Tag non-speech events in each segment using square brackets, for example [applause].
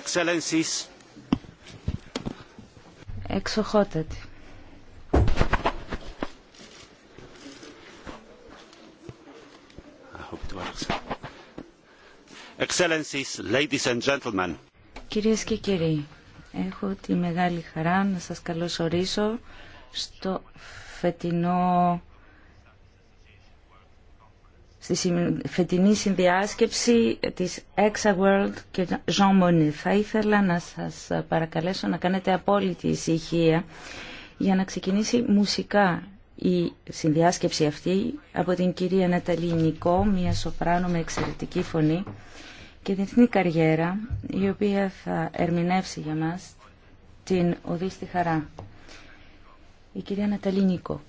Excellencies. Εξοχότατη. Excellencies, ladies and gentlemen. Κυρίες και κύριοι, έχω τη μεγάλη χαρά να σας καλωσορίσω στο φετινό στη φετινή συνδιάσκεψη της Exa World και Jean Monnet. Θα ήθελα να σας παρακαλέσω να κάνετε απόλυτη ησυχία για να ξεκινήσει μουσικά η συνδιάσκεψη αυτή από την κυρία Ναταλή Νικό, μια σοπράνο με εξαιρετική φωνή και διεθνή καριέρα, η οποία θα ερμηνεύσει για μας την Οδύστη Χαρά. Η κυρία Ναταλή Νικό.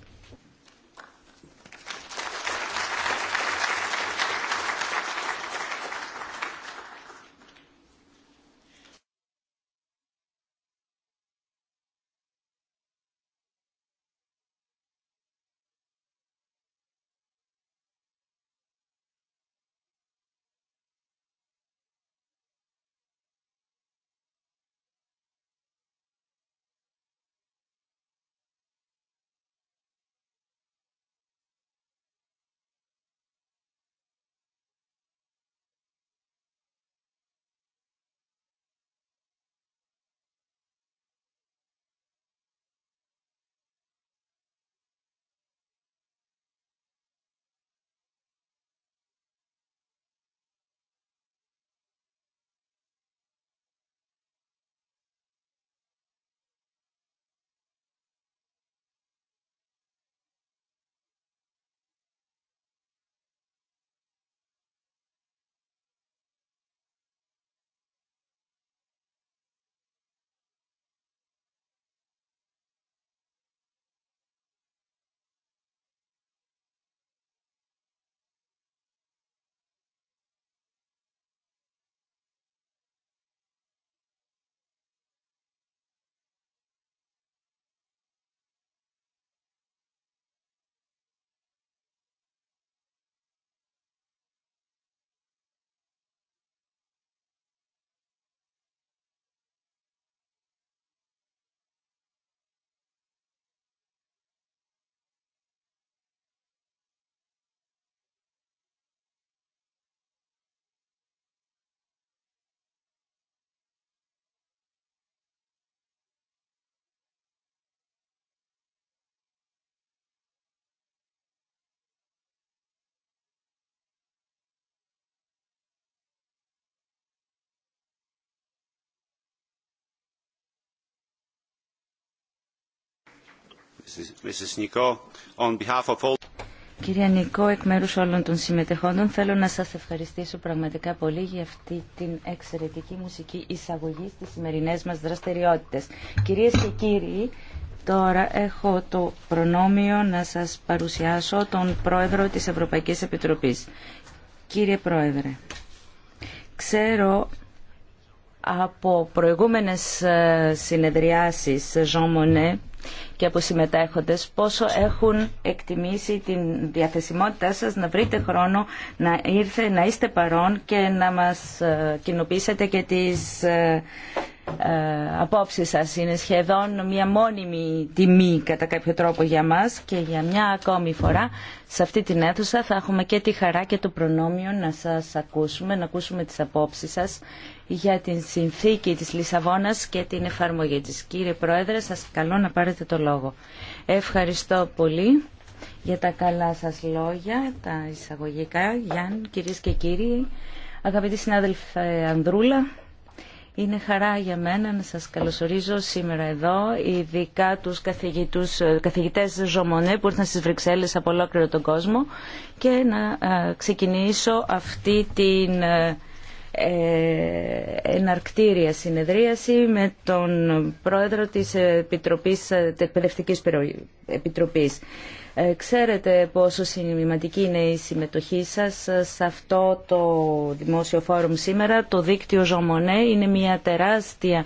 Κύριε Νικό, εκ μέρου όλων των συμμετεχόντων θέλω να σας ευχαριστήσω πραγματικά πολύ για αυτή την εξαιρετική μουσική εισαγωγή στι σημερινέ μας δραστηριότητες. Κύριε και κύριοι, Τώρα έχω το προνόμιο να σας παρουσιάσω τον Πρόεδρο της Ευρωπαϊκής Επιτροπής. Κύριε Πρόεδρε, ξέρω από προηγούμενες ε, συνεδριάσεις Jean Monnet και από συμμετέχοντες πόσο έχουν εκτιμήσει την διαθεσιμότητά σας να βρείτε χρόνο να, ήρθε, να είστε παρόν και να μας ε, κοινοποιήσετε και τις ε, ε, απόψεις σας. Είναι σχεδόν μια μόνιμη τιμή κατά κάποιο τρόπο για μας και για μια ακόμη φορά σε αυτή την αίθουσα θα έχουμε και τη χαρά και το προνόμιο να σας ακούσουμε, να ακούσουμε τις απόψεις σας για την συνθήκη της Λισαβόνας και την εφαρμογή της. Κύριε Πρόεδρε, σας καλώ να πάρετε το λόγο. Ευχαριστώ πολύ για τα καλά σας λόγια, τα εισαγωγικά. Γιάννη, κυρίες και κύριοι, αγαπητοί συνάδελφοι Ανδρούλα, είναι χαρά για μένα να σας καλωσορίζω σήμερα εδώ, ειδικά τους καθηγητούς, καθηγητές Ζωμονέ που ήρθαν στις Βρυξέλλες από ολόκληρο τον κόσμο και να ξεκινήσω αυτή την ε, ε, εναρκτήρια συνεδρίαση με τον πρόεδρο της Επιτροπής, της Εκπαιδευτικής Επιτροπής. Ε, ξέρετε πόσο σημαντική είναι η συμμετοχή σας σε αυτό το δημόσιο φόρουμ σήμερα. Το δίκτυο Ζωμονέ είναι μια τεράστια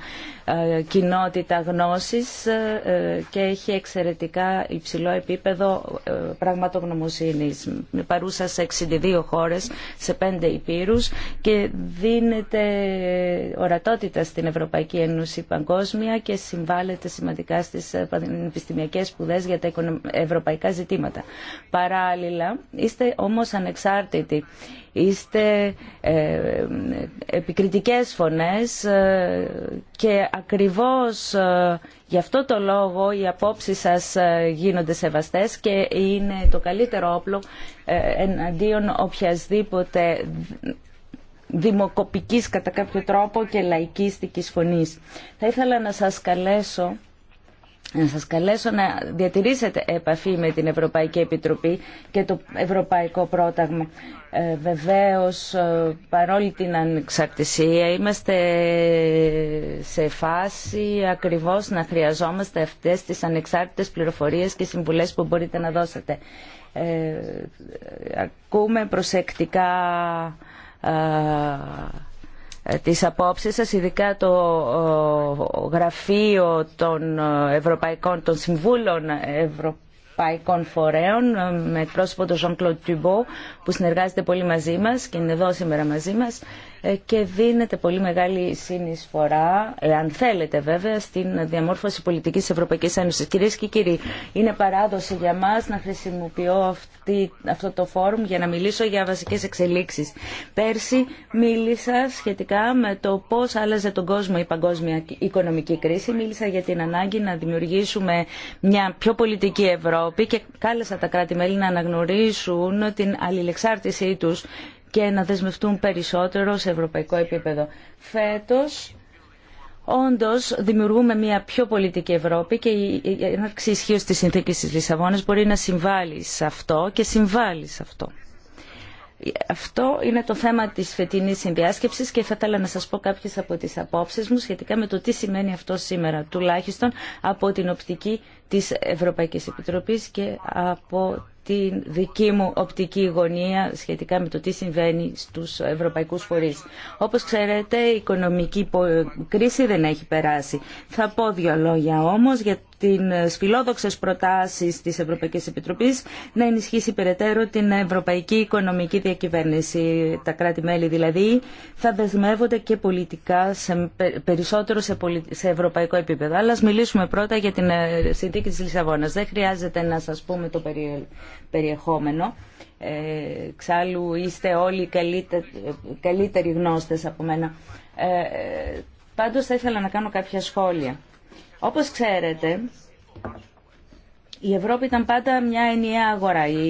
ε, κοινότητα γνώσης ε, ε, και έχει εξαιρετικά υψηλό επίπεδο πραγματογνωμοσύνης. Με παρούσα σε 62 χώρες, σε 5 υπήρους και δίνεται ορατότητα στην Ευρωπαϊκή Ένωση παγκόσμια και συμβάλλεται σημαντικά στις πανεπιστημιακές σπουδές για τα ευρωπαϊκά ζητήματα. Παράλληλα, είστε όμως ανεξάρτητοι είστε ε, επικριτικές φωνές ε, και ακριβώς ε, γι' αυτό το λόγο οι απόψεις σας γίνονται σεβαστές και είναι το καλύτερο όπλο εναντίον οποιασδήποτε δημοκοπικής κατά κάποιο τρόπο και λαϊκίστικης φωνής. Θα ήθελα να σας καλέσω να σας καλέσω να διατηρήσετε επαφή με την Ευρωπαϊκή Επιτροπή και το Ευρωπαϊκό Πρόταγμα. Ε, βεβαίως, ε, παρόλη την ανεξαρτησία, είμαστε σε φάση ακριβώς να χρειαζόμαστε αυτές τις ανεξάρτητες πληροφορίες και συμβουλές που μπορείτε να δώσετε. Ε, ακούμε προσεκτικά... Ε, ε, τις απόψεις σας, ειδικά το γραφείο των ε, Ευρωπαϊκών, των Συμβούλων Ευρωπαϊκών Φορέων ε, με πρόσωπο τον Jean-Claude που συνεργάζεται πολύ μαζί μας και είναι εδώ σήμερα μαζί μας ε, και δίνεται πολύ μεγάλη συνεισφορά, ε, αν θέλετε βέβαια, στην διαμόρφωση πολιτικής της Ευρωπαϊκής Ένωσης. Κυρίες και κύριοι, είναι παράδοση για μας να χρησιμοποιώ αυτή, αυτό το φόρουμ για να μιλήσω για βασικές εξελίξεις. Πέρσι μίλησα σχετικά με το πώς άλλαζε τον κόσμο η παγκόσμια οικονομική κρίση. Μίλησα για την ανάγκη να δημιουργήσουμε μια πιο πολιτική Ευρώπη και κάλεσα τα κράτη-μέλη να αναγνωρίσουν την αλληλεξάρτησή τους και να δεσμευτούν περισσότερο σε ευρωπαϊκό επίπεδο. Φέτος όντως, δημιουργούμε μια πιο πολιτική Ευρώπη και η έναρξη ισχύω τη συνθήκη τη Λισαβόνα μπορεί να συμβάλλει σε αυτό και συμβάλλει σε αυτό. Ε, αυτό είναι το θέμα της φετινής συνδιάσκεψης και θα ήθελα να σας πω κάποιες από τις απόψεις μου σχετικά με το τι σημαίνει αυτό σήμερα, τουλάχιστον από την οπτική της Ευρωπαϊκής Επιτροπής και από τη δική μου οπτική γωνία σχετικά με το τι συμβαίνει στους ευρωπαϊκούς φορείς. Όπως ξέρετε, η οικονομική κρίση δεν έχει περάσει. Θα πω δύο λόγια όμως για τι φιλόδοξες ε, προτάσεις της Ευρωπαϊκής Επιτροπής να ενισχύσει περαιτέρω την ευρωπαϊκή οικονομική διακυβέρνηση. Τα κράτη-μέλη δηλαδή θα δεσμεύονται και πολιτικά σε, περισσότερο σε, ευρωπαϊκό επίπεδο. Αλλά ας μιλήσουμε πρώτα για την ε, συνθήκη της Λισαβόνας. Δεν χρειάζεται να σας πούμε το περιεχόμενο. Ε, εξάλλου είστε όλοι καλύτεροι γνώστες από μένα. Ε, πάντως θα ήθελα να κάνω κάποια σχόλια. Όπως ξέρετε, η Ευρώπη ήταν πάντα μια ενιαία αγορά. Η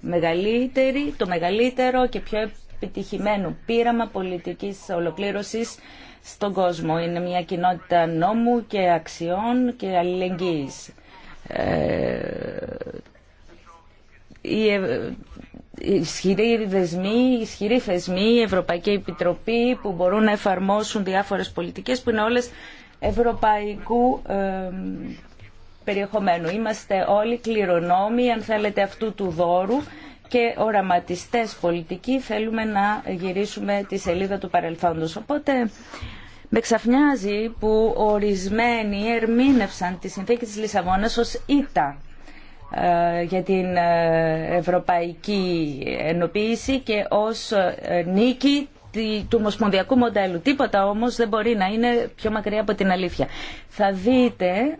μεγαλύτερη, το μεγαλύτερο και πιο επιτυχημένο πείραμα πολιτικής ολοκλήρωσης στον κόσμο. Είναι μια κοινότητα νόμου και αξιών και αλληλεγγύης. Ε, οι, ισχυροί δεσμοί, ισχυροί θεσμοί, η Ευρωπαϊκή Επιτροπή που μπορούν να εφαρμόσουν διάφορες πολιτικές που είναι όλες ευρωπαϊκού περιεχομένου. Είμαστε όλοι κληρονόμοι, αν θέλετε, αυτού του δώρου και οραματιστές πολιτικοί θέλουμε να γυρίσουμε τη σελίδα του παρελθόντος. Οπότε με ξαφνιάζει που ορισμένοι ερμήνευσαν τη συνθήκη της Λισαβόνας ως ήττα ε, για την ε, ευρωπαϊκή ενοποίηση και ως ε, νίκη του ομοσπονδιακού μοντέλου. Τίποτα όμως δεν μπορεί να είναι πιο μακριά από την αλήθεια. Θα δείτε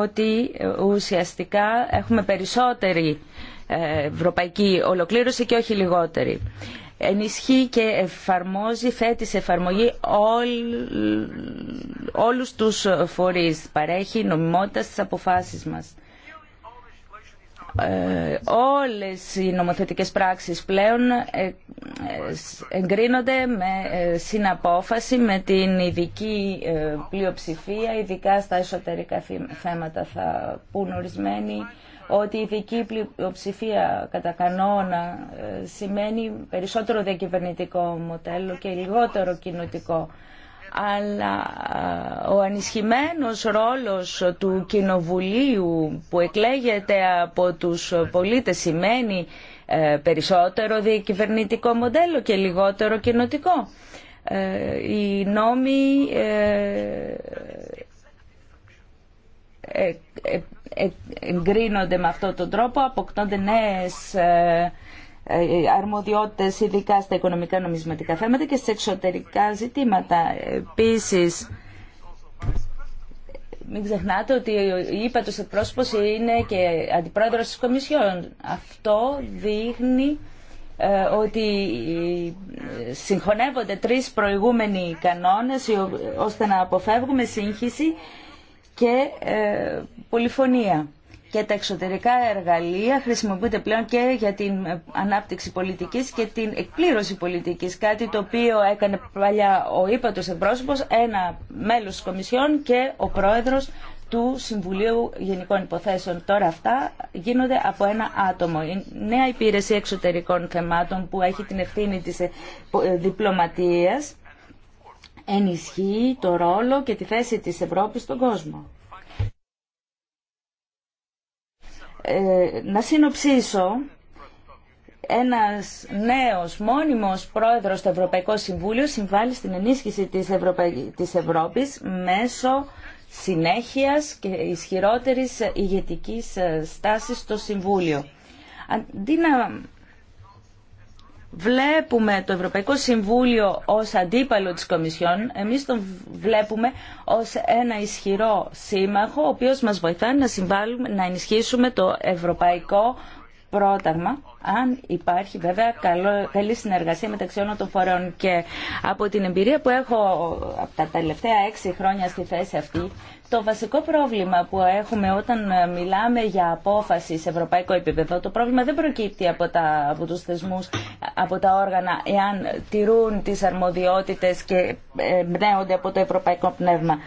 ότι ε, ουσιαστικά έχουμε περισσότερη ε, ευρωπαϊκή ολοκλήρωση και όχι λιγότερη. Ενισχύει και εφαρμόζει, θέτει σε εφαρμογή όλ, όλους τους φορείς. Παρέχει νομιμότητα στις αποφάσεις μας. Ε, όλες οι νομοθετικές πράξεις πλέον ε, ε, εγκρίνονται με συναπόφαση με την ειδική πλειοψηφία, ειδικά στα εσωτερικά θέματα θα πούν ορισμένοι ότι η ειδική πλειοψηφία κατά κανόνα σημαίνει περισσότερο διακυβερνητικό μοντέλο και λιγότερο κοινοτικό αλλά ε, ο ανισχυμένος ρόλος του Κοινοβουλίου που εκλέγεται από τους πολίτες σημαίνει ε, περισσότερο διακυβερνητικό μοντέλο και λιγότερο κοινοτικό. Ε, οι νόμοι εγκρίνονται με αυτόν τον τρόπο, αποκτώνται νέες ε, ε, αρμοδιότητες ειδικά στα οικονομικά νομισματικά θέματα και στα εξωτερικά ζητήματα. Επίσης, μην ξεχνάτε ότι η ύπατος εκπρόσωπος είναι και αντιπρόεδρος της Κομισιόν. Αυτό δείχνει ε, ότι συγχωνεύονται τρεις προηγούμενοι κανόνες ώστε να αποφεύγουμε σύγχυση και πολυφωνία και τα εξωτερικά εργαλεία χρησιμοποιούνται πλέον και για την ανάπτυξη πολιτικής και την εκπλήρωση πολιτικής. Κάτι το οποίο έκανε παλιά ο ύπατος εμπρόσωπο, ένα μέλος της Κομισιόν και ο πρόεδρος του Συμβουλίου Γενικών Υποθέσεων. Τώρα αυτά γίνονται από ένα άτομο. Η νέα υπηρεσία εξωτερικών θεμάτων που έχει την ευθύνη της ε, ε, διπλωματίας ενισχύει το ρόλο και τη θέση της Ευρώπης στον κόσμο. Ε, να συνοψίσω ένας νέος μόνιμος πρόεδρος του Ευρωπαϊκού Συμβούλιο συμβάλλει στην ενίσχυση της, Ευρώπη της Ευρώπης μέσω συνέχειας και ισχυρότερης ηγετικής ε, στάσης στο Συμβούλιο βλέπουμε το Ευρωπαϊκό Συμβούλιο ως αντίπαλο της Κομισιόν, εμείς τον βλέπουμε ως ένα ισχυρό σύμμαχο, ο οποίος μας βοηθάει να συμβάλλουμε, να ενισχύσουμε το ευρωπαϊκό πρόταγμα, αν υπάρχει βέβαια καλή συνεργασία μεταξύ όλων των φορέων και από την εμπειρία που έχω από τα τελευταία έξι χρόνια στη θέση αυτή, το βασικό πρόβλημα που έχουμε όταν ε, μιλάμε για απόφαση σε ευρωπαϊκό επίπεδο, το πρόβλημα δεν προκύπτει από, τα, από τους θεσμούς, από τα όργανα, εάν τηρούν τις αρμοδιότητες και ε, εμπνέονται από το ευρωπαϊκό πνεύμα.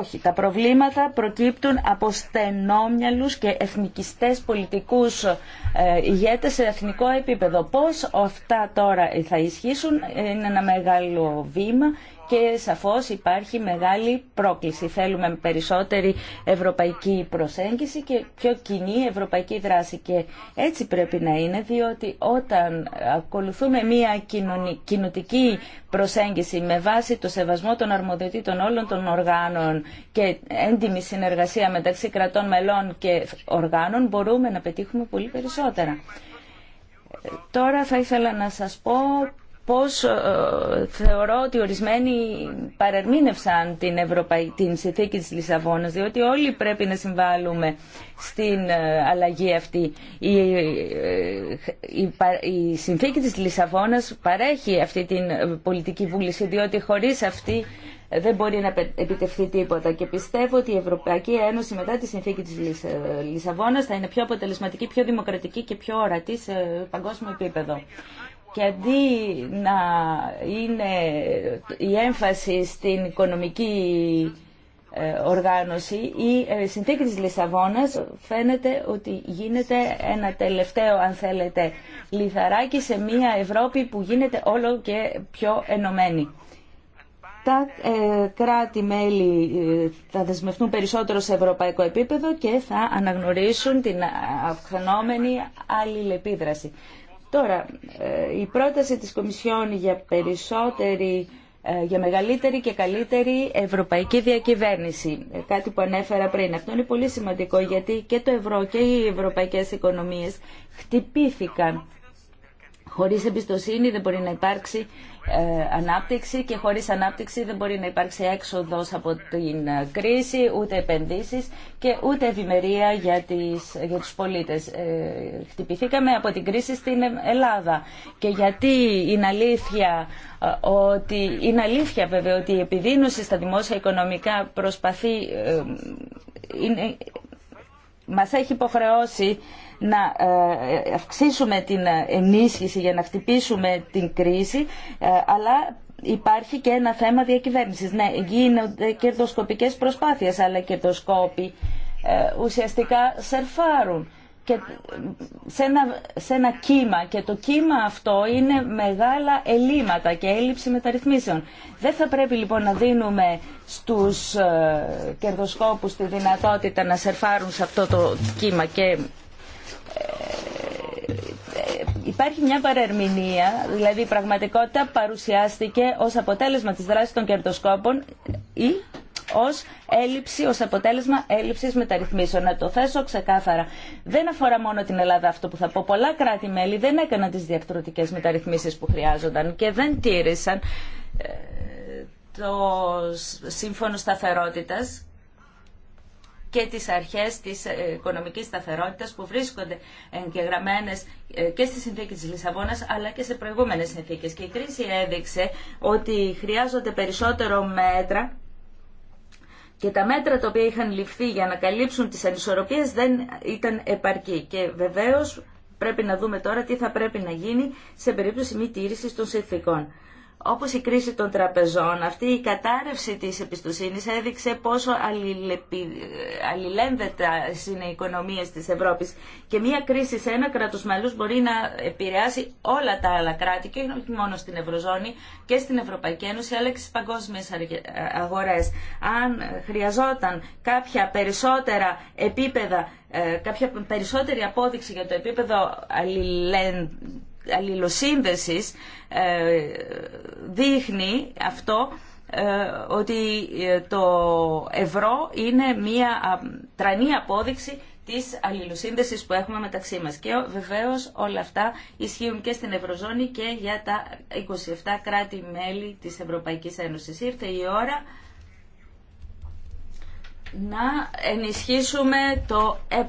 Όχι, τα προβλήματα προκύπτουν από στενόμυαλους και εθνικιστές πολιτικούς ε, ηγέτες σε εθνικό επίπεδο. Πώς αυτά τώρα θα ισχύσουν είναι ένα μεγάλο βήμα και σαφώς υπάρχει μεγάλη πρόκληση. Θέλουμε περισσότερη ευρωπαϊκή προσέγγιση και πιο κοινή ευρωπαϊκή δράση και έτσι πρέπει να είναι διότι όταν ακολουθούμε μια κοινωτική προσέγγιση με βάση το σεβασμό των αρμοδιοτήτων όλων των οργάνων και έντιμη συνεργασία μεταξύ κρατών μελών και οργάνων μπορούμε να πετύχουμε πολύ περισσότερα. Τώρα θα ήθελα να σας πω πώς ε, θεωρώ ότι ορισμένοι παρερμήνευσαν την, την συνθήκη της Λισαβόνας, διότι όλοι πρέπει να συμβάλλουμε στην ε, αλλαγή αυτή. Η, ε, η, η συνθήκη της Λισαβόνας παρέχει αυτή την πολιτική βούληση, διότι χωρίς αυτή δεν μπορεί να επιτευχθεί τίποτα. Και πιστεύω ότι η Ευρωπαϊκή Ένωση μετά τη συνθήκη της Λισαβόνας θα είναι πιο αποτελεσματική, πιο δημοκρατική και πιο ορατή σε παγκόσμιο επίπεδο και αντί να είναι η έμφαση στην οικονομική ε, οργάνωση, η ε, συνθήκη της Λισαβόνας φαίνεται ότι γίνεται ένα τελευταίο, αν θέλετε, λιθαράκι σε μια Ευρώπη που γίνεται όλο και πιο ενωμένη. Τα ε, κράτη-μέλη ε, θα δεσμευτούν περισσότερο σε ευρωπαϊκό επίπεδο και θα αναγνωρίσουν την αυξανόμενη αλληλεπίδραση. Τώρα, ε, η πρόταση της Κομισιόν για περισσότερη ε, για μεγαλύτερη και καλύτερη ευρωπαϊκή διακυβέρνηση. Ε, κάτι που ανέφερα πριν. Αυτό είναι πολύ σημαντικό γιατί και το ευρώ και οι ευρωπαϊκές οικονομίες χτυπήθηκαν. Χωρίς εμπιστοσύνη δεν μπορεί να υπάρξει ε, ανάπτυξη και χωρίς ανάπτυξη δεν μπορεί να υπάρξει έξοδος από την ε, κρίση, ούτε επενδύσεις και ούτε ευημερία για, τις, για τους πολίτες. Ε, χτυπηθήκαμε από την κρίση στην Ελλάδα και γιατί είναι αλήθεια ότι είναι αλήθεια βέβαια ότι η επιδείνωση στα δημόσια οικονομικά προσπαθεί μας έχει υποχρεώσει να ε, αυξήσουμε την ενίσχυση για να χτυπήσουμε την κρίση, ε, αλλά υπάρχει και ένα θέμα διακυβέρνησης. Ναι, γίνονται κερδοσκοπικές προσπάθειες, αλλά το κερδοσκόποι ε, ουσιαστικά σερφάρουν και σε, ένα, κύμα και το κύμα αυτό είναι μεγάλα ελλείμματα και έλλειψη μεταρρυθμίσεων. Δεν θα πρέπει λοιπόν να δίνουμε στους ε, κερδοσκόπους τη δυνατότητα να σερφάρουν σε αυτό το κύμα και ε, ε, υπάρχει μια παρερμηνία, δηλαδή η πραγματικότητα παρουσιάστηκε ως αποτέλεσμα της δράσης των κερδοσκόπων ή ως έλλειψη, ως αποτέλεσμα έλλειψης μεταρρυθμίσεων. Να το θέσω ξεκάθαρα. Δεν αφορά μόνο την Ελλάδα αυτό που θα πω. Πολλά κράτη-μέλη δεν έκαναν τις διακτροτικέ μεταρρυθμίσεις που χρειάζονταν και δεν τήρησαν ε, το σύμφωνο σταθερότητας και τις αρχές της ε, οικονομικής σταθερότητας που βρίσκονται εγγεγραμμένες ε, και στη συνθήκη της Λισαβόνας αλλά και σε προηγούμενες συνθήκες. Και η κρίση έδειξε ότι χρειάζονται περισσότερο μέτρα και τα μέτρα τα οποία είχαν ληφθεί για να καλύψουν τις ανισορροπίες δεν ήταν επαρκή. Και βεβαίως πρέπει να δούμε τώρα τι θα πρέπει να γίνει σε περίπτωση μη τήρησης των συνθήκων. Όπως η κρίση των τραπεζών, αυτή η κατάρρευση της εμπιστοσύνης έδειξε πόσο αλληλένδετα είναι οι οικονομίες της Ευρώπης και μια κρίση σε ένα κράτος μέλους μπορεί να επηρεάσει όλα τα άλλα κράτη και όχι μόνο στην Ευρωζώνη και στην Ευρωπαϊκή Ένωση αλλά και στις παγκόσμιες αγορές. Αν χρειαζόταν κάποια περισσότερα επίπεδα, ε, κάποια περισσότερη απόδειξη για το επίπεδο αλληλένδετα αλληλοσύνδεσης ε, δείχνει αυτό ε, ότι ε, το ευρώ είναι μια τρανή απόδειξη της αλληλοσύνδεσης που έχουμε μεταξύ μας. Και βεβαίως όλα αυτά ισχύουν και στην Ευρωζώνη και για τα 27 κράτη-μέλη της Ευρωπαϊκής Ένωσης. Ήρθε η ώρα να ενισχύσουμε το ε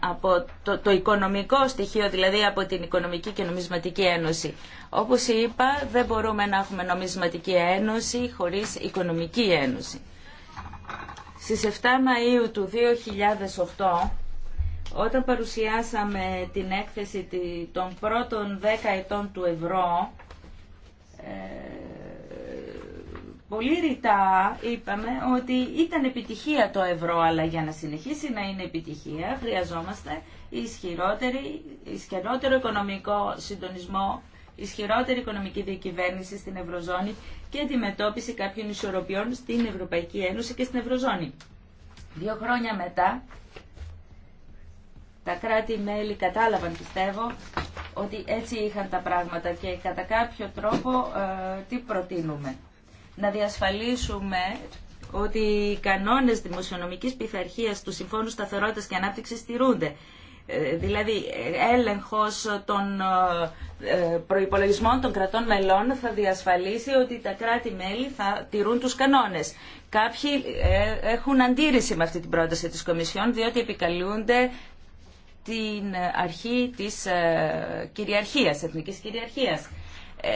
από το, το οικονομικό στοιχείο, δηλαδή από την Οικονομική και Νομισματική Ένωση. Όπως είπα, δεν μπορούμε να έχουμε νομισματική ένωση χωρίς οικονομική ένωση. Στις 7 Μαΐου του 2008, όταν παρουσιάσαμε την έκθεση των πρώτων 10 ετών του ευρώ, ε, Πολύ ρητά είπαμε ότι ήταν επιτυχία το ευρώ, αλλά για να συνεχίσει να είναι επιτυχία χρειαζόμαστε ισχυρότερη, ισχυρότερο οικονομικό συντονισμό, ισχυρότερη οικονομική διακυβέρνηση στην Ευρωζώνη και αντιμετώπιση κάποιων ισορροπιών στην Ευρωπαϊκή Ένωση και στην Ευρωζώνη. Δύο χρόνια μετά, τα κράτη-μέλη κατάλαβαν, πιστεύω, ότι έτσι είχαν τα πράγματα και κατά κάποιο τρόπο ε, τι προτείνουμε να διασφαλίσουμε ότι οι κανόνες δημοσιονομικής πειθαρχίας του Συμφώνου Σταθερότητας και Ανάπτυξης τηρούνται. Ε, δηλαδή, έλεγχος των ε, προϋπολογισμών των κρατών μελών θα διασφαλίσει ότι τα κράτη-μέλη θα τηρούν τους κανόνες. Κάποιοι ε, έχουν αντίρρηση με αυτή την πρόταση της Κομισιόν, διότι επικαλούνται την αρχή της κυριαρχίας, εθνικής κυριαρχίας. Ε,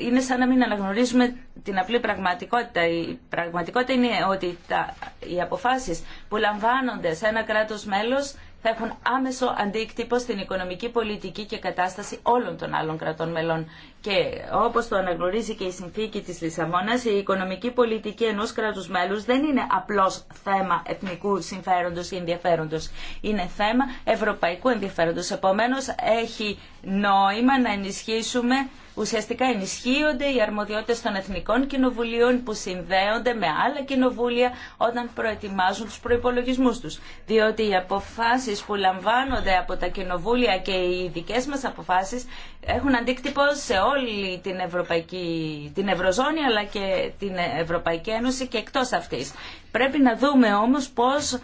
είναι σαν να μην αναγνωρίζουμε την απλή πραγματικότητα. Η πραγματικότητα είναι ότι τα, οι αποφάσεις που λαμβάνονται σε ένα κράτος μέλος θα έχουν άμεσο αντίκτυπο στην οικονομική πολιτική και κατάσταση όλων των άλλων κρατών μελών. Και όπως το αναγνωρίζει και η συνθήκη της Λισαβόνας, η οικονομική πολιτική ενός κράτους μέλους δεν είναι απλώς θέμα εθνικού συμφέροντος ή ενδιαφέροντος. Είναι θέμα ευρωπαϊκού ενδιαφέροντος. Επομένω έχει νόημα να ενισχύσουμε Ουσιαστικά ενισχύονται οι αρμοδιότητες των εθνικών κοινοβουλίων που συνδέονται με άλλα κοινοβούλια όταν προετοιμάζουν τους προϋπολογισμούς τους. Διότι οι αποφάσεις που λαμβάνονται από τα κοινοβούλια και οι δικές μας αποφάσεις έχουν αντίκτυπο σε όλη την, Ευρωπαϊκή, την Ευρωζώνη αλλά και την Ευρωπαϊκή Ένωση και εκτός αυτής. Πρέπει να δούμε όμως πώς ε,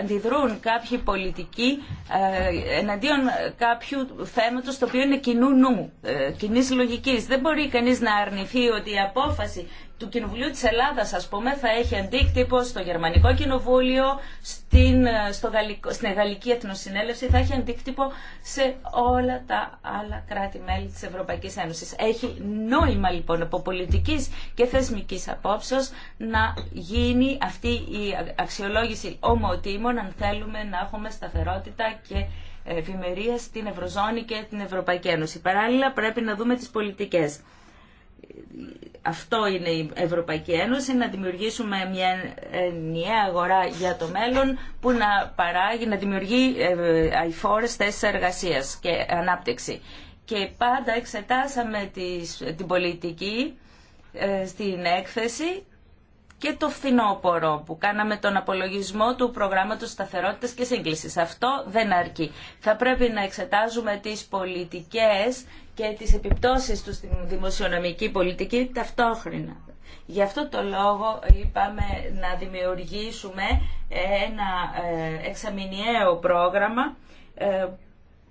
αντιδρούν κάποιοι πολιτικοί ε, εναντίον κάποιου θέματος το οποίο είναι κοινού νου, ε, κοινής λογικής. Δεν μπορεί κανείς να αρνηθεί ότι η απόφαση του Κοινοβουλίου της Ελλάδας, ας πούμε, θα έχει αντίκτυπο στο Γερμανικό Κοινοβούλιο, στην, ε, στο Γαλλικό, στην Γαλλική Εθνοσυνέλευση, θα έχει αντίκτυπο σε όλα τα άλλα κράτη-μέλη της Ευρωπαϊκής Ένωσης. Έχει νόημα λοιπόν από πολιτικής και θεσμικής απόψεως να γίνει αυτή η αξιολόγηση ομοτήμων αν θέλουμε να έχουμε σταθερότητα και ευημερία στην Ευρωζώνη και την Ευρωπαϊκή Ένωση. Παράλληλα πρέπει να δούμε τις πολιτικές αυτό είναι η Ευρωπαϊκή Ένωση, να δημιουργήσουμε μια νέα αγορά για το μέλλον που να παράγει, να δημιουργεί ε, αηφόρες θέσεις εργασίας και ανάπτυξη. Και πάντα εξετάσαμε την πολιτική ε, στην έκθεση και το φθινόπωρο που κάναμε τον απολογισμό του προγράμματος σταθερότητας και σύγκλησης. Αυτό δεν αρκεί. Θα πρέπει να εξετάζουμε τις πολιτικές και τις επιπτώσεις του στην δημοσιονομική πολιτική ταυτόχρονα. Γι' αυτό το λόγο είπαμε να δημιουργήσουμε ένα ε, εξαμηνιαίο πρόγραμμα ε,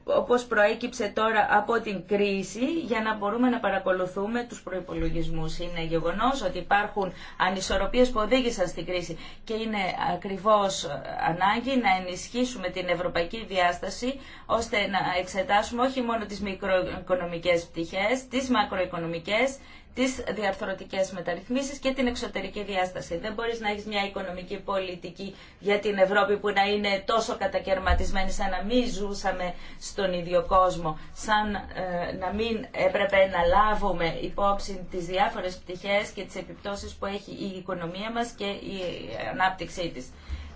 όπως προέκυψε τώρα από την κρίση για να μπορούμε να παρακολουθούμε τους προϋπολογισμούς. Είναι γεγονός ότι υπάρχουν ανισορροπίες που οδήγησαν στην κρίση και είναι ακριβώς ε, ανάγκη να ενισχύσουμε την ευρωπαϊκή διάσταση ώστε να εξετάσουμε όχι μόνο τις μικροοικονομικές πτυχές, τις μακροοικονομικές, τις διαρθρωτικές μεταρρυθμίσεις και την εξωτερική διάσταση. Δεν μπορείς να έχεις μια οικονομική πολιτική για την Ευρώπη που να είναι τόσο κατακαιρματισμένη σαν να μην ζούσαμε στον ίδιο κόσμο, σαν ε, να μην έπρεπε να λάβουμε υπόψη τις διάφορες πτυχές και τις επιπτώσεις που έχει η οικονομία μας και η ανάπτυξή της.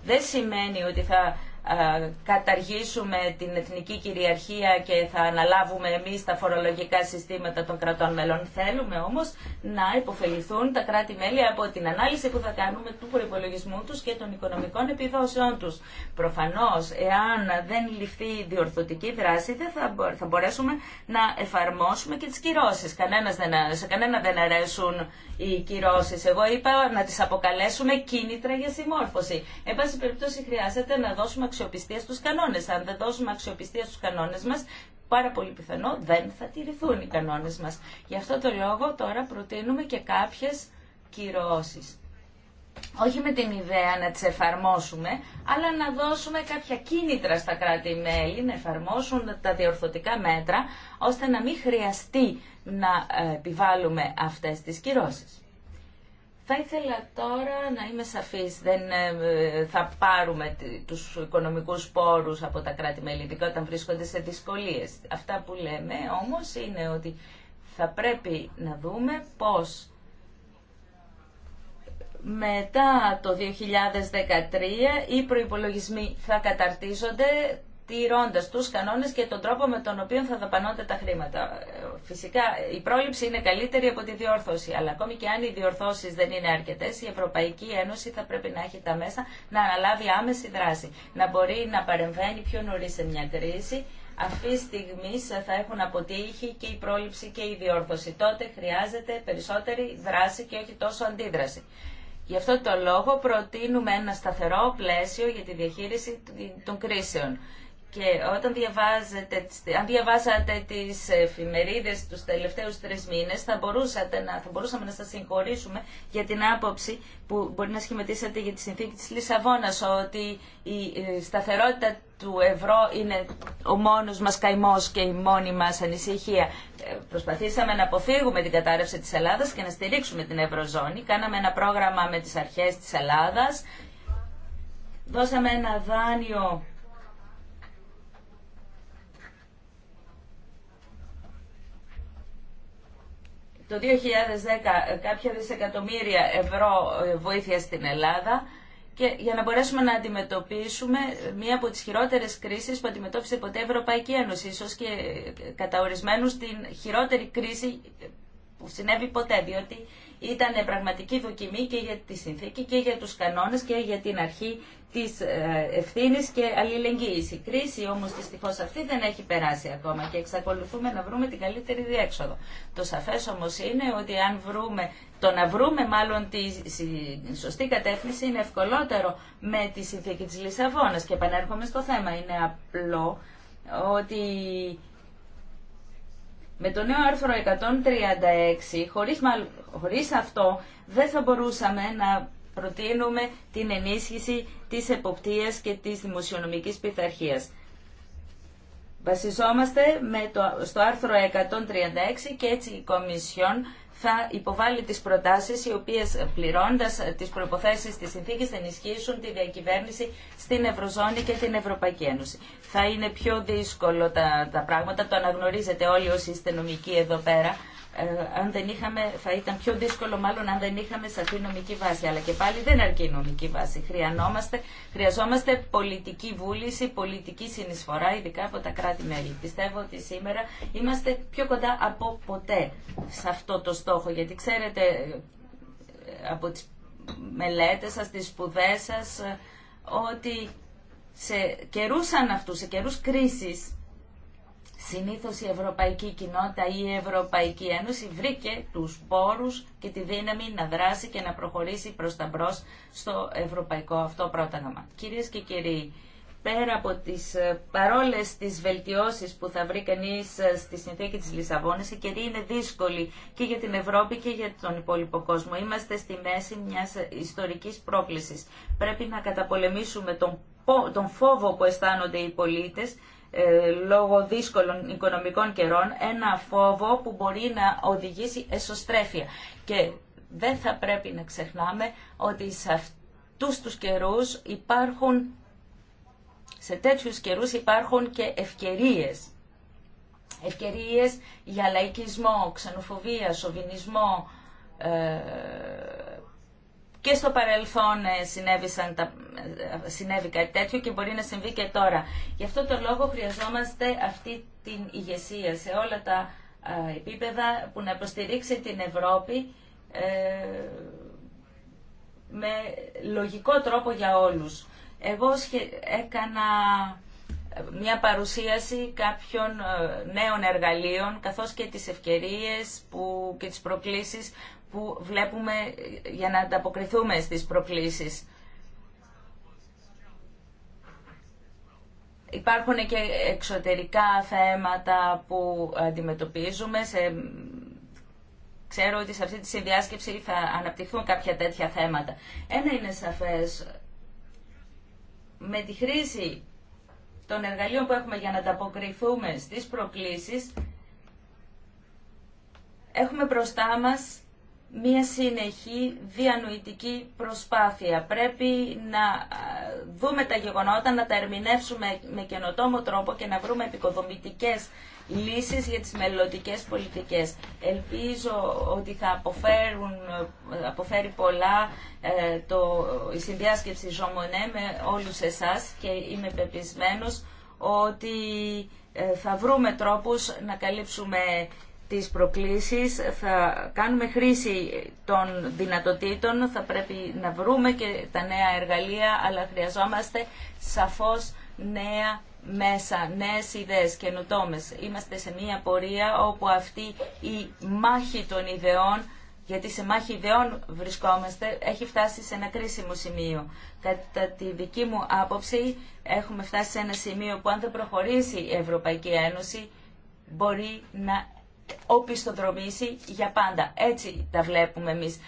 Δεν σημαίνει ότι θα καταργήσουμε την εθνική κυριαρχία και θα αναλάβουμε εμείς τα φορολογικά συστήματα των κρατών μελών. Θέλουμε όμως να υποφεληθούν τα κράτη-μέλη από την ανάλυση που θα κάνουμε του προπολογισμού τους και των οικονομικών επιδόσεών τους. Προφανώς, εάν δεν ληφθεί διορθωτική δράση, δεν θα, μπορέσουμε να εφαρμόσουμε και τις κυρώσεις. Κανένας δεν, σε κανένα δεν αρέσουν οι κυρώσεις. Εγώ είπα να τις αποκαλέσουμε κίνητρα για συμμόρφωση. Εν πάση περιπτώσει, χρειάζεται να δώσουμε αξιοπιστία στους κανόνες. Αν δεν δώσουμε αξιοπιστία στους κανόνες μας, πάρα πολύ πιθανό δεν θα τηρηθούν οι κανόνες μας. Γι' αυτό το λόγο τώρα προτείνουμε και κάποιες κυρώσεις. Όχι με την ιδέα να τις εφαρμόσουμε, αλλά να δώσουμε κάποια κίνητρα στα κράτη-μέλη, να εφαρμόσουν τα διορθωτικά μέτρα, ώστε να μην χρειαστεί να ε, επιβάλλουμε αυτές τις κυρώσεις. Θα ήθελα τώρα να είμαι σαφής. Δεν ε, θα πάρουμε τους οικονομικούς πόρους από τα κράτη-μέλη, ειδικά όταν βρίσκονται σε δυσκολίες. Αυτά που λέμε όμως είναι ότι θα πρέπει να δούμε πώς μετά το 2013 οι προϋπολογισμοί θα καταρτίζονται τηρώντα του κανόνε και τον τρόπο με τον οποίο θα δαπανώνται τα χρήματα. Φυσικά η πρόληψη είναι καλύτερη από τη διόρθωση, αλλά ακόμη και αν οι διορθώσει δεν είναι αρκετέ, η Ευρωπαϊκή Ένωση θα πρέπει να έχει τα μέσα να αναλάβει άμεση δράση, να μπορεί να παρεμβαίνει πιο νωρί σε μια κρίση, αυτή τη στιγμή θα έχουν αποτύχει και η πρόληψη και η διόρθωση. Τότε χρειάζεται περισσότερη δράση και όχι τόσο αντίδραση. Γι' αυτό το λόγο προτείνουμε ένα σταθερό πλαίσιο για τη διαχείριση των κρίσεων. Και όταν διαβάζετε, αν διαβάσατε τις εφημερίδες τους τελευταίους τρεις μήνες, θα, θα μπορούσαμε να σας συγχωρήσουμε για την άποψη που μπορεί να σχηματίσατε για τη συνθήκη της Λισαβόνας, ότι η ε, σταθερότητα του ευρώ είναι ο μόνος μας καημός και η μόνη μας ανησυχία. Ε, προσπαθήσαμε να αποφύγουμε την κατάρρευση της Ελλάδας και να στηρίξουμε την Ευρωζώνη. Κάναμε ένα πρόγραμμα με τις αρχές της Ελλάδας. Δώσαμε ένα δάνειο το 2010 ε, κάποια δισεκατομμύρια ευρώ ε, βοήθεια στην Ελλάδα και για να μπορέσουμε να αντιμετωπίσουμε ε, μία από τις χειρότερες κρίσεις που αντιμετώπισε ποτέ η Ευρωπαϊκή Ένωση, ίσως και κατά ορισμένου την χειρότερη κρίση που συνέβη ποτέ, διότι ήταν πραγματική δοκιμή και για τη συνθήκη και για τους κανόνες και για την αρχή της ε, Ευθύνη και αλληλεγγύης. Η κρίση όμως δυστυχώ αυτή δεν έχει περάσει ακόμα και εξακολουθούμε να βρούμε την καλύτερη διέξοδο. Το σαφές όμως είναι ότι αν βρούμε, το να βρούμε μάλλον τη σωστή κατεύθυνση είναι ευκολότερο με τη συνθήκη της Λισαβόνας και επανέρχομαι στο θέμα. Είναι απλό ότι με το νέο άρθρο 136, χωρίς, αυτό, δεν θα μπορούσαμε να προτείνουμε την ενίσχυση της εποπτείας και της δημοσιονομικής πειθαρχίας. Βασιζόμαστε με το, στο άρθρο 136 και έτσι η Κομισιόν θα υποβάλει τις προτάσεις οι οποίες πληρώντας τις προϋποθέσεις της συνθήκης θα ενισχύσουν τη διακυβέρνηση στην Ευρωζώνη και την Ευρωπαϊκή Ένωση. Θα είναι πιο δύσκολο τα, τα πράγματα, το αναγνωρίζετε όλοι όσοι είστε νομικοί εδώ πέρα, ε, αν δεν είχαμε, θα ήταν πιο δύσκολο μάλλον αν δεν είχαμε σαφή νομική βάση. Αλλά και πάλι δεν αρκεί η νομική βάση. χρειαζόμαστε πολιτική βούληση, πολιτική συνεισφορά, ειδικά από τα κράτη-μέλη. Πιστεύω ότι σήμερα είμαστε πιο κοντά από ποτέ σε αυτό το στόχο. Γιατί ξέρετε ε, από τις μελέτες σας, τις σπουδές σας, ε, ότι σε καιρούς σαν σε καιρούς κρίσης, Συνήθως η Ευρωπαϊκή Κοινότητα ή η Ευρωπαϊκή Ένωση βρήκε τους πόρους και τη δύναμη να δράσει και να προχωρήσει προς τα μπρος στο ευρωπαϊκό αυτό πρόταγμα. Κυρίες και κύριοι, πέρα από τις ε, παρόλες τις βελτιώσεις που θα βρει κανείς ε, στη συνθήκη της Λισαβόνης, η καιρή είναι δύσκολη και για την Ευρώπη και για τον υπόλοιπο κόσμο. Είμαστε στη μέση μιας ιστορικής πρόκλησης. Πρέπει να καταπολεμήσουμε τον, τον φόβο που αισθάνονται οι πολίτες ε, λόγω δύσκολων οικονομικών καιρών ένα φόβο που μπορεί να οδηγήσει εσωστρέφεια. Και δεν θα πρέπει να ξεχνάμε ότι σε αυτούς τους καιρούς υπάρχουν, σε τέτοιους καιρούς υπάρχουν και ευκαιρίες. Ευκαιρίες για λαϊκισμό, ξενοφοβία, σοβινισμό, ε, και στο παρελθόν ε, συνέβησαν τα, ε, συνέβη κάτι τέτοιο και μπορεί να συμβεί και τώρα. Γι' αυτό το λόγο χρειαζόμαστε αυτή την ηγεσία σε όλα τα ε, επίπεδα που να υποστηρίξει την Ευρώπη με λογικό τρόπο για όλους. Εγώ έκανα μια παρουσίαση κάποιων νέων εργαλείων καθώς και τις ευκαιρίες που, και τις προκλήσεις που βλέπουμε για να ανταποκριθούμε στις προκλήσεις. Υπάρχουν και εξωτερικά θέματα που αντιμετωπίζουμε. Σε... Ξέρω ότι σε αυτή τη συνδιάσκεψη θα αναπτυχθούν κάποια τέτοια θέματα. Ένα είναι σαφές. Με τη χρήση των εργαλείων που έχουμε για να ανταποκριθούμε στις προκλήσεις, έχουμε μπροστά μας μια συνεχή διανοητική προσπάθεια. Πρέπει να δούμε τα γεγονότα, να τα ερμηνεύσουμε με καινοτόμο τρόπο και να βρούμε επικοδομητικές λύσεις για τις μελλοντικέ πολιτικές. Ελπίζω ότι θα αποφέρουν, αποφέρει πολλά ε, το, η συνδιάσκεψη Ζωμονέ με όλους εσάς και είμαι πεπισμένος ότι ε, θα βρούμε τρόπους να καλύψουμε τις προκλήσεις, θα κάνουμε χρήση των δυνατοτήτων, θα πρέπει να βρούμε και τα νέα εργαλεία, αλλά χρειαζόμαστε σαφώς νέα μέσα, νέες ιδέες, καινοτόμες. Είμαστε σε μια πορεία όπου αυτή η μάχη των ιδεών γιατί σε μάχη ιδεών βρισκόμαστε, έχει φτάσει σε ένα κρίσιμο σημείο. Κατά τη δική μου άποψη, έχουμε φτάσει σε ένα σημείο που αν δεν προχωρήσει η Ευρωπαϊκή Ένωση, μπορεί να οπισθοδρομήσει για πάντα. Έτσι τα βλέπουμε εμείς.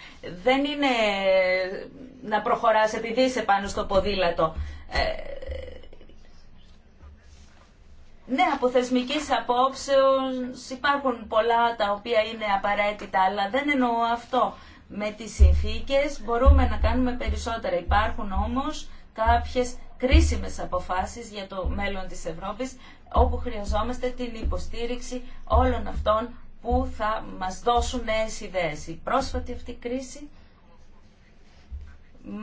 Δεν είναι ε, να προχωράς επειδή είσαι πάνω στο ποδήλατο. Ε, ναι, από θεσμική απόψεω υπάρχουν πολλά τα οποία είναι απαραίτητα, αλλά δεν εννοώ αυτό. Με τις συνθήκες μπορούμε να κάνουμε περισσότερα. Υπάρχουν όμως κάποιες κρίσιμες αποφάσεις για το μέλλον της Ευρώπης όπου χρειαζόμαστε την υποστήριξη όλων αυτών που θα μας δώσουν νέες ιδέες. Η πρόσφατη αυτή κρίση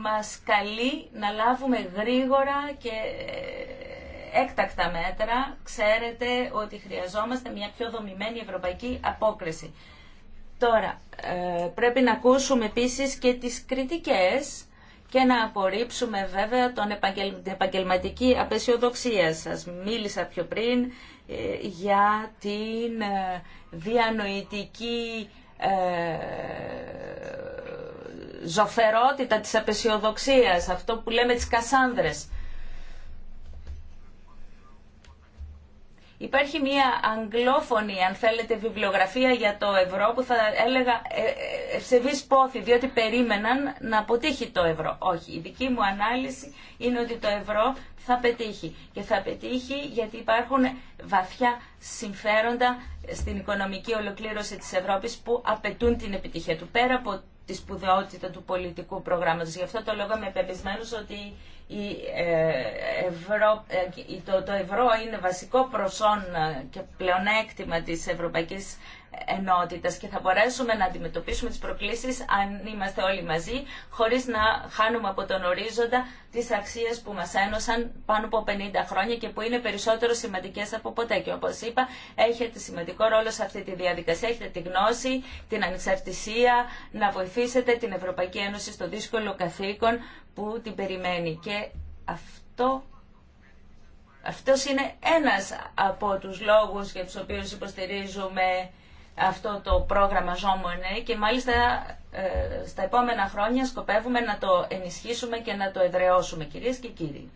μας καλεί να λάβουμε γρήγορα και ε, έκτακτα μέτρα. Ξέρετε ότι χρειαζόμαστε μια πιο δομημένη ευρωπαϊκή απόκριση. Τώρα, ε, πρέπει να ακούσουμε επίσης και τις κριτικές και να απορρίψουμε βέβαια τον επαγγελ... την επαγγελματική απεσιοδοξία σας. Μίλησα πιο πριν ε, για την ε, διανοητική ε, ζωφερότητα της απεσιοδοξίας, αυτό που λέμε τις κασάνδρες. Υπάρχει μια αγγλόφωνη, αν θέλετε, βιβλιογραφία για το ευρώ που θα έλεγα ευσεβείς ε, ε, πόθη, διότι περίμεναν να αποτύχει το ευρώ. Όχι, η δική μου ανάλυση είναι ότι το ευρώ θα πετύχει. Και θα πετύχει γιατί υπάρχουν βαθιά συμφέροντα στην οικονομική ολοκλήρωση της Ευρώπης που απαιτούν την επιτυχία του. Πέρα από τη σπουδαιότητα του πολιτικού προγράμματος. Γι' αυτό το λόγο είμαι ότι η, ε, ευρώ, ε, το, το ευρώ είναι βασικό προσόν ε, και πλεονέκτημα της Ευρωπαϊκής και θα μπορέσουμε να αντιμετωπίσουμε τις προκλήσεις αν είμαστε όλοι μαζί, χωρίς να χάνουμε από τον ορίζοντα τις αξίες που μας ένωσαν πάνω από 50 χρόνια και που είναι περισσότερο σημαντικές από ποτέ. Και όπως είπα, έχετε σημαντικό ρόλο σε αυτή τη διαδικασία, έχετε τη γνώση, την ανεξαρτησία, να βοηθήσετε την Ευρωπαϊκή Ένωση στο δύσκολο καθήκον που την περιμένει. Και αυτό αυτός είναι ένας από τους λόγους για τους οποίους υποστηρίζουμε αυτό το πρόγραμμα Jean και μάλιστα ε, στα επόμενα χρόνια σκοπεύουμε να το ενισχύσουμε και να το εδραιώσουμε, κυρίες και κύριοι.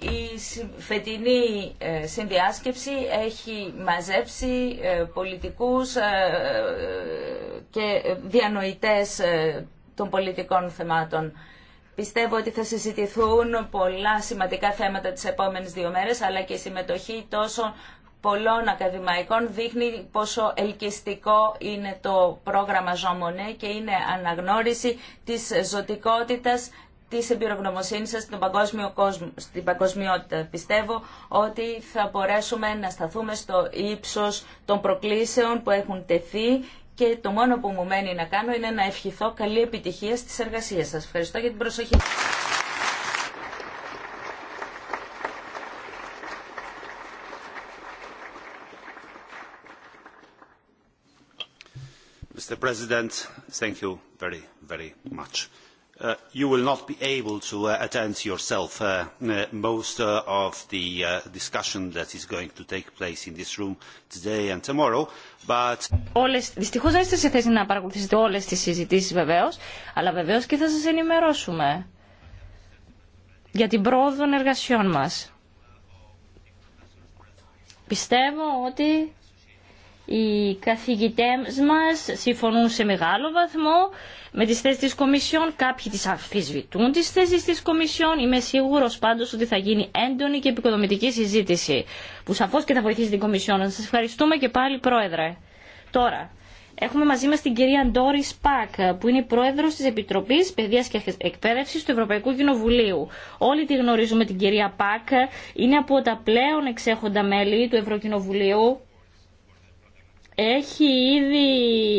Η φετινή ε, συνδιάσκεψη έχει μαζέψει ε, πολιτικούς και διανοητές των πολιτικών θεμάτων. Πιστεύω ότι θα συζητηθούν πολλά σημαντικά θέματα τις επόμενες δύο μέρες, αλλά και η συμμετοχή τόσο πολλών ακαδημαϊκών δείχνει πόσο ελκυστικό είναι το πρόγραμμα Ζωμονέ και είναι αναγνώριση της ζωτικότητας της εμπειρογνωμοσύνης σας στον παγκόσμιο κόσμο, στην παγκοσμιότητα. Πιστεύω ότι θα μπορέσουμε να σταθούμε στο ύψος των προκλήσεων που έχουν τεθεί και το μόνο που μου μένει να κάνω είναι να ευχηθώ καλή επιτυχία στις εργασίες σας. Ευχαριστώ για την προσοχή. Mr. President, thank you very, very much. Uh, you will not be able to uh, attend yourself uh, most of the discussion that is going to take place in this room today and tomorrow. But... Όλες, δυστυχώς δεν είστε σε θέση να παρακολουθήσετε όλες τις συζητήσεις βεβαίως, αλλά βεβαίως και θα σας ενημερώσουμε για την πρόοδο των εργασιών μας. Πιστεύω ότι οι καθηγητές μας συμφωνούν σε μεγάλο βαθμό με τις θέσεις της Κομισιόν, κάποιοι τις αμφισβητούν τις θέσεις της Κομισιόν. Είμαι σίγουρος πάντως ότι θα γίνει έντονη και επικοδομητική συζήτηση, που σαφώς και θα βοηθήσει την Κομισιόν. Σας ευχαριστούμε και πάλι Πρόεδρε. Τώρα, Έχουμε μαζί μας την κυρία Ντόρι Πακ, που είναι η πρόεδρος της Επιτροπής Παιδείας και εκπαίδευση του Ευρωπαϊκού Κοινοβουλίου. Όλοι τη γνωρίζουμε την κυρία Πακ, είναι από τα πλέον εξέχοντα μέλη του Ευρωκοινοβουλίου έχει ήδη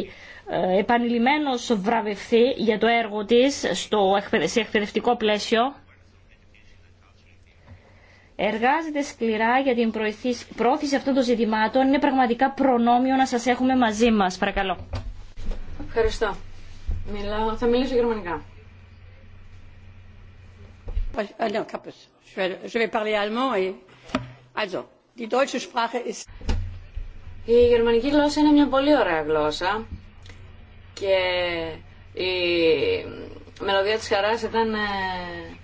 ε, επανειλημμένως βραβευθεί για το έργο της στο εκπαιδευτικό πλαίσιο. Εργάζεται σκληρά για την πρόθεση αυτών των ζητημάτων. Είναι πραγματικά προνόμιο να σας έχουμε μαζί μας. Παρακαλώ. Ευχαριστώ. Μιλάω, θα μιλήσω γερμανικά. Uh, η γερμανική γλώσσα είναι μια πολύ ωραία γλώσσα και η μελωδία της χαράς ήταν ε,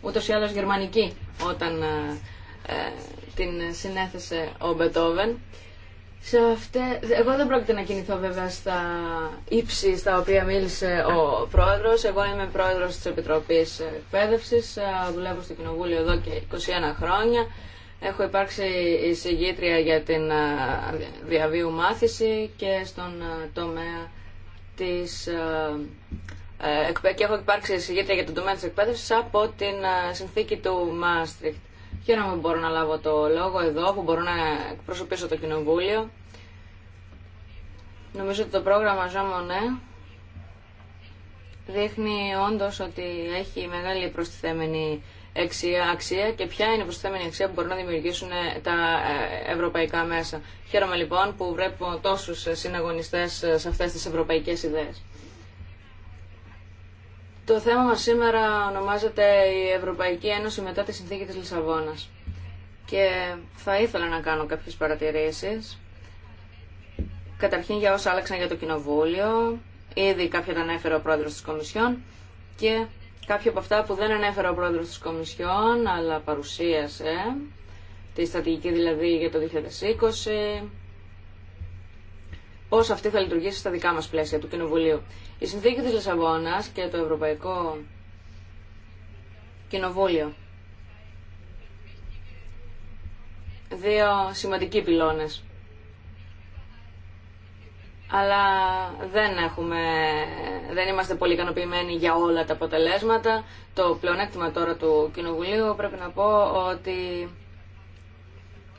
ούτως ή άλλως γερμανική όταν ε, ε, την συνέθεσε ο Μπετόβεν. Σε αυτέ... Εγώ δεν πρόκειται να κινηθώ βέβαια στα ύψη στα οποία μίλησε ο πρόεδρος. Εγώ είμαι πρόεδρος της Επιτροπής Εκπαίδευσης, δουλεύω στο Κοινοβούλιο εδώ και 21 χρόνια. Έχω υπάρξει εισηγήτρια για την διαβίου μάθηση και στον τομέα της ε, και έχω υπάρξει εισηγήτρια για τον τομέα της εκπαίδευσης από την συνθήκη του Μάστριχτ. Χαίρομαι που μπορώ να λάβω το λόγο εδώ, που μπορώ να εκπροσωπήσω το Κοινοβούλιο. Νομίζω ότι το πρόγραμμα «ΖΩΜΟΝΕ» δείχνει όντως ότι έχει μεγάλη προστιθέμενη αξία και ποια είναι η προσθέμενη αξία που μπορούν να δημιουργήσουν ε, τα ε, ευρωπαϊκά μέσα. Χαίρομαι λοιπόν που βλέπω τόσους ε, συναγωνιστέ σε αυτές τις ευρωπαϊκές ιδέες. Το θέμα μας σήμερα ονομάζεται η Ευρωπαϊκή Ένωση μετά τη συνθήκη της Λισαβόνας. Και θα ήθελα να κάνω κάποιες παρατηρήσεις. Καταρχήν για όσα άλλαξαν για το Κοινοβούλιο, ήδη κάποια τα ανέφερε ο πρόεδρος της Κομισιόν και κάποια από αυτά που δεν ανέφερε ο πρόεδρο τη Κομισιόν, αλλά παρουσίασε, τη στρατηγική δηλαδή για το 2020, πώ αυτή θα λειτουργήσει στα δικά μας πλαίσια του Κοινοβουλίου. Η συνθήκη της Λισαβόνα και το Ευρωπαϊκό Κοινοβούλιο. Δύο σημαντικοί πυλώνες αλλά δεν, έχουμε, δεν είμαστε πολύ ικανοποιημένοι για όλα τα αποτελέσματα. Το πλεονέκτημα τώρα του Κοινοβουλίου πρέπει να πω ότι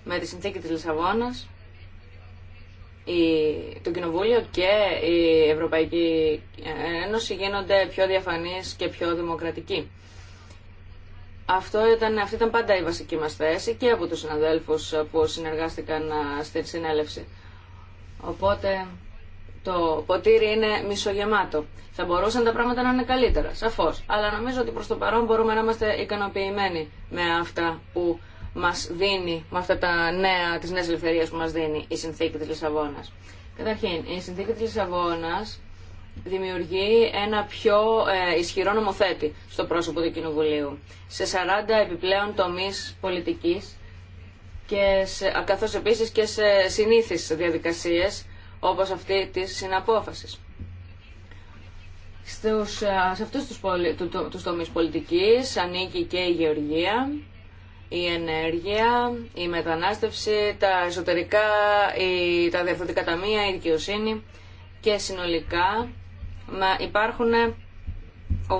με τη συνθήκη της Λισαβόνας η, το Κοινοβούλιο και η Ευρωπαϊκή Ένωση γίνονται πιο διαφανείς και πιο δημοκρατικοί. Αυτό ήταν, αυτή ήταν πάντα η βασική μας θέση και από τους συναδέλφους που συνεργάστηκαν ε, στην συνέλευση. Οπότε το ποτήρι είναι μισογεμάτο. Θα μπορούσαν τα πράγματα να είναι καλύτερα, σαφώ. Αλλά νομίζω ότι προ το παρόν μπορούμε να είμαστε ικανοποιημένοι με αυτά που μα δίνει, με αυτά τα νέα, τι νέε ελευθερίε που μα δίνει η συνθήκη τη Λισαβόνα. Καταρχήν, η συνθήκη τη Λισαβόνα δημιουργεί ένα πιο ε, ισχυρό νομοθέτη στο πρόσωπο του Κοινοβουλίου. Σε 40 επιπλέον τομεί πολιτική και καθώς επίσης και σε συνήθεις διαδικασίες όπως αυτή της συναπόφασης. Στους, ε, σε αυτούς τους, του, τους τομείς πολιτικής ανήκει και η γεωργία, η ενέργεια, η μετανάστευση, τα εσωτερικά, η, τα διαφορετικά ταμεία, η δικαιοσύνη και συνολικά μα υπάρχουν 86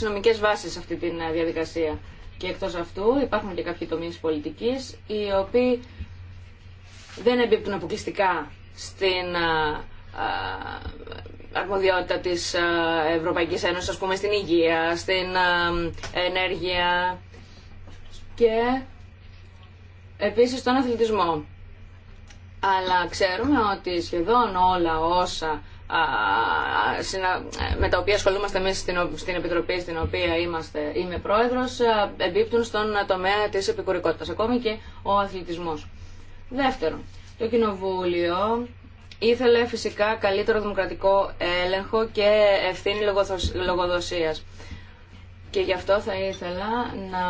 νομικές βάσεις σε αυτή τη ε, διαδικασία. Και εκτός αυτού υπάρχουν και κάποιοι τομείς πολιτικής οι οποίοι δεν εμπίπτουν αποκλειστικά στην αρμοδιότητα της Ευρωπαϊκής Ένωσης, ας πούμε, στην υγεία, στην ενέργεια και επίσης στον αθλητισμό. Αλλά ξέρουμε ότι σχεδόν όλα όσα με τα οποία ασχολούμαστε εμείς στην Επιτροπή στην οποία είμαστε, είμαι πρόεδρος εμπίπτουν στον τομέα της επικουρικότητας, ακόμη και ο αθλητισμός. Δεύτερον, το Κοινοβούλιο ήθελε φυσικά καλύτερο δημοκρατικό έλεγχο και ευθύνη λογοδοσίας. Και γι' αυτό θα ήθελα να...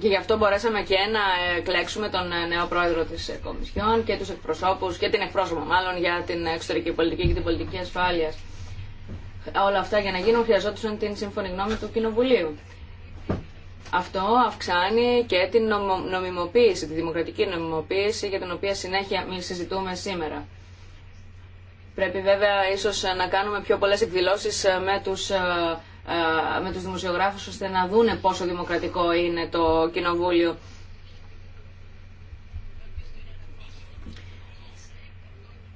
Και γι' αυτό μπορέσαμε και να ε, εκλέξουμε τον ε, νέο πρόεδρο της ε, Κομισιόν και τους εκπροσώπους και την εκπρόσωπο μάλλον για την εξωτερική πολιτική και την πολιτική ασφάλειας. Όλα αυτά για να γίνουν χρειαζόντουσαν την σύμφωνη γνώμη του Κοινοβουλίου. Αυτό αυξάνει και την νομιμοποίηση, τη δημοκρατική νομιμοποίηση για την οποία συνέχεια μην συζητούμε σήμερα. Πρέπει βέβαια ίσως ε, να κάνουμε πιο πολλές εκδηλώσεις ε, με τους, ε, με τους δημοσιογράφους ώστε να δούνε πόσο δημοκρατικό είναι το κοινοβούλιο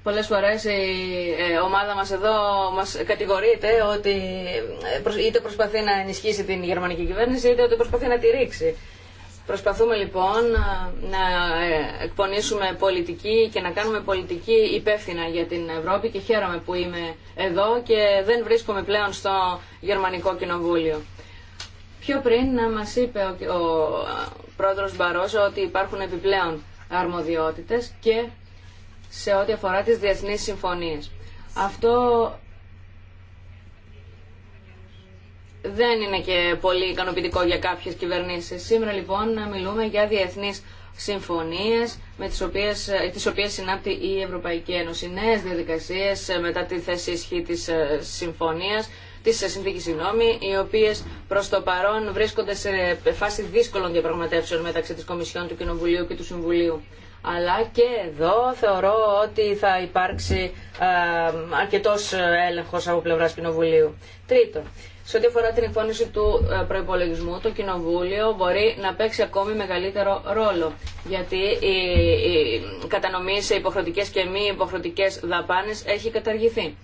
Πολλέ φορέ η ε, ομάδα μας εδώ μας κατηγορείται ότι ε, είτε προσπαθεί να ενισχύσει την γερμανική κυβέρνηση είτε ότι προσπαθεί να τη ρίξει. Προσπαθούμε λοιπόν ε, να εκπονήσουμε πολιτική και να κάνουμε πολιτική υπεύθυνα για την Ευρώπη και χαίρομαι που είμαι εδώ και δεν βρίσκομαι πλέον στο Γερμανικό Κοινοβούλιο. Πιο πριν να μας είπε ο πρόεδρος Μπαρόζο ότι υπάρχουν επιπλέον αρμοδιότητες και σε ό,τι αφορά τις διεθνείς συμφωνίες. Αυτό δεν είναι και πολύ ικανοποιητικό για κάποιες κυβερνήσεις. Σήμερα λοιπόν μιλούμε για διεθνείς συμφωνίες με τις οποίες, τις οποίες συνάπτει η Ευρωπαϊκή Ένωση. Νέες διαδικασίες ε, μετά τη θέση ισχύ της ε, συμφωνίας, της ε, συνθήκης συγγνώμη, οι οποίες προς το παρόν βρίσκονται σε φάση δύσκολων διαπραγματεύσεων μεταξύ της Κομισιόν του Κοινοβουλίου και του Συμβουλίου αλλά και εδώ θεωρώ ότι θα υπάρξει ε, αρκετός ε, έλεγχος από πλευράς Κοινοβουλίου. Τρίτον, σε ό,τι αφορά την εκπόνηση του ε, προπολογισμού, το Κοινοβούλιο μπορεί να παίξει ακόμη μεγαλύτερο ρόλο. Γιατί η, η κατανομή σε υποχρεωτικέ και μη υποχρεωτικέ δαπάνε έχει καταργηθεί.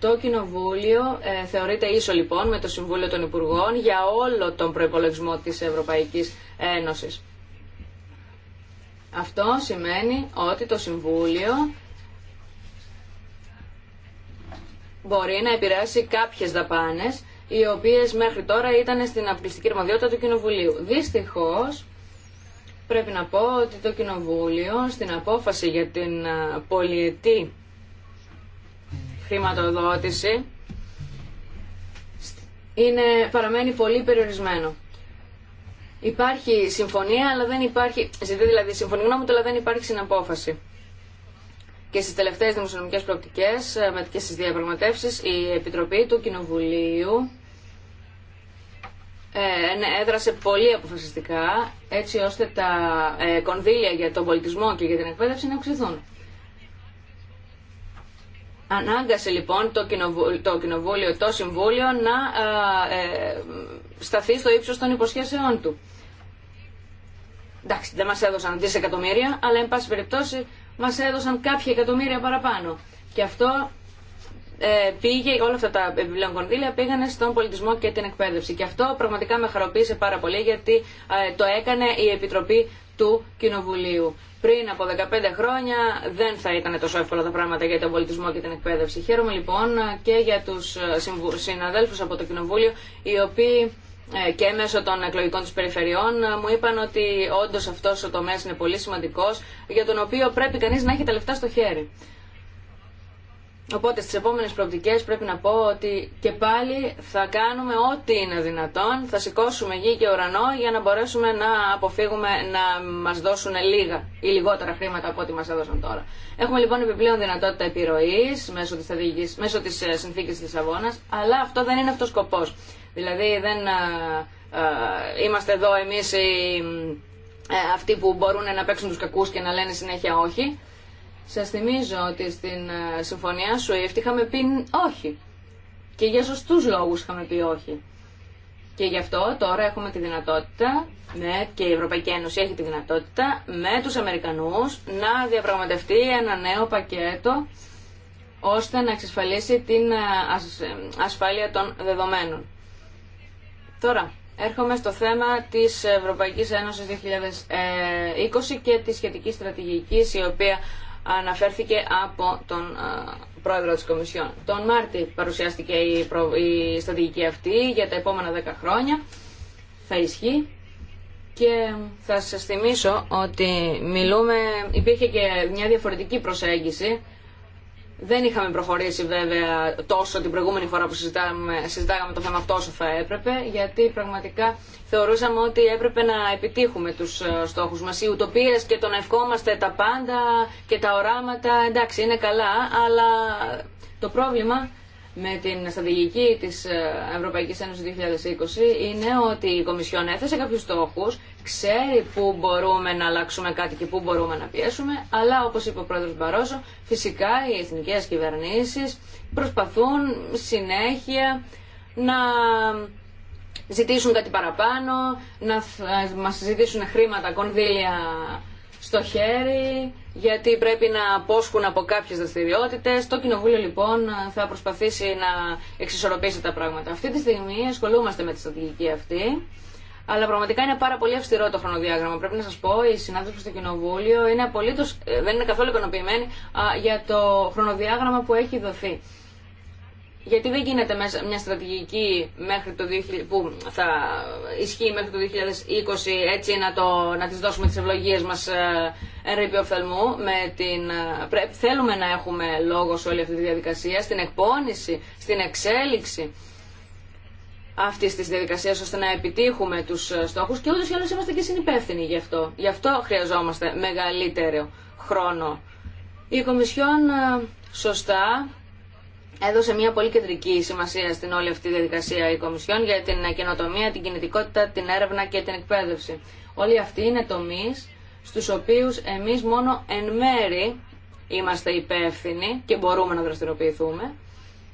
Το Κοινοβούλιο θεωρείται ίσο λοιπόν με το Συμβούλιο των Υπουργών για όλο τον προπολογισμό τη Ευρωπαϊκή Ένωση. Αυτό σημαίνει ότι το Συμβούλιο μπορεί να επηρεάσει κάποιες δαπάνες οι οποίες μέχρι τώρα ήταν στην απληστική αρμοδιότητα του Κοινοβουλίου. Δυστυχώς πρέπει να πω ότι το Κοινοβούλιο στην απόφαση για την πολιετή χρηματοδότηση είναι, παραμένει πολύ περιορισμένο. Υπάρχει συμφωνία, αλλά δεν υπάρχει, ζητεί δηλαδή αλλά δεν υπάρχει συναπόφαση. Και στις τελευταίες δημοσιονομικές προοπτικές και ε, στι διαπραγματεύσεις η Επιτροπή του Κοινοβουλίου ε, έδρασε πολύ αποφασιστικά έτσι ώστε τα ε, κονδύλια για τον πολιτισμό και για την εκπαίδευση να αυξηθούν. Ανάγκασε λοιπόν το το, κοινοβούλιο, το Συμβούλιο να σταθεί στο ύψο των υποσχέσεών του. Εντάξει, δεν μα έδωσαν δισεκατομμύρια, αλλά εν πάση περιπτώσει μα έδωσαν κάποια εκατομμύρια παραπάνω. Και αυτό ε, πήγε, όλα αυτά τα επιπλέον κονδύλια πήγανε στον πολιτισμό και την εκπαίδευση. Και αυτό πραγματικά με χαροποίησε πάρα πολύ γιατί ε, το έκανε η Επιτροπή του Κοινοβουλίου. Πριν από 15 χρόνια δεν θα ήταν τόσο εύκολα τα πράγματα για τον πολιτισμό και την εκπαίδευση. Χαίρομαι λοιπόν ε, και για τους ε, συναδέλφους από το Κοινοβούλιο οι οποίοι ε, και μέσω των εκλογικών τους περιφερειών ε, μου είπαν ότι όντω αυτός ο τομέας είναι πολύ σημαντικό, για τον οποίο πρέπει κανείς να έχει τα λεφτά στο χέρι. Οπότε στις επόμενες προοπτικές πρέπει να πω ότι και πάλι θα κάνουμε ό,τι είναι δυνατόν, θα σηκώσουμε γη και ουρανό για να μπορέσουμε να αποφύγουμε να μας δώσουν λίγα ή λιγότερα χρήματα από ό,τι μας έδωσαν τώρα. Έχουμε λοιπόν επιπλέον δυνατότητα επιρροής μέσω της, συνθήκη μέσω της ε, συνθήκης της αλλά αυτό δεν είναι αυτός σκοπός. Δηλαδή δεν α, ε, ε, είμαστε εδώ εμείς οι, αυτοί που μπορούν να παίξουν τους κακούς και να λένε συνέχεια όχι. Σα θυμίζω ότι στην ε, συμφωνία σου είχαμε πει όχι. Και για σωστού λόγους είχαμε πει όχι. Και γι' αυτό τώρα έχουμε τη δυνατότητα, ναι, και η Ευρωπαϊκή Ένωση έχει τη δυνατότητα, με τους Αμερικανούς να διαπραγματευτεί ένα νέο πακέτο ώστε να εξασφαλίσει την ε, ε, ασφάλεια των δεδομένων. Τώρα, έρχομαι στο θέμα της Ευρωπαϊκής Ένωσης 2020 και της σχετικής στρατηγικής η οποία αναφέρθηκε από τον πρόεδρο της Κομισιόν. Τον Μάρτι παρουσιάστηκε η στρατηγική αυτή για τα επόμενα δέκα χρόνια. Θα ισχύει. Και θα σας θυμίσω ότι μιλούμε, υπήρχε και μια διαφορετική προσέγγιση δεν είχαμε προχωρήσει βέβαια τόσο την προηγούμενη φορά που συζητάγαμε το θέμα αυτό όσο θα έπρεπε, γιατί πραγματικά θεωρούσαμε ότι έπρεπε να επιτύχουμε τους ε, στόχους μας. Οι ουτοπίες και το να ευχόμαστε τα πάντα και τα οράματα, εντάξει είναι καλά, αλλά το πρόβλημα με την στρατηγική της ε, Ευρωπαϊκής Ένωσης 2020 είναι ότι η Κομισιόν έθεσε κάποιους στόχους, ξέρει πού μπορούμε να αλλάξουμε κάτι και πού μπορούμε να πιέσουμε, αλλά όπως είπε ο πρόεδρο Μπαρόζο, φυσικά οι εθνικές κυβερνήσεις προσπαθούν συνέχεια να ζητήσουν κάτι παραπάνω, να μας ζητήσουν χρήματα, κονδύλια στο χέρι, γιατί πρέπει να απόσχουν από κάποιε δραστηριότητε. Το Κοινοβούλιο λοιπόν θα προσπαθήσει να εξισορροπήσει τα πράγματα. Αυτή τη στιγμή ασχολούμαστε με τη στρατηγική αυτή. Αλλά πραγματικά είναι πάρα πολύ αυστηρό το χρονοδιάγραμμα. Πρέπει να σα πω, οι συνάδελφοι στο Κοινοβούλιο είναι απολύτως, ε, δεν είναι καθόλου ικανοποιημένοι για το χρονοδιάγραμμα που έχει δοθεί γιατί δεν γίνεται μέσα μια στρατηγική μέχρι το που θα ισχύει μέχρι το 2020 έτσι να, το, να τις δώσουμε τις ευλογίες μας ε, ρίπη οφθαλμού. Με την, ε, θέλουμε να έχουμε λόγο σε όλη αυτή τη διαδικασία, στην εκπόνηση, στην εξέλιξη αυτή τη διαδικασία ώστε να επιτύχουμε του ε, στόχου και ούτω ή άλλω είμαστε και συνυπεύθυνοι γι' αυτό. Γι' αυτό χρειαζόμαστε μεγαλύτερο χρόνο. Η Κομισιόν σωστά έδωσε μια πολύ κεντρική σημασία στην όλη αυτή διαδικασία η Κομισιόν για την καινοτομία, την κινητικότητα, την έρευνα και την εκπαίδευση. Όλοι αυτοί είναι τομεί στους οποίους εμείς μόνο εν μέρη είμαστε υπεύθυνοι και μπορούμε να δραστηριοποιηθούμε.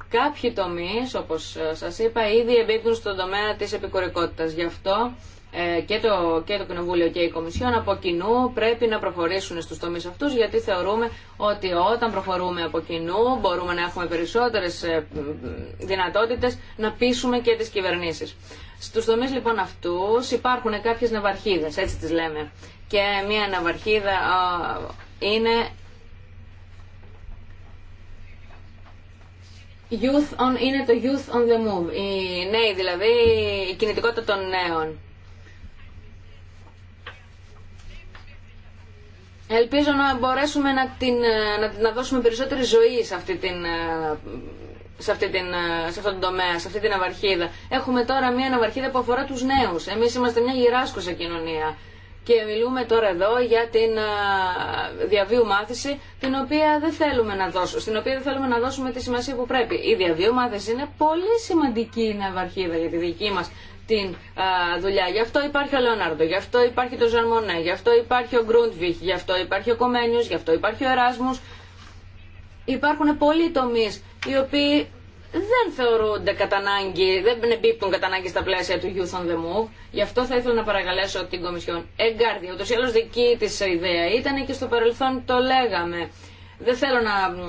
Κάποιοι τομεί, όπως σας είπα, ήδη εμπίπτουν στον τομέα τη επικουρικότητα. Γι' αυτό ε, και, το, και το Κοινοβούλιο και η Κομισιόν από κοινού πρέπει να προχωρήσουν στους τομείς αυτούς γιατί θεωρούμε ότι όταν προχωρούμε από κοινού μπορούμε να έχουμε περισσότερες ε, δυνατότητες να πείσουμε και τις κυβερνήσεις. Στους τομείς λοιπόν αυτούς υπάρχουν κάποιες ναυαρχίδες, έτσι τις λέμε. Και μια ναυαρχίδα είναι Youth on, είναι το Youth on the Move, οι νέοι δηλαδή, η κινητικότητα των νέων. Ελπίζω να μπορέσουμε να, την, ε, να, δώσουμε περισσότερη ζωή σε αυτή την ε, σε, αυτή την, ε, σε αυτόν τον τομέα, σε αυτή την Έχουμε τώρα μια αυαρχίδα που αφορά τους νέους. Εμείς είμαστε μια γυράσκουσα κοινωνία. Και μιλούμε τώρα εδώ για την διαβίου μάθηση, την οποία δεν θέλουμε να δώσουμε, στην οποία δεν θέλουμε να δώσουμε τη σημασία που πρέπει. Η διαβίου μάθηση είναι πολύ σημαντική αυαρχίδα για τη δική μας την δουλειά. Γι' αυτό υπάρχει ο Λεωνάρντο, γι' αυτό υπάρχει το Ζαρμονέ, γι' αυτό υπάρχει ο Γκρούντβιχ, γι' αυτό υπάρχει ο Κομένιος, γι' αυτό υπάρχει ο Εράσμου. Υπάρχουν πολλοί τομεί οι οποίοι δεν θεωρούνται κατά ανάγκη, δεν εμπίπτουν κατά ανάγκη στα πλαίσια του Youth on the Move. Γι' αυτό θα ήθελα να παρακαλέσω την Κομισιόν. Εγκάρδια, ούτω ή άλλω δική τη ιδέα ήταν και στο παρελθόν το λέγαμε. Δεν θέλω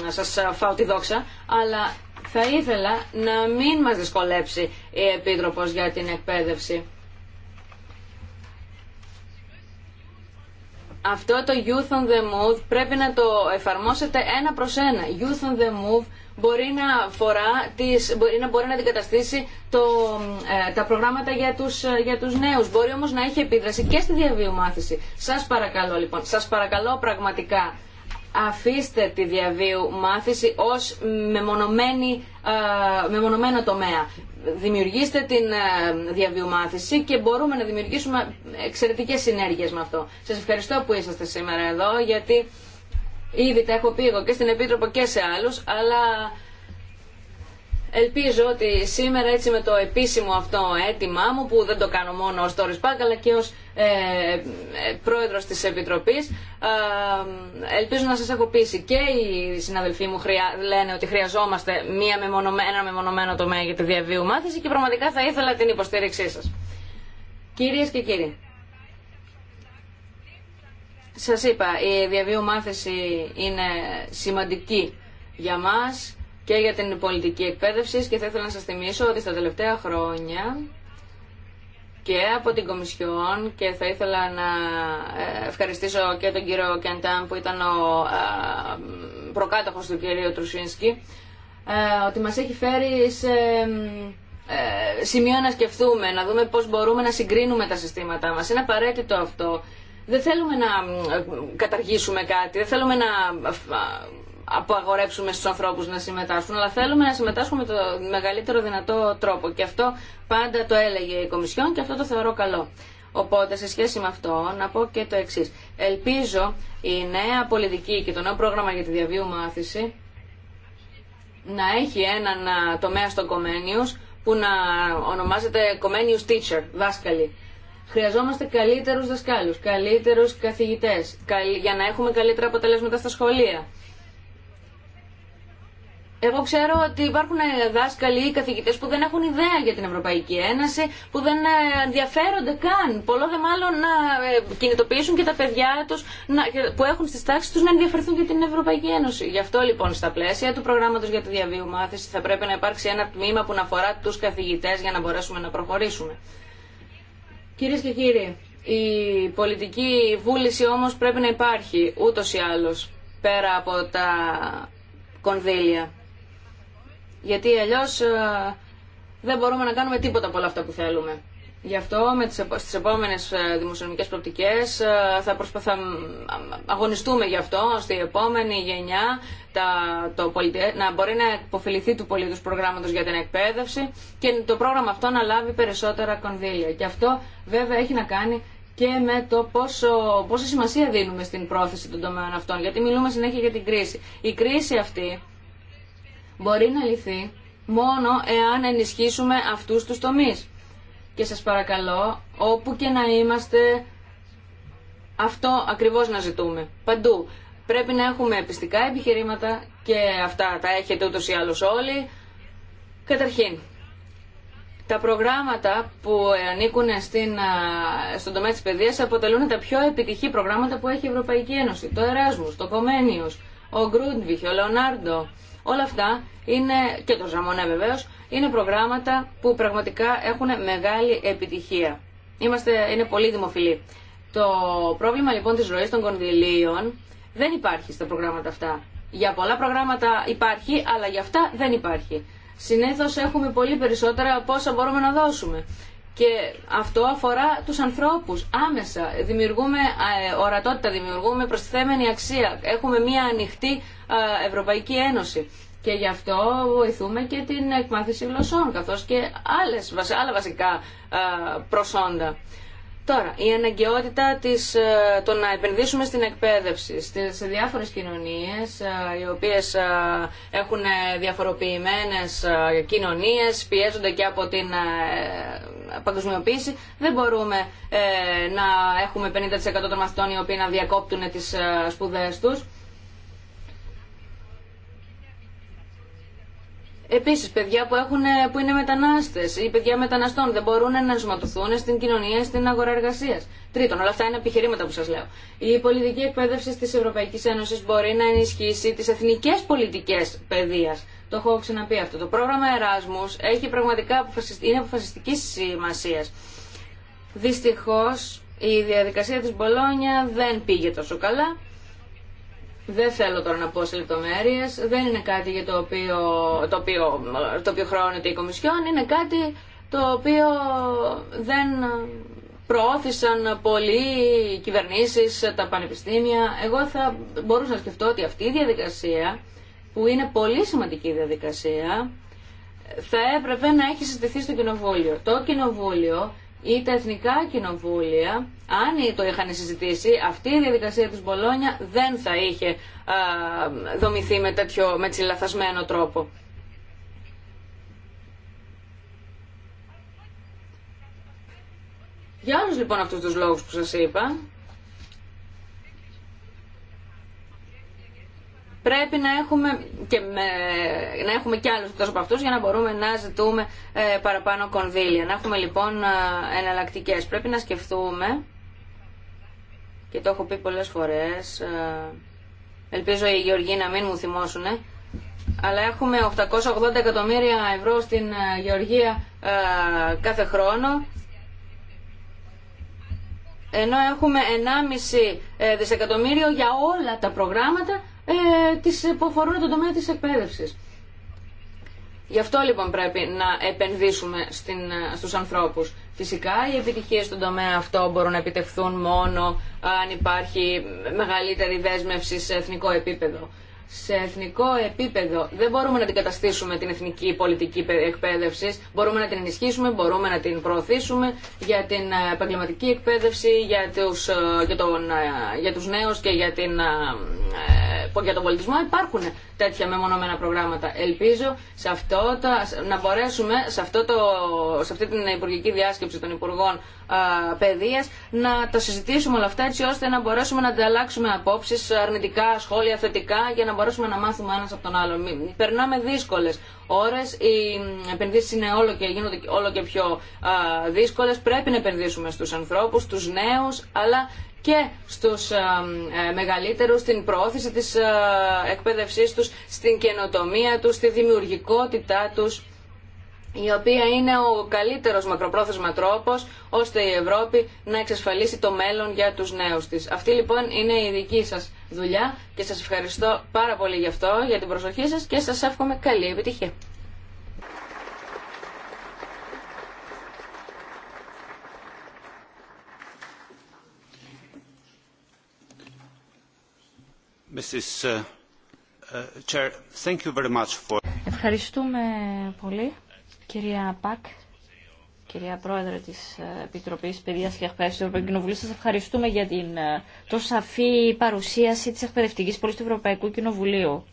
να σα φάω τη δόξα, αλλά θα ήθελα να μην μας δυσκολέψει η Επίτροπος για την εκπαίδευση. Αυτό το Youth on the Move πρέπει να το εφαρμόσετε ένα προς ένα. Youth on the Move μπορεί να, φορά τις, μπορεί να, μπορεί να αντικαταστήσει το, ε, τα προγράμματα για τους, ε, για τους νέους. Μπορεί όμως να έχει επίδραση και στη διαβίωμάθηση. Σας παρακαλώ λοιπόν, σας παρακαλώ πραγματικά αφήστε τη διαβίου μάθηση ως μεμονωμένη, ε, μεμονωμένο τομέα. Δημιουργήστε την ε, διαβίου μάθηση και μπορούμε να δημιουργήσουμε εξαιρετικές συνέργειες με αυτό. Σας ευχαριστώ που είσαστε σήμερα εδώ γιατί ήδη τα έχω πει εγώ και στην Επίτροπο και σε άλλους, αλλά Ελπίζω ότι σήμερα έτσι με το επίσημο αυτό αίτημά μου που δεν το κάνω μόνο ως Τόρις Πάγκ αλλά και ως ε, ε πρόεδρος της Επιτροπής ελπίζω να σας έχω πείσει και οι συναδελφοί μου λένε ότι χρειαζόμαστε μία μεμονωμέ... ένα μεμονωμένο τομέα για τη διαβίου μάθηση και πραγματικά θα ήθελα την υποστήριξή σας. Κυρίες και κύριοι, σας είπα η διαβίου μάθηση είναι σημαντική για μας και για την πολιτική εκπαίδευση και θα ήθελα να σας θυμίσω ότι στα τελευταία χρόνια και από την Κομισιόν και θα ήθελα να ε, ευχαριστήσω και τον κύριο Κεντάν που ήταν ο ε, προκάτοχος του κυρίου Τρουσίνσκι ε, ότι μας έχει φέρει σε σημείο να σκεφτούμε, να δούμε πώς μπορούμε να συγκρίνουμε τα συστήματά μας. Είναι απαραίτητο αυτό. Δεν θέλουμε να καταργήσουμε κάτι, δεν θέλουμε να απαγορεύσουμε στους ανθρώπους να συμμετάσχουν, αλλά θέλουμε να συμμετάσχουμε με το μεγαλύτερο δυνατό τρόπο. Και αυτό πάντα το έλεγε η Κομισιόν και αυτό το θεωρώ καλό. Οπότε, σε σχέση με αυτό, να πω και το εξή. Ελπίζω η νέα πολιτική και το νέο πρόγραμμα για τη διαβίου μάθηση να έχει έναν τομέα στο Κομένιους που να ονομάζεται Comenius Teacher, δάσκαλοι. Χρειαζόμαστε καλύτερους δασκάλους, καλύτερους καθηγητές, για να έχουμε καλύτερα αποτελέσματα στα σχολεία. Εγώ ξέρω ότι υπάρχουν ε, δάσκαλοι ή καθηγητέ που δεν έχουν ιδέα για την Ευρωπαϊκή Ένωση, που δεν ε, ενδιαφέρονται καν. Πολλό δε μάλλον να ε, κινητοποιήσουν και τα παιδιά του που έχουν στι τάξει του να ενδιαφερθούν για την Ευρωπαϊκή Ένωση. Γι' αυτό λοιπόν στα πλαίσια του προγράμματο για τη διαβίου μάθηση θα πρέπει να υπάρξει ένα τμήμα που να αφορά του καθηγητέ για να μπορέσουμε να προχωρήσουμε. Κυρίε και κύριοι, η πολιτική βούληση όμω πρέπει να υπάρχει ούτω ή άλλω πέρα από τα κονδύλια γιατί αλλιώς ε, δεν μπορούμε να κάνουμε τίποτα από όλα αυτά που θέλουμε. Γι' αυτό με τις, στις επόμενες ε, δημοσιονομικές προπτικές ε, θα, αγωνιστούμε γι' αυτό ώστε η επόμενη γενιά τα... το να μπορεί να υποφεληθεί του πολίτους προγράμματος για την εκπαίδευση και το πρόγραμμα αυτό να λάβει περισσότερα κονδύλια. Και αυτό βέβαια έχει να κάνει και με το πόσο, πόσο σημασία δίνουμε στην πρόθεση των τομέων αυτών, γιατί μιλούμε συνέχεια για την κρίση. Η κρίση αυτή μπορεί να λυθεί μόνο εάν ενισχύσουμε αυτούς τους τομείς. Και σας παρακαλώ, όπου και να είμαστε, αυτό ακριβώς να ζητούμε. Παντού. Πρέπει να έχουμε πιστικά επιχειρήματα και αυτά τα έχετε ούτως ή άλλως όλοι. Καταρχήν, τα προγράμματα που ανήκουν στην, στον τομέα της παιδείας αποτελούν τα πιο επιτυχή προγράμματα που έχει η Ευρωπαϊκή Ένωση. Το Εράσμους, το Κομένιος, ο Γκρούντβιχ, ο Λεωνάρντο, Όλα αυτά είναι, και το Ζαμονέ βεβαίω, είναι προγράμματα που πραγματικά έχουν μεγάλη επιτυχία. Είμαστε, είναι πολύ δημοφιλή. Το πρόβλημα λοιπόν της ροής των κονδυλίων δεν υπάρχει στα προγράμματα αυτά. Για πολλά προγράμματα υπάρχει, αλλά για αυτά δεν υπάρχει. Συνήθως έχουμε πολύ περισσότερα από όσα μπορούμε να δώσουμε. Και αυτό αφορά τους ανθρώπους άμεσα. Δημιουργούμε ε, ορατότητα, δημιουργούμε προστιθέμενη αξία. Έχουμε μια ανοιχτή Ευρωπαϊκή Ένωση. Και γι' αυτό βοηθούμε και την εκμάθηση γλωσσών, καθώς και άλλες, άλλα βασικά προσόντα. Τώρα, η αναγκαιότητα της, ε, το να επενδύσουμε στην εκπαίδευση, σε διάφορες κοινωνίες, ε, οι οποίες ε, έχουν διαφοροποιημένες κοινωνίες, πιέζονται και από την παγκοσμιοποίηση, δεν μπορούμε να έχουμε 50% των μαθητών οι οποίοι να διακόπτουν τις σπουδές τους. Επίσης, παιδιά που, έχουν, που είναι μετανάστες ή παιδιά μεταναστών δεν μπορούν να ενσωματωθούν στην κοινωνία, στην αγορά εργασίας. Τρίτον, όλα αυτά είναι επιχειρήματα που σας λέω. Η πολιτική εκπαίδευση της Ευρωπαϊκής Ένωσης μπορεί να ενισχύσει τις εθνικές πολιτικές παιδείας. Το έχω ξαναπεί αυτό. Το πρόγραμμα Εράσμους έχει πραγματικά, είναι αποφασιστική σημασία. Δυστυχώς, η διαδικασία της Μπολόνια δεν πήγε τόσο καλά δεν θέλω τώρα να πω σε λεπτομέρειε. Δεν είναι κάτι για το οποίο, το οποίο, το οποίο η Κομισιόν. Είναι κάτι το οποίο δεν προώθησαν πολλοί κυβερνήσεις, τα πανεπιστήμια. Εγώ θα μπορούσα να σκεφτώ ότι αυτή η διαδικασία, που είναι πολύ σημαντική διαδικασία, θα έπρεπε να έχει συζητηθεί στο Κοινοβούλιο. Το Κοινοβούλιο ή τα εθνικά κοινοβούλια, αν το είχαν συζητήσει, αυτή η διαδικασία της Μπολόνια δεν θα είχε α, δομηθεί με τέτοιο με τσιλαθασμένο τρόπο. Για όλους λοιπόν αυτούς τους λόγους που σας είπα, πρέπει να έχουμε και, με, να έχουμε και άλλους εκτός από αυτούς για να μπορούμε να ζητούμε ε, παραπάνω κονδύλια. Να έχουμε λοιπόν ε, εναλλακτικέ. Πρέπει να σκεφτούμε, και το έχω πει πολλές φορές, ε, ελπίζω οι Γεωργοί να μην μου θυμώσουνε, αλλά έχουμε 880 εκατομμύρια ευρώ στην Γεωργία κάθε χρόνο ενώ έχουμε 1,5 δισεκατομμύριο για όλα τα προγράμματα ε, ε, που αφορούν τον τομέα της εκπαίδευσης. Γι' αυτό λοιπόν πρέπει να επενδύσουμε στην, ε, στους ανθρώπους. Φυσικά οι επιτυχίες στον τομέα αυτό μπορούν να επιτευχθούν μόνο αν υπάρχει μεγαλύτερη δέσμευση σε εθνικό επίπεδο σε εθνικό επίπεδο δεν μπορούμε να αντικαταστήσουμε την εθνική πολιτική εκπαίδευση. Μπορούμε να την ενισχύσουμε, μπορούμε να την προωθήσουμε για την ε, επαγγελματική εκπαίδευση, για τους, ε, για τον, ε, για τους νέους και για, την, για τον πολιτισμό. Υπάρχουν τέτοια μεμονωμένα προγράμματα. Ελπίζω σε αυτό να μπορέσουμε σε, αυτό το, σε αυτή την υπουργική διάσκεψη των Υπουργών παιδείας να τα συζητήσουμε όλα αυτά έτσι ώστε να μπορέσουμε να ανταλλάξουμε απόψεις αρνητικά, σχόλια, θετικά για να μπορέσουμε να μάθουμε ένας από τον άλλον. Περνάμε δύσκολες ώρες, οι επενδύσεις είναι όλο και, γίνονται όλο και πιο δύσκολες, πρέπει να επενδύσουμε στους ανθρώπους, στους νέους, αλλά και στους ε, μεγαλύτερους στην προώθηση της εκπαίδευσής τους, στην καινοτομία τους, στη δημιουργικότητά τους η οποία είναι ο καλύτερος μακροπρόθεσμα τρόπος ώστε η Ευρώπη να εξασφαλίσει το μέλλον για τους νέους της. Αυτή λοιπόν είναι η δική σας δουλειά και σας ευχαριστώ πάρα πολύ γι' αυτό, για την προσοχή σας και σας εύχομαι καλή επιτυχία. Uh, uh, Ευχαριστούμε πολύ Κυρία Πακ, κυρία Πρόεδρε της ε, Επιτροπής Παιδείας και εκπαίδευση του Ευρωπαϊκού Κοινοβουλίου, σας ευχαριστούμε για την ε, τόσο σαφή παρουσίαση της εκπαιδευτική πόλη του Ευρωπαϊκού Κοινοβουλίου.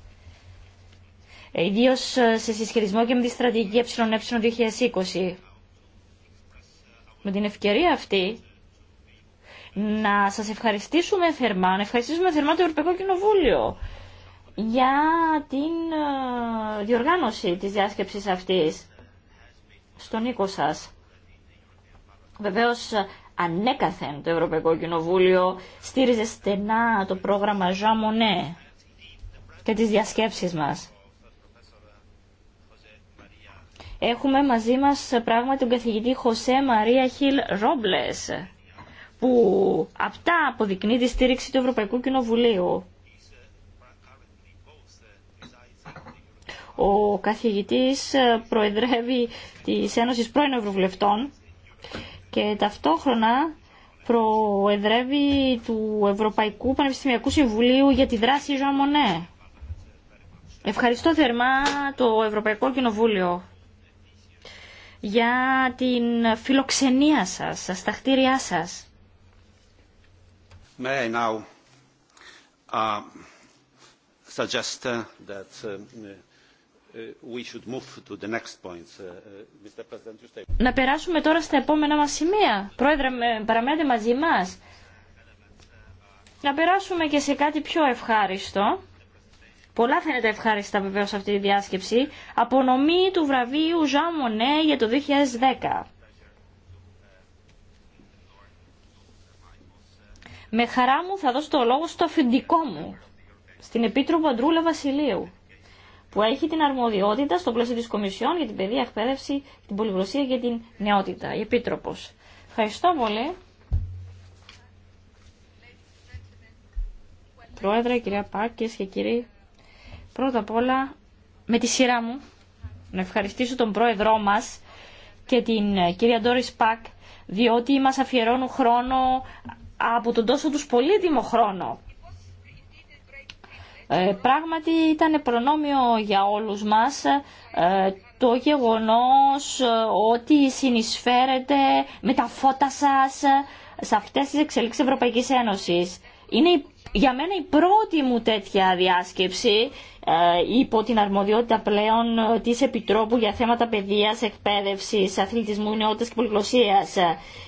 Ε, Ιδίω σε συσχετισμό και με τη στρατηγική ΕΕ 2020. Με την ευκαιρία αυτή, να σας ευχαριστήσουμε θερμά, να ευχαριστήσουμε θερμά το Ευρωπαϊκό Κοινοβούλιο για την διοργάνωση της διάσκεψης αυτής στον οίκο σας. Βεβαίως ανέκαθεν το Ευρωπαϊκό Κοινοβούλιο στήριζε στενά το πρόγραμμα Jean Monnet και τις διασκέψεις μας. Έχουμε μαζί μας πράγματι τον καθηγητή Χωσέ Μαρία Χιλ Ρόμπλες που αυτά αποδεικνύει τη στήριξη του Ευρωπαϊκού Κοινοβουλίου. Ο καθηγητής ε, προεδρεύει της Ένωσης πρώην Ευρωβουλευτών και ταυτόχρονα προεδρεύει του Ευρωπαϊκού Πανεπιστημιακού Συμβουλίου για τη δράση Ζωαμονέ. Ευχαριστώ θερμά το Ευρωπαϊκό Κοινοβούλιο για την φιλοξενία σας, τα χτίρια σας. Uh, uh, uh, να περάσουμε τώρα στα επόμενα μας σημεία. Πρόεδρε, παραμένετε μαζί μας. Να περάσουμε και σε κάτι πιο ευχάριστο. Πολλά φαίνεται ευχάριστα βεβαίως αυτή τη διάσκεψη. Απονομή του βραβείου Ζαμονέ για το 2010. Με χαρά μου θα δώσω το λόγο στο αφεντικό μου, στην Επίτροπο Αντρούλα Βασιλείου που έχει την αρμοδιότητα στο πλαίσιο της Κομισιόν για την παιδεία εκπαίδευση, την πολυγλωσία και την νεότητα, η Επίτροπο. Ευχαριστώ πολύ. Πρόεδρε, κυρία Πάκης και κύριοι, πρώτα απ' όλα με τη σειρά μου να ευχαριστήσω τον πρόεδρό μας και την ε, κυρία Ντόρι Πακ διότι μας αφιερώνουν χρόνο από τον τόσο του πολύτιμο χρόνο ε, πράγματι ήταν προνόμιο για όλους μας ε, το γεγονός ε, ότι συνεισφέρετε με τα φώτα σας σε αυτές τις εξελίξεις Ευρωπαϊκής Ένωσης. Είναι για μένα η πρώτη μου τέτοια διάσκεψη ε, υπό την αρμοδιότητα πλέον ε, της Επιτρόπου για θέματα παιδείας, εκπαίδευσης, αθλητισμού, νεότητας και πολυγλωσίας.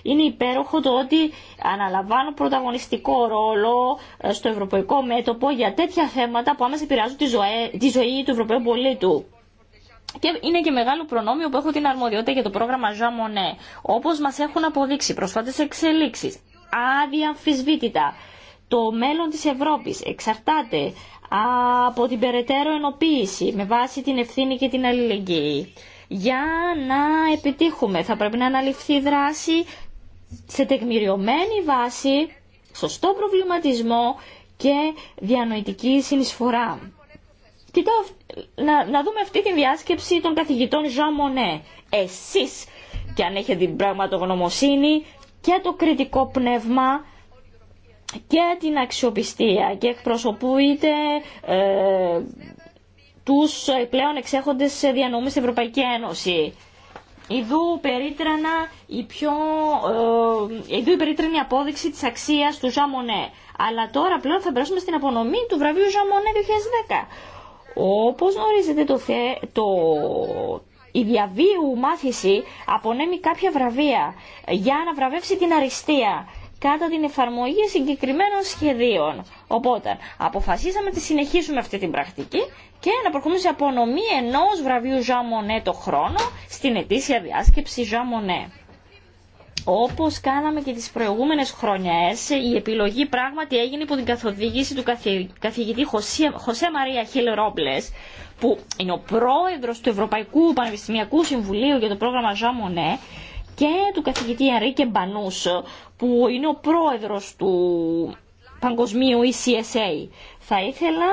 Είναι υπέροχο το ότι αναλαμβάνω πρωταγωνιστικό ρόλο ε, στο ευρωπαϊκό μέτωπο για τέτοια θέματα που άμεσα επηρεάζουν τη ζωή, τη ζωή του Ευρωπαίου πολίτου. Και είναι και μεγάλο προνόμιο που έχω την αρμοδιότητα για το πρόγραμμα Jean Monnet, όπως μας έχουν αποδείξει προσφάτες εξελίξεις, αμφισβήτητα, το μέλλον της Ευρώπης εξαρτάται από την περαιτέρω ενοποίηση με βάση την ευθύνη και την αλληλεγγύη. Για να επιτύχουμε θα πρέπει να αναλυφθεί δράση σε τεκμηριωμένη βάση, σωστό προβληματισμό και διανοητική συνεισφορά. να, να δούμε αυτή τη διάσκεψη των καθηγητών Ζαμονέ. Monnet. Εσείς, και αν έχετε την πραγματογνωμοσύνη και το κριτικό πνεύμα, και την αξιοπιστία και εκπροσωπούνται ε, τους πλέον εξέχοντες Διανομή στην Ευρωπαϊκή Ένωση. Ιδού περίτρανα η πιο, ε, ιδού η απόδειξη της αξίας του Ζαμονέ. Αλλά τώρα πλέον θα περάσουμε στην απονομή του βραβείου Ζαμονέ 2010. Όπως γνωρίζετε το, θε, το, η διαβίου μάθηση απονέμει κάποια βραβεία για να βραβεύσει την αριστεία κατά την εφαρμογή συγκεκριμένων σχεδίων. Οπότε αποφασίσαμε να συνεχίσουμε αυτή την πρακτική και να προχωρήσουμε σε απονομή ενός βραβείου Jean Monnet το χρόνο στην ετήσια διάσκεψη Jean Monnet. Όπως κάναμε και τις προηγούμενες χρονιές, η επιλογή πράγματι έγινε υπό την καθοδήγηση του καθηγητή Χωσέ, Μαρία Χίλ Ρόμπλες, που είναι ο πρόεδρος του Ευρωπαϊκού Πανεπιστημιακού Συμβουλίου για το πρόγραμμα Jean Monnet, και του καθηγητή Αρίκε Μπανούς που είναι ο πρόεδρος του Παγκοσμίου ECSA. Θα ήθελα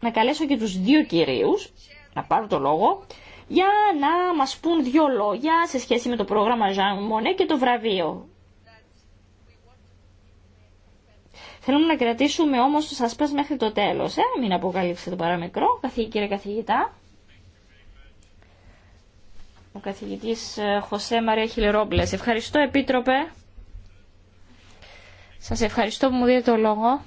να καλέσω και τους δύο κυρίους να πάρουν το λόγο για να μας πούν δύο λόγια σε σχέση με το πρόγραμμα Jean Monnet και το βραβείο. Θέλουμε να κρατήσουμε όμως το σας μέχρι το τέλος. Ε? Μην αποκαλύψετε το παραμικρό, κύριε καθηγητά. Ο καθηγητής ε, Χωσέ Μαρία Χιλερόμπλες. Ευχαριστώ Επίτροπε. Σας ευχαριστώ που μου δίνετε το λόγο.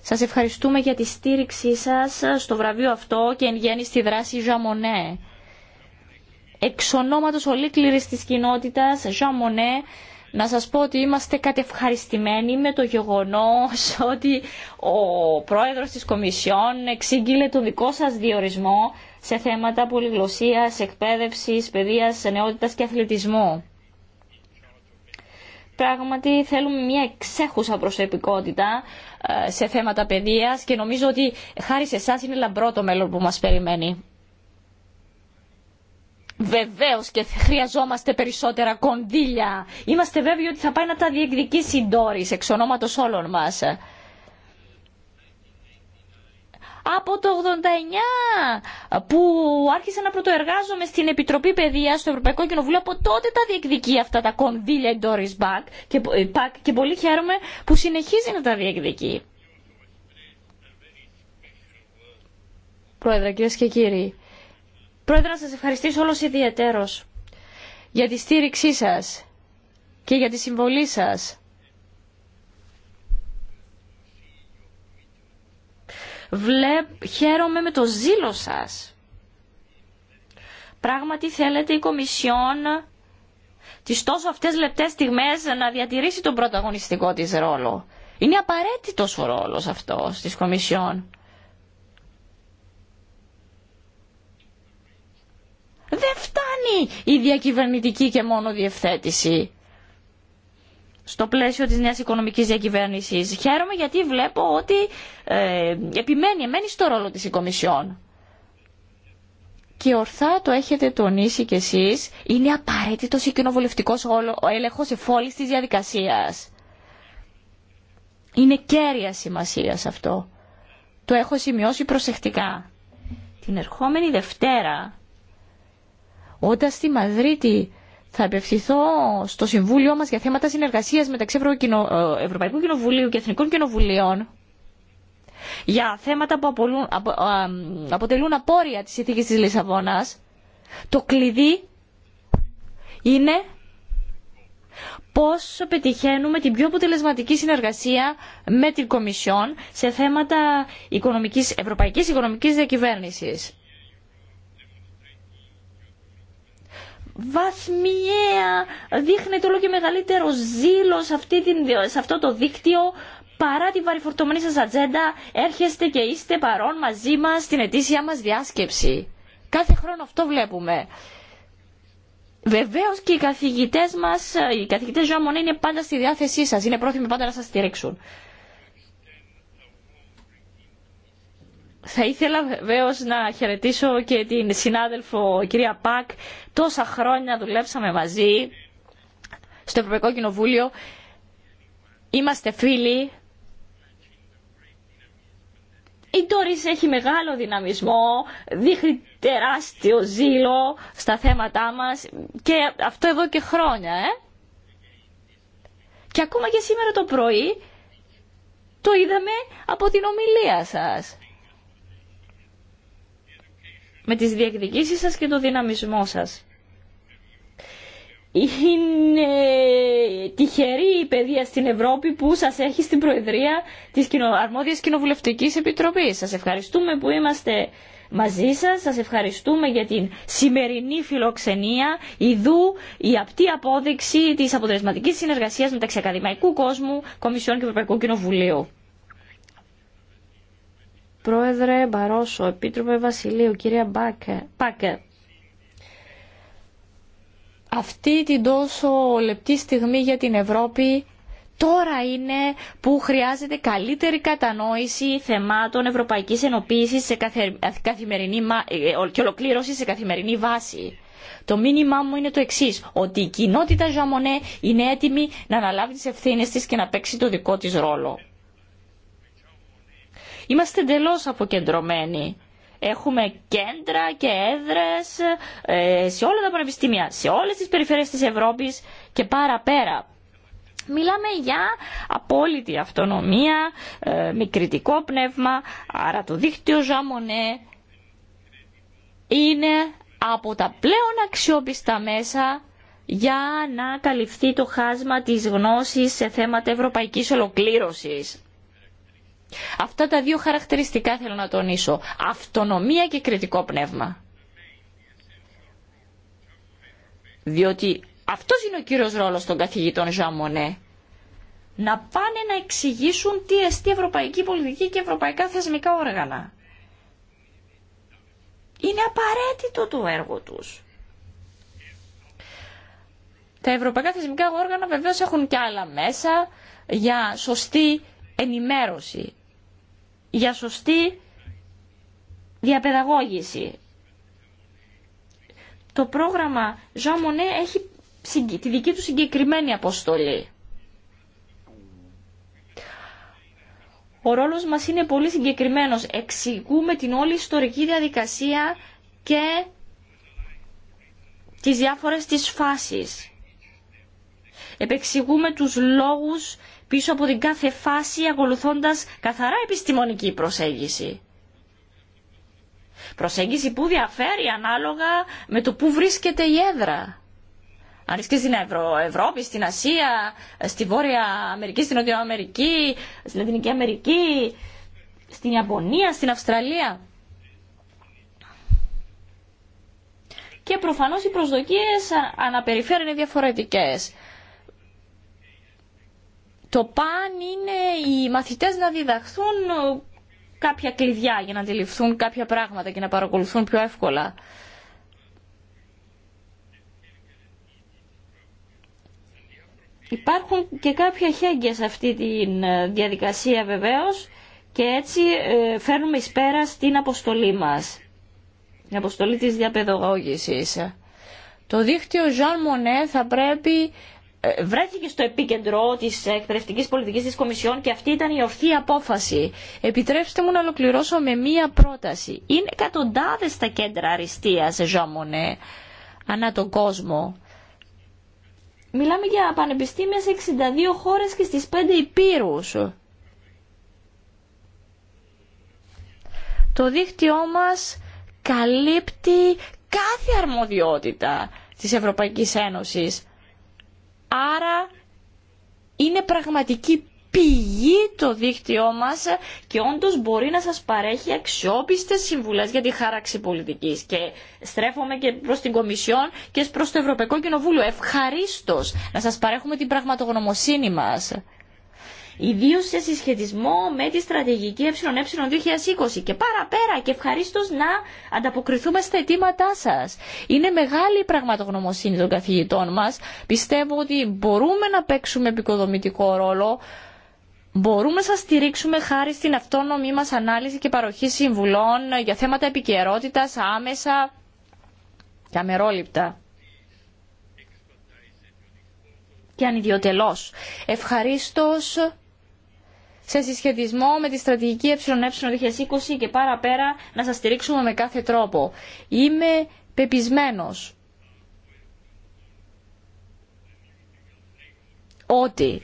Σας ευχαριστούμε για τη στήριξή σας στο βραβείο αυτό και εν γέννη στη δράση Ζαμονέ. Εξ ονόματος ολίκληρης της κοινότητας Ζαμονέ να σας πω ότι είμαστε κατευχαριστημένοι με το γεγονός ότι ο πρόεδρος της Κομισιόν εξήγηλε τον δικό σας διορισμό σε θέματα πολυγλωσίας, εκπαίδευσης, παιδείας, νεότητας και αθλητισμού. Πράγματι θέλουμε μια εξέχουσα προσωπικότητα ε, σε θέματα παιδείας και νομίζω ότι χάρη σε εσά είναι λαμπρό το μέλλον που μας περιμένει. Βεβαίω και χρειαζόμαστε περισσότερα κονδύλια. Είμαστε βέβαιοι ότι θα πάει να τα διεκδικήσει η Ντόρις, εξ όλων μα από το 89 που άρχισα να πρωτοεργάζομαι στην Επιτροπή Παιδεία στο Ευρωπαϊκό Κοινοβούλιο από τότε τα διεκδικεί αυτά τα κονδύλια η Doris και, πακ ε, και πολύ χαίρομαι που συνεχίζει να τα διεκδικεί. Πρόεδρε, κύριε και κύριοι, Πρόεδρε, να σα ευχαριστήσω όλο ιδιαίτερος για τη στήριξή σα και για τη συμβολή σας Βλέπ, χαίρομαι με το ζήλο σας. Πράγματι θέλετε η Κομισιόν τις τόσο αυτές λεπτές στιγμές να διατηρήσει τον πρωταγωνιστικό της ρόλο. Είναι απαραίτητος ο ρόλος αυτός της Κομισιόν. Δεν φτάνει η διακυβερνητική και μόνο διευθέτηση στο πλαίσιο της νέας οικονομικής διακυβέρνησης. Χαίρομαι γιατί βλέπω ότι ε, επιμένει, εμένει στο ρόλο της η Κομισιόν. Και ορθά το έχετε τονίσει κι εσείς, είναι απαραίτητος ο κοινοβουλευτικός έλεγχος εφόλης της διαδικασίας. Είναι κέρια σημασία αυτό. Το έχω σημειώσει προσεκτικά. Την ερχόμενη Δευτέρα, όταν στη Μαδρίτη θα απευθυνθώ στο Συμβούλιο μας για θέματα συνεργασίας μεταξύ ε, Ευρωπαϊκού Κοινοβουλίου και Εθνικών Κοινοβουλίων για θέματα που αποτελούν απόρρια της ηθίκης της Λισαβόνας, το κλειδί είναι πώς πετυχαίνουμε την πιο αποτελεσματική συνεργασία με την Κομισιόν σε θέματα οικονομικής, ευρωπαϊκής οικονομικής διακυβέρνησης. βαθμιαία δείχνεται όλο και μεγαλύτερο ζήλο σε, σε αυτό το δίκτυο παρά τη βαρυφορτωμένη σας ατζέντα έρχεστε και είστε παρόν μαζί μας στην ετήσια μας διάσκεψη. Κάθε χρόνο αυτό βλέπουμε. Βεβαίω και οι καθηγητέ μα, ε, οι καθηγητέ Ζωαμονέ είναι πάντα στη διάθεσή σα. Είναι πρόθυμοι πάντα να σα στηρίξουν. Θα ήθελα βεβαίω να χαιρετήσω και την συνάδελφο κυρία Πακ. Τόσα χρόνια δουλέψαμε μαζί στο Ευρωπαϊκό Κοινοβούλιο. Είμαστε φίλοι. Η Τόρις έχει μεγάλο δυναμισμό, δείχνει τεράστιο ζήλο στα θέματά μας και αυτό εδώ και χρόνια. Ε. Και ακόμα και σήμερα το πρωί το είδαμε από την ομιλία σας με τις διεκδικήσεις σας και το δυναμισμό σας. Είναι τυχερή η παιδεία στην Ευρώπη που σας έχει στην Προεδρία της Αρμόδιας Κοινοβουλευτικής Επιτροπής. Σας ευχαριστούμε που είμαστε μαζί σας. Σας ευχαριστούμε για την σημερινή φιλοξενία, ιδού η απτή απόδειξη της αποτελεσματικής συνεργασίας μεταξύ ακαδημαϊκού κόσμου, Κομισιών και Ευρωπαϊκού Κοινοβουλίου. Πρόεδρε Μπαρόσο, Επίτροπε Βασιλείου, κυρία Μπάκε, Πάκε. Αυτή την τόσο λεπτή στιγμή για την Ευρώπη τώρα είναι που χρειάζεται καλύτερη κατανόηση θεμάτων ευρωπαϊκής ενοποίησης σε καθημερινή, ε, ε, και ολοκλήρωση σε καθημερινή βάση. Το μήνυμά μου είναι το εξή, ότι η κοινότητα Ζαμονέ είναι έτοιμη να αναλάβει τι ευθύνε τη και να παίξει το δικό τη ρόλο. Είμαστε εντελώ αποκεντρωμένοι. Έχουμε κέντρα και έδρες ε, σε όλα τα πανεπιστήμια, σε όλες τις περιφέρειες της Ευρώπης και παραπέρα. Μιλάμε για απόλυτη αυτονομία, ε, με πνεύμα, άρα το δίκτυο Ζαμονέ είναι από τα πλέον αξιόπιστα μέσα για να καλυφθεί το χάσμα της γνώσης σε θέματα ευρωπαϊκής ολοκλήρωσης. Αυτά τα δύο χαρακτηριστικά θέλω να τονίσω. Αυτονομία και κριτικό πνεύμα. Διότι αυτός είναι ο κύριος ρόλος των καθηγητών Ζαμονέ. Να πάνε να εξηγήσουν τι εστί ευρωπαϊκή πολιτική και ευρωπαϊκά θεσμικά όργανα. Είναι απαραίτητο το έργο τους. Τα ευρωπαϊκά θεσμικά όργανα βεβαίως έχουν και άλλα μέσα για σωστή ενημέρωση για σωστή διαπαιδαγώγηση. Το πρόγραμμα Jean Monnet έχει τη δική του συγκεκριμένη αποστολή. Ο ρόλος μας είναι πολύ συγκεκριμένος. Εξηγούμε την όλη ιστορική διαδικασία και τις διάφορες τις φάσεις. Επεξηγούμε τους λόγους πίσω από την κάθε φάση ακολουθώντας καθαρά επιστημονική προσέγγιση. Προσέγγιση που διαφέρει ανάλογα με το που βρίσκεται η έδρα. Αν βρίσκεται στην Ευρώπη, στην Ασία, στη Βόρεια Αμερική, στην Νότια Αμερική, στην Λατινική Αμερική, στην Ιαπωνία, στην Αυστραλία. Και προφανώς οι προσδοκίες αναπεριφέρουν διαφορετικές. Το παν είναι οι μαθητές να διδαχθούν ε, κάποια κλειδιά για να αντιληφθούν κάποια πράγματα και να παρακολουθούν πιο εύκολα. Υπάρχουν και κάποια χέγγια σε αυτή τη ε, διαδικασία βεβαίως και έτσι ε, φέρνουμε εις πέρα στην αποστολή μας. Την αποστολή της διαπαιδαγώγησης. Το δίκτυο Jean Monnet θα πρέπει ε, βρέθηκε στο επίκεντρο της εκπαιδευτικής πολιτικής της Κομισιόν και αυτή ήταν η ορθή απόφαση. Επιτρέψτε μου να ολοκληρώσω με μία πρόταση. Είναι εκατοντάδες τα κέντρα αριστείας, Ζωμονέ, ανά τον κόσμο. Μιλάμε για πανεπιστήμια σε 62 χώρες και στις 5 υπήρους. Το δίκτυό μας καλύπτει κάθε αρμοδιότητα της Ευρωπαϊκής Ένωσης Άρα είναι πραγματική πηγή το δίκτυό μας και όντως μπορεί να σας παρέχει αξιόπιστες συμβουλές για τη χάραξη πολιτικής. Και στρέφομαι και προς την Κομισιόν και προς το Ευρωπαϊκό Κοινοβούλιο. Ευχαρίστως να σας παρέχουμε την πραγματογνωμοσύνη μας. Ιδίω σε συσχετισμό με τη στρατηγική ΕΕ 2020 και παραπέρα και ευχαρίστω να ανταποκριθούμε στα αιτήματά σα. Είναι μεγάλη η πραγματογνωμοσύνη των καθηγητών μα. Πιστεύω ότι μπορούμε να παίξουμε επικοδομητικό ρόλο. Μπορούμε να σας στηρίξουμε χάρη στην αυτόνομη μας ανάλυση και παροχή συμβουλών για θέματα επικαιρότητα άμεσα και αμερόληπτα και ανιδιοτελώς. Ευχαρίστως σε συσχετισμό με τη στρατηγική ΕΕ 2020 και πάρα να σας στηρίξουμε με κάθε τρόπο. Είμαι πεπισμένος ότι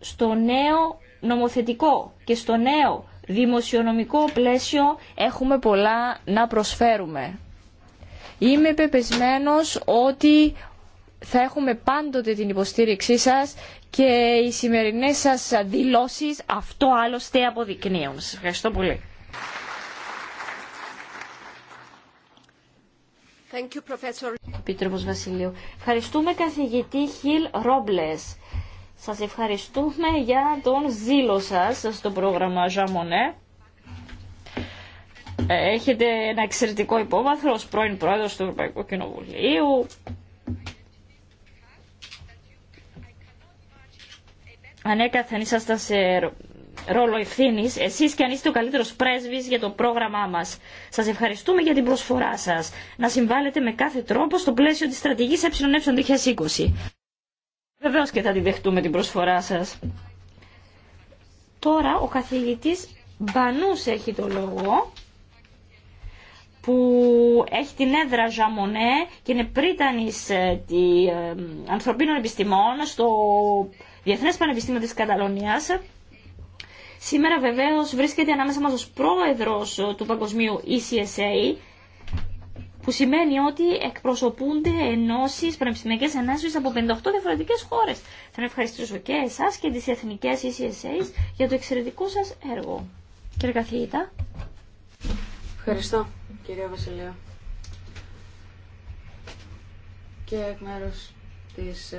στο νέο νομοθετικό και στο νέο δημοσιονομικό πλαίσιο έχουμε πολλά να προσφέρουμε. Είμαι πεπισμένος ότι θα έχουμε πάντοτε την υποστήριξή σας και οι σημερινές σας δηλώσεις αυτό άλλωστε αποδεικνύουν. Σας ευχαριστώ πολύ. Ευχαριστούμε καθηγητή Χιλ Ρόμπλες. Σας ευχαριστούμε για τον ζήλο σας στο πρόγραμμα Ζαμονέ. Ε, έχετε ένα εξαιρετικό υπόβαθρο ως πρώην πρόεδρος του Ευρωπαϊκού Κοινοβουλίου ανέκαθεν ήσασταν σε ρόλο ευθύνη, εσεί και αν είστε ο καλύτερο πρέσβη για το πρόγραμμά μα. Σα ευχαριστούμε για την προσφορά σα να συμβάλλετε με κάθε τρόπο στο πλαίσιο τη στρατηγή ΕΕ 2020. Βεβαίω και θα τη δεχτούμε την προσφορά σα. Τώρα ο καθηγητή Μπανού έχει το λόγο που έχει την έδρα Ζαμονέ και είναι πρίτανης ε, ε, ανθρωπίνων επιστημών στο Διεθνές Πανεπιστήμιο της Καταλωνίας. Σήμερα βεβαίως βρίσκεται ανάμεσα μας ως πρόεδρος του Παγκοσμίου ECSA, που σημαίνει ότι εκπροσωπούνται ενώσει πανεπιστημιακές ενώσεις από 58 διαφορετικέ χώρες. Θα ευχαριστήσω και εσάς και τις εθνικέ E.C.S.A. για το εξαιρετικό σας έργο. Κύριε Καθηγητά. Ευχαριστώ, κυρία Βασιλεία. Και εκ ε,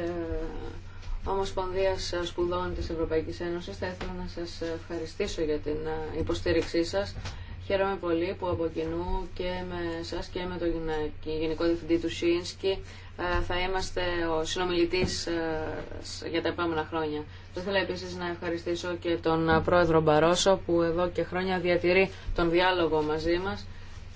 Ομοσπονδίας Σπουδών της Ευρωπαϊκής Ένωσης. Θα ήθελα να σας ευχαριστήσω για την ε, υποστήριξή σας. Χαίρομαι πολύ που από κοινού και με εσά και με τον Γενικό Διευθυντή του Σίνσκι ε, θα είμαστε ο συνομιλητής ε, για τα επόμενα χρόνια. Θα ήθελα επίσης να ευχαριστήσω και τον Πρόεδρο Μπαρόσο που εδώ και χρόνια διατηρεί τον διάλογο μαζί μας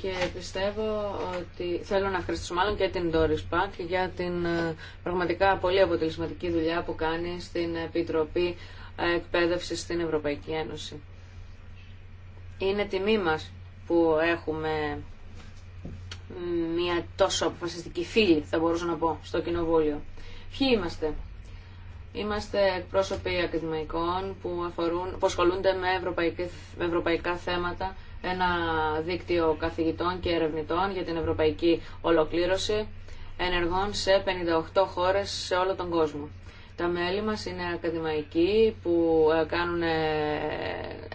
και πιστεύω ότι θέλω να ευχαριστήσω μάλλον και την Doris Πακ για την ε, πραγματικά πολύ αποτελεσματική δουλειά που κάνει στην Επιτροπή ε, Εκπαίδευση στην Ευρωπαϊκή Ένωση. Είναι τιμή μας που έχουμε μια τόσο αποφασιστική φίλη, θα μπορούσα να πω, στο Κοινοβούλιο. Ποιοι είμαστε. Είμαστε εκπρόσωποι ακαδημαϊκών που, αφορούν, που ασχολούνται με, με ευρωπαϊκά θέματα ένα δίκτυο καθηγητών και ερευνητών για την ευρωπαϊκή ολοκλήρωση ενεργών σε 58 χώρες σε όλο τον κόσμο. Τα μέλη μας είναι ακαδημαϊκοί που ε, κάνουν ε,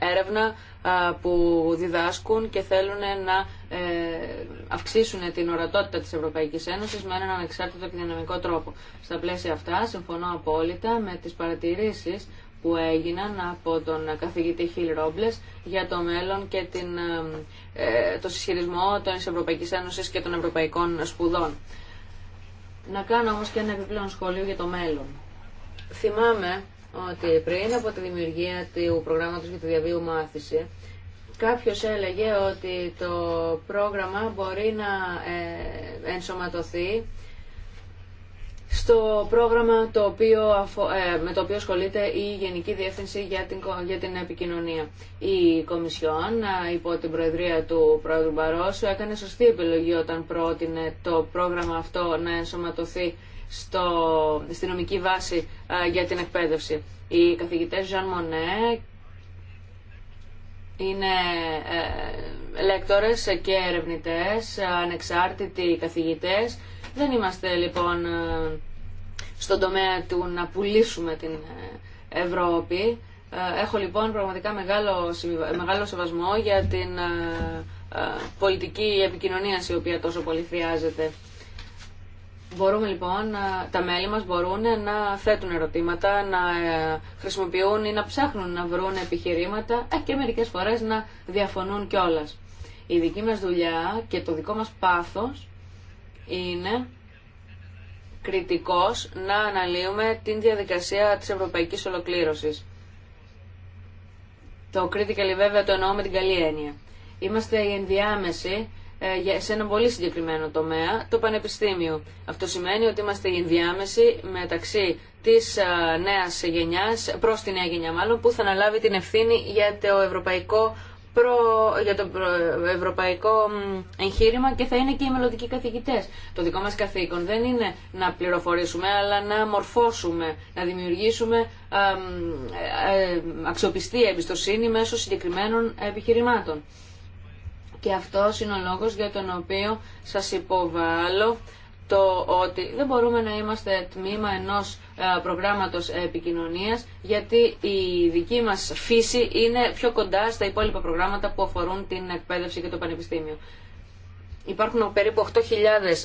έρευνα, ε, που διδάσκουν και θέλουν να αυξήσουν την ορατότητα της Ευρωπαϊκής Ένωσης με έναν ανεξάρτητο και δυναμικό τρόπο. Στα πλαίσια αυτά συμφωνώ απόλυτα με τις παρατηρήσεις που έγιναν από τον καθηγητή Χιλ Ρόμπλε για το μέλλον και την, ε, το συσχετισμό των Ευρωπαϊκής Ένωσης και των Ευρωπαϊκών Σπουδών. Να κάνω όμως και ένα επιπλέον σχόλιο για το μέλλον. Θυμάμαι ότι πριν από τη δημιουργία του προγράμματος για τη διαβίου μάθηση, κάποιος έλεγε ότι το πρόγραμμα μπορεί να ε, ενσωματωθεί στο πρόγραμμα το οποίο ε, με το οποίο ασχολείται η Γενική Διεύθυνση για την, για την Επικοινωνία. Η Κομισιόν, ε, υπό την Προεδρία του Πρόεδρου Μπαρόσου, έκανε σωστή επιλογή όταν πρότεινε το πρόγραμμα αυτό να ενσωματωθεί στο, στη νομική βάση ε, για την εκπαίδευση. Οι καθηγητές Ζαν Μονέ είναι ε, λέκτορες και ερευνητές, ανεξάρτητοι καθηγητές, δεν είμαστε λοιπόν ε, στον τομέα του να πουλήσουμε την ε, Ευρώπη. Ε, έχω λοιπόν πραγματικά μεγάλο, μεγάλο σεβασμό για την πολιτική επικοινωνία η οποία τόσο πολύ χρειάζεται. Μπορούμε λοιπόν, τα μέλη μας μπορούν να θέτουν ερωτήματα, να χρησιμοποιούν ή να ψάχνουν να βρουν επιχειρήματα και μερικές φορές να διαφωνούν κιόλας. Η δική μας δουλειά και το δικό μας πάθος είναι κριτικός να αναλύουμε την διαδικασία της ευρωπαϊκής ολοκλήρωσης. Το critical e βέβαια το εννοώ με την καλή έννοια. Είμαστε η ενδιάμεση ε, σε ένα πολύ συγκεκριμένο τομέα, το πανεπιστήμιο. Αυτό σημαίνει ότι είμαστε η ενδιάμεση μεταξύ της ε, νέας γενιάς, προς τη νέα γενιά μάλλον, που θα αναλάβει την ευθύνη για το ευρωπαϊκό προ, για το ευρωπαϊκό εγχείρημα και θα είναι και οι μελλοντικοί καθηγητέ. Το δικό μα καθήκον δεν είναι να πληροφορήσουμε, αλλά να μορφώσουμε, να δημιουργήσουμε αξιοπιστή ε, ε, αξιοπιστία, εμπιστοσύνη μέσω συγκεκριμένων επιχειρημάτων. Και αυτό είναι ο λόγος για τον οποίο σα υποβάλλω το ότι δεν μπορούμε να είμαστε τμήμα ενός ε, προγράμματος επικοινωνίας γιατί η δική μας φύση είναι πιο κοντά στα υπόλοιπα προγράμματα που αφορούν την εκπαίδευση και το πανεπιστήμιο. Υπάρχουν περίπου 8.000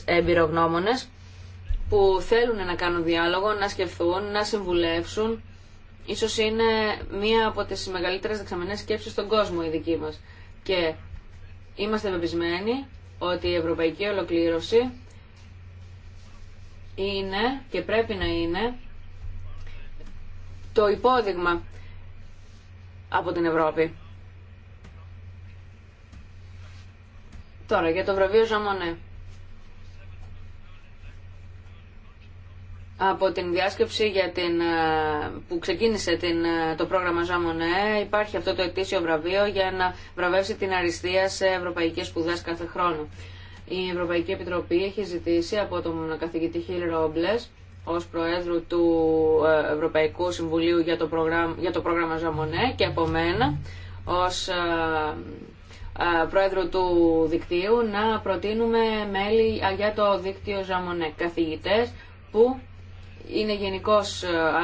εμπειρογνώμονες που θέλουν να κάνουν διάλογο, να σκεφτούν, να συμβουλεύσουν. Ίσως είναι μία από τις μεγαλύτερες δεξαμενές σκέψεις στον κόσμο η δική μας. Και είμαστε πεπισμένοι ότι η ευρωπαϊκή ολοκλήρωση είναι και πρέπει να είναι το υπόδειγμα από την Ευρώπη. Τώρα για το βραβείο Ζαμονέ. Από την διάσκεψη για την, ε, που ξεκίνησε την, ε, το πρόγραμμα Ζαμονέ υπάρχει αυτό το ετήσιο βραβείο για να βραβεύσει την αριστεία σε ευρωπαϊκές σπουδές κάθε χρόνο. Η Ευρωπαϊκή Επιτροπή έχει ζητήσει από τον καθηγητή Χίλ ρόμπλε ως Προέδρου του ε, Ευρωπαϊκού Συμβουλίου για το, πρόγραμμα, για το πρόγραμμα Ζαμονέ και από μένα ως ε, ε, πρόεδρο του Δικτύου να προτείνουμε μέλη για το δίκτυο Ζαμονέ, καθηγητές που είναι γενικώ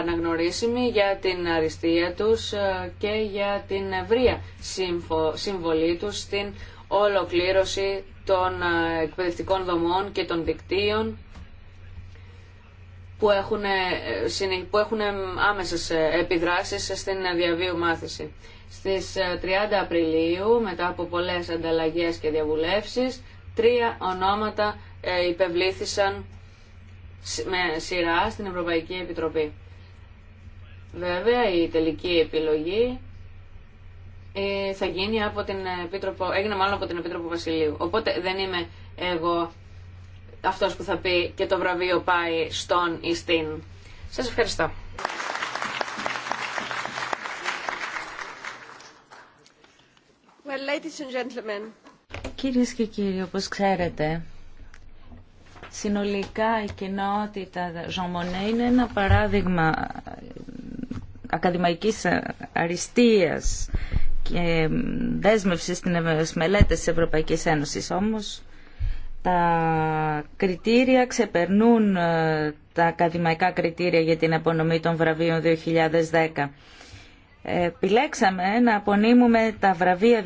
αναγνωρίσιμοι για την αριστεία τους και για την ευρεία συμβολή τους στην ολοκλήρωση των ε, εκπαιδευτικών δομών και των δικτύων που έχουν, ε, που έχουν ε, άμεσες επιδράσεις στην διαβίου μάθηση. Στις 30 Απριλίου, μετά από πολλές ανταλλαγές και διαβουλεύσεις, τρία ονόματα υπευλήθησαν με σειρά στην Ευρωπαϊκή Επιτροπή. Βέβαια, η τελική επιλογή ε, θα γίνει από την Επίτροπο, έγινε μάλλον από την Επίτροπο Βασιλείου. Οπότε δεν είμαι εγώ αυτός που θα πει και το βραβείο πάει στον ή στην. Σας ευχαριστώ. Well, ladies Κυρίες και κύριοι, όπως ξέρετε, συνολικά η κοινότητα Ζωμονέ είναι ένα παράδειγμα ε, ακαδημαϊκής ε, αριστείας και δέσμευση στις μελέτες της Ευρωπαϊκής Ένωσης όμως τα κριτήρια ξεπερνούν ε, τα ακαδημαϊκά κριτήρια για την απονομή των βραβείων 2010. Ε, επιλέξαμε να απονείμουμε τα βραβεία 2010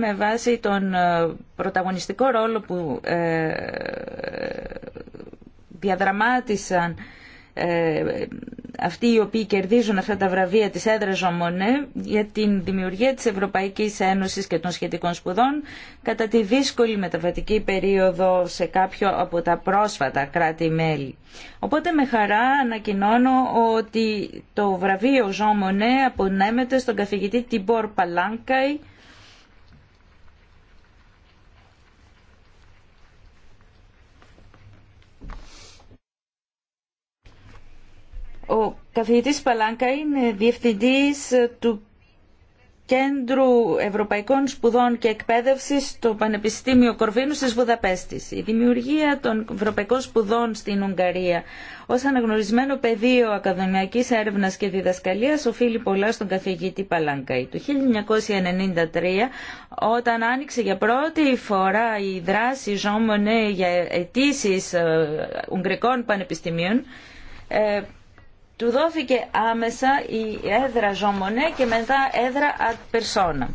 με βάση τον ε, πρωταγωνιστικό ρόλο που διαδραμάτισαν ε, αυτοί οι οποίοι κερδίζουν αυτά τα βραβεία της έδρας Ζωμονέ για την δημιουργία της Ευρωπαϊκής Ένωσης και των σχετικών σπουδών κατά τη δύσκολη μεταβατική περίοδο σε κάποιο από τα πρόσφατα κράτη-μέλη. Οπότε με χαρά ανακοινώνω ότι το βραβείο Ζωμονέ απονέμεται στον καθηγητή Τιμπορ Παλάνκαη Ο καθηγητής Παλάνκα είναι διευθυντής του Κέντρου Ευρωπαϊκών Σπουδών και Εκπαίδευσης στο Πανεπιστήμιο Κορβίνου της Βουδαπέστης. Η δημιουργία των Ευρωπαϊκών Σπουδών στην Ουγγαρία ως αναγνωρισμένο πεδίο ακαδημαϊκής έρευνας και διδασκαλίας οφείλει πολλά στον καθηγητή Παλάνκαη. Το 1993 όταν άνοιξε για πρώτη φορά η δράση Jean Monnet για αιτήσει ε, Ουγγρικών Πανεπιστημίων ε, του δόθηκε άμεσα η έδρα Ζωμονέ και μετά έδρα ad persona.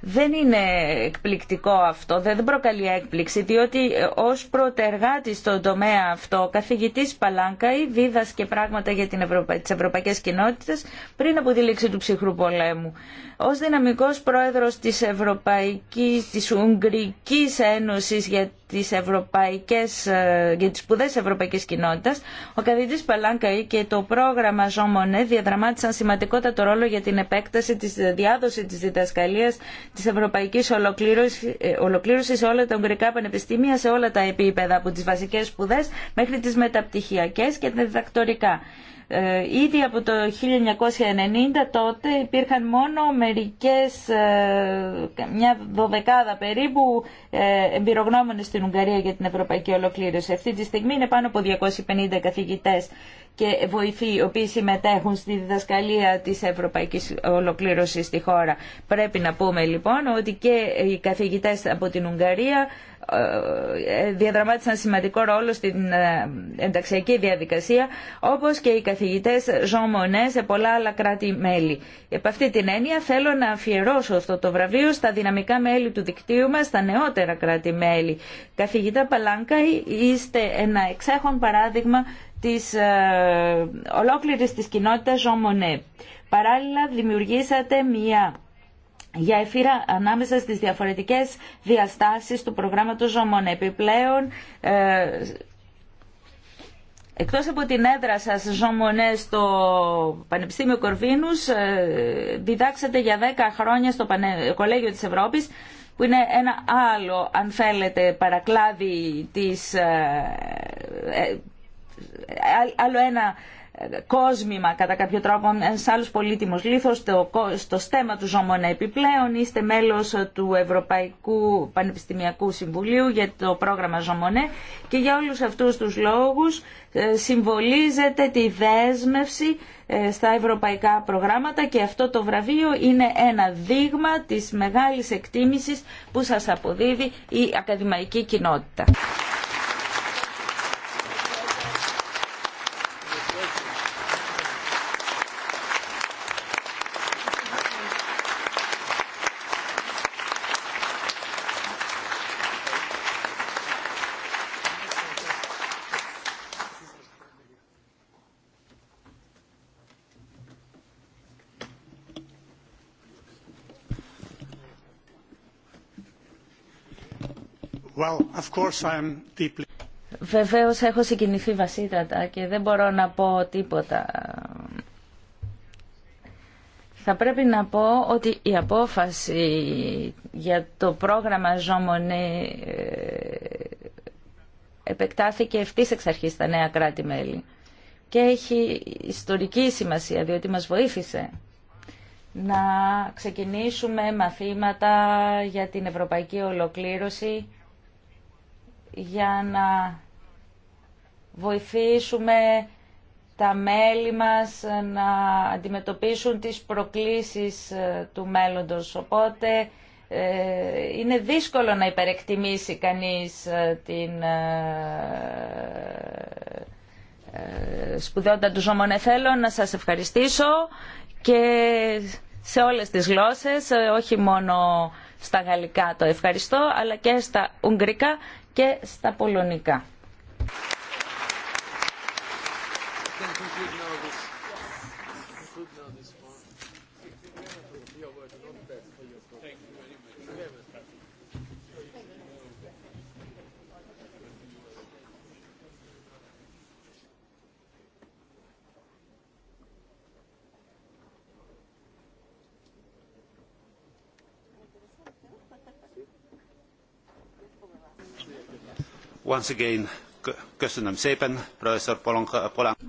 Δεν είναι εκπληκτικό αυτό, δεν προκαλεί έκπληξη, διότι ε, ως πρωτεργάτη στον τομέα αυτό, ο καθηγητής Παλάνκαη δίδασκε πράγματα για την Ευρωπα... τις ευρωπαϊκές κοινότητες πριν από τη λήξη του ψυχρού πολέμου. Ως δυναμικός πρόεδρος της Ευρωπαϊκής, της Ουγγρικής Ένωσης για τις, ευρωπαϊκές, ε, για τις ευρωπαϊκής κοινότητας, ο καθηγητής Παλάνκαη και το πρόγραμμα ζώμονε διαδραμάτισαν σημαντικότατο ρόλο για την επέκταση της διάδοση της διδασκαλίας της ευρωπαϊκής Ολοκλήρωση ε, ολοκλήρωσης σε όλα τα ουγγρικά πανεπιστήμια, σε όλα τα επίπεδα, από τις βασικές σπουδές μέχρι τις μεταπτυχιακές και τα διδακτορικά. Ε, ήδη από το 1990 τότε υπήρχαν μόνο μερικές, ε, μια δωδεκάδα περίπου ε, εμπειρογνώμονες στην Ουγγαρία για την ευρωπαϊκή ολοκλήρωση. Αυτή τη στιγμή είναι πάνω από 250 καθηγητές και βοηθοί οι οποίοι συμμετέχουν στη διδασκαλία της ευρωπαϊκής ολοκλήρωσης στη χώρα. Πρέπει να πούμε λοιπόν ότι και οι καθηγητές από την Ουγγαρία ε, διαδραμάτισαν σημαντικό ρόλο στην ε, ενταξιακή διαδικασία, όπως και οι καθηγητές Ζων Μονέ σε πολλά άλλα κράτη-μέλη. Επ' αυτή την έννοια θέλω να αφιερώσω αυτό το βραβείο στα δυναμικά μέλη του δικτύου μας, στα νεότερα κράτη-μέλη. Καθηγητά Παλάνκα, είστε ένα εξέχον παράδειγμα της ε, ολόκληρης της κοινότητας Ζωμονέ. Παράλληλα δημιουργήσατε μια για γέφυρα ανάμεσα στις διαφορετικές διαστάσεις του προγράμματος Ζωμονέ. Επιπλέον ε, Εκτός από την έδρα σας Ζωμονέ στο Πανεπιστήμιο Κορβίνους, ε, διδάξατε για 10 χρόνια στο Κολέγιο της Ευρώπης, που είναι ένα άλλο, αν θέλετε, παρακλάδι της ε, ε, άλλο ένα ε, κόσμημα κατά κάποιο τρόπο, ένας άλλος πολύτιμος λίθος στο, στο στέμα του Ζωμόνα επιπλέον. Είστε μέλος του Ευρωπαϊκού Πανεπιστημιακού Συμβουλίου για το πρόγραμμα Ζωμονέ και για όλους αυτούς τους λόγους ε, συμβολίζεται τη δέσμευση ε, στα ευρωπαϊκά προγράμματα και αυτό το βραβείο είναι ένα δείγμα της μεγάλης εκτίμησης που σας αποδίδει η ακαδημαϊκή κοινότητα. Well, Βεβαίως έχω συγκινηθεί βασίτατα και δεν μπορώ να πω τίποτα. Θα πρέπει να πω ότι η απόφαση για το πρόγραμμα Ζωμονέ ε, επεκτάθηκε ευθύς εξ αρχής στα νέα κράτη-μέλη και έχει ιστορική σημασία διότι μας βοήθησε να ξεκινήσουμε μαθήματα για την ευρωπαϊκή ολοκλήρωση για να βοηθήσουμε τα μέλη μας να αντιμετωπίσουν τις προκλήσεις ε, του μέλλοντος. Οπότε ε, είναι δύσκολο να υπερεκτιμήσει κανείς ε, την σπουδαιότητα του ζώμων. Θέλω να σας ευχαριστήσω και σε όλες τις γλώσσες, όχι μόνο στα γαλλικά το ευχαριστώ, αλλά και στα ουγγρικά και στα πολωνικά.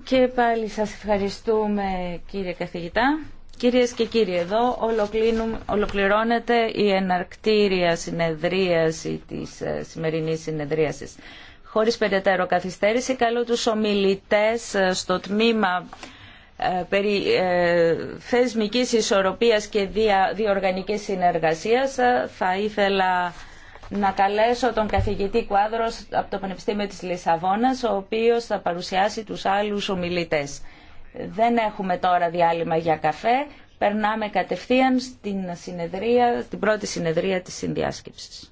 και πάλι σας ευχαριστούμε κύριε καθηγητά. Κυρίες και κύριοι, εδώ ολοκληρώνεται η εναρκτήρια συνεδρίαση της ε, σημερινής συνεδρίασης. Χωρίς περαιτέρω καθυστέρηση, καλώ τους ομιλητές ε, στο τμήμα ε, περί θεσμικής ισορροπίας και διοργανικής συνεργασίας. Θα ήθελα να καλέσω τον καθηγητή Κουάδρος από το Πανεπιστήμιο της Λισαβόνας, ο οποίος θα παρουσιάσει τους άλλους ομιλητές. Δεν έχουμε τώρα διάλειμμα για καφέ. Περνάμε κατευθείαν στην, συνεδρία, στην πρώτη συνεδρία της συνδιάσκεψης.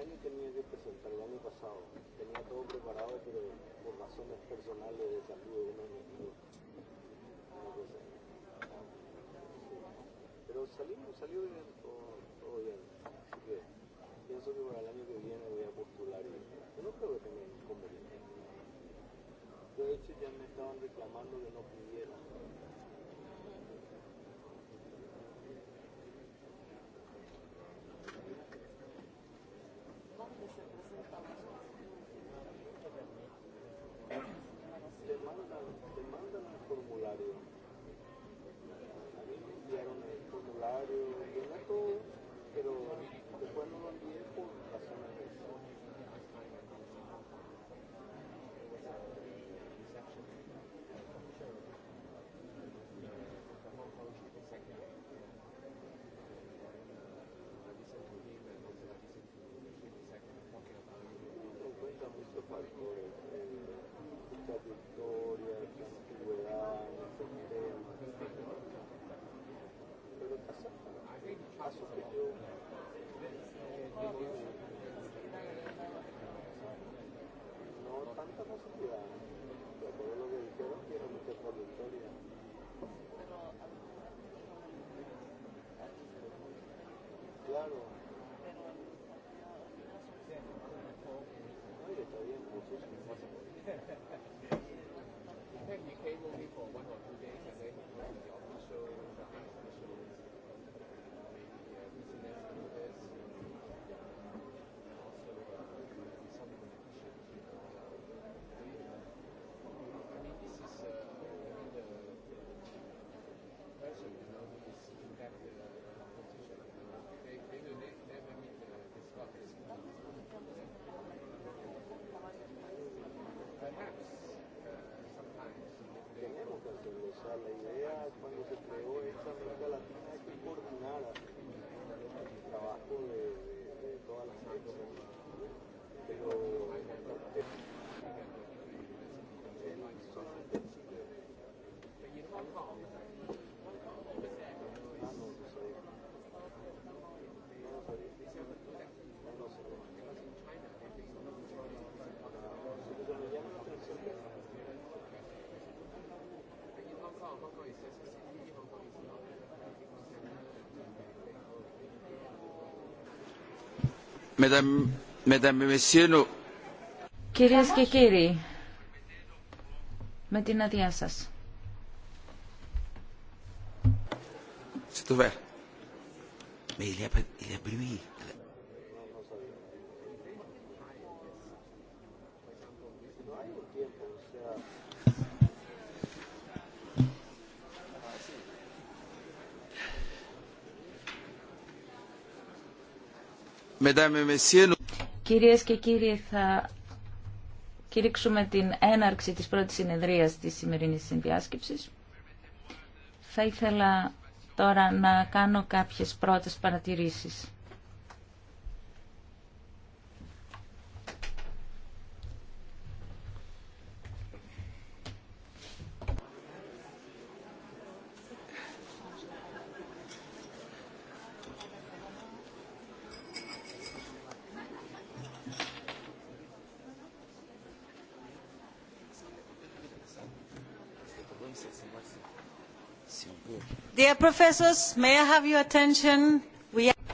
año tenía que presentar el año pasado. Tenía todo preparado, pero por razones personales de salud no me dio. Pero salimos, salió bien, todo, bien. Así que pienso que para el año que viene voy a postular. Y, yo no creo que tenga inconveniente. De hecho ya me estaban reclamando que no pudiera. Κυρίες και κύριοι, με την αδειά σας. C'est Κυρίες και κύριοι, θα κηρύξουμε την έναρξη της πρώτης συνεδρίας της σημερινής συνδιάσκεψης. Θα ήθελα τώρα να κάνω κάποιες πρώτες παρατηρήσεις.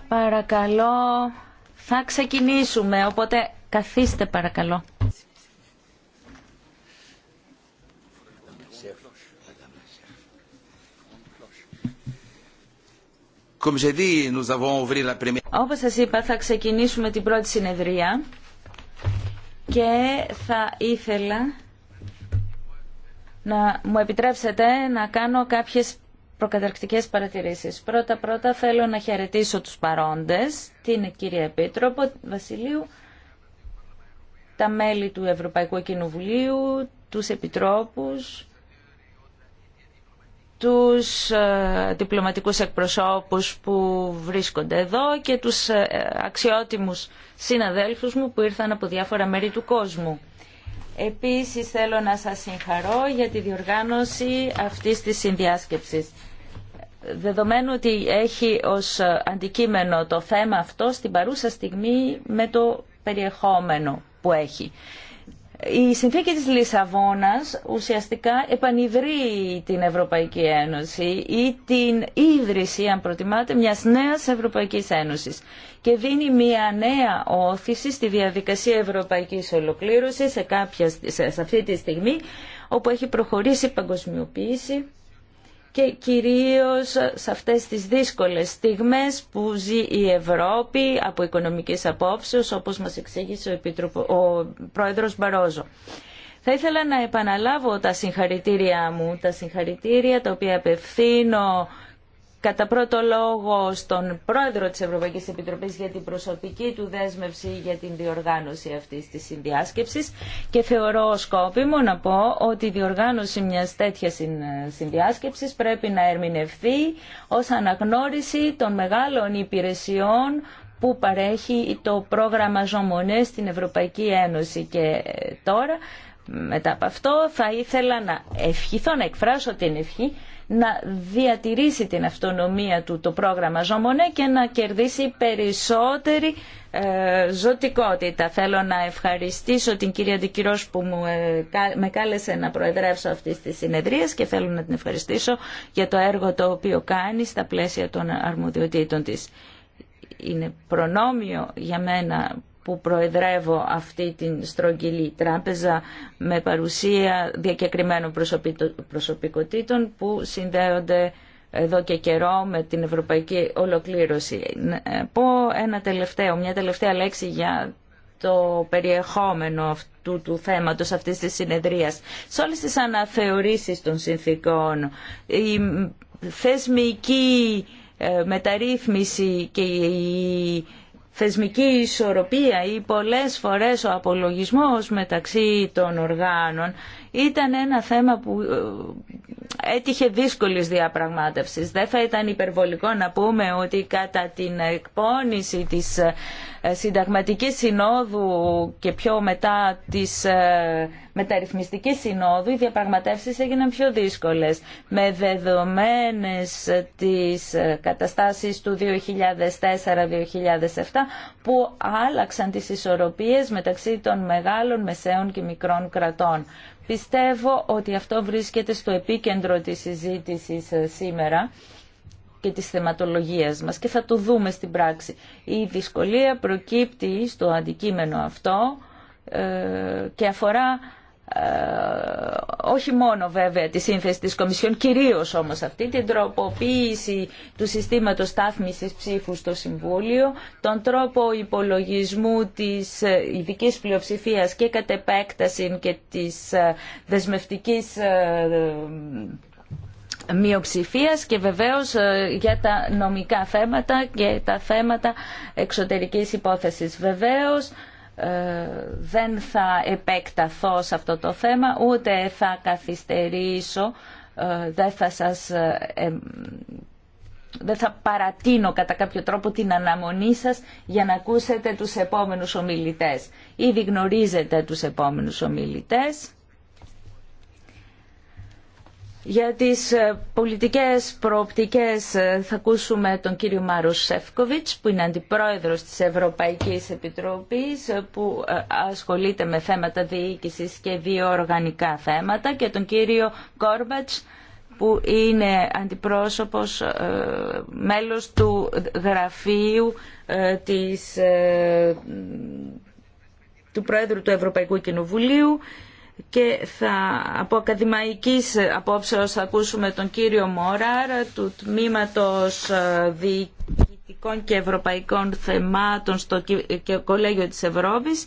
Παρακαλώ, θα ξεκινήσουμε, οπότε καθίστε παρακαλώ. Όπως σας είπα, θα ξεκινήσουμε την πρώτη συνεδρία και θα ήθελα να μου επιτρέψετε να κάνω κάποιες προκαταρκτικές παρατηρήσεις. Πρώτα-πρώτα θέλω να χαιρετήσω τους παρόντες, την κυρία Επίτροπο Βασιλείου, τα μέλη του Ευρωπαϊκού Κοινοβουλίου, τους επιτρόπους, τους ε, διπλωματικούς εκπροσώπους που βρίσκονται εδώ και τους ε, ε, αξιότιμους συναδέλφους μου που ήρθαν από διάφορα μέρη του κόσμου. Επίσης θέλω να σας συγχαρώ για τη διοργάνωση αυτής της συνδιάσκεψης. Δεδομένου ότι έχει ως αντικείμενο το θέμα αυτό στην παρούσα στιγμή με το περιεχόμενο που έχει. Η συνθήκη της Λισαβόνας ουσιαστικά επανειδρύει την Ευρωπαϊκή Ένωση ή την ίδρυση, αν προτιμάτε, μιας νέας Ευρωπαϊκής Ένωσης και δίνει μια νέα όθηση στη διαδικασία ευρωπαϊκής ολοκλήρωσης σε, κάποια, σε αυτή τη στιγμή όπου έχει προχωρήσει η παγκοσμιοποίηση και κυρίως σε αυτές τις δύσκολες στιγμές που ζει η Ευρώπη από οικονομικές απόψεις, όπως μας εξήγησε ο, Επίτροπο, ο Πρόεδρος Μπαρόζο. Θα ήθελα να επαναλάβω τα συγχαρητήριά μου, τα συγχαρητήρια τα οποία απευθύνω κατά πρώτο λόγο στον πρόεδρο της Ευρωπαϊκής Επιτροπής για την προσωπική του δέσμευση για την διοργάνωση αυτής της συνδιάσκεψης και θεωρώ σκόπιμο να πω ότι η διοργάνωση μιας τέτοιας συνδιάσκεψης πρέπει να ερμηνευθεί ως αναγνώριση των μεγάλων υπηρεσιών που παρέχει το πρόγραμμα Ζωμονέ στην Ευρωπαϊκή Ένωση και ε, τώρα μετά από αυτό θα ήθελα να ευχηθώ, να εκφράσω την ευχή να διατηρήσει την αυτονομία του το πρόγραμμα Ζωμονέ και να κερδίσει περισσότερη ε, ζωτικότητα. Θέλω να ευχαριστήσω την κυρία Δικυρός που ε, με κάλεσε να προεδρεύσω αυτή τη συνεδρία και θέλω να την ευχαριστήσω για το έργο το οποίο κάνει στα πλαίσια των αρμοδιοτήτων της. Είναι προνόμιο για μένα που προεδρεύω αυτή την στρογγυλή τράπεζα με παρουσία διακεκριμένων προσωπικότητων που συνδέονται εδώ και καιρό με την ευρωπαϊκή ολοκλήρωση. Ε, πω ένα τελευταίο, μια τελευταία λέξη για το περιεχόμενο αυτού του θέματος αυτής της συνεδρίας. Σε όλες τις αναθεωρήσεις των συνθήκων, η θεσμική ε, μεταρρύθμιση και η θεσμική ισορροπία ή πολλές φορές ο απολογισμός μεταξύ των οργάνων ήταν ένα θέμα που ε, έτυχε δύσκολης διαπραγμάτευσης. Δεν θα ήταν υπερβολικό να πούμε ότι κατά την εκπόνηση της ε, συνταγματική συνόδου και πιο μετά της ε, μεταρρυθμιστικής συνόδου οι διαπραγματεύσεις έγιναν πιο δύσκολες με δεδομένες τις καταστάσεις του 2004-2007 που άλλαξαν τις ισορροπίες μεταξύ των μεγάλων, μεσαίων και μικρών κρατών. Πιστεύω ότι αυτό βρίσκεται στο επίκεντρο της συζήτησης ε, σήμερα και της θεματολογίας μας και θα το δούμε στην πράξη. Η δυσκολία προκύπτει στο αντικείμενο αυτό ε, και αφορά ε, όχι μόνο βέβαια τη σύνθεση της Κομισιόν, κυρίως όμως αυτή την τροποποίηση του συστήματος στάθμισης ψήφου στο Συμβούλιο, τον τρόπο υπολογισμού της ε, ειδική πλειοψηφίας και κατ' επέκταση και της ε, δεσμευτικής μειοψηφίας και βεβαίως για τα νομικά θέματα και τα θέματα εξωτερικής υπόθεσης. Βεβαίως, ε, δεν θα επεκταθώ σε αυτό το θέμα, ούτε θα καθυστερήσω, ε, δεν θα σας ε, δεν θα παρατείνω κατά κάποιο τρόπο την αναμονή σας για να ακούσετε τους επόμενους ομιλητές. Ήδη γνωρίζετε τους επόμενους ομιλητές. Για τις ε, πολιτικές προοπτικές ε, θα ακούσουμε τον κύριο Μάρου Σεφκοβιτς που είναι αντιπρόεδρος της Ευρωπαϊκής Επιτροπής ε, που ασχολείται με θέματα διοίκησης και οργανικά θέματα και τον κύριο Κόρμπατς που είναι αντιπρόσωπος μέλος του γραφείου της του Πρόεδρου του Ευρωπαϊκού Κοινοβουλίου και θα, από ακαδημαϊκής απόψεως θα ακούσουμε τον κύριο Μόραρ του Τμήματος ε, Διοικητικών και Ευρωπαϊκών Θεμάτων στο Κολέγιο της Ευρώπης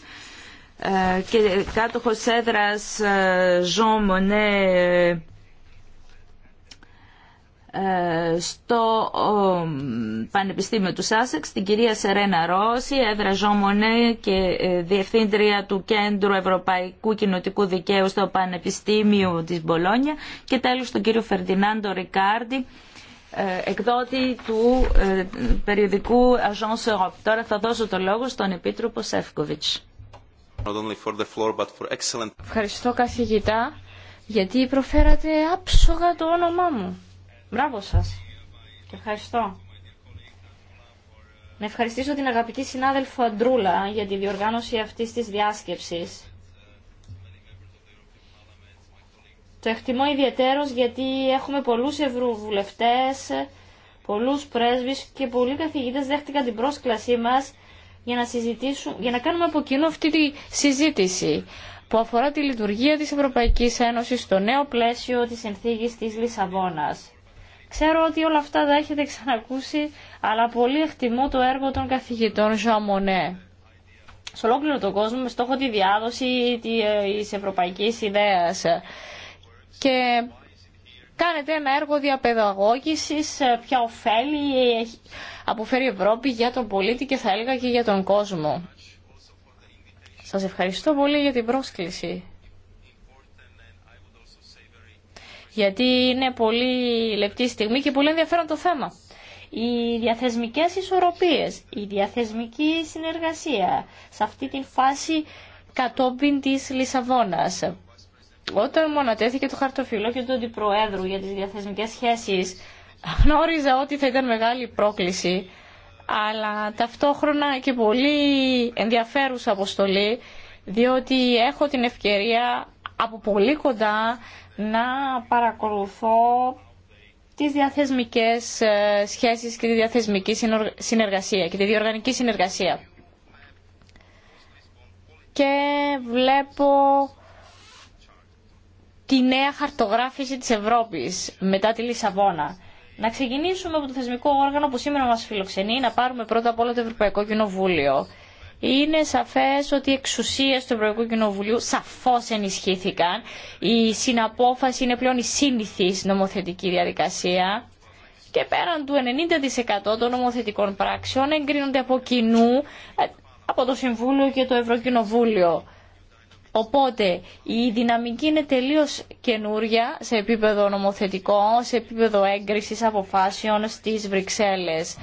ε, και κάτοχος έδρας ε, Jean Monnet ε, στο Πανεπιστήμιο του Σάσεξ, την κυρία Σερένα Ρώση, έδρα Ζωμονέ και ε, Διευθύντρια του Κέντρου Ευρωπαϊκού Κοινοτικού Δικαίου στο Πανεπιστήμιο της Μπολόνια και τέλος τον κύριο Φερδινάντο Ρικάρντι, ε, εκδότη του περιοδικού Agence Europe. Τώρα θα δώσω το λόγο στον Επίτροπο Σεύκοβιτς. Ευχαριστώ καθηγητά γιατί προφέρατε άψογα το όνομά μου. Μπράβο σας και ευχαριστώ. Να ευχαριστήσω την αγαπητή συνάδελφο Αντρούλα για τη διοργάνωση αυτής της διάσκεψης. Το εκτιμώ ιδιαίτερος γιατί έχουμε πολλούς ευρωβουλευτές, πολλούς πρέσβεις και πολλοί καθηγητές δέχτηκαν την πρόσκλασή μας για να, για να κάνουμε από κοινού αυτή τη συζήτηση που αφορά τη λειτουργία της Ευρωπαϊκής Ένωσης στο νέο πλαίσιο της συνθήκης της Λισαβόνας. Ξέρω ότι όλα αυτά τα έχετε ξανακούσει, αλλά πολύ εκτιμώ το έργο των καθηγητών Monnet. Σε ολόκληρο τον κόσμο, με στόχο τη διάδοση ε, της ευρωπαϊκής ιδέας. Και κάνετε ένα έργο διαπαιδαγώγησης, ε, ποια ωφέλη αποφέρει η Ευρώπη για τον πολίτη και θα έλεγα και για τον κόσμο. Σας ευχαριστώ πολύ για την πρόσκληση. γιατί είναι πολύ λεπτή στιγμή και πολύ ενδιαφέρον το θέμα. Οι διαθεσμικές ισορροπίες, η διαθεσμική συνεργασία σε αυτή τη φάση κατόπιν της Λισαβόνας. Όταν μονατέθηκε το χαρτοφύλλο και του αντιπροέδρου για τις διαθεσμικές σχέσεις, [laughs] γνώριζα ότι θα ήταν μεγάλη πρόκληση, αλλά ταυτόχρονα και πολύ ενδιαφέρουσα αποστολή, διότι έχω την ευκαιρία από πολύ κοντά να παρακολουθώ τις διαθεσμικές ε, σχέσεις και τη διαθεσμική συνεργασία και τη διοργανική συνεργασία. Και βλέπω τη νέα χαρτογράφηση της Ευρώπης μετά τη Λισαβόνα. Να ξεκινήσουμε από το θεσμικό όργανο που σήμερα μας φιλοξενεί, να πάρουμε πρώτα απ' όλα το Ευρωπαϊκό Κοινοβούλιο. Είναι σαφές ότι οι εξουσίες του Ευρωπαϊκού Κοινοβουλίου σαφώς ενισχύθηκαν. Η συναπόφαση είναι πλέον η σύνηθις νομοθετική διαδικασία και πέραν του 90% των νομοθετικών πράξεων εγκρίνονται από κοινού ε, από το Συμβούλιο και το Ευρωκοινοβούλιο. Οπότε η δυναμική είναι τελείως καινούρια σε επίπεδο νομοθετικό, σε επίπεδο έγκρισης αποφάσεων στις Βρυξέλλες.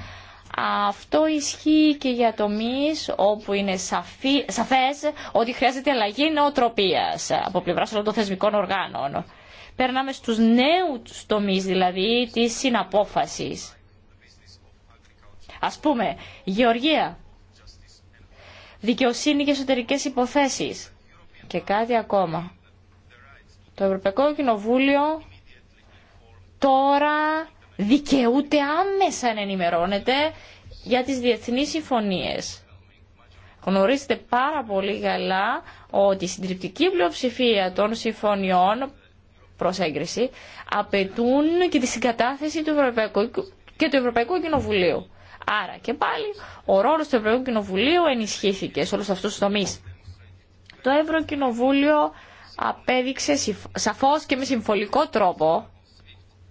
Αυτό ισχύει και για τομείς όπου είναι σαφέ, σαφές ότι χρειάζεται αλλαγή νοοτροπίας από πλευράς όλων των θεσμικών οργάνων. Περνάμε στους νέους τομείς δηλαδή της συναπόφασης. Ας πούμε, γεωργία, δικαιοσύνη και εσωτερικές υποθέσεις και κάτι ακόμα. Το Ευρωπαϊκό Κοινοβούλιο τώρα δικαιούται άμεσα να ενημερώνεται για τις διεθνείς συμφωνίες. Γνωρίζετε πάρα πολύ καλά ότι η συντριπτική πλειοψηφία των συμφωνιών προς έγκριση απαιτούν και τη συγκατάθεση του Ευρωπαϊκού και του Ευρωπαϊκού Κοινοβουλίου. Άρα και πάλι ο ρόλος του Ευρωπαϊκού Κοινοβουλίου ενισχύθηκε σε όλους αυτούς τους τομείς. Το Ευρωκοινοβούλιο απέδειξε σαφώς και με συμφωλικό τρόπο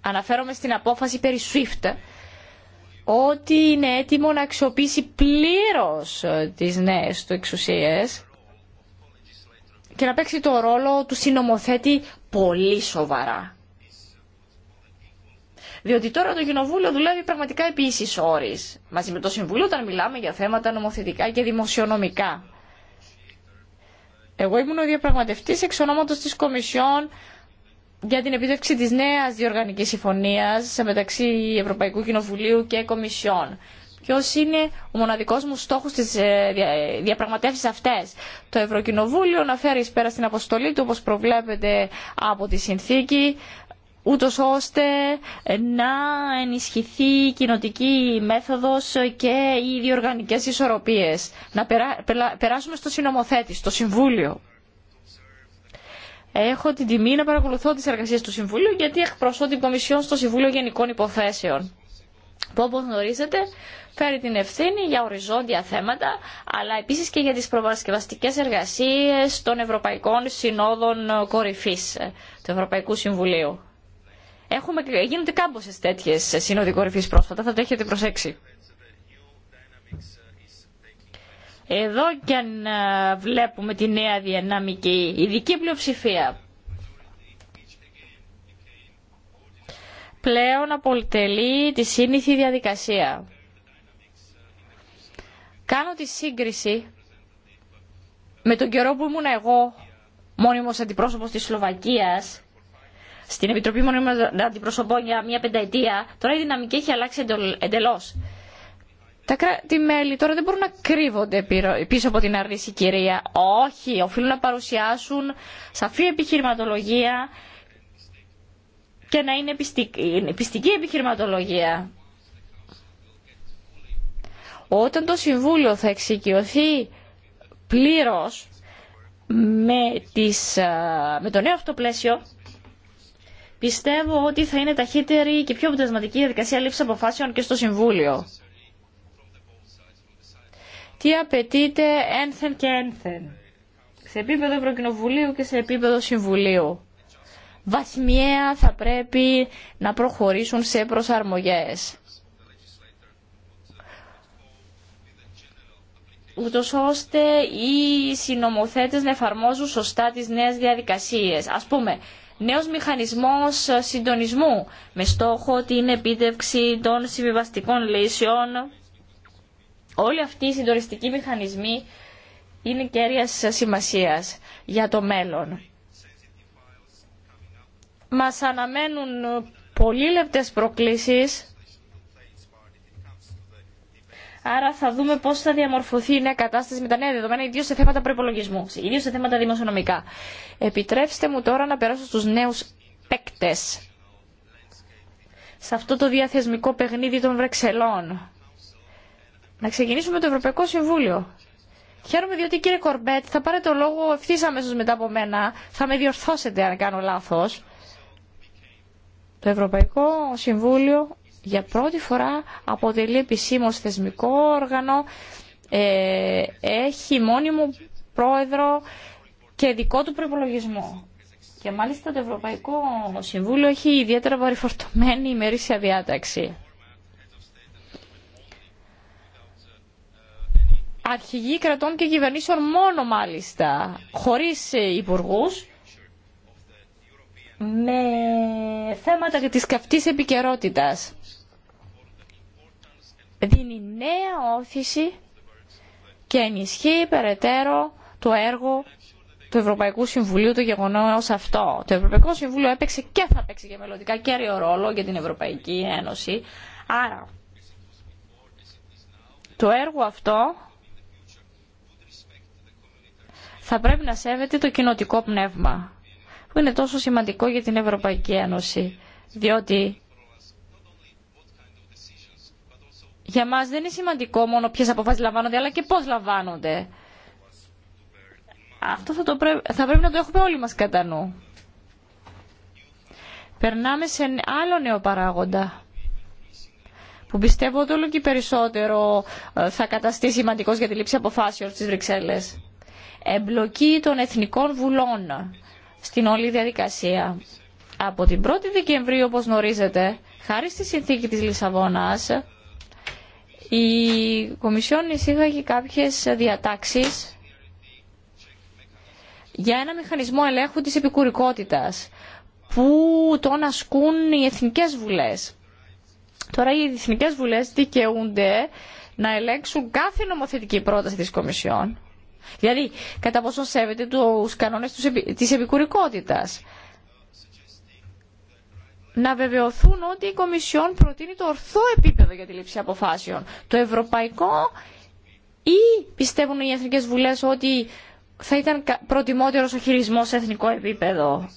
αναφέρομαι στην απόφαση περί SWIFT, ότι είναι έτοιμο να αξιοποιήσει πλήρως ε, τις νέες του εξουσίες και να παίξει το ρόλο του συνομοθέτη πολύ σοβαρά. Διότι τώρα το Κοινοβούλιο δουλεύει πραγματικά επί ίσης όρης, μαζί με το Συμβούλιο όταν μιλάμε για θέματα νομοθετικά και δημοσιονομικά. Εγώ ήμουν ο διαπραγματευτής εξ ονόματος της Κομισιόν για την επίτευξη της νέας διοργανικής συμφωνίας μεταξύ Ευρωπαϊκού Κοινοβουλίου και Κομισιόν. Ποιο είναι ο μοναδικός μου στόχος της ε, διαπραγματεύσεις αυτές. Το Ευρωκοινοβούλιο να φέρει πέρα στην αποστολή του όπως προβλέπεται από τη συνθήκη ούτω ώστε να ενισχυθεί η κοινοτική μέθοδος και οι διοργανικές ισορροπίες. Να περάσουμε στο συνομοθέτη, στο Συμβούλιο έχω την τιμή να παρακολουθώ τις εργασίες του Συμβουλίου γιατί εκπροσώ την Κομισιόν στο Συμβούλιο Γενικών Υποθέσεων που όπως γνωρίζετε φέρει την ευθύνη για οριζόντια θέματα αλλά επίσης και για τις προπαρασκευαστικές εργασίες των Ευρωπαϊκών Συνόδων Κορυφής του Ευρωπαϊκού Συμβουλίου. Έχουμε, γίνονται κάμποσες τέτοιες σύνοδοι κορυφής πρόσφατα, θα το έχετε προσέξει. Εδώ και αν ε, βλέπουμε τη νέα η ειδική πλειοψηφία πλέον απολυτελεί τη σύνηθη διαδικασία. Κάνω τη σύγκριση με τον καιρό που ήμουν εγώ μόνιμος αντιπρόσωπος της Σλοβακίας στην Επιτροπή Μονίμων Αντιπροσωπών για μια πενταετία, τώρα η δυναμική έχει αλλάξει εντελώς. Τα κράτη-μέλη τώρα δεν μπορούν να κρύβονται πίσω από την αρνήση κυρία. Όχι, οφείλουν να παρουσιάσουν σαφή επιχειρηματολογία και να είναι πιστική επιχειρηματολογία. Όταν το Συμβούλιο θα εξοικειωθεί πλήρως με, με το νέο αυτό πλαίσιο, πιστεύω ότι θα είναι ταχύτερη και πιο αποτελεσματική διαδικασία λήψη αποφάσεων και στο Συμβούλιο τι απαιτείται ένθεν και ένθεν σε επίπεδο Ευρωκοινοβουλίου και σε επίπεδο Συμβουλίου. Βαθμιαία θα πρέπει να προχωρήσουν σε προσαρμογές. ούτω ώστε οι συνομοθέτες να εφαρμόζουν σωστά τις νέες διαδικασίες. Ας πούμε, νέος μηχανισμός συντονισμού με στόχο την επίτευξη των συμβιβαστικών λύσεων Όλοι αυτοί οι συντοριστικοί μηχανισμοί είναι κέρια σημασίας για το μέλλον. Μας αναμένουν πολύ λεπτές προκλήσεις, άρα θα δούμε πώς θα διαμορφωθεί η νέα κατάσταση με τα νέα δεδομένα, ιδίως σε θέματα προπολογισμού, ιδίως σε θέματα δημοσιονομικά. Επιτρέψτε μου τώρα να περάσω στους νέους παίκτες σε αυτό το διαθεσμικό παιχνίδι των Βρεξελών να ξεκινήσουμε με το Ευρωπαϊκό Συμβούλιο. Χαίρομαι διότι κύριε Κορμπέτ θα πάρετε το λόγο ευθύ αμέσω μετά από μένα. Θα με διορθώσετε αν κάνω λάθο. Το Ευρωπαϊκό Συμβούλιο για πρώτη φορά αποτελεί επισήμω θεσμικό όργανο. Ε, έχει μόνιμο πρόεδρο και δικό του προπολογισμό. Και μάλιστα το Ευρωπαϊκό Συμβούλιο έχει ιδιαίτερα βαρυφορτωμένη ημερήσια διάταξη. αρχηγοί κρατών και κυβερνήσεων μόνο μάλιστα, χωρίς ε, υπουργούς, με θέματα της καυτής επικαιρότητα. Δίνει νέα όθηση και ενισχύει περαιτέρω το έργο του Ευρωπαϊκού Συμβουλίου το γεγονό αυτό. Το Ευρωπαϊκό Συμβούλιο έπαιξε και θα παίξει και μελλοντικά κέριο ρόλο για την Ευρωπαϊκή Ένωση. Άρα, το έργο αυτό θα πρέπει να σέβεται το κοινοτικό πνεύμα που είναι τόσο σημαντικό για την Ευρωπαϊκή Ένωση διότι για μας δεν είναι σημαντικό μόνο ποιες αποφάσεις λαμβάνονται αλλά και πώς λαμβάνονται. Αυτό θα, το θα πρέπει να το έχουμε όλοι μας κατά νου. Περνάμε σε άλλο νέο παράγοντα που πιστεύω ότι όλο και περισσότερο ε, θα καταστεί σημαντικός για τη λήψη αποφάσεων στις Βρυξέλλες εμπλοκή των εθνικών βουλών στην όλη διαδικασία. Από την 1η Δεκεμβρίου, όπως γνωρίζετε, χάρη στη συνθήκη της Λισαβόνας, η Κομισιόν εισήγαγε κάποιες διατάξεις για ένα μηχανισμό ελέγχου της επικουρικότητας που τον ασκούν οι εθνικές βουλές. Τώρα οι εθνικές βουλές δικαιούνται να ελέγξουν κάθε νομοθετική πρόταση της Κομισιόν Δηλαδή, κατά πόσο σέβεται τους κανόνες της επικουρικότητας. Να βεβαιωθούν ότι η Κομισιόν προτείνει το ορθό επίπεδο για τη λήψη αποφάσεων. Το ευρωπαϊκό ή πιστεύουν οι εθνικές βουλές ότι θα ήταν προτιμότερος ο χειρισμός σε εθνικό επίπεδο.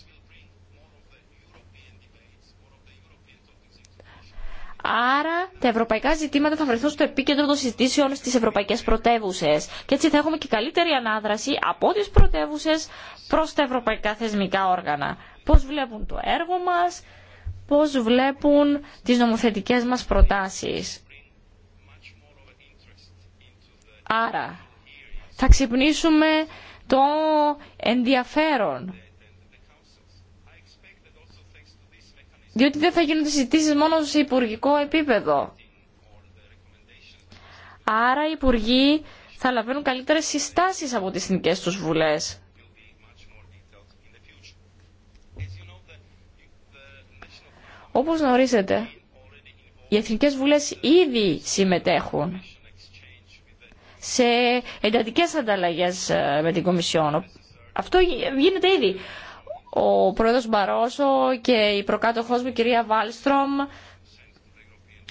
Άρα τα ευρωπαϊκά ζητήματα θα βρεθούν στο επίκεντρο των συζητήσεων στις ευρωπαϊκές πρωτεύουσες και έτσι θα έχουμε και καλύτερη ανάδραση από τις πρωτεύουσες προς τα ευρωπαϊκά θεσμικά όργανα. Πώς βλέπουν το έργο μας, πώς βλέπουν τις νομοθετικές μας προτάσεις. Άρα θα ξυπνήσουμε το ενδιαφέρον διότι δεν θα γίνονται συζητήσεις μόνο σε υπουργικό επίπεδο. Άρα οι υπουργοί θα λαμβάνουν καλύτερες συστάσεις από τις εθνικές τους βουλές. Όπως γνωρίζετε, οι εθνικές βουλές ήδη συμμετέχουν σε εντατικές ανταλλαγές ε, με την Κομισιόν. Αυτό γίνεται ήδη ο πρόεδρος Μπαρόσο και η προκάτοχός μου κυρία Βάλστρομ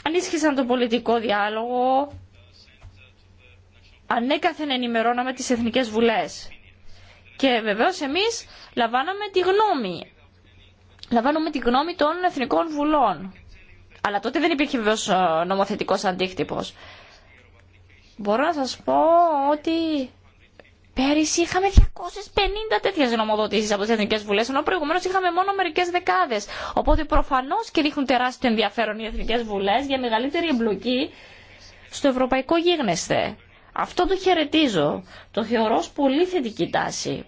ανίσχυσαν τον πολιτικό διάλογο, ανέκαθεν ενημερώναμε τις εθνικές βουλές. Και βεβαίως εμείς λαμβάναμε τη γνώμη. Λαμβάνουμε τη γνώμη των εθνικών βουλών. Αλλά τότε δεν υπήρχε βεβαίως ε, νομοθετικός αντίκτυπος. Μπορώ να σας πω ότι Πέρυσι είχαμε 250 τέτοιε νομοδοτήσει από τι Εθνικέ Βουλέ, ενώ προηγουμένω είχαμε μόνο μερικέ δεκάδε. Οπότε προφανώ και δείχνουν τεράστιο ενδιαφέρον οι Εθνικέ Βουλέ για μεγαλύτερη εμπλοκή στο ευρωπαϊκό γίγνεσθε. Αυτό το χαιρετίζω. Το θεωρώ ως πολύ θετική τάση.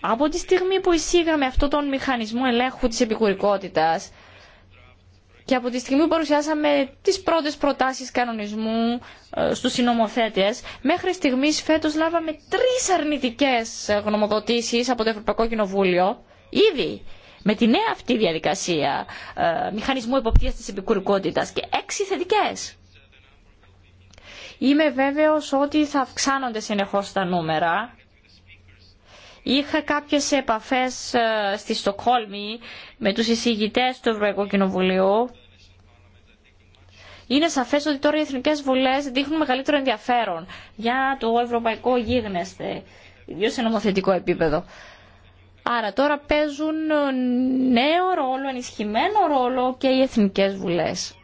Από τη στιγμή που εισήγαμε αυτόν τον μηχανισμό ελέγχου της επικουρικότητας, και από τη στιγμή που παρουσιάσαμε τι πρώτε προτάσει κανονισμού ε, στου συνομοθέτες, μέχρι στιγμή φέτο λάβαμε τρει αρνητικές ε, γνωμοδοτήσει από το Ευρωπαϊκό Κοινοβούλιο, ήδη με τη νέα αυτή διαδικασία ε, μηχανισμού εποπτείας της επικουρικότητα και έξι θετικέ. Είμαι βέβαιος ότι θα αυξάνονται συνεχώς τα νούμερα Είχα κάποιες επαφές ε, στη Στοκχόλμη με τους εισηγητές του Ευρωπαϊκού Κοινοβουλίου. Είναι σαφές ότι τώρα οι εθνικές βουλές δείχνουν μεγαλύτερο ενδιαφέρον για το ευρωπαϊκό γίγνεσθε, ιδίως σε νομοθετικό επίπεδο. Άρα τώρα παίζουν ε, νέο ρόλο, ενισχυμένο ρόλο και οι εθνικές βουλές.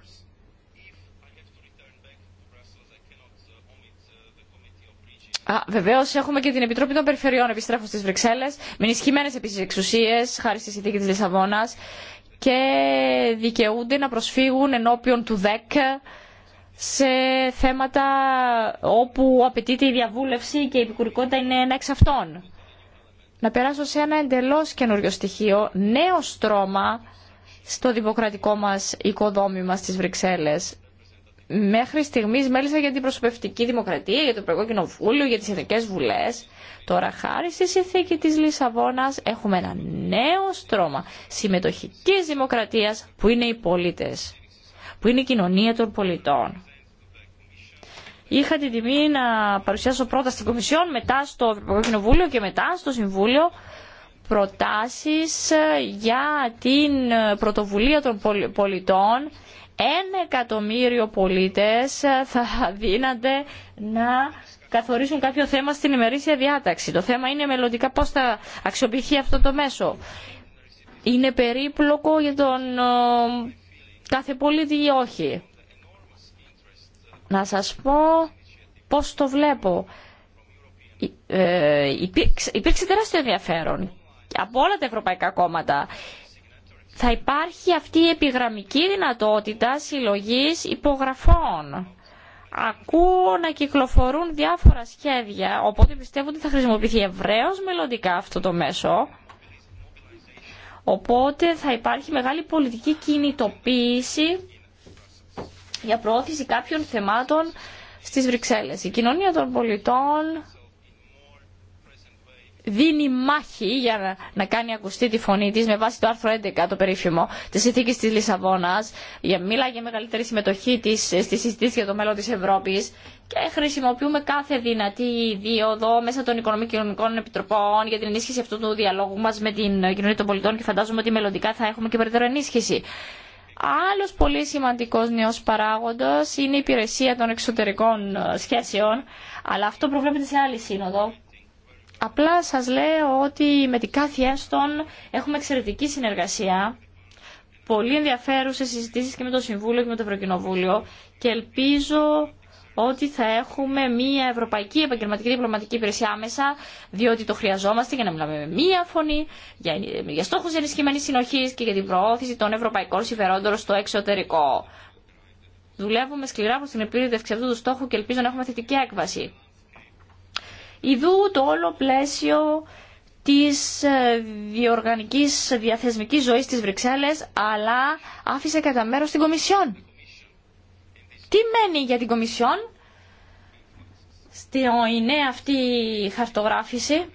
Βεβαίω έχουμε και την Επιτροπή των Περιφερειών επιστρέφω στι Βρυξέλλε, με ενισχυμένε επίση εξουσίε, χάρη στη συνθήκη τη Λισαβόνα, και δικαιούνται να προσφύγουν ενώπιον του ΔΕΚ σε θέματα όπου απαιτείται η διαβούλευση και η επικουρικότητα είναι ένα εξ αυτών. Να περάσω σε ένα εντελώ καινούριο στοιχείο, νέο στρώμα στο δημοκρατικό μας οικοδόμημα στις Βρυξέλλες μέχρι στιγμής μέλησα για την προσωπευτική δημοκρατία, για το Ευρωπαϊκό Κοινοβούλιο, για τις Εθνικές Βουλές. Τώρα χάρη στη συνθήκη τη Λισαβόνα έχουμε ένα νέο στρώμα συμμετοχική δημοκρατίας που είναι οι πολίτε, που είναι η κοινωνία των πολιτών. Είχα την τιμή να παρουσιάσω πρώτα στην Κομισιόν, μετά στο Ευρωπαϊκό Κοινοβούλιο και μετά στο Συμβούλιο προτάσεις για την πρωτοβουλία των πολιτών ένα εκατομμύριο πολίτες θα δίνανται να καθορίσουν κάποιο θέμα στην ημερήσια διάταξη. Το θέμα είναι μελλοντικά πώς θα αξιοποιηθεί αυτό το μέσο. Είναι περίπλοκο για τον κάθε πολίτη ή όχι. Να σας πω πώς το βλέπω. Ε, υπήρξε, υπήρξε τεράστιο ενδιαφέρον από όλα τα ευρωπαϊκά κόμματα θα υπάρχει αυτή η επιγραμμική δυνατότητα συλλογής υπογραφών. Ακούω να κυκλοφορούν διάφορα σχέδια, οπότε πιστεύω ότι θα χρησιμοποιηθεί ευρέως μελλοντικά αυτό το μέσο. Οπότε θα υπάρχει μεγάλη πολιτική κινητοποίηση για προώθηση κάποιων θεμάτων στις Βρυξέλλες. Η κοινωνία των πολιτών δίνει μάχη για να, κάνει ακουστή τη φωνή της με βάση το άρθρο 11 το περίφημο της συνθήκης της Λισαβόνας για μίλα για μεγαλύτερη συμμετοχή της στη συζήτηση για το μέλλον της Ευρώπης και χρησιμοποιούμε κάθε δυνατή δίωδο μέσα των οικονομικών επιτροπών για την ενίσχυση αυτού του διαλόγου μας με την κοινωνία των πολιτών και φαντάζομαι ότι μελλοντικά θα έχουμε και περαιτέρω ενίσχυση. Άλλος πολύ σημαντικός νέος παράγοντος είναι η υπηρεσία των εξωτερικών σχέσεων, αλλά αυτό προβλέπεται σε άλλη σύνοδο Απλά σας λέω ότι με την Κάθι Ένστον έχουμε εξαιρετική συνεργασία, πολύ ενδιαφέρουσες συζητήσεις και με το Συμβούλιο και με το Ευρωκοινοβούλιο και ελπίζω ότι θα έχουμε μια Ευρωπαϊκή Επαγγελματική Διπλωματική Υπηρεσία άμεσα, διότι το χρειαζόμαστε για να μιλάμε με μία φωνή, για, για στόχους ενισχυμένης συνοχής και για την προώθηση των ευρωπαϊκών συμφερόντων στο εξωτερικό. Δουλεύουμε σκληρά προς την επίδευξη αυτού του στόχου και ελπίζω να έχουμε θετική έκβαση. Ιδού το όλο πλαίσιο της ε, διοργανικής διαθεσμικής ζωής της Βρυξέλλες, αλλά άφησε κατά μέρο την Κομισιόν. Τι μένει για την Κομισιόν στην νέα αυτή χαρτογράφηση.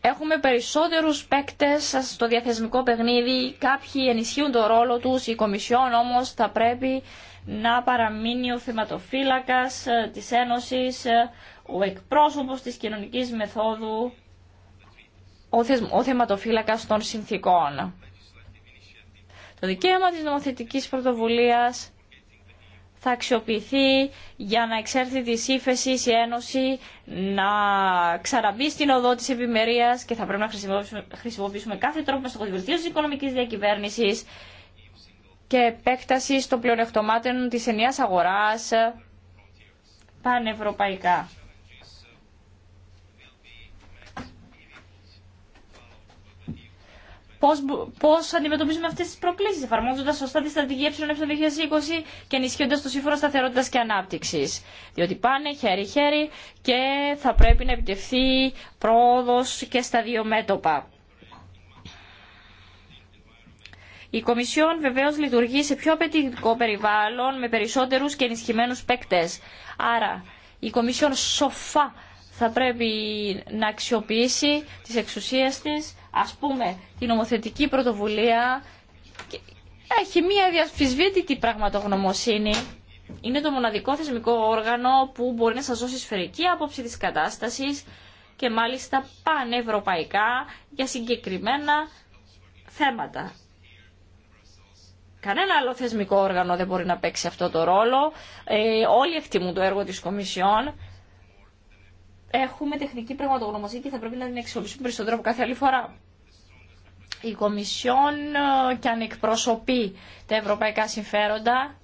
Έχουμε περισσότερους παίκτες στο διαθεσμικό παιχνίδι, κάποιοι ενισχύουν το ρόλο τους, η Κομισιόν όμως θα πρέπει να παραμείνει ο θεματοφύλακας ε, της Ένωσης, ε, ο εκπρόσωπος της κοινωνικής μεθόδου, ο θεματοφύλακας των συνθήκων. Το δικαίωμα της νομοθετικής πρωτοβουλίας θα αξιοποιηθεί για να εξέρθει τη ύφεση η Ένωση, να ξαραμπεί στην οδό της επιμερίας και θα πρέπει να χρησιμοποιήσουμε, κάθε τρόπο στο τη οικονομική και επέκταση των πλεονεκτομάτων της ενιαίας αγοράς πανευρωπαϊκά. Πώς, πώς αντιμετωπίζουμε αυτές τις προκλήσεις εφαρμόζοντας σωστά τη στρατηγία ε 2020 και ενισχύοντας το σύμφωνο σταθερότητας και ανάπτυξης. Διότι πάνε χέρι-χέρι και θα πρέπει να επιτευχθεί πρόοδος και στα δύο μέτωπα. Η Κομισιόν βεβαίω λειτουργεί σε πιο απαιτητικό περιβάλλον με περισσότερου και ενισχυμένου παίκτε. Άρα, η Κομισιόν σοφά θα πρέπει να αξιοποιήσει τις εξουσίες της, ας πούμε, την νομοθετική πρωτοβουλία. Έχει μία διαφυσβήτητη πραγματογνωμοσύνη. Είναι το μοναδικό θεσμικό όργανο που μπορεί να σας δώσει σφαιρική άποψη της κατάστασης και μάλιστα πανευρωπαϊκά για συγκεκριμένα θέματα. Κανένα άλλο θεσμικό όργανο δεν μπορεί να παίξει αυτό το ρόλο. Ε, όλοι εκτιμούν το έργο της Κομισιόν. Έχουμε τεχνική πραγματογνωμοσύνη και θα πρέπει να την εξοπλίσουμε περισσότερο από κάθε άλλη φορά. Η Κομισιόν ε, και αν εκπροσωπεί τα ευρωπαϊκά συμφέροντα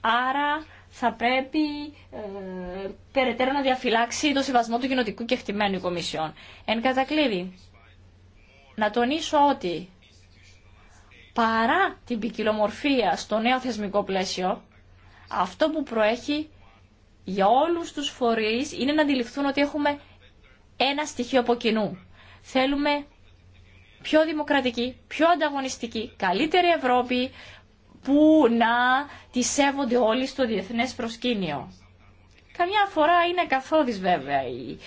άρα θα πρέπει ε, περαιτέρω να διαφυλάξει το σεβασμό του κοινοτικού κεκτημένου Κομισιόν. Εν κατακλείδη, να τονίσω ότι παρά την ποικιλομορφία στο νέο θεσμικό πλαίσιο, αυτό που προέχει για όλους τους φορείς είναι να αντιληφθούν ότι έχουμε ένα στοιχείο από κοινού. Θέλουμε πιο δημοκρατική, πιο ανταγωνιστική, καλύτερη Ευρώπη που να τη σέβονται όλοι στο διεθνές προσκήνιο. Καμιά φορά είναι καθόδης βέβαια οι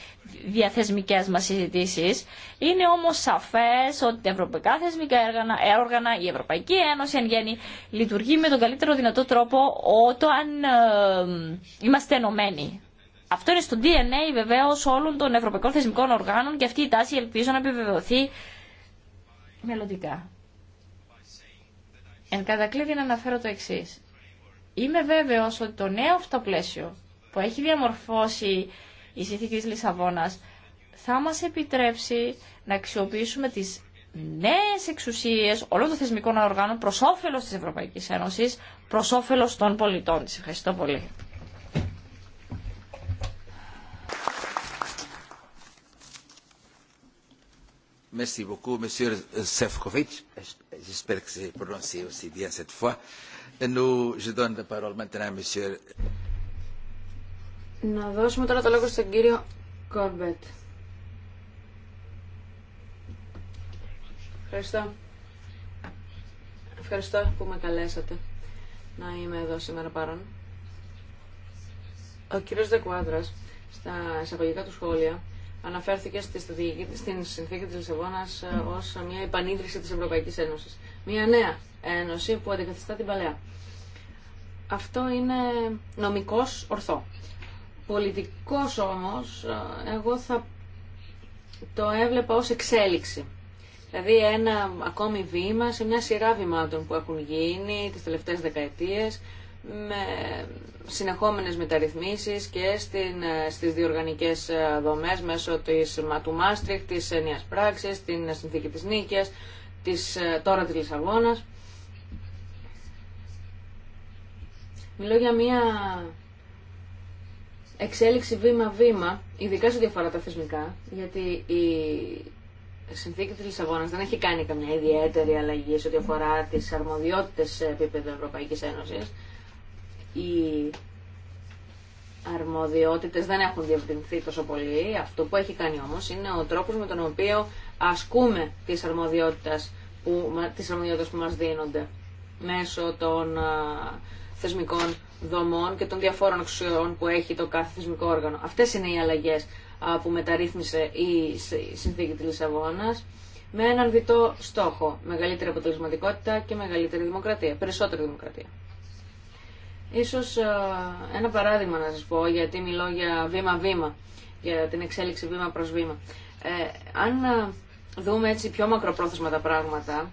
διαθεσμικές μας συζητήσεις. Είναι όμως σαφές ότι τα ευρωπαϊκά θεσμικά έργανα, η Ευρωπαϊκή Ένωση εν γέννη λειτουργεί με τον καλύτερο δυνατό τρόπο όταν ε, είμαστε ενωμένοι. Αυτό είναι στο DNA βεβαίω όλων των ευρωπαϊκών θεσμικών οργάνων και αυτή η τάση ελπίζω να επιβεβαιωθεί μελλοντικά. Εν κατακλείδη να αναφέρω το εξή. Είμαι βέβαιος ότι το νέο αυτό πλαίσιο που έχει διαμορφώσει η συνθήκη της Λισαβόνας θα μας επιτρέψει να αξιοποιήσουμε τις νέες εξουσίες όλων των θεσμικών οργάνων προς όφελος της Ευρωπαϊκής Ένωσης, προς όφελος των πολιτών της. Ευχαριστώ πολύ. Merci beaucoup, Monsieur Sefcovic. J'espère que c'est prononcé aussi bien cette fois. Nous, je donne la parole maintenant à Monsieur. Να δώσουμε τώρα το λόγο στον κύριο Κόρμπετ. Ευχαριστώ. Ευχαριστώ που με καλέσατε να είμαι εδώ σήμερα παρόν. Ο κύριος Δεκουάδρας στα εισαγωγικά του σχόλια αναφέρθηκε στη στην συνθήκη της Λισαβόνας ε, ως μια επανίδρυση της Ευρωπαϊκής Ένωσης. Μια νέα ένωση που αντικαθιστά την παλαιά. Αυτό είναι νομικός ορθό πολιτικός όμως, ε, εγώ θα το έβλεπα ως εξέλιξη. Δηλαδή ένα ακόμη βήμα σε μια σειρά βημάτων που έχουν γίνει τις τελευταίες δεκαετίες με συνεχόμενες μεταρρυθμίσεις και στην, ε, στις διοργανικές ε, δομές μέσω της του Μάστριχ, της ενίας πράξης, την συνθήκη της Νίκης, της, τώρα της Λισαβόνας. Μιλώ για μια εξέλιξη βήμα-βήμα, ειδικά σε διαφορά τα θεσμικά, γιατί η συνθήκη τη Λισαβόνα δεν έχει κάνει καμιά ιδιαίτερη αλλαγή σε ό,τι αφορά τι αρμοδιότητε σε επίπεδο Ευρωπαϊκής Ένωσης. Οι αρμοδιότητες δεν έχουν διευρυνθεί τόσο πολύ. Αυτό που έχει κάνει όμως είναι ο τρόπος με τον οποίο ασκούμε τι αρμοδιότητε που, τις αρμοδιότητες που μας δίνονται μέσω των θεσμικών δομών και των διαφόρων αξιών που έχει το κάθε θεσμικό όργανο. Αυτές είναι οι αλλαγέ που μεταρρύθμισε η συνθήκη τη Λισαβόνα, με έναν διτό στόχο, μεγαλύτερη αποτελεσματικότητα και μεγαλύτερη δημοκρατία, περισσότερη δημοκρατία. Ίσως ένα παράδειγμα να σας πω, γιατί μιλώ για βήμα-βήμα, για την εξέλιξη βήμα προς βήμα. Ε, αν δούμε έτσι πιο μακροπρόθεσμα τα πράγματα,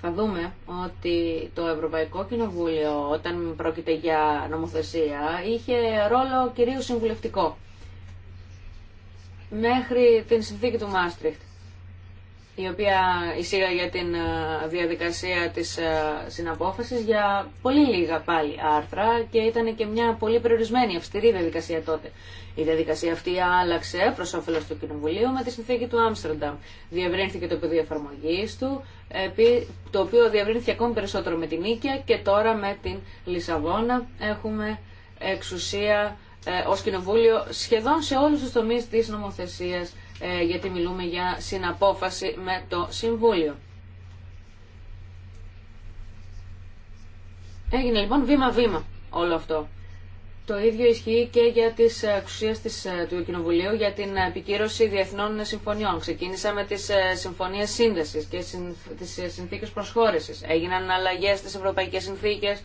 θα δούμε ότι το Ευρωπαϊκό Κοινοβούλιο όταν πρόκειται για νομοθεσία είχε ρόλο κυρίως συμβουλευτικό μέχρι την συνθήκη του Μάστριχτ η οποία εισήγαγε την ε, διαδικασία της ε, συναπόφασης για πολύ λίγα πάλι άρθρα και ήταν και μια πολύ περιορισμένη αυστηρή διαδικασία τότε. Η διαδικασία αυτή άλλαξε προ όφελο του Κοινοβουλίου με τη συνθήκη του Άμστερνταμ. Διευρύνθηκε το πεδίο εφαρμογή του, το οποίο διευρύνθηκε ακόμη περισσότερο με την Νίκαια και τώρα με την Λισαβόνα έχουμε εξουσία ε, ως Κοινοβούλιο σχεδόν σε όλους τους τομείς της νομοθεσίας ε, γιατί μιλούμε για συναπόφαση με το Συμβούλιο. Έγινε λοιπόν βήμα-βήμα όλο αυτό. Το ίδιο ισχύει και για τις εξουσίες ε, του Κοινοβουλίου για την ε, επικύρωση διεθνών συμφωνιών. Ξεκίνησα με τις συμφωνίες σύνδεσης και τις συνθήκες προσχώρησης. Έγιναν αλλαγές στις ευρωπαϊκές συνθήκες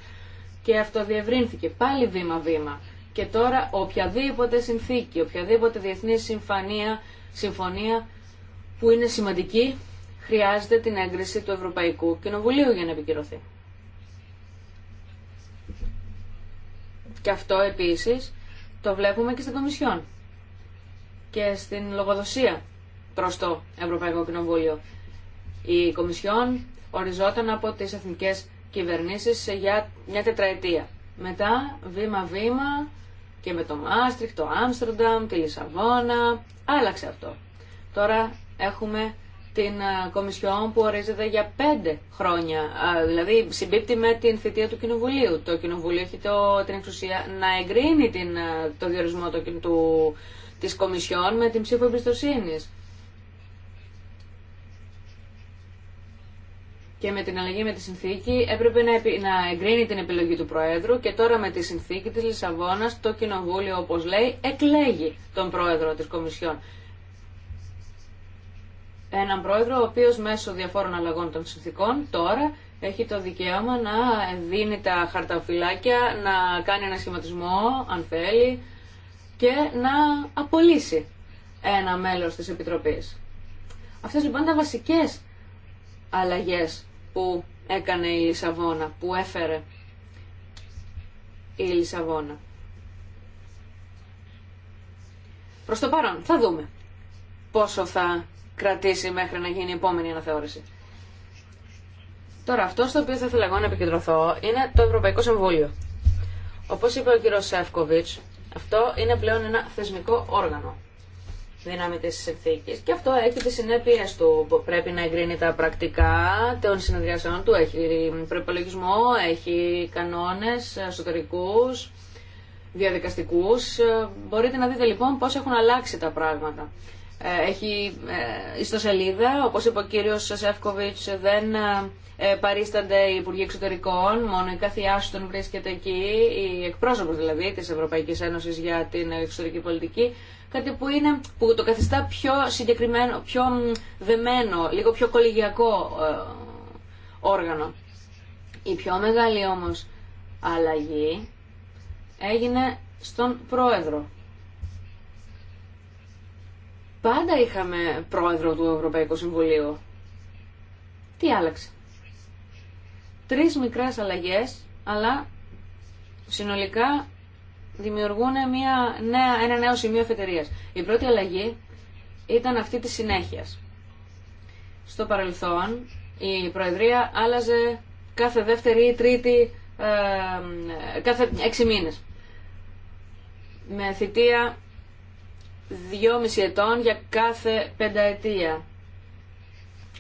και αυτό διευρύνθηκε. Πάλι βήμα-βήμα. Και τώρα οποιαδήποτε συνθήκη, οποιαδήποτε διεθνή συμφωνία συμφωνία που είναι σημαντική χρειάζεται την έγκριση του Ευρωπαϊκού Κοινοβουλίου για να επικυρωθεί. Και αυτό επίσης το βλέπουμε και στην Κομισιόν και στην λογοδοσία προς το Ευρωπαϊκό Κοινοβούλιο. Η Κομισιόν οριζόταν από τις εθνικές κυβερνήσεις για μια τετραετία. Μετά, βήμα-βήμα, και με το Μάστριχ, το Άμστερνταμ, τη Λισαβόνα. Άλλαξε αυτό. Τώρα έχουμε την Κομισιόν που ορίζεται για πέντε χρόνια, δηλαδή συμπίπτει με την θητεία του Κοινοβουλίου. Το Κοινοβουλίο έχει το, την εξουσία να εγκρίνει την, το διορισμό του, του, της Κομισιόν με την ψήφο εμπιστοσύνη. και με την αλλαγή με τη συνθήκη έπρεπε να, εγκρίνει την επιλογή του Προέδρου και τώρα με τη συνθήκη της Λισαβόνας το Κοινοβούλιο, όπως λέει, εκλέγει τον Πρόεδρο της Κομισιόν. Έναν Πρόεδρο ο οποίος μέσω διαφόρων αλλαγών των συνθήκων τώρα έχει το δικαίωμα να δίνει τα χαρταφυλάκια, να κάνει ένα σχηματισμό αν θέλει και να απολύσει ένα μέλος της Επιτροπής. Αυτές λοιπόν ήταν βασικές αλλαγές που έκανε η Λισαβόνα, που έφερε η Λισαβόνα. Προς το παρόν, θα δούμε πόσο θα κρατήσει μέχρι να γίνει η επόμενη αναθεώρηση. Τώρα, αυτό στο οποίο θα ήθελα εγώ να επικεντρωθώ είναι το Ευρωπαϊκό Συμβούλιο. Όπως είπε ο κύριος Σεύκοβιτς, αυτό είναι πλέον ένα θεσμικό όργανο δυνάμει τη συνθήκη. Και αυτό έχει τι συνέπειε του. Πρέπει να εγκρίνει τα πρακτικά των συνεδριασεών του. Έχει προπολογισμό, έχει κανόνε εσωτερικού, διαδικαστικού. Μπορείτε να δείτε λοιπόν πώ έχουν αλλάξει τα πράγματα. Ε, έχει ε, ιστοσελίδα, όπως είπε ο κύριος Σεφκοβιτς, δεν ε, παρίστανται οι Υπουργοί Εξωτερικών, μόνο η Καθιάστον βρίσκεται εκεί, η εκπρόσωπο δηλαδή της Ευρωπαϊκής Ένωσης για την εξωτερική πολιτική κάτι που, είναι, που το καθιστά πιο συγκεκριμένο, πιο δεμένο, λίγο πιο κολυγιακό ε, όργανο. Η πιο μεγάλη όμως αλλαγή έγινε στον πρόεδρο. Πάντα είχαμε πρόεδρο του Ευρωπαϊκού Συμβουλίου. Τι άλλαξε. Τρεις μικρές αλλαγές, αλλά συνολικά δημιουργούν μια νέα, ένα νέο σημείο εφετερίας. Η πρώτη αλλαγή ήταν αυτή της συνέχειας. Στο παρελθόν η Προεδρία άλλαζε κάθε δεύτερη ή τρίτη, ε, κάθε έξι μήνες. Με θητεία δυόμιση ετών για κάθε πενταετία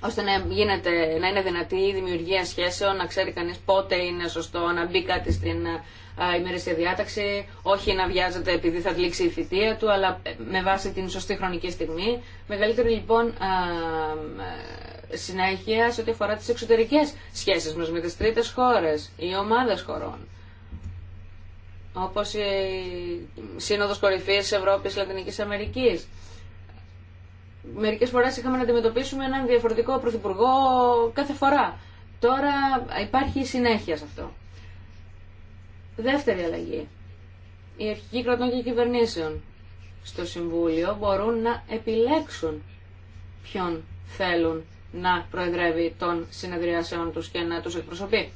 ώστε να, γίνεται, να είναι δυνατή η τριτη καθε εξι μηνες με θητεια σχέσεων, να ξέρει κανείς πότε είναι σωστό να μπει κάτι στην ημερήσια διάταξη, όχι να βιάζεται επειδή θα δλήξει η θητεία του, αλλά με βάση την σωστή χρονική στιγμή. Μεγαλύτερη λοιπόν ε, συνέχεια σε ό,τι αφορά τι εξωτερικέ σχέσει μα με τι τρίτες χώρες ή χώρε, η ομάδε χωρων Κορυφής Ευρώπης Λατινικής ευρωπης λατινικη Αμερική. Μερικέ φορέ είχαμε να αντιμετωπίσουμε έναν διαφορετικό πρωθυπουργό κάθε φορά. Τώρα υπάρχει συνέχεια σε αυτό. Δεύτερη αλλαγή. Οι αρχικοί κρατών και κυβερνήσεων στο Συμβούλιο μπορούν να επιλέξουν ποιον θέλουν να προεδρεύει των συνεδριάσεων τους και να τους εκπροσωπεί.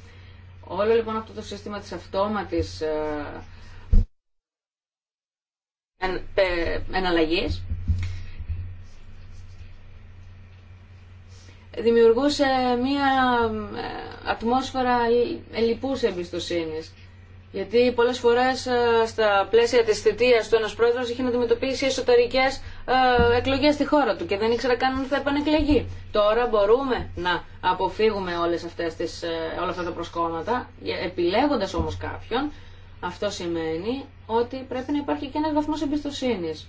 Όλο λοιπόν αυτό το σύστημα της αυτόματης ε, ε, εναλλαγής δημιουργούσε μία ε, ατμόσφαιρα λοιπούς εμπιστοσύνης γιατί πολλέ φορέ ε, στα πλαίσια τη θητεία του ένα πρόεδρο είχε να αντιμετωπίσει εσωτερικέ ε, εκλογέ στη χώρα του και δεν ήξερα καν αν θα επανεκλεγεί. Τώρα μπορούμε να αποφύγουμε όλες αυτές τις, ε, όλα αυτά τα προσκόμματα, επιλέγοντα όμω κάποιον. Αυτό σημαίνει ότι πρέπει να υπάρχει και ένα βαθμό εμπιστοσύνη.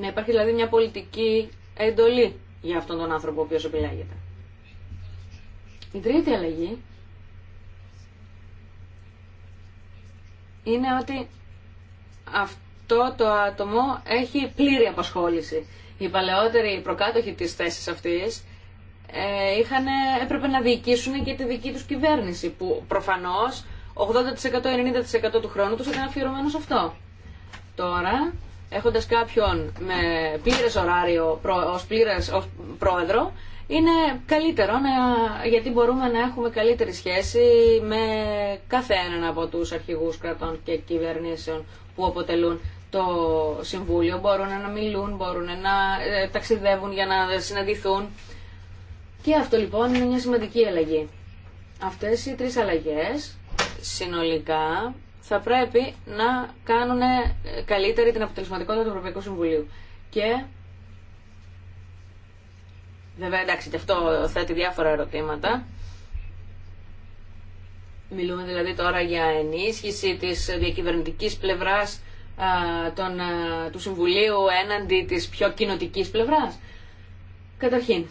Να υπάρχει δηλαδή μια πολιτική εντολή για αυτόν τον άνθρωπο ο οποίο επιλέγεται. Η τρίτη αλλαγή είναι ότι αυτό το άτομο έχει πλήρη απασχόληση. Οι παλαιότεροι προκάτοχοι της θέσης αυτής ε, είχανε, έπρεπε να διοικήσουν και τη δική τους κυβέρνηση που προφανώς 80%-90% του χρόνου τους ήταν αφιερωμένο σε αυτό. Τώρα, έχοντας κάποιον με πλήρες ωράριο ως πλήρες ως πρόεδρο, είναι καλύτερο να, γιατί μπορούμε να έχουμε καλύτερη σχέση με κάθε έναν από τους αρχηγούς κρατών και κυβερνήσεων που αποτελούν το Συμβούλιο. Μπορούν να μιλούν, μπορούν να ε, ταξιδεύουν για να συναντηθούν. Και αυτό λοιπόν είναι μια σημαντική αλλαγή. Αυτές οι τρεις αλλαγές συνολικά θα πρέπει να κάνουν ε, καλύτερη την αποτελεσματικότητα του Ευρωπαϊκού Συμβουλίου. Και Βέβαια, εντάξει, και αυτό θέτει διάφορα ερωτήματα. Μιλούμε δηλαδή τώρα για ενίσχυση της διακυβερνητικής πλευράς α, τον, του Συμβουλίου έναντι της πιο κοινοτικής πλευράς. Καταρχήν,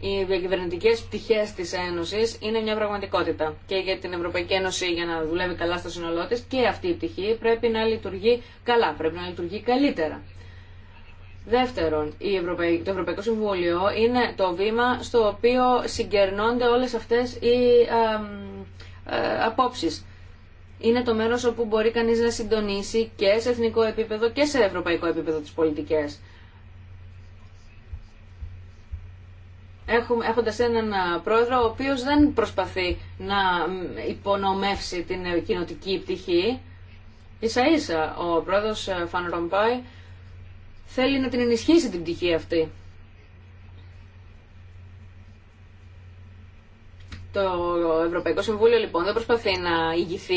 οι διακυβερνητικέ πτυχές της Ένωσης είναι μια πραγματικότητα και για την Ευρωπαϊκή Ένωση για να δουλεύει καλά στο σύνολό της και αυτή η πτυχή πρέπει να λειτουργεί καλά, πρέπει να λειτουργεί καλύτερα. Δεύτερον, το Ευρωπαϊκό Συμβούλιο είναι το βήμα στο οποίο συγκερνώνται όλες αυτές οι ε, απόψεις. Είναι το μέρος όπου μπορεί κανείς να συντονίσει και σε εθνικό επίπεδο και σε ευρωπαϊκό επίπεδο τις πολιτικές. έχουμε, έχοντας έναν πρόεδρο ο οποίος δεν προσπαθεί να υπονομεύσει την κοινοτική πτυχή. Ίσα ίσα ο πρόεδρος Φαν Ρομπάι θέλει να την ενισχύσει την πτυχή αυτή. Το Ευρωπαϊκό Συμβούλιο λοιπόν δεν προσπαθεί να ηγηθεί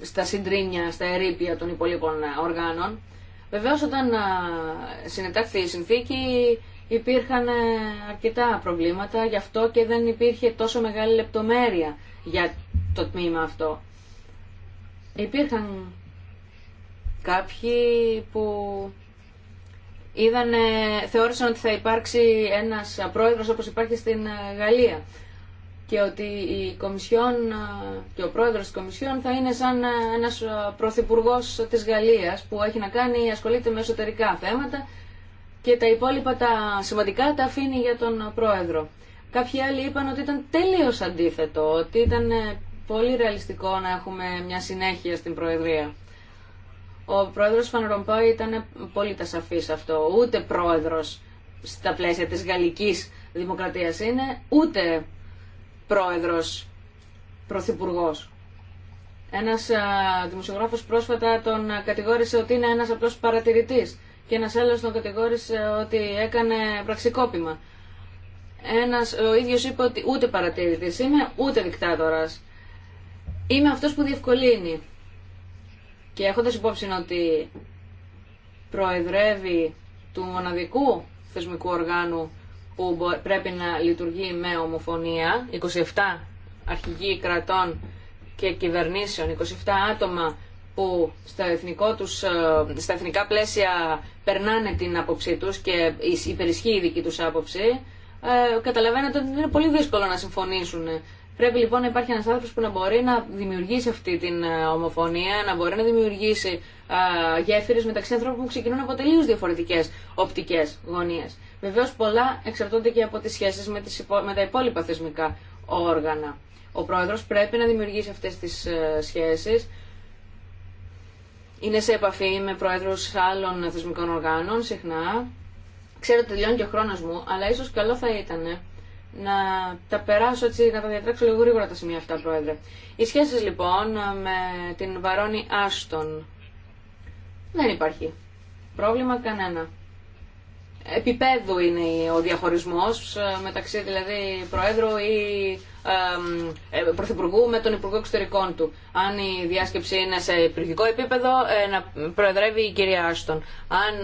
στα συντρίμια, στα ερήπια των υπολοίπων οργάνων. Βεβαίω όταν συνετάχθη η συνθήκη υπήρχαν ε, αρκετά προβλήματα, γι' αυτό και δεν υπήρχε τόσο μεγάλη λεπτομέρεια για το τμήμα αυτό. Υπήρχαν κάποιοι που είδανε, θεώρησαν ότι θα υπάρξει ένας πρόεδρος όπως υπάρχει στην ε, Γαλλία και ότι η ε, και ο πρόεδρος της Κομισιόν θα είναι σαν ε, ένας πρωθυπουργό της Γαλλίας που έχει να κάνει, ασχολείται με εσωτερικά θέματα και τα υπόλοιπα τα σημαντικά τα αφήνει για τον πρόεδρο. Κάποιοι άλλοι είπαν ότι ήταν τελείως αντίθετο, ότι ήταν πολύ ρεαλιστικό να έχουμε μια συνέχεια στην Προεδρία. Ο πρόεδρος Φαν Ρομπόη ήταν πολύ τα αυτό. Ούτε πρόεδρος στα πλαίσια της γαλλικής δημοκρατίας είναι, ούτε πρόεδρος πρωθυπουργός. Ένας α, δημοσιογράφος πρόσφατα τον κατηγόρησε ότι είναι ένας απλός παρατηρητής και ένας άλλος τον κατηγόρησε ότι έκανε πραξικόπημα. Ένας, ο ίδιος είπε ότι ούτε παρατηρητής είμαι, ούτε δικτάτορας. Είμαι αυτός που διευκολύνει. Και έχοντας υπόψη ότι προεδρεύει του μοναδικού θεσμικού οργάνου που πρέπει να λειτουργεί με ομοφωνία, 27 αρχηγοί κρατών και κυβερνήσεων, 27 άτομα που στα, εθνικό τους, ε, στα εθνικά πλαίσια περνάνε την άποψή τους και υπερισχύει η δική τους άποψη, ε, καταλαβαίνετε ότι είναι πολύ δύσκολο να συμφωνήσουν Πρέπει λοιπόν να υπάρχει ένα άνθρωπο που να μπορεί να δημιουργήσει αυτή την ε, ομοφωνία, να μπορεί να δημιουργήσει γέφυρε μεταξύ ανθρώπων που ξεκινούν από τελείως διαφορετικές οπτικές γωνίες. Βεβαίως πολλά εξαρτώνται και από τι σχέσει με, με τα υπόλοιπα θεσμικά όργανα. Ο πρόεδρο πρέπει να δημιουργήσει αυτέ τι ε, σχέσει. είναι σε επαφή με πρόεδρου άλλων θεσμικών οργάνων συχνά. Ξέρω ότι τελειώνει και ο χρόνο μου, αλλά ίσω καλό θα ήταν να τα περάσω έτσι, να τα διατρέξω λίγο γρήγορα τα σημεία αυτά, Πρόεδρε. Οι σχέσει λοιπόν με την Βαρόνη Άστον δεν υπάρχει πρόβλημα κανένα. Επιπέδου είναι ο διαχωρισμός ε, μεταξύ δηλαδή Προέδρου ή ε, Πρωθυπουργού με τον Υπουργό Εξωτερικών του. Αν η διάσκεψη είναι σε υπουργικό επίπεδο, ε, να προεδρεύει η κυρία Άστον. Αν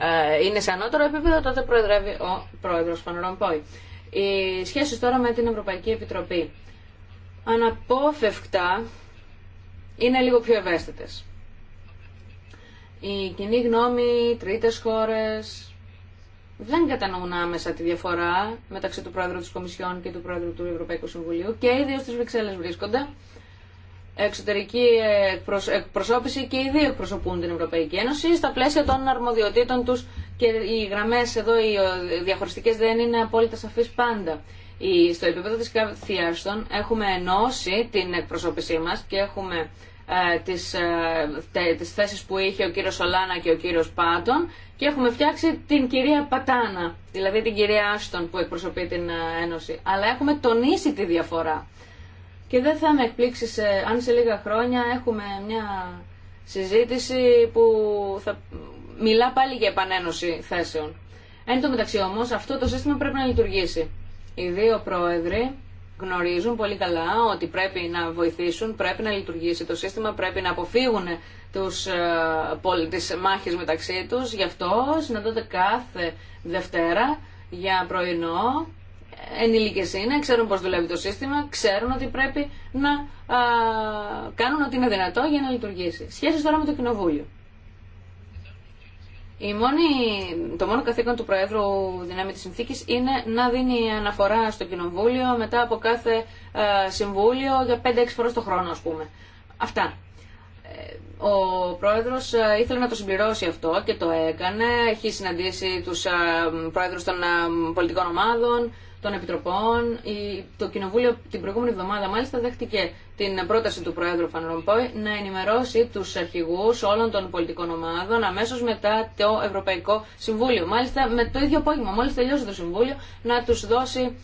ε, είναι σε ανώτερο επίπεδο, τότε προεδρεύει ο Πρόεδρος Φανρομπόη. Οι σχέσεις τώρα με την Ευρωπαϊκή Επιτροπή αναπόφευκτα είναι λίγο πιο ευαίσθητες. Η κοινή γνώμη, τρίτες χώρες δεν κατανοούν άμεσα τη διαφορά μεταξύ του Πρόεδρου της Κομισιόν και του Πρόεδρου του Ευρωπαϊκού Συμβουλίου και οι δύο στις Βρυξέλλες βρίσκονται. Εξωτερική εκπροσώπηση και οι δύο εκπροσωπούν την Ευρωπαϊκή Ένωση στα πλαίσια των αρμοδιοτήτων τους και οι γραμμές εδώ, οι διαχωριστικές δεν είναι απόλυτα σαφείς πάντα. Στο επίπεδο τη Κάθιαρστον έχουμε ενώσει την εκπροσώπησή μα και έχουμε ε, τις, ε, τις θέσεις που είχε ο κύριος Σολάνα και ο κύριος Πάτον και έχουμε φτιάξει την κυρία Πατάνα, δηλαδή την κυρία Άστον που εκπροσωπεί την ε, Ένωση. Αλλά έχουμε τονίσει τη διαφορά. Και δεν θα με εκπλήξει αν σε λίγα χρόνια έχουμε μια συζήτηση που θα μιλά πάλι για επανένωση θέσεων. Εν τω μεταξύ όμω αυτό το σύστημα πρέπει να λειτουργήσει. Οι δύο πρόεδροι γνωρίζουν πολύ καλά ότι πρέπει να βοηθήσουν, πρέπει να λειτουργήσει το σύστημα, πρέπει να αποφύγουν τους, ε, τις μάχες μεταξύ τους. Γι' αυτό συναντώνται κάθε Δευτέρα για πρωινό. Ενήλικες είναι, ξέρουν πώς δουλεύει το σύστημα, ξέρουν ότι πρέπει να κάνουν ό,τι είναι δυνατό για να λειτουργήσει. Σχέσεις τώρα με το Κοινοβούλιο. Η το μόνο καθήκον του Προέδρου δυνάμει της συνθήκης είναι να δίνει αναφορά στο Κοινοβούλιο μετά από κάθε ε, συμβούλιο για 5-6 φορές το χρόνο ας πούμε. Αυτά. Ε, ο πρόεδρος ε, ήθελε να το συμπληρώσει αυτό και το έκανε. Έχει συναντήσει τους πρόεδρους των πολιτικών ομάδων, των επιτροπών. Το κοινοβούλιο την προηγούμενη εβδομάδα μάλιστα δέχτηκε την πρόταση του Προέδρου Φανρομπόη να ενημερώσει τους αρχηγού όλων των πολιτικών ομάδων αμέσω μετά το Ευρωπαϊκό Συμβούλιο. Μάλιστα με το ίδιο απόγευμα, μόλις τελειώσει το Συμβούλιο, να τους δώσει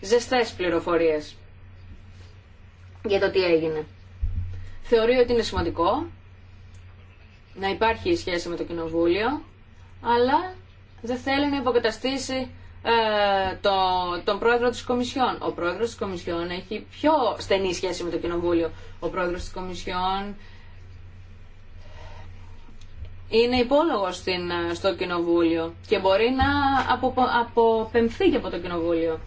ζεστέ πληροφορίες για το τι έγινε. Θεωρεί ότι είναι σημαντικό να υπάρχει σχέση με το Κοινοβούλιο, αλλά δεν θέλει να υποκαταστήσει ε, το, τον πρόεδρο της Κομισιόν. Ο πρόεδρος της Κομισιόν έχει πιο στενή σχέση με το Κοινοβούλιο. Ο πρόεδρος της Κομισιόν είναι υπόλογος στην, ε, στο Κοινοβούλιο και μπορεί να απο, αποπεμφθεί και από το Κοινοβούλιο.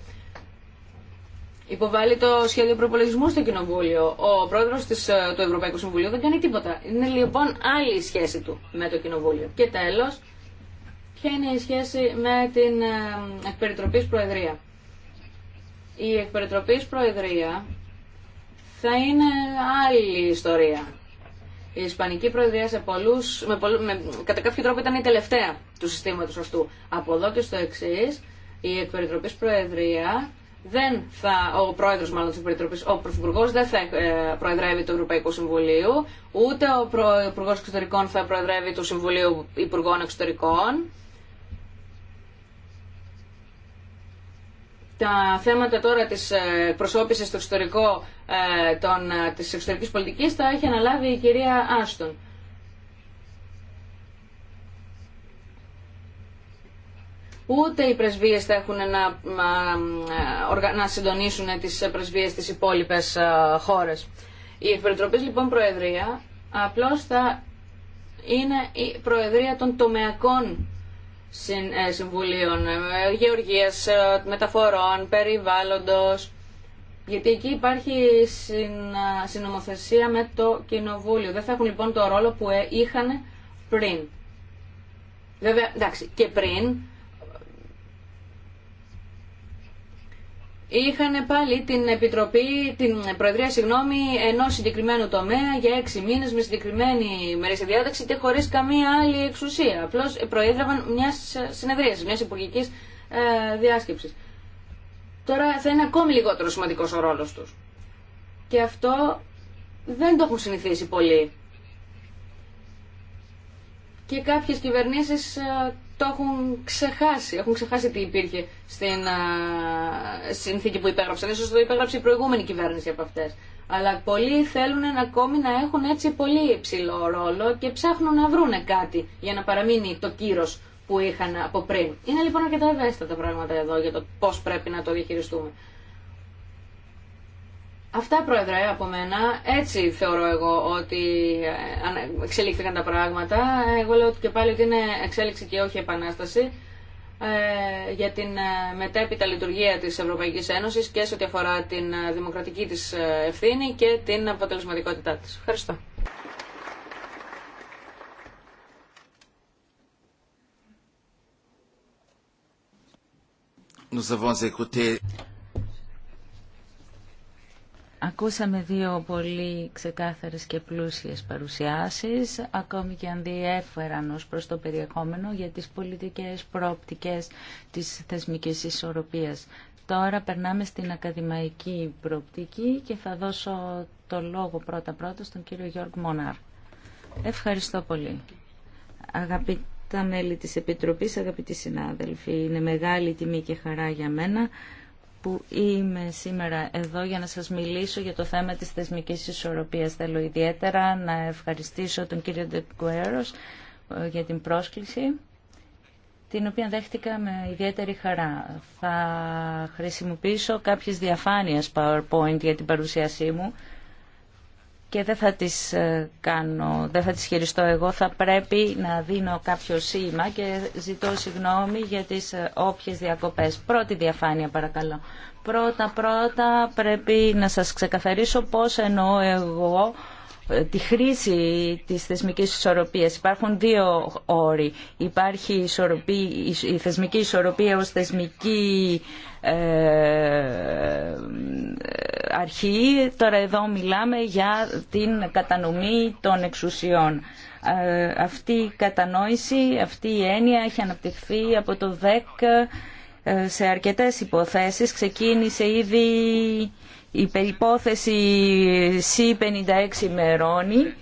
Υποβάλλει το σχέδιο προπολογισμού στο Κοινοβούλιο. Ο πρόεδρο ε, του Ευρωπαϊκού Συμβουλίου δεν κάνει τίποτα. Είναι λοιπόν άλλη η σχέση του με το Κοινοβούλιο. Και τέλο, ποια είναι η σχέση με την ε, εκπεριτροπής προεδρία. Η εκπεριτροπής προεδρία θα είναι άλλη ιστορία. Η Ισπανική Προεδρία σε πολλούς, με κατά κάποιο τρόπο ήταν η τελευταία του συστήματος αυτού. Από εδώ και στο εξή, η εκπεριτροπή Προεδρία δεν θα, ο πρόεδρος μάλλον της ο Πρωθυπουργός δεν θα ε, προεδρεύει του Ευρωπαϊκού Συμβουλίου, ούτε ο Υπουργός Εξωτερικών θα προεδρεύει του Συμβουλίου Υπουργών Εξωτερικών. τα θέματα τώρα της ε, προσώπησης στο εξωτερικό ε, των, ε, της εξωτερικής πολιτικής τα έχει αναλάβει η κυρία Άστον. Ούτε οι πρεσβείες θα έχουν να, να συντονίσουν τις πρεσβείες της υπόλοιπες χώρες. Η Εκπαιδευτική λοιπόν Προεδρία απλώς θα είναι η Προεδρία των τομεακών ε, συμβουλίων ε, γεωργίας, ε, μεταφορών, περιβάλλοντος. Γιατί εκεί υπάρχει συνομοθεσία με το κοινοβούλιο. Δεν θα έχουν λοιπόν το ρόλο που είχαν πριν. Βέβαια, εντάξει, και πριν είχαν πάλι την επιτροπή, την προεδρία, συγγνώμη, ενό συγκεκριμένου τομέα για έξι μήνε με συγκεκριμένη μερίσια διάταξη και χωρί καμία άλλη εξουσία. Απλώ προέδρευαν μια συνεδρία, μια υπουργική ε, διάσκεψη. Τώρα θα είναι ακόμη λιγότερο σημαντικό ο ρόλο του. Και αυτό δεν το έχουν συνηθίσει πολύ. Και κάποιες κυβερνήσεις ε, έχουν ξεχάσει. Έχουν ξεχάσει τι υπήρχε στην συνθήκη που υπέγραψαν. σω το υπέγραψε η προηγούμενη κυβέρνηση από αυτέ. Αλλά πολλοί θέλουν ακόμη να έχουν έτσι πολύ υψηλό ρόλο και ψάχνουν να βρούνε κάτι για να παραμείνει το κύρος που είχαν από πριν. Είναι λοιπόν αρκετά ευαίσθητα τα πράγματα εδώ για το πώ πρέπει να το διαχειριστούμε. Αυτά, Πρόεδρε, από μένα. Έτσι θεωρώ εγώ ότι ε, εξελίχθηκαν τα πράγματα. Εγώ λέω ότι και πάλι ότι είναι εξέλιξη και όχι επανάσταση ε, για την ε, μετέπειτα λειτουργία της Ευρωπαϊκής Ένωσης και σε ό,τι αφορά την δημοκρατική της ευθύνη και την αποτελεσματικότητά της. Ευχαριστώ. Ακούσαμε δύο πολύ ξεκάθαρες και πλούσιες παρουσιάσεις, ακόμη και αν διέφεραν ως προς το περιεχόμενο για τις πολιτικές προοπτικές της θεσμικής ισορροπίας. Τώρα περνάμε στην ακαδημαϊκή προοπτική και θα δώσω το λόγο πρώτα-πρώτα στον κύριο Γιώργο Μονάρ. Ευχαριστώ πολύ. Αγαπητά μέλη της Επιτροπής, αγαπητοί συνάδελφοι, είναι μεγάλη τιμή και χαρά για μένα που είμαι σήμερα εδώ για να σας μιλήσω για το θέμα της θεσμικής ισορροπίας. Θέλω ιδιαίτερα να ευχαριστήσω τον κύριο Ντεκουέρος ε, για την πρόσκληση, την οποία δέχτηκα με ιδιαίτερη χαρά. Θα χρησιμοποιήσω κάποιες διαφάνειες PowerPoint για την παρουσίασή μου και δεν θα τις ε, κάνω, δεν θα τις χειριστώ εγώ, θα πρέπει να δίνω κάποιο σήμα και ζητώ συγγνώμη για τις ε, όποιες διακοπές. Πρώτη διαφάνεια παρακαλώ. Πρώτα πρώτα πρέπει να σας ξεκαθαρίσω πώς εννοώ εγώ τη χρήση της θεσμικής ισορροπίας. Υπάρχουν δύο όροι. Υπάρχει η θεσμική ισορροπία ως θεσμική ε, αρχή. Τώρα εδώ μιλάμε για την κατανομή των εξουσιών. Ε, αυτή η κατανόηση, αυτή η έννοια έχει αναπτυχθεί από το ΔΕΚ ε, σε αρκετές υποθέσεις. Ξεκίνησε ήδη η περιπόθεση C56 μερώνει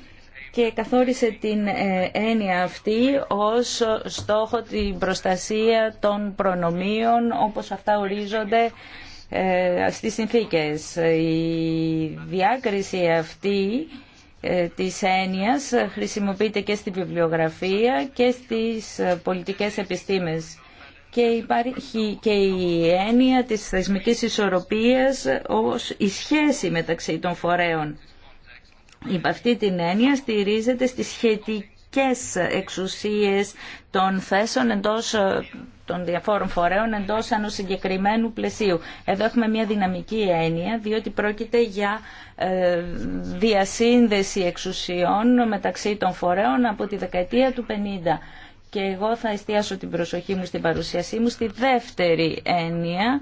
και καθόρισε την ε, έννοια αυτή ως στόχο την προστασία των προνομίων όπως αυτά ορίζονται ε, στις συνθήκες. Η διάκριση αυτή ε, της έννοιας χρησιμοποιείται και στη βιβλιογραφία και στις πολιτικές επιστήμες και υπάρχει και η έννοια της θεσμικής ισορροπίας ως η σχέση μεταξύ των φορέων. Υπ' αυτή την έννοια στηρίζεται στις σχετικές εξουσίες των θέσεων εντός των διαφόρων φορέων εντός ενό συγκεκριμένου πλαισίου. Εδώ έχουμε μια δυναμική έννοια, διότι πρόκειται για ε, διασύνδεση εξουσιών μεταξύ των φορέων από τη δεκαετία του 50 και εγώ θα εστιάσω την προσοχή μου στην παρουσίασή μου στη δεύτερη έννοια,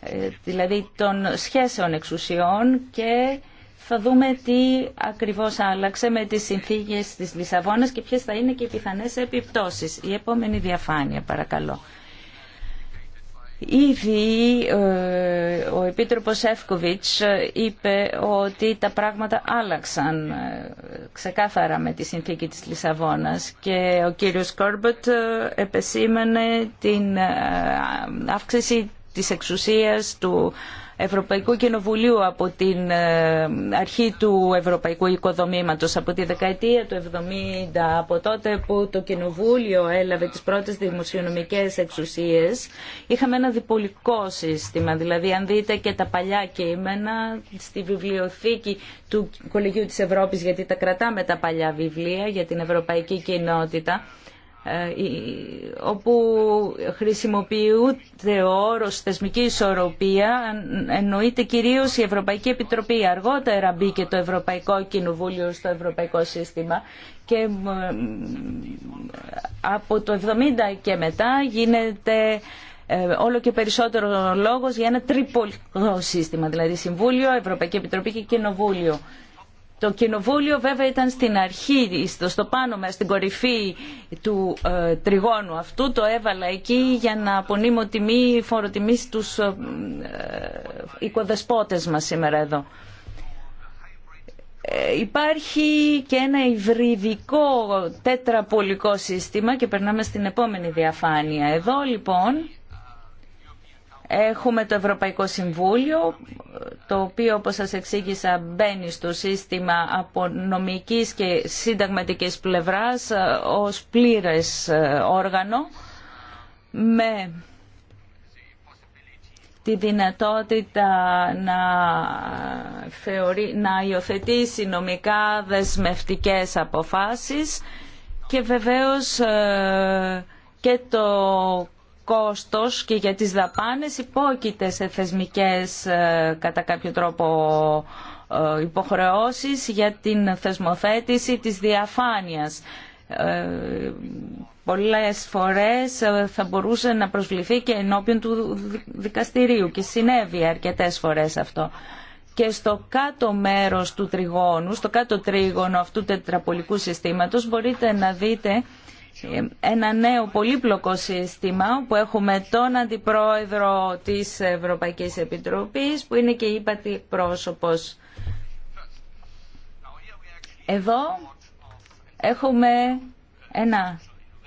ε, δηλαδή των σχέσεων εξουσιών και θα δούμε τι ακριβώς άλλαξε με τις συνθήκες της Λισαβόνας και ποιες θα είναι και οι πιθανές επιπτώσεις. Η επόμενη διαφάνεια, παρακαλώ. Ήδη ε, ο Επίτροπος Εύκοβιτς ε, είπε ότι τα πράγματα άλλαξαν ε, ξεκάθαρα με τη συνθήκη της Λισαβόνας και ο κύριος Κόρμπετ επεσήμανε την αύξηση της εξουσίας του Ευρωπαϊκού Κοινοβουλίου από την ε, αρχή του Ευρωπαϊκού Οικοδομήματος, από τη δεκαετία του 70, από τότε που το Κοινοβούλιο έλαβε τις πρώτες δημοσιονομικές εξουσίες, είχαμε ένα διπολικό σύστημα. Δηλαδή, αν δείτε και τα παλιά κείμενα στη βιβλιοθήκη του Κολεγίου της Ευρώπης, γιατί τα κρατάμε τα παλιά βιβλία για την Ευρωπαϊκή Κοινότητα, ε, όπου χρησιμοποιούνται ο όρος θεσμική ισορροπία εννοείται κυρίως η Ευρωπαϊκή Επιτροπή. Αργότερα μπήκε το Ευρωπαϊκό Κοινοβούλιο στο Ευρωπαϊκό Σύστημα και από το 70 και μετά γίνεται ε, όλο και περισσότερο λόγος για ένα τρίπολικό σύστημα, δηλαδή Συμβούλιο, Ευρωπαϊκή Επιτροπή και Κοινοβούλιο. Το κοινοβούλιο βέβαια ήταν στην αρχή, στο πάνω μέσα στην κορυφή του ε, τριγώνου αυτού. Το έβαλα εκεί για να απονείμω τιμή, φοροτιμή στους ε, ε, οικοδεσπότες μας σήμερα εδώ. Ε, υπάρχει και ένα υβριδικό τέτραπολικό σύστημα και περνάμε στην επόμενη διαφάνεια. Εδώ λοιπόν Έχουμε το Ευρωπαϊκό Συμβούλιο, το οποίο όπως σας εξήγησα μπαίνει στο σύστημα από νομικής και συνταγματικής πλευράς ε, ως πλήρες ε, όργανο με τη δυνατότητα να, θεωρεί, να υιοθετήσει νομικά δεσμευτικές αποφάσεις και βεβαίως ε, και το κόστος και για τις δαπάνες υπόκειται σε θεσμικές ε, κατά κάποιο τρόπο ε, υποχρεώσεις για την θεσμοθέτηση της διαφάνειας. Ε, πολλές φορές θα μπορούσε να προσβληθεί και ενώπιον του δικαστηρίου και συνέβη αρκετές φορές αυτό. Και στο κάτω μέρος του τριγώνου, στο κάτω τρίγωνο αυτού τετραπολικού συστήματος μπορείτε να δείτε ένα νέο πολύπλοκο σύστημα που έχουμε τον Αντιπρόεδρο της Ευρωπαϊκής Επιτροπής που είναι και ύπατη πρόσωπος. Εδώ έχουμε ένα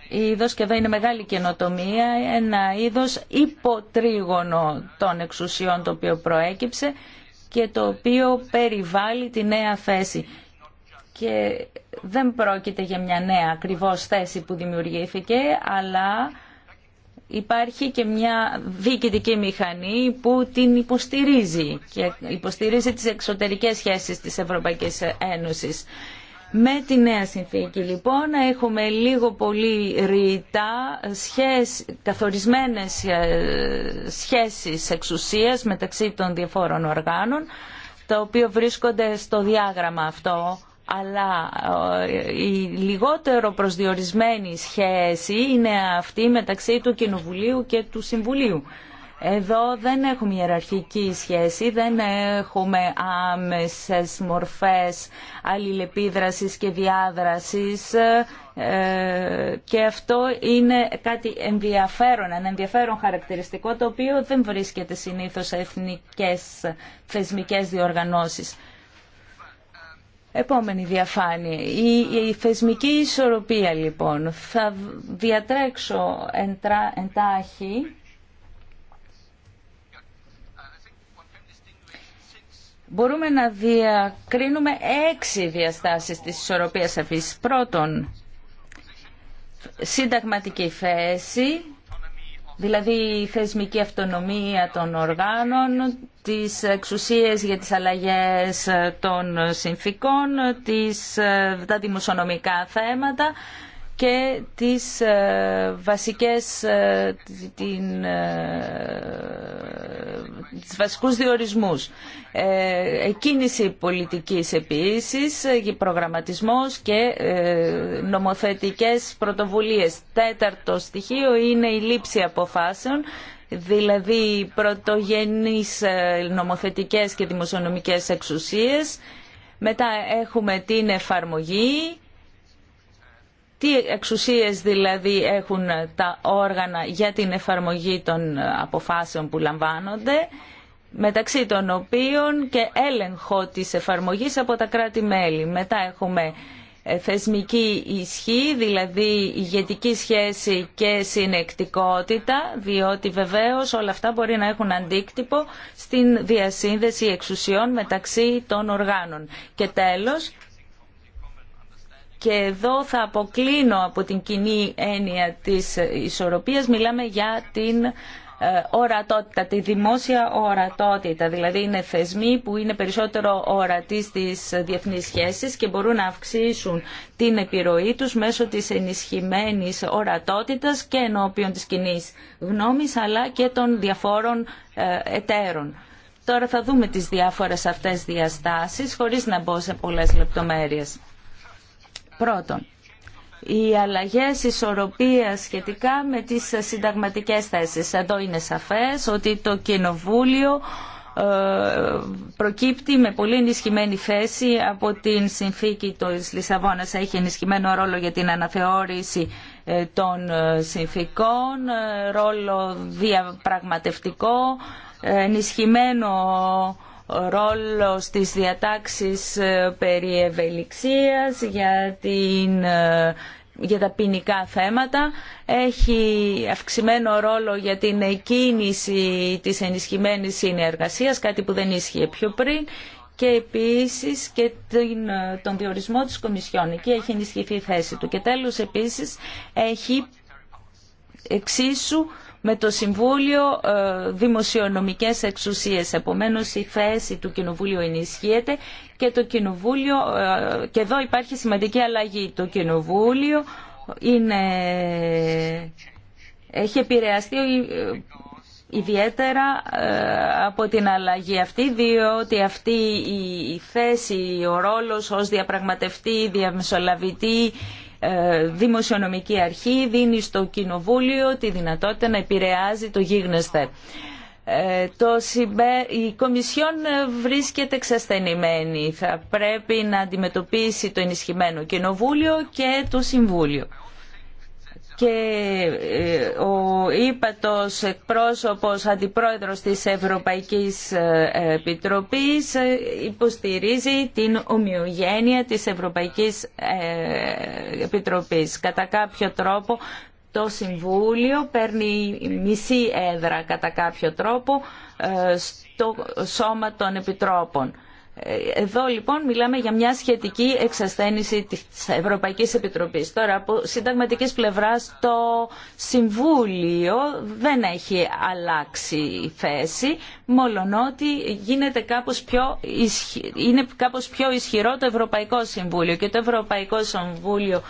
είδος, και εδώ είναι μεγάλη καινοτομία, ένα είδος υποτρίγωνο των εξουσιών το οποίο προέκυψε και το οποίο περιβάλλει τη νέα θέση και δεν πρόκειται για μια νέα ακριβώς θέση που δημιουργήθηκε, αλλά υπάρχει και μια διοικητική μηχανή που την υποστηρίζει και υποστηρίζει τις εξωτερικές σχέσεις της Ευρωπαϊκής Ένωσης. Με τη νέα συνθήκη λοιπόν έχουμε λίγο πολύ ρητά σχέσεις καθορισμένες ε, σχέσεις εξουσίας μεταξύ των διαφόρων οργάνων τα οποία βρίσκονται στο διάγραμμα αυτό αλλά ε, η λιγότερο προσδιορισμένη σχέση είναι αυτή μεταξύ του Κοινοβουλίου και του Συμβουλίου. Εδώ δεν έχουμε ιεραρχική σχέση, δεν έχουμε άμεσες μορφές αλληλεπίδρασης και διάδρασης ε, και αυτό είναι κάτι ενδιαφέρον, ένα ενδιαφέρον χαρακτηριστικό το οποίο δεν βρίσκεται συνήθως σε εθνικές θεσμικές διοργανώσεις. Επόμενη διαφάνεια. Η, η θεσμική ισορροπία λοιπόν. Θα διατρέξω εντρά, εντάχει. Μπορούμε να διακρίνουμε έξι διαστάσεις της ισορροπίας αυτής. Πρώτον, συνταγματική θέση, δηλαδή η θεσμική αυτονομία των οργάνων, τις εξουσίες για τις αλλαγές των συνθήκων, τις, τα δημοσιονομικά θέματα και τις ε, βασικές, ε, την, ε, τις βασικούς διορισμούς. Εκκίνηση πολιτικής επίσης, προγραμματισμός και νομοθετικές πρωτοβουλίες. Τέταρτο στοιχείο είναι η λήψη αποφάσεων δηλαδή πρωτογενείς νομοθετικές και δημοσιονομικές εξουσίες. Μετά έχουμε την εφαρμογή τι εξουσίες δηλαδή έχουν τα όργανα για την εφαρμογή των αποφάσεων που λαμβάνονται, μεταξύ των οποίων και έλεγχο της εφαρμογής από τα κράτη-μέλη. Μετά έχουμε ε, θεσμική ισχύ, δηλαδή ηγετική σχέση και συνεκτικότητα, διότι βεβαίως όλα αυτά μπορεί να έχουν αντίκτυπο στην διασύνδεση εξουσιών μεταξύ των οργάνων. Και τέλος, και εδώ θα αποκλίνω από την κοινή έννοια της ισορροπίας. Μιλάμε για την ε, ορατότητα, τη δημόσια ορατότητα. Δηλαδή είναι θεσμοί που είναι περισσότερο ορατοί στις διεθνείς σχέσεις και μπορούν να αυξήσουν την επιρροή τους μέσω της ενισχυμένης ορατότητας και ενώπιον της κοινή γνώμης αλλά και των διαφόρων ε, εταίρων. Τώρα θα δούμε τις διάφορες αυτές διαστάσεις χωρίς να μπω σε πολλές λεπτομέρειες. Πρώτον, οι αλλαγές ισορροπία σχετικά με τις συνταγματικές θέσεις. Εδώ είναι σαφές ότι το Κοινοβούλιο ε, προκύπτει με πολύ ενισχυμένη θέση από την συνθήκη του Λισαβόνα. Έχει ενισχυμένο ρόλο για την αναθεώρηση ε, των ε, συνθήκων, ρόλο διαπραγματευτικό, ενισχυμένο ρόλο στις διατάξεις ε, περί ευελιξίας για, την, ε, για τα ποινικά θέματα. Έχει αυξημένο ρόλο για την κίνηση της ενισχυμένης συνεργασίας, κάτι που δεν ίσχυε πιο πριν και επίσης και ε, τον διορισμό της Κομισιόν. Εκεί έχει ενισχυθεί η θέση του. Και τέλος επίσης έχει εξίσου με το Συμβούλιο ε, Δημοσιονομικές Εξουσίες. Επομένως η θέση του Κοινοβούλιο ενισχύεται και το Κοινοβούλιο, ε, και εδώ υπάρχει σημαντική αλλαγή. Το Κοινοβούλιο είναι, έχει επηρεαστεί ε, ιδιαίτερα από την αλλαγή αυτή, διότι αυτή η θέση, ο ρόλος ως διαπραγματευτή, διαμεσολαβητή, ε, δημοσιονομική αρχή δίνει στο κοινοβούλιο τη δυνατότητα να επηρεάζει το γίγνεσθε. Ε, το συμπε... Η Κομισιόν βρίσκεται εξασθενημένη. Θα πρέπει να αντιμετωπίσει το ενισχυμένο Κοινοβούλιο και το Συμβούλιο και ε, ο ύπατος εκπρόσωπος αντιπρόεδρος της Ευρωπαϊκής ε, Επιτροπής ε, υποστηρίζει την ομοιογένεια της Ευρωπαϊκής Επιτροπής. Κατά κάποιο τρόπο το Συμβούλιο παίρνει μισή έδρα κατά κάποιο τρόπο στο σώμα των Επιτρόπων. Εδώ λοιπόν μιλάμε για μια σχετική εξασθένηση της Ευρωπαϊκής Επιτροπής. Τώρα από συνταγματικής πλευράς το Συμβούλιο δεν έχει αλλάξει θέση, μόλον ότι γίνεται κάπως πιο είναι κάπως πιο ισχυρό το Ευρωπαϊκό Συμβούλιο και το Ευρωπαϊκό Συμβούλιο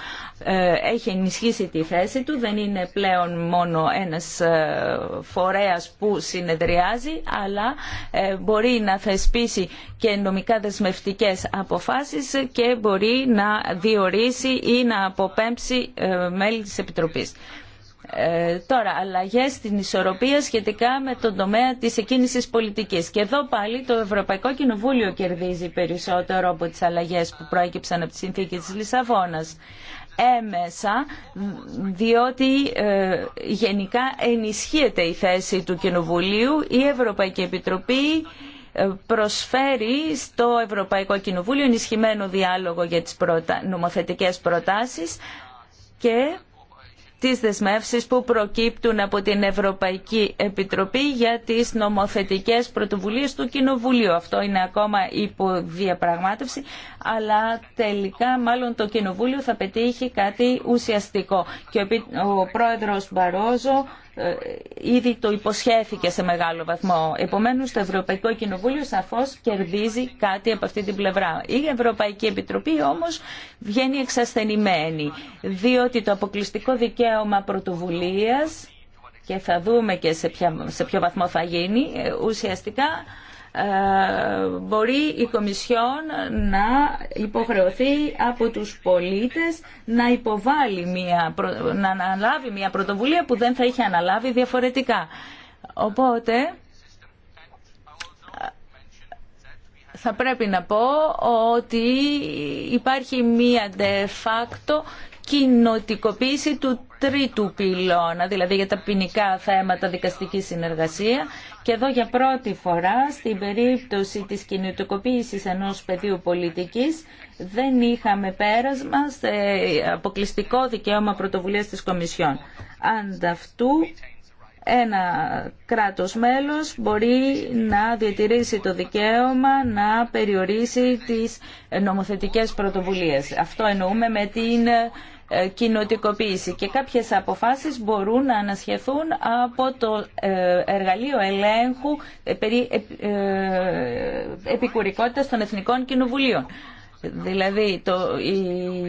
ε, έχει ενισχύσει τη θέση του, δεν είναι πλέον μόνο ένας ε, φορέας που συνεδριάζει, αλλά ε, μπορεί να θεσπίσει και νομικά δεσμευτικές αποφάσεις και μπορεί να διορίσει ή να αποπέμψει μέλη της Επιτροπής. τώρα, αλλαγές στην ισορροπία σχετικά με τον τομέα τη εκκίνηση πολιτική. Και εδώ πάλι το Ευρωπαϊκό Κοινοβούλιο κερδίζει περισσότερο από τι αλλαγέ που προέκυψαν από τη συνθήκη τη Λισαβόνα έμεσα διότι ε, γενικά ενισχύεται η θέση του Κοινοβουλίου. Η Ευρωπαϊκή Επιτροπή ε, προσφέρει στο Ευρωπαϊκό Κοινοβούλιο ενισχυμένο διάλογο για τις προτα... νομοθετικές προτάσεις και τις δεσμεύσεις που προκύπτουν από την Ευρωπαϊκή Επιτροπή για τις νομοθετικές πρωτοβουλίες του Κοινοβουλίου. Αυτό είναι ακόμα υπό διαπραγμάτευση, αλλά τελικά μάλλον το Κοινοβούλιο θα πετύχει κάτι ουσιαστικό. Και ο Πρόεδρος Μπαρόζο ε, ήδη το υποσχέθηκε σε μεγάλο βαθμό. Επομένω, το Ευρωπαϊκό Κοινοβούλιο σαφώς κερδίζει κάτι από αυτή την πλευρά. Η Ευρωπαϊκή Επιτροπή όμως βγαίνει εξασθενημένη, διότι το αποκλειστικό δικαίωμα πρωτοβουλία, και θα δούμε και σε, σε ποιο βαθμό θα γίνει, ε, ουσιαστικά ε, μπορεί η Κομισιόν να υποχρεωθεί από τους πολίτες να υποβάλει μια, να αναλάβει μια πρωτοβουλία που δεν θα είχε αναλάβει διαφορετικά. Οπότε θα πρέπει να πω ότι υπάρχει μια de facto κοινοτικοποίηση του τρίτου πυλώνα, δηλαδή για τα ποινικά θέματα δικαστική συνεργασία. Και εδώ για πρώτη φορά, στην περίπτωση της κοινοτικοποίησης ενός πεδίου πολιτικής, δεν είχαμε πέρασμα σε αποκλειστικό δικαίωμα πρωτοβουλίας της Κομισιόν. Ανταυτού, ένα κράτος μέλος μπορεί να διατηρήσει το δικαίωμα να περιορίσει τις νομοθετικές πρωτοβουλίες. Αυτό εννοούμε με την ε, κοινοτικοποίηση και κάποιες αποφάσεις μπορούν να ανασχεθούν από το ε, εργαλείο ελέγχου περί ε, επικουρικότητας των Εθνικών Κοινοβουλίων. Δηλαδή, το, η,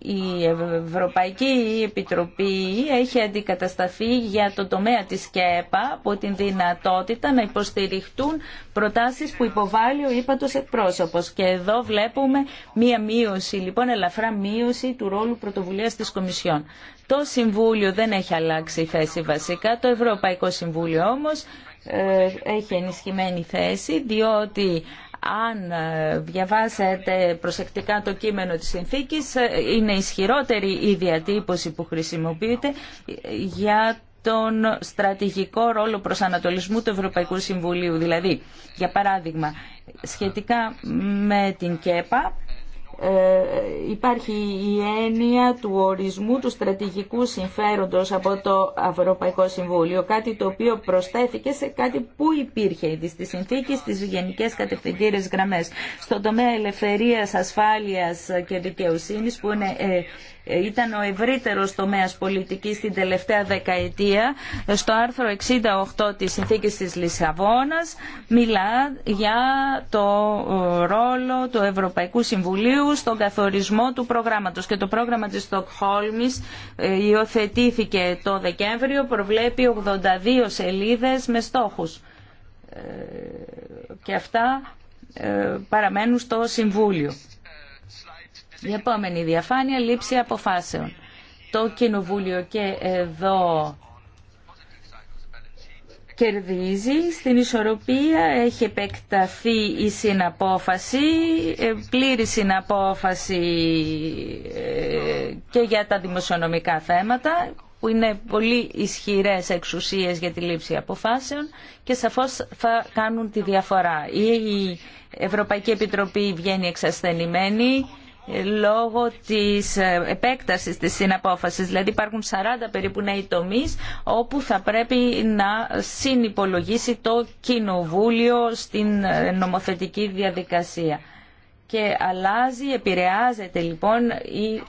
η Ευρωπαϊκή Επιτροπή έχει αντικατασταθεί για το τομέα της ΚΕΠΑ από την δυνατότητα να υποστηριχτούν προτάσεις που υποβάλλει ο ύπατος εκπρόσωπος. Και εδώ βλέπουμε μία μείωση, λοιπόν ελαφρά μείωση του ρόλου πρωτοβουλίας της Κομισιόν. Το Συμβούλιο δεν έχει αλλάξει θέση βασικά, το Ευρωπαϊκό Συμβούλιο όμως ε, έχει ενισχυμένη θέση διότι αν ε, διαβάσετε προσεκτικά το κείμενο της συνθήκης, ε, είναι ισχυρότερη η διατύπωση που χρησιμοποιείται για τον στρατηγικό ρόλο προσανατολισμού του Ευρωπαϊκού Συμβουλίου. Δηλαδή, για παράδειγμα, σχετικά με την ΚΕΠΑ, ε, υπάρχει η έννοια του ορισμού του στρατηγικού συμφέροντος από το Ευρωπαϊκό Συμβούλιο, κάτι το οποίο προσθέθηκε σε κάτι που υπήρχε ήδη στη συνθήκη, στις γενικές κατευθυντήρες γραμμές, στον τομέα ελευθερίας, ασφάλειας και δικαιοσύνης που είναι ε, ε, ήταν ο ευρύτερος τομέας πολιτικής την τελευταία δεκαετία. Στο άρθρο 68 της Συνθήκης της Λισαβόνας μιλά για το ε, ρόλο του Ευρωπαϊκού Συμβουλίου στον καθορισμό του προγράμματος και το πρόγραμμα της Στοκχόλμης ε, υιοθετήθηκε το Δεκέμβριο, προβλέπει 82 σελίδες με στόχους και αυτά παραμένουν στο Συμβούλιο. Η επόμενη διαφάνεια, λήψη αποφάσεων. Το Κοινοβούλιο και εδώ κερδίζει στην ισορροπία, έχει επεκταθεί η συναπόφαση, ε, πλήρη συναπόφαση ε, και για τα δημοσιονομικά θέματα που είναι πολύ ισχυρές εξουσίες για τη λήψη αποφάσεων και σαφώς θα κάνουν τη διαφορά. Η Ευρωπαϊκή Επιτροπή βγαίνει εξασθενημένη, λόγω της ε, επέκτασης της συναπόφασης. Δηλαδή υπάρχουν 40 περίπου νέοι τομεί όπου θα πρέπει να συνυπολογίσει το Κοινοβούλιο στην ε, νομοθετική διαδικασία και αλλάζει, επηρεάζεται λοιπόν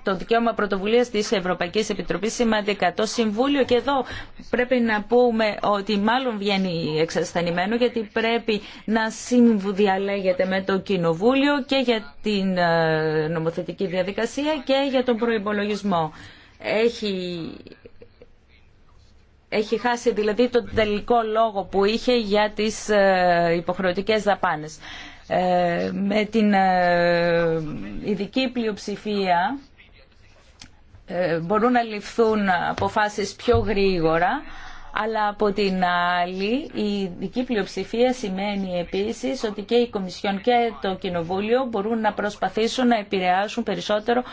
το δικαίωμα πρωτοβουλία της ευρωπαϊκή Επιτροπής σημαντικά. Το Συμβούλιο και εδώ πρέπει να πούμε ότι μάλλον βγαίνει εξασθενημένο γιατί πρέπει να συμβουδιαλέγεται με το Κοινοβούλιο και για την ε, νομοθετική διαδικασία και για τον προϋπολογισμό. Έχει έχει χάσει δηλαδή τον τελικό λόγο που είχε για τις ε, υποχρεωτικές δαπάνες. Ε, με την ε, ειδική πλειοψηφία ε, μπορούν να ληφθούν αποφάσεις πιο γρήγορα αλλά από την άλλη η δική πλειοψηφία σημαίνει επίσης ότι και η Κομισιόν και το Κοινοβούλιο μπορούν να προσπαθήσουν να επηρεάσουν περισσότερο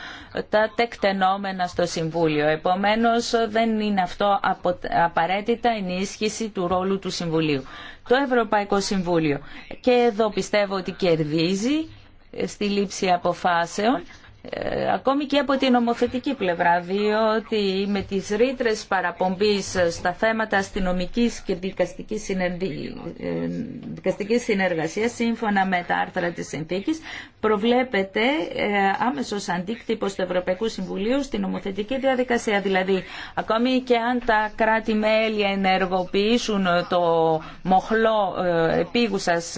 τα τεκτενόμενα στο Συμβούλιο. Επομένως δεν είναι αυτό απαραίτητα ενίσχυση του ρόλου του Συμβουλίου. Το Ευρωπαϊκό Συμβούλιο και εδώ πιστεύω ότι κερδίζει στη λήψη αποφάσεων ε, ακόμη και από την νομοθετική πλευρά, διότι με τις ρήτρε παραπομπής στα θέματα αστυνομική και δικαστικής, ε, συνεργασία, σύμφωνα με τα άρθρα της συνθήκης, προβλέπεται ε, άμεσος αντίκτυπος του Ευρωπαϊκού Συμβουλίου στην νομοθετική διαδικασία. Δηλαδή, ακόμη και αν τα κράτη-μέλη ενεργοποιήσουν το μοχλό επίγουσας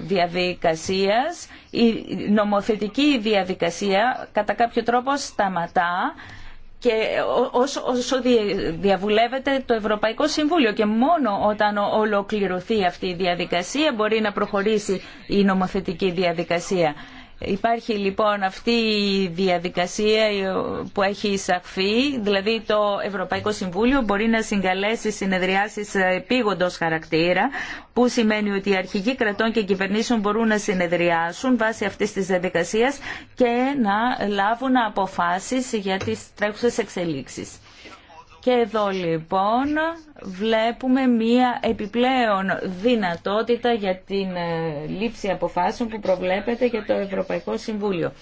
διαδικασίας, η νομοθετική διαδικασία κατά κάποιο τρόπο σταματά και όσο διαβουλεύεται το Ευρωπαϊκό Συμβούλιο και μόνο όταν ολοκληρωθεί αυτή η διαδικασία μπορεί να προχωρήσει η νομοθετική διαδικασία. Υπάρχει λοιπόν αυτή η διαδικασία που έχει εισαχθεί, δηλαδή το Ευρωπαϊκό Συμβούλιο μπορεί να συγκαλέσει συνεδριάσεις επίγοντος χαρακτήρα, που σημαίνει ότι οι αρχηγοί κρατών και κυβερνήσεων μπορούν να συνεδριάσουν βάσει αυτής της διαδικασίας και να λάβουν αποφάσεις για τις τρέχουσες εξελίξεις. Και εδώ λοιπόν βλέπουμε μία επιπλέον δυνατότητα για την ε, λήψη αποφάσεων που προβλέπεται για το Ευρωπαϊκό Συμβούλιο.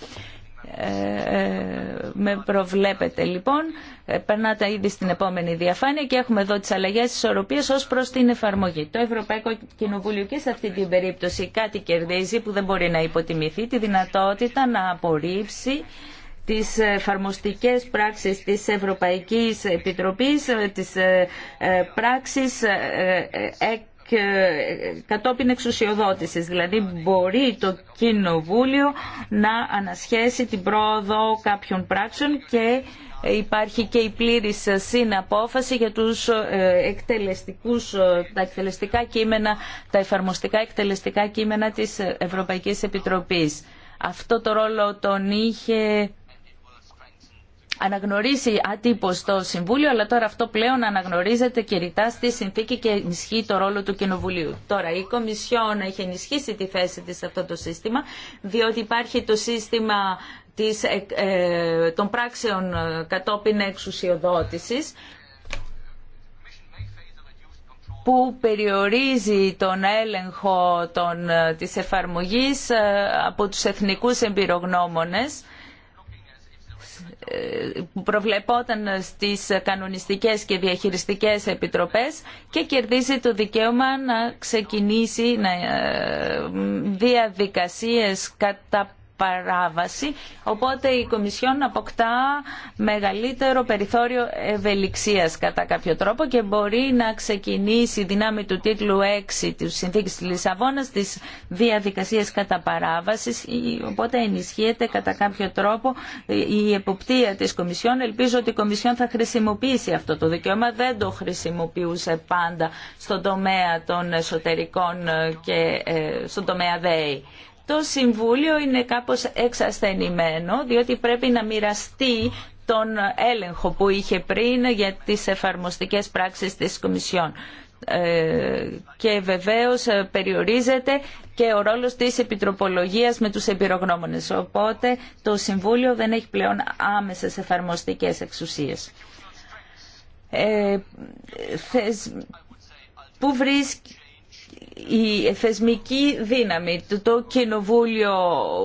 Ε, ε με προβλέπετε λοιπόν ε, περνάτε ήδη στην επόμενη διαφάνεια και έχουμε εδώ τις αλλαγές ισορροπίας ως προς την εφαρμογή. Το Ευρωπαϊκό Κοινοβούλιο και σε αυτή την περίπτωση κάτι κερδίζει που δεν μπορεί να υποτιμηθεί τη δυνατότητα να απορρίψει τις εφαρμοστικές πράξεις της Ευρωπαϊκής Επιτροπής, τις ε, ε, πράξεις ε, κατόπιν εξουσιοδότησης. Δηλαδή μπορεί το Κοινοβούλιο να ανασχέσει την πρόοδο κάποιων πράξεων και υπάρχει και η πλήρης συναπόφαση για τους εκτελεστικούς, τα εκτελεστικά κείμενα, τα εφαρμοστικά εκτελεστικά κείμενα της Ευρωπαϊκής Επιτροπής. Αυτό το ρόλο τον είχε αναγνωρίσει ατύπω το Συμβούλιο, αλλά τώρα αυτό πλέον αναγνωρίζεται και ρητά στη συνθήκη και ενισχύει το ρόλο του Κοινοβουλίου. Τώρα, η Κομισιόν έχει ενισχύσει τη θέση τη σε αυτό το σύστημα, διότι υπάρχει το σύστημα της, ε, ε, των πράξεων ε, κατόπιν εξουσιοδότησης, που περιορίζει τον έλεγχο των, της εφαρμογής από τους εθνικούς εμπειρογνώμονες που προβλεπόταν στις κανονιστικές και διαχειριστικές επιτροπές και κερδίζει το δικαίωμα να ξεκινήσει να ε, διαδικασίες κατά παράβαση, οπότε η Κομισιόν αποκτά μεγαλύτερο περιθώριο ευελιξίας κατά κάποιο τρόπο και μπορεί να ξεκινήσει δυνάμει του τίτλου 6 της Συνθήκης της Λισαβόνας τις διαδικασίες κατά παράβασης, οπότε ενισχύεται κατά κάποιο τρόπο η εποπτεία της Κομισιόν. Ελπίζω ότι η Κομισιόν θα χρησιμοποιήσει αυτό το δικαίωμα, δεν το χρησιμοποιούσε πάντα στον τομέα των εσωτερικών ε, και ε, στον τομέα ΔΕΗ. Το Συμβούλιο είναι κάπως εξασθενημένο, διότι πρέπει να μοιραστεί τον έλεγχο που είχε πριν για τις εφαρμοστικές πράξεις της Κομισιόν. Ε, και βεβαίως ε, περιορίζεται και ο ρόλος της επιτροπολογίας με τους εμπειρογνώμονες. Οπότε το Συμβούλιο δεν έχει πλέον άμεσες εφαρμοστικές εξουσίες. Ε, που βρίσκει η θεσμική δύναμη. Το, το κοινοβούλιο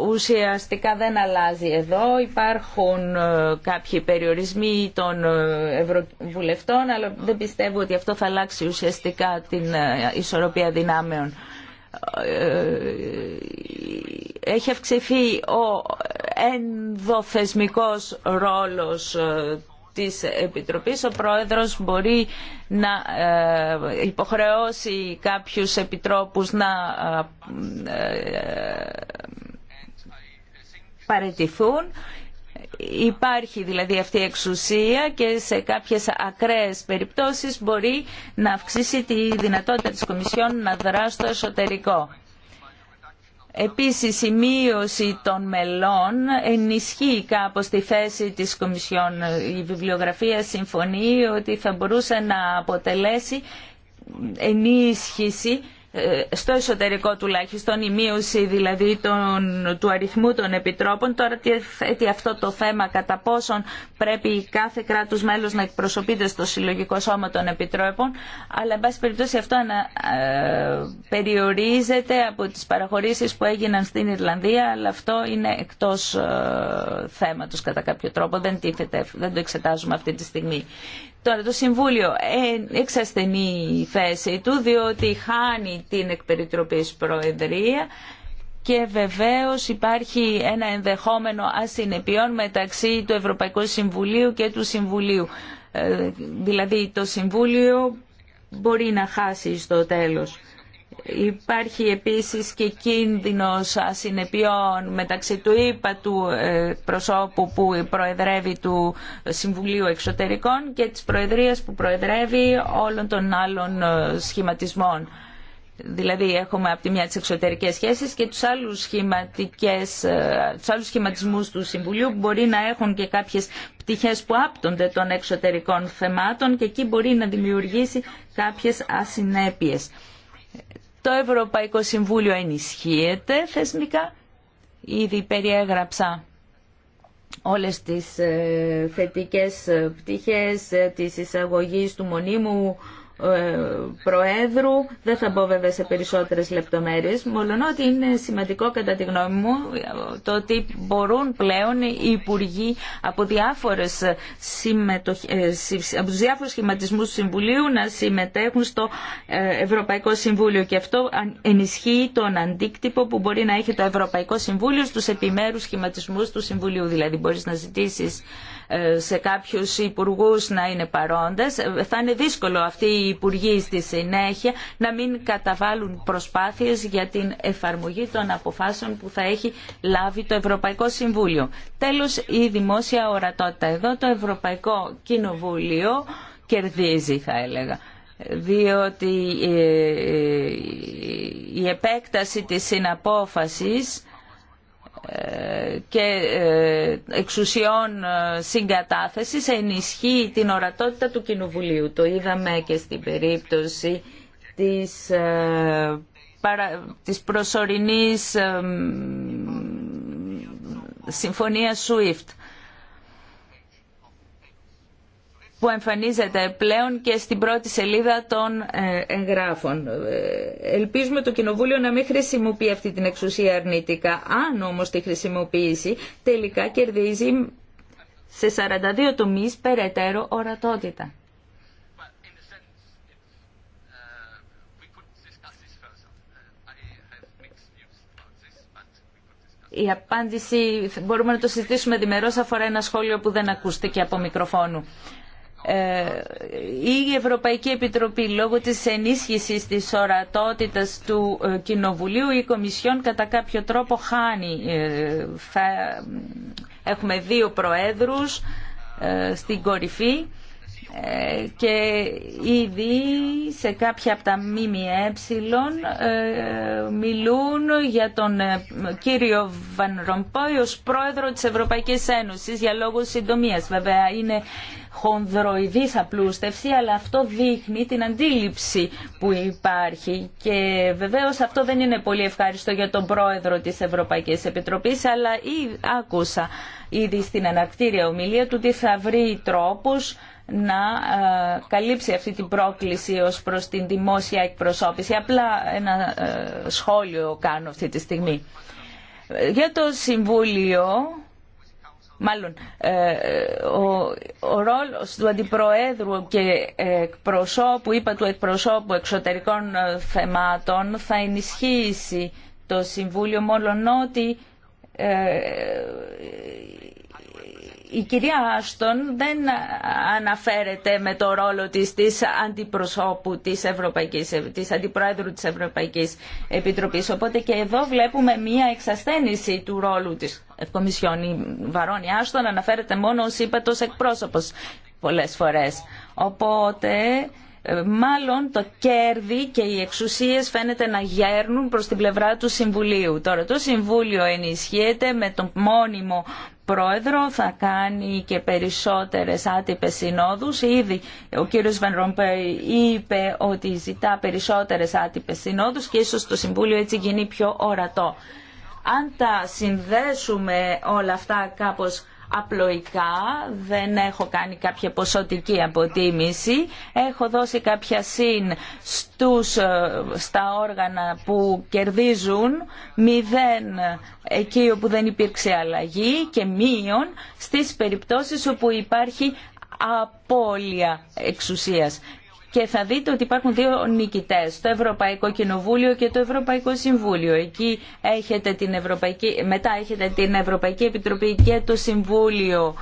ουσιαστικά δεν αλλάζει εδώ. Υπάρχουν ε, κάποιοι περιορισμοί των ε, ευρωβουλευτών, αλλά δεν πιστεύω ότι αυτό θα αλλάξει ουσιαστικά την ε, ισορροπία δυνάμεων. έχει αυξηθεί ο ενδοθεσμικός ρόλος της Επιτροπής. Ο Πρόεδρος μπορεί να ε, υποχρεώσει κάποιους επιτρόπους να ε, ε, παραιτηθούν. Υπάρχει δηλαδή αυτή η εξουσία και σε κάποιες ακραίες περιπτώσεις μπορεί να αυξήσει τη δυνατότητα της Κομισιόν να δράσει στο εσωτερικό. Επίσης η μείωση των μελών ενισχύει κάπως τη θέση της Κομισιόν. Η βιβλιογραφία συμφωνεί ότι θα μπορούσε να αποτελέσει ενίσχυση ε, στο εσωτερικό τουλάχιστον η μείωση δηλαδή των, του αριθμού των επιτρόπων. Τώρα θέτει αυτό το θέμα κατά πόσον πρέπει κάθε κράτος μέλος να εκπροσωπείται στο συλλογικό σώμα των επιτρόπων αλλά εν πάση περιπτώσει αυτό ανα, ε, περιορίζεται από τις παραχωρήσεις που έγιναν στην Ιρλανδία αλλά αυτό είναι εκτός ε, θέματος κατά κάποιο τρόπο, δεν, δεν το εξετάζουμε αυτή τη στιγμή. Τώρα το Συμβούλιο ε, εξασθενεί η θέση του διότι χάνει την εκπεριτροπής προεδρία και βεβαίως υπάρχει ένα ενδεχόμενο ασυνεπιών μεταξύ του Ευρωπαϊκού Συμβουλίου και του Συμβουλίου. Ε, δηλαδή το Συμβούλιο μπορεί να χάσει στο τέλος. Υπάρχει επίσης και κίνδυνος ασυνεπιών μεταξύ του ΙΠΑ ΕΕ, του ε, προσώπου που προεδρεύει του Συμβουλίου Εξωτερικών και της Προεδρίας που προεδρεύει όλων των άλλων ε, σχηματισμών. Δηλαδή έχουμε από τη μια τις εξωτερικές σχέσεις και τους άλλους, σχηματικές, ε, τους άλλους σχηματισμούς του Συμβουλίου που μπορεί να έχουν και κάποιες πτυχές που άπτονται των εξωτερικών θεμάτων και εκεί μπορεί να δημιουργήσει κάποιες ασυνέπειες. Το Ευρωπαϊκό Συμβούλιο ενισχύεται θεσμικά. Ήδη περιέγραψα όλες τις ε, θετικές ε, πτυχές ε, της εισαγωγής του μονίμου Προέδρου. Δεν θα μπω βέβαια σε περισσότερες λεπτομέρειες, μόνο ότι είναι σημαντικό κατά τη γνώμη μου το ότι μπορούν πλέον οι υπουργοί από, διάφορες ε, από τους διάφορους σχηματισμούς του Συμβουλίου να συμμετέχουν στο ε, Ευρωπαϊκό Συμβούλιο και αυτό ενισχύει τον αντίκτυπο που μπορεί να έχει το Ευρωπαϊκό Συμβούλιο στους επιμέρους σχηματισμούς του Συμβουλίου. Δηλαδή μπορείς να ζητήσεις ε, σε κάποιους υπουργούς να είναι παρόντες. Θα είναι δύσκολο αυτοί οι υπουργοί στη συνέχεια να μην καταβάλουν προσπάθειες για την εφαρμογή των αποφάσεων που θα έχει λάβει το Ευρωπαϊκό Συμβούλιο. Τέλος, η δημόσια ορατότητα. Εδώ το Ευρωπαϊκό Κοινοβούλιο κερδίζει θα έλεγα διότι ε, ε, η επέκταση της συναπόφασης και ε, εξουσιών ε, συγκατάθεσης ενισχύει την ορατότητα του Κοινοβουλίου. Το είδαμε και στην περίπτωση της, ε, της προσωρινής συμφωνίας SWIFT. που εμφανίζεται πλέον και στην πρώτη σελίδα των ε, εγγράφων. Ε, ελπίζουμε το Κοινοβούλιο να μην χρησιμοποιεί αυτή την εξουσία αρνητικά. Αν όμως τη χρησιμοποιήσει, τελικά κερδίζει σε 42 τομείς περαιτέρω ορατότητα. Η απάντηση μπορούμε να το συζητήσουμε διμερώς αφορά ένα σχόλιο που δεν ακούστηκε από μικροφόνου. Ε, η Ευρωπαϊκή Επιτροπή λόγω της ενίσχυσης της ορατότητας του ε, Κοινοβουλίου η Κομισιόν κατά κάποιο τρόπο χάνει. Ε, έχουμε δύο προέδρους στην κορυφή και ήδη σε κάποια από τα ΜΜΕ μιλούν για τον κύριο Βαν Ρομπόι ως πρόεδρο της Ευρωπαϊκής Ένωσης για λόγους συντομίας. Βέβαια είναι χονδροειδής απλούστευση, αλλά αυτό δείχνει την αντίληψη που υπάρχει. Και βεβαίως αυτό δεν είναι πολύ ευχάριστο για τον πρόεδρο της Ευρωπαϊκής Επιτροπής, αλλά ή, άκουσα ήδη στην ανακτήρια ομιλία του ότι θα βρει τρόπους να ε, καλύψει αυτή την πρόκληση ως προς την δημόσια εκπροσώπηση. Απλά ένα ε, σχόλιο κάνω αυτή τη στιγμή. Ε, για το Συμβούλιο Μάλλον, ε, ο ρόλος του Αντιπροέδρου και εκπροσώπου, είπα του εκπροσώπου εξωτερικών ε, θεμάτων, θα ενισχύσει το Συμβούλιο, μόνο ότι ε, η κυρία Άστον δεν αναφέρεται με το ρόλο της της αντιπροσώπου της, Ευρωπαϊκής, της αντιπρόεδρου της Ευρωπαϊκής Επιτροπής. Οπότε και εδώ βλέπουμε μία εξασθένηση του ρόλου της Κομισιόν. Η Βαρόνη Άστον αναφέρεται μόνο ως ύπατος εκπρόσωπος πολλές φορές. Οπότε ε, μάλλον το κέρδη και οι εξουσίες φαίνεται να γέρνουν προς την πλευρά του Συμβουλίου. Τώρα το Συμβούλιο ενισχύεται με το μόνιμο πρόεδρο, θα κάνει και περισσότερες άτυπες συνόδους. Ήδη ο κύριος Βαν Ρομπέι είπε ότι ζητά περισσότερες άτυπες συνόδους και ίσως το Συμβούλιο έτσι γίνει πιο ορατό. Αν τα συνδέσουμε όλα αυτά κάπως απλοϊκά, δεν έχω κάνει κάποια ποσοτική αποτίμηση. Έχω δώσει κάποια συν στους, ε, στα όργανα που κερδίζουν, μηδέν εκεί όπου δεν υπήρξε αλλαγή και μείον στις περιπτώσεις όπου υπάρχει απώλεια εξουσίας και θα δείτε ότι υπάρχουν δύο νικητές, το Ευρωπαϊκό Κοινοβούλιο και το Ευρωπαϊκό Συμβούλιο. Εκεί έχετε την Ευρωπαϊκή, μετά έχετε την Ευρωπαϊκή Επιτροπή και το Συμβούλιο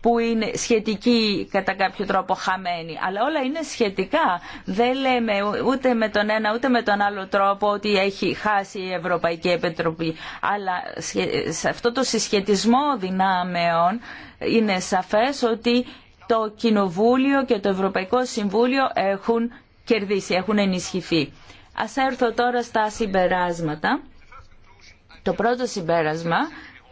που είναι σχετική κατά κάποιο τρόπο χαμένη. Αλλά όλα είναι σχετικά. Δεν λέμε ούτε με τον ένα ούτε με τον άλλο τρόπο ότι έχει χάσει η Ευρωπαϊκή Επιτροπή. Αλλά σε αυτό το συσχετισμό δυνάμεων είναι σαφές ότι το Κοινοβούλιο και το Ευρωπαϊκό Συμβούλιο έχουν κερδίσει, έχουν ενισχυθεί. Ας έρθω τώρα στα συμπεράσματα. Το πρώτο συμπέρασμα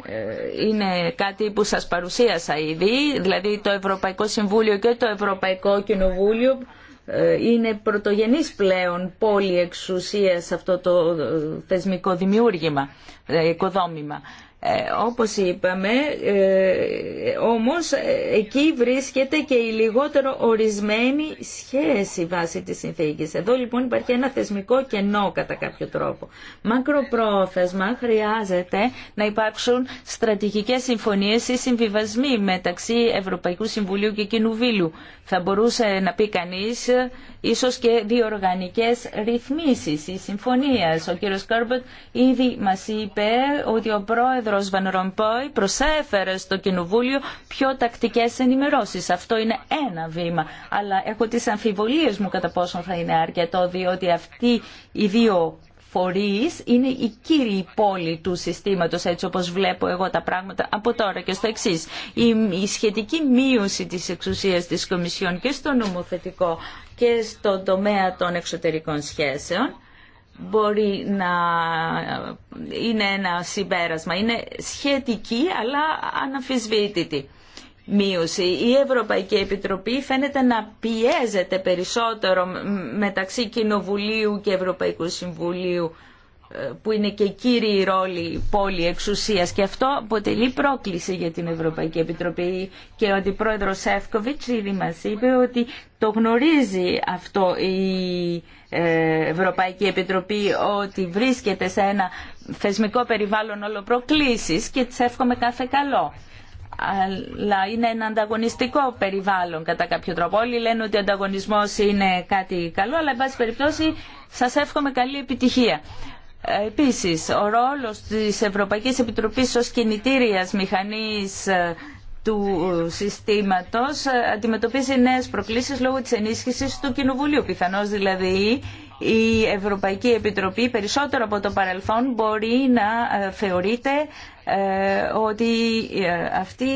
ε, είναι κάτι που σας παρουσίασα ήδη, δηλαδή το Ευρωπαϊκό Συμβούλιο και το Ευρωπαϊκό Κοινοβούλιο ε, είναι πρωτογενής πλέον πόλη εξουσίας αυτό το ε, θεσμικό δημιούργημα, οικοδόμημα. Ε, όπως είπαμε, ε, όμως ε, εκεί βρίσκεται και η λιγότερο ορισμένη σχέση βάσει της συνθήκης. Εδώ λοιπόν υπάρχει ένα θεσμικό κενό κατά κάποιο τρόπο. Μακροπρόθεσμα χρειάζεται να υπάρξουν στρατηγικές συμφωνίες ή συμβιβασμοί μεταξύ Ευρωπαϊκού Συμβουλίου και Κοινοβίλου. Θα μπορούσε να πει κανείς ίσως και διοργανικές ρυθμίσεις ή συμφωνίας. Ο κύριος Κόρμπετ ήδη μας είπε πρόεδρος Βαν προσέφερε στο Κοινοβούλιο πιο τακτικές ενημερώσεις. Αυτό είναι ένα βήμα. Αλλά έχω τις αμφιβολίες μου κατά πόσο θα είναι αρκετό, διότι αυτοί οι δύο φορείς είναι η κύριοι πόλη του συστήματος έτσι όπως βλέπω εγώ τα πράγματα από τώρα και στο εξή. Η, η, σχετική μείωση της εξουσίας της Κομισιόν και στο νομοθετικό και στον τομέα των εξωτερικών σχέσεων μπορεί να είναι ένα συμπέρασμα. Είναι σχετική αλλά αναφυσβήτητη μείωση. Η Ευρωπαϊκή Επιτροπή φαίνεται να πιέζεται περισσότερο μεταξύ Κοινοβουλίου και Ευρωπαϊκού Συμβουλίου που είναι και κύριοι ρόλοι πόλη εξουσίας και αυτό αποτελεί πρόκληση για την Ευρωπαϊκή Επιτροπή και ο Αντιπρόεδρος Σεύκοβιτς ήδη μας είπε ότι το γνωρίζει αυτό η ε, Ευρωπαϊκή Επιτροπή ότι βρίσκεται σε ένα θεσμικό περιβάλλον ολοπροκλήσεις και της εύχομαι κάθε καλό αλλά είναι ένα ανταγωνιστικό περιβάλλον κατά κάποιο τρόπο. Όλοι λένε ότι ο ανταγωνισμός είναι κάτι καλό, αλλά εν πάση περιπτώσει σας εύχομαι καλή επιτυχία. Επίσης, ο ρόλος της Ευρωπαϊκής Επιτροπής ως κινητήριας μηχανής ε, του συστήματος ε, αντιμετωπίζει νέες προκλήσεις λόγω της ενίσχυσης του Κοινοβουλίου. Πιθανώς δηλαδή η Ευρωπαϊκή Επιτροπή περισσότερο από το παρελθόν μπορεί να ε, θεωρείται ότι αυτή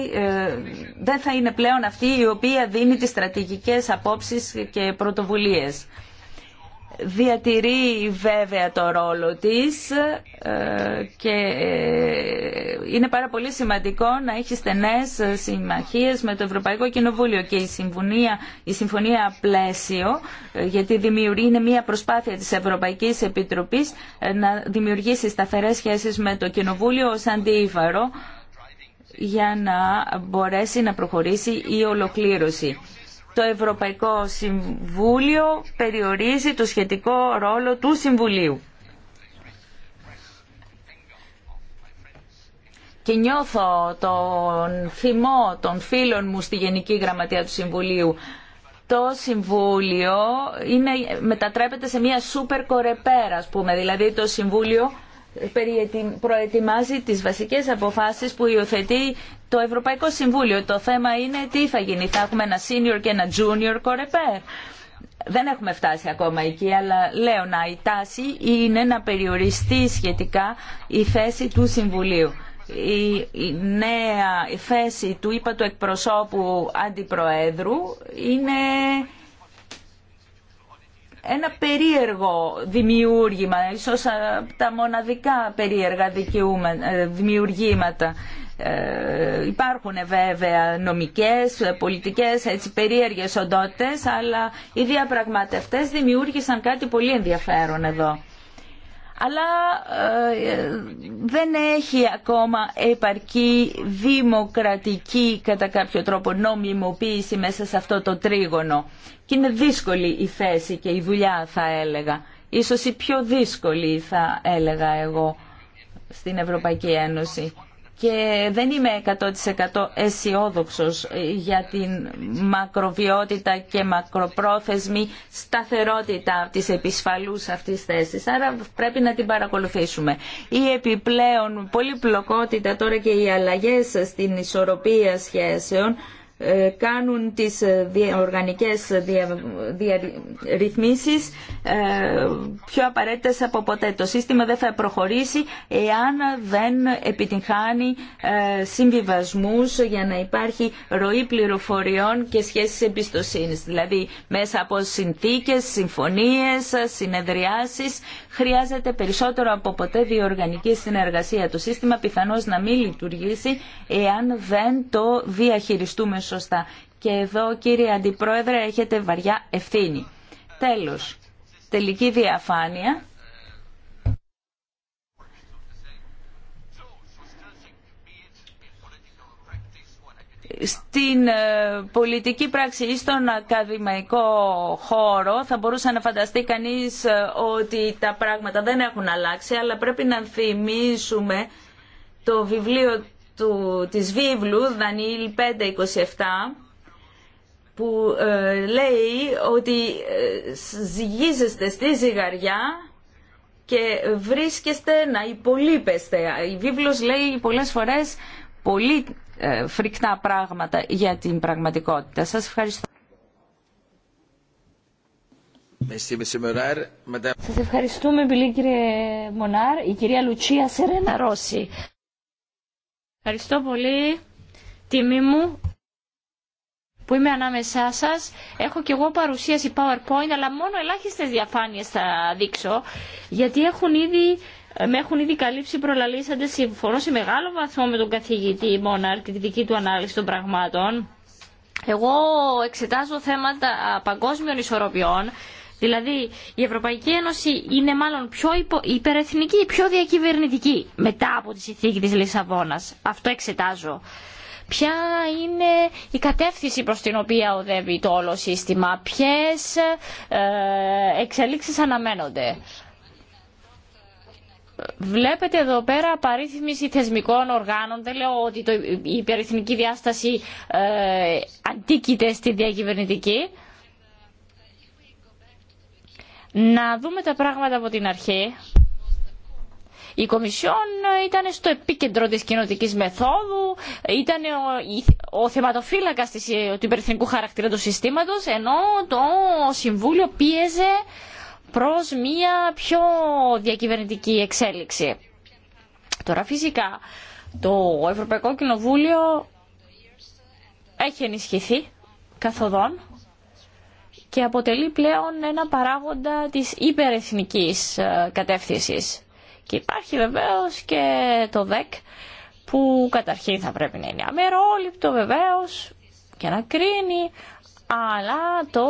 δεν θα είναι πλέον αυτή η οποία δίνει τις στρατηγικές απόψεις και πρωτοβουλίες διατηρεί βέβαια το ρόλο της ε, και ε, είναι πάρα πολύ σημαντικό να έχει στενές συμμαχίες με το Ευρωπαϊκό Κοινοβούλιο και η συμφωνία, η συμφωνία πλαίσιο ε, γιατί δημιουργεί, είναι μια προσπάθεια της Ευρωπαϊκής Επιτροπής να δημιουργήσει σταθερές σχέσεις με το Κοινοβούλιο ως αντίβαρο για να μπορέσει να προχωρήσει η ολοκλήρωση. Το Ευρωπαϊκό Συμβούλιο περιορίζει το σχετικό ρόλο του Συμβουλίου. και νιώθω τον θυμό των φίλων μου στη Γενική Γραμματεία του Συμβουλίου. Το Συμβούλιο είναι, μετατρέπεται σε μια σούπερ κορεπέρα, ας πούμε. Δηλαδή το Συμβούλιο προετοιμάζει τις βασικές αποφάσεις που υιοθετεί το Ευρωπαϊκό Συμβούλιο. Το θέμα είναι τι θα γίνει, θα έχουμε ένα senior και ένα junior κορεπέρ. Δεν έχουμε φτάσει ακόμα εκεί, αλλά λέω να η τάση είναι να περιοριστεί σχετικά η θέση του Συμβουλίου. Η νέα θέση του είπα του εκπροσώπου αντιπροέδρου είναι ένα περίεργο δημιούργημα, ίσως ε, τα μοναδικά περίεργα ε, δημιουργήματα. Ε, υπάρχουν βέβαια νομικές, πολιτικές, έτσι περίεργες οντότητες, αλλά οι διαπραγματευτές δημιούργησαν κάτι πολύ ενδιαφέρον εδώ αλλά ε, δεν έχει ακόμα επαρκή δημοκρατική κατά κάποιο τρόπο νομιμοποίηση μέσα σε αυτό το τρίγωνο. Και είναι δύσκολη η θέση και η δουλειά θα έλεγα. Ίσως η πιο δύσκολη θα έλεγα εγώ στην Ευρωπαϊκή Ένωση και δεν είμαι 100% αισιόδοξο ε, για την μακροβιότητα και μακροπρόθεσμη σταθερότητα της επισφαλούς αυτής θέσης. Άρα πρέπει να την παρακολουθήσουμε. Η επιπλέον πολυπλοκότητα τώρα και οι αλλαγές στην ισορροπία σχέσεων ε, κάνουν τις ε, οργανικές διαρρυθμίσεις ε, πιο απαραίτητες από ποτέ. Το σύστημα δεν θα προχωρήσει εάν δεν επιτυγχάνει συμβιβασμούς για να υπάρχει ροή πληροφοριών και σχέσεις εμπιστοσύνης. Δηλαδή μέσα από συνθήκες, συμφωνίες, συνεδριάσεις Χρειάζεται περισσότερο από ποτέ διοργανική συνεργασία. Το σύστημα πιθανώς να μην λειτουργήσει εάν δεν το διαχειριστούμε σωστά. Και εδώ κύριε Αντιπρόεδρε έχετε βαριά ευθύνη. Τέλος, τελική διαφάνεια στην ε, πολιτική πράξη ή στον ακαδημαϊκό χώρο θα μπορούσε να φανταστεί κανείς ε, ότι τα πράγματα δεν έχουν αλλάξει αλλά πρέπει να θυμίσουμε το βιβλίο του, της βίβλου Δανίλη 527 που ε, λέει ότι ζυγίζεστε στη ζυγαριά και βρίσκεστε να υπολείπεστε. Η βίβλος λέει πολλές φορές πολύ ε, φρικτά πράγματα για την πραγματικότητα. Σας ευχαριστώ. Σας ευχαριστούμε πολύ κύριε Μονάρ. Η κυρία Λουτσία Σερένα Ρώση. Ευχαριστώ πολύ. Τιμή μου που είμαι ανάμεσά σας. Έχω και εγώ παρουσίαση PowerPoint, αλλά μόνο ελάχιστες διαφάνειες θα δείξω, γιατί έχουν ήδη ε, με έχουν ήδη καλύψει προλαλήσαντε. Συμφωνώ σε μεγάλο βαθμό με τον καθηγητή Μόναρ και τη δική του ανάλυση των πραγμάτων. Εγώ εξετάζω θέματα παγκόσμιων ισορροπιών. Δηλαδή, η Ευρωπαϊκή Ένωση είναι μάλλον πιο υπερεθνική ή πιο διακυβερνητική μετά από τη συνθήκη της Λισαβόνας. Αυτό εξετάζω. Ποια είναι η κατεύθυνση προς την οποία οδεύει το όλο σύστημα, ποιες ε, εξελίξεις αναμένονται βλέπετε εδώ πέρα παρήθμιση θεσμικών οργάνων. Δεν λέω ότι το, η υπερεθνική διάσταση ε, αντίκειται στη διακυβερνητική. Να δούμε τα πράγματα από την αρχή. Η Κομισιόν ήταν στο επίκεντρο της κοινοτικής μεθόδου, ήταν ο, ο θεματοφύλακας της, ε, του υπερεθνικού χαρακτήρα του συστήματος, ενώ το Συμβούλιο πίεζε προς μία πιο διακυβερνητική εξέλιξη. Τώρα φυσικά το Ευρωπαϊκό Κοινοβούλιο έχει ενισχυθεί καθοδόν και αποτελεί πλέον ένα παράγοντα της υπερεθνικής ε, κατεύθυνσης. Και υπάρχει βεβαίως και το ΔΕΚ που καταρχήν θα πρέπει να είναι αμερόληπτο βεβαίως και να κρίνει αλλά το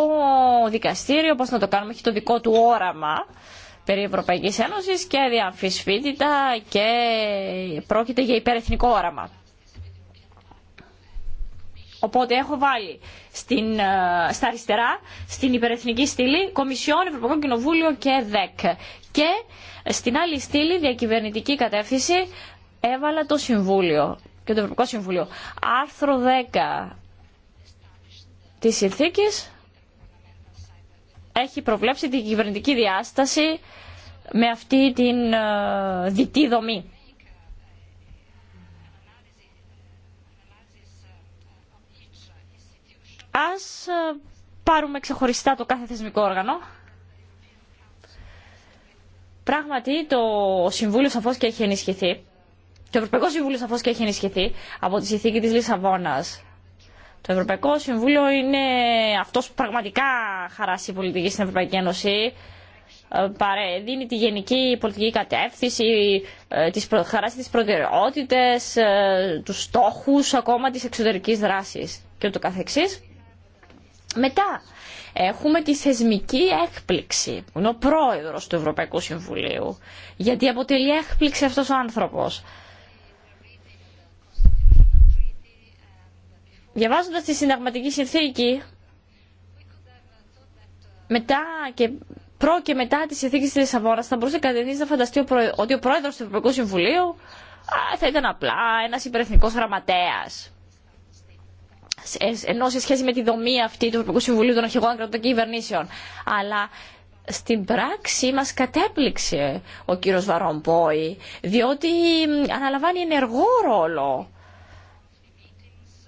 δικαστήριο, πώς να το κάνουμε, έχει το δικό του όραμα περί Ευρωπαϊκής Ένωσης και διαμφισβήτητα και πρόκειται για υπερεθνικό όραμα. Οπότε έχω βάλει στην, ε, στα αριστερά, στην υπερεθνική στήλη, Κομισιόν, Ευρωπαϊκό Κοινοβούλιο και ΔΕΚ. Και στην άλλη στήλη, διακυβερνητική κατεύθυνση, έβαλα το Συμβούλιο και το Ευρωπαϊκό Συμβούλιο. Άρθρο 10 τη συνθήκη έχει προβλέψει την κυβερνητική διάσταση με αυτή την ε, διτή δομή. Ας ε, πάρουμε ξεχωριστά το κάθε θεσμικό όργανο. Πράγματι το Συμβούλιο σαφώς και έχει ενισχυθεί. Το Ευρωπαϊκό Συμβούλιο σαφώς και έχει ενισχυθεί από τη συνθήκη της Λισαβόνας το Ευρωπαϊκό Συμβούλιο είναι αυτός που πραγματικά χαράσει η πολιτική στην Ευρωπαϊκή Ένωση. Ε, δίνει τη γενική πολιτική κατεύθυνση, ε, χαράσει τις προτεραιότητες, ε, τους στόχους ακόμα της εξωτερικής δράσης και το καθεξής. Μετά έχουμε τη θεσμική έκπληξη που είναι ο πρόεδρος του Ευρωπαϊκού Συμβουλίου γιατί αποτελεί έκπληξη αυτός ο άνθρωπος Διαβάζοντα τη συνταγματική συνθήκη, μετά και προ και μετά τη συνθήκη τη Λισαβόνα, θα μπορούσε κανεί να φανταστεί ότι ο πρόεδρο του Ευρωπαϊκού Συμβουλίου θα ήταν απλά ένα υπερεθνικό γραμματέα. Ε, ενώ σε σχέση με τη δομή αυτή του Ευρωπαϊκού Συμβουλίου των Αρχηγών Κρατών και Κυβερνήσεων. Αλλά στην πράξη μας κατέπληξε ο κύριος Βαρόμπόη, διότι αναλαμβάνει ενεργό ρόλο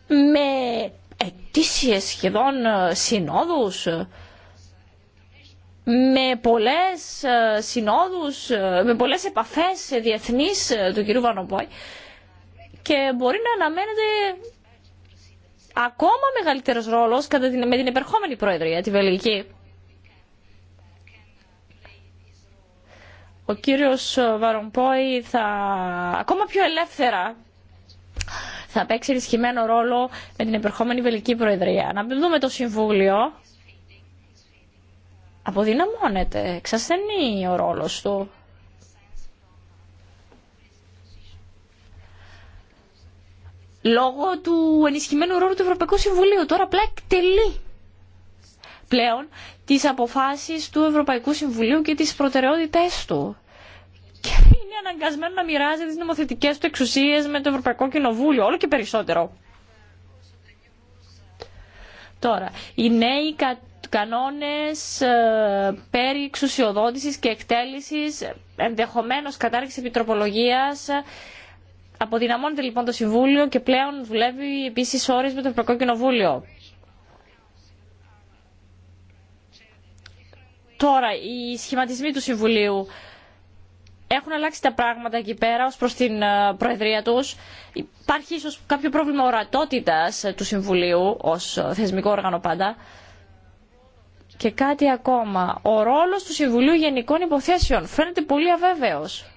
με ετήσιες σχεδόν ε, συνόδους, ε, με πολλές ε, συνόδους, με πολλές επαφές διεθνείς του κυρίου Βανοπόη και μπορεί να αναμένεται ακόμα μεγαλύτερος ρόλος κατά την, με την επερχόμενη προεδρία τη Βελγική. Ο κύριος Βαρομπόη θα ακόμα πιο ελεύθερα θα παίξει ενισχυμένο ρόλο με την επερχόμενη Βελική Προεδρία. Να δούμε το Συμβούλιο. Αποδυναμώνεται, εξασθενεί ο ρόλος του. Λόγω του ενισχυμένου ρόλου του Ευρωπαϊκού Συμβουλίου. Τώρα απλά εκτελεί πλέον τις αποφάσεις του Ευρωπαϊκού Συμβουλίου και τις προτεραιότητές του είναι αναγκασμένο να μοιράζει τις νομοθετικές του εξουσίες με το Ευρωπαϊκό Κοινοβούλιο, όλο και περισσότερο. Τώρα, οι νέοι κανόνες ε, περί εξουσιοδότησης και εκτέλεσης, ενδεχομένως κατάργηση επιτροπολογίας, Αποδυναμώνεται λοιπόν το Συμβούλιο και πλέον δουλεύει επίσης όρες με το Ευρωπαϊκό Κοινοβούλιο. Τώρα, οι σχηματισμοί του Συμβουλίου έχουν αλλάξει τα πράγματα εκεί πέρα ως προς την ε, Προεδρία τους. Υπάρχει ίσως κάποιο πρόβλημα ορατότητας ε, του Συμβουλίου ως ε, θεσμικό όργανο πάντα. Και κάτι ακόμα. Ο ρόλος του Συμβουλίου Γενικών Υποθέσεων φαίνεται πολύ αβέβαιος.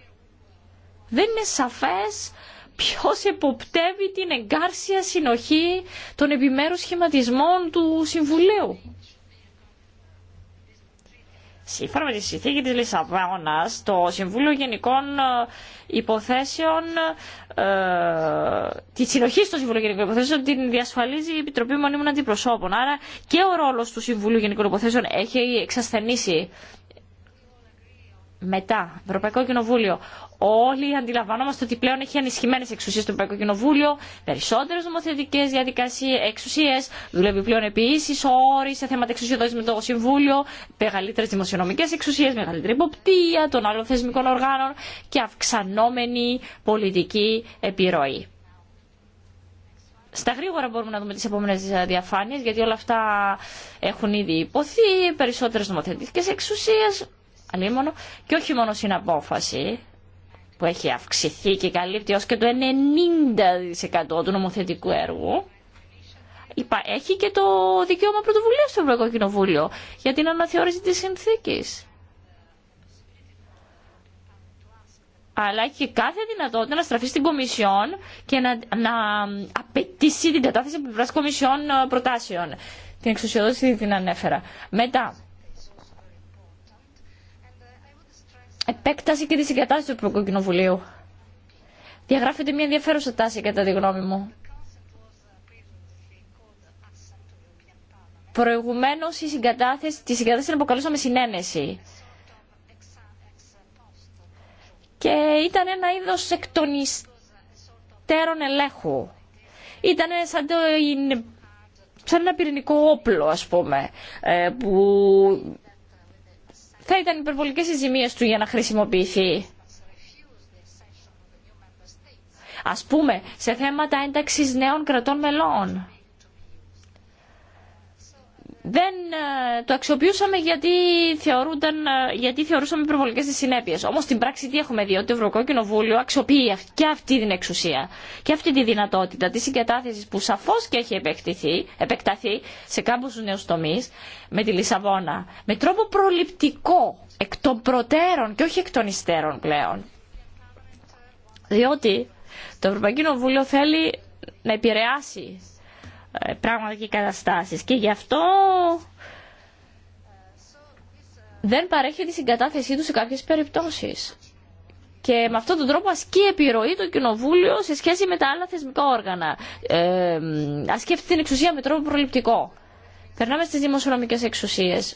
Δεν είναι σαφές ποιος εποπτεύει την εγκάρσια συνοχή των επιμέρους σχηματισμών του Συμβουλίου. Σύμφωνα με τη συνθήκη της Λισαβόνας, το Συμβούλιο Γενικών ε, Υποθέσεων, ε, τη συνοχή στο Συμβούλιο Γενικών Υποθέσεων την διασφαλίζει η Επιτροπή Μονίμων Αντιπροσώπων. Άρα και ο ρόλος του Συμβουλίου Γενικών Υποθέσεων έχει εξασθενήσει μετά, Ευρωπαϊκό Κοινοβούλιο. Όλοι αντιλαμβανόμαστε ότι πλέον έχει ενισχυμένε εξουσίε το Ευρωπαϊκό Κοινοβούλιο, περισσότερε νομοθετικέ εξουσίε, δουλεύει πλέον επίση όροι σε θέματα εξουσιοδότηση με το Συμβούλιο, μεγαλύτερε δημοσιονομικέ εξουσίε, μεγαλύτερη υποπτία των άλλων θεσμικών οργάνων και αυξανόμενη πολιτική επιρροή. Στα γρήγορα μπορούμε να δούμε τι επόμενε διαφάνειες, γιατί όλα αυτά έχουν ήδη υποθεί, περισσότερες νομοθετικέ εξουσίες, αλίμονο και όχι μόνο στην απόφαση που έχει αυξηθεί και καλύπτει ως και το 90% του νομοθετικού έργου έχει και το δικαίωμα πρωτοβουλία στο Ευρωπαϊκό Κοινοβούλιο για την αναθεώρηση της συνθήκης. αλλά έχει κάθε δυνατότητα να στραφεί στην Κομισιόν και να, να απαιτήσει την κατάθεση από πλευρά Κομισιόν ε, προτάσεων. Την εξουσιοδότηση την ανέφερα. Μετά, επέκταση και τη συγκατάσταση του Ευρωπαϊκού Κοινοβουλίου. Διαγράφεται μια ενδιαφέρουσα τάση κατά τη γνώμη μου. Προηγουμένω τη συγκατάσταση την αποκαλούσαμε συνένεση. Και ήταν ένα είδο εκ των ελέγχου. Ήταν σαν, σαν ένα πυρηνικό όπλο, α πούμε, ε, που θα ήταν υπερβολικές οι ζημίες του για να χρησιμοποιηθεί. Ας πούμε, σε θέματα ένταξης νέων κρατών μελών δεν ε, το αξιοποιούσαμε γιατί, θεωρούνταν, ε, γιατί θεωρούσαμε υπερβολικέ τι συνέπειε. Όμω στην πράξη τι έχουμε δει, ότι το Ευρωπαϊκό Κοινοβούλιο αξιοποιεί και αυτή την εξουσία και αυτή τη δυνατότητα τη συγκατάθεση που σαφώ και έχει επεκταθεί σε κάποιους νέου τομεί με τη Λισαβόνα με τρόπο προληπτικό, εκ των προτέρων και όχι εκ των υστέρων πλέον. Διότι το Ευρωπαϊκό Κοινοβούλιο θέλει να επηρεάσει ε, πράγματα και καταστάσεις. Και γι' αυτό δεν παρέχει τη συγκατάθεσή του σε κάποιες περιπτώσεις. Και με αυτόν τον τρόπο ασκεί επιρροή το Κοινοβούλιο σε σχέση με τα άλλα θεσμικά όργανα. Ε, ασκεί αυτή την εξουσία με τρόπο προληπτικό. Περνάμε στις δημοσιονομικές εξουσίες.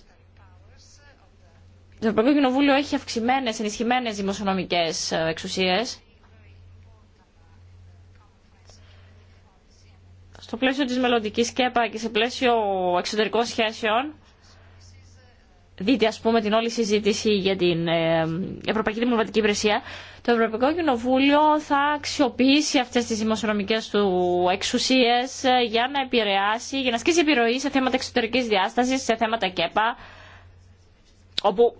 Το Ευρωπαϊκό Κοινοβούλιο έχει αυξημένες, ενισχυμένες δημοσιονομικές ε, εξουσίες στο πλαίσιο της μελλοντικής ΚΕΠΑ και σε πλαίσιο εξωτερικών σχέσεων, δείτε ας πούμε την όλη συζήτηση για την ε, Ευρωπαϊκή Δημοκρατική Υπηρεσία, το Ευρωπαϊκό Κοινοβούλιο θα αξιοποιήσει αυτές τις δημοσιονομικές του εξουσίες ε, για να επηρεάσει, για να ασκήσει επιρροή σε θέματα εξωτερικής διάστασης, σε θέματα ΚΕΠΑ, όπου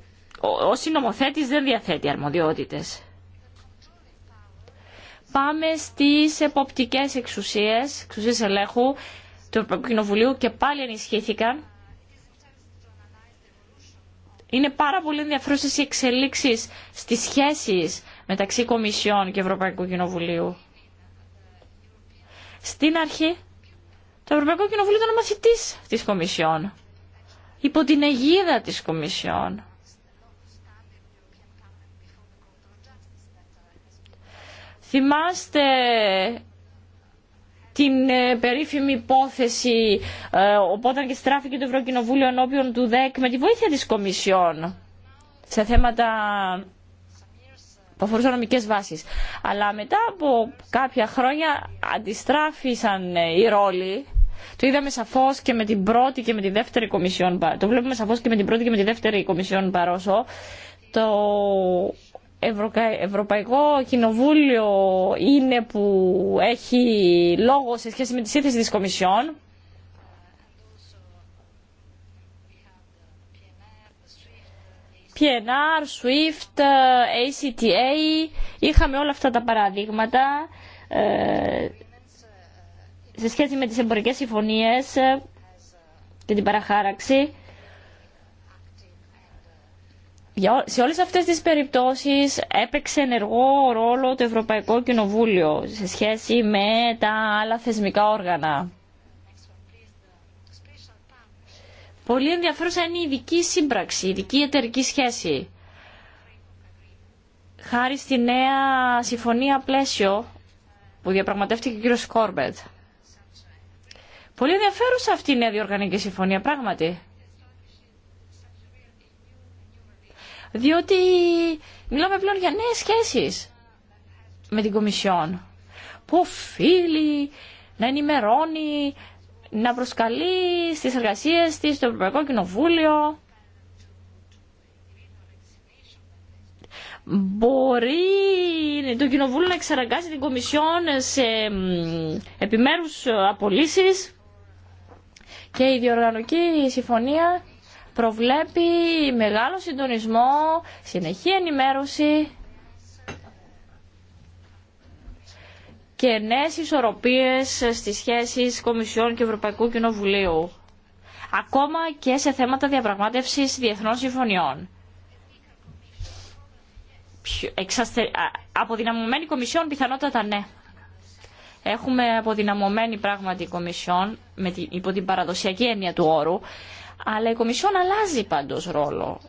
ο συνομοθέτης δεν διαθέτει αρμοδιότητες πάμε στις εποπτικές εξουσίες, εξουσίες ελέγχου του Ευρωπαϊκού Κοινοβουλίου και πάλι ενισχύθηκαν. Είναι πάρα πολύ ενδιαφέρουσε οι εξελίξεις στι σχέσεις μεταξύ Κομισιών και Ευρωπαϊκού Κοινοβουλίου. Στην αρχή, το Ευρωπαϊκό Κοινοβούλιο ήταν μαθητής της Κομισιόν. Υπό την αιγίδα της Κομισιόν. Θυμάστε την ε, περίφημη υπόθεση ε, όταν και στράφηκε το Ευρωκοινοβούλιο ενώπιον του ΔΕΚ με τη βοήθεια της Κομισιόν σε θέματα που αφορούσαν νομικέ βάσει. Αλλά μετά από κάποια χρόνια αντιστράφησαν ε, οι ρόλοι. Το είδαμε σαφώς και με την πρώτη και με τη δεύτερη κομισιόν. Το βλέπουμε σαφώς και με την πρώτη και με τη δεύτερη κομισιόν Παρόσο. Το Ευρωπαϊκό Κοινοβούλιο είναι που έχει λόγο σε σχέση με τη σύνθεση της Κομισιόν. PNR, SWIFT, ACTA, είχαμε όλα αυτά τα παραδείγματα ε, σε σχέση με τις εμπορικές συμφωνίες και την παραχάραξη σε όλες αυτές τις περιπτώσεις έπαιξε ενεργό ρόλο το Ευρωπαϊκό Κοινοβούλιο σε σχέση με τα άλλα θεσμικά όργανα. Πολύ ενδιαφέρουσα είναι η ειδική σύμπραξη, η ειδική εταιρική σχέση. Χάρη στη νέα συμφωνία πλαίσιο που διαπραγματεύτηκε ο κ. Σκόρμπετ. Πολύ ενδιαφέρουσα αυτή η νέα διοργανική συμφωνία, πράγματι. διότι μιλάμε πλέον για νέες σχέσεις με την Κομισιόν που οφείλει να ενημερώνει, να προσκαλεί στις εργασίες της στο Ευρωπαϊκό Κοινοβούλιο. Μπορεί το Κοινοβούλιο να εξαργάσει την Κομισιόν σε επιμέρους απολύσεις και η διοργανωτική συμφωνία προβλέπει μεγάλο συντονισμό, συνεχή ενημέρωση και νέες ισορροπίες στις σχέσεις Κομισιών και Ευρωπαϊκού Κοινοβουλίου, ακόμα και σε θέματα διαπραγμάτευσης διεθνών συμφωνιών. Εξαστε... Αποδυναμωμένη Κομισιόν πιθανότατα ναι. Έχουμε αποδυναμωμένη πράγματι Κομισιόν με την... υπό την παραδοσιακή έννοια του όρου αλλά η Κομισιόν αλλάζει πάντως ρόλο.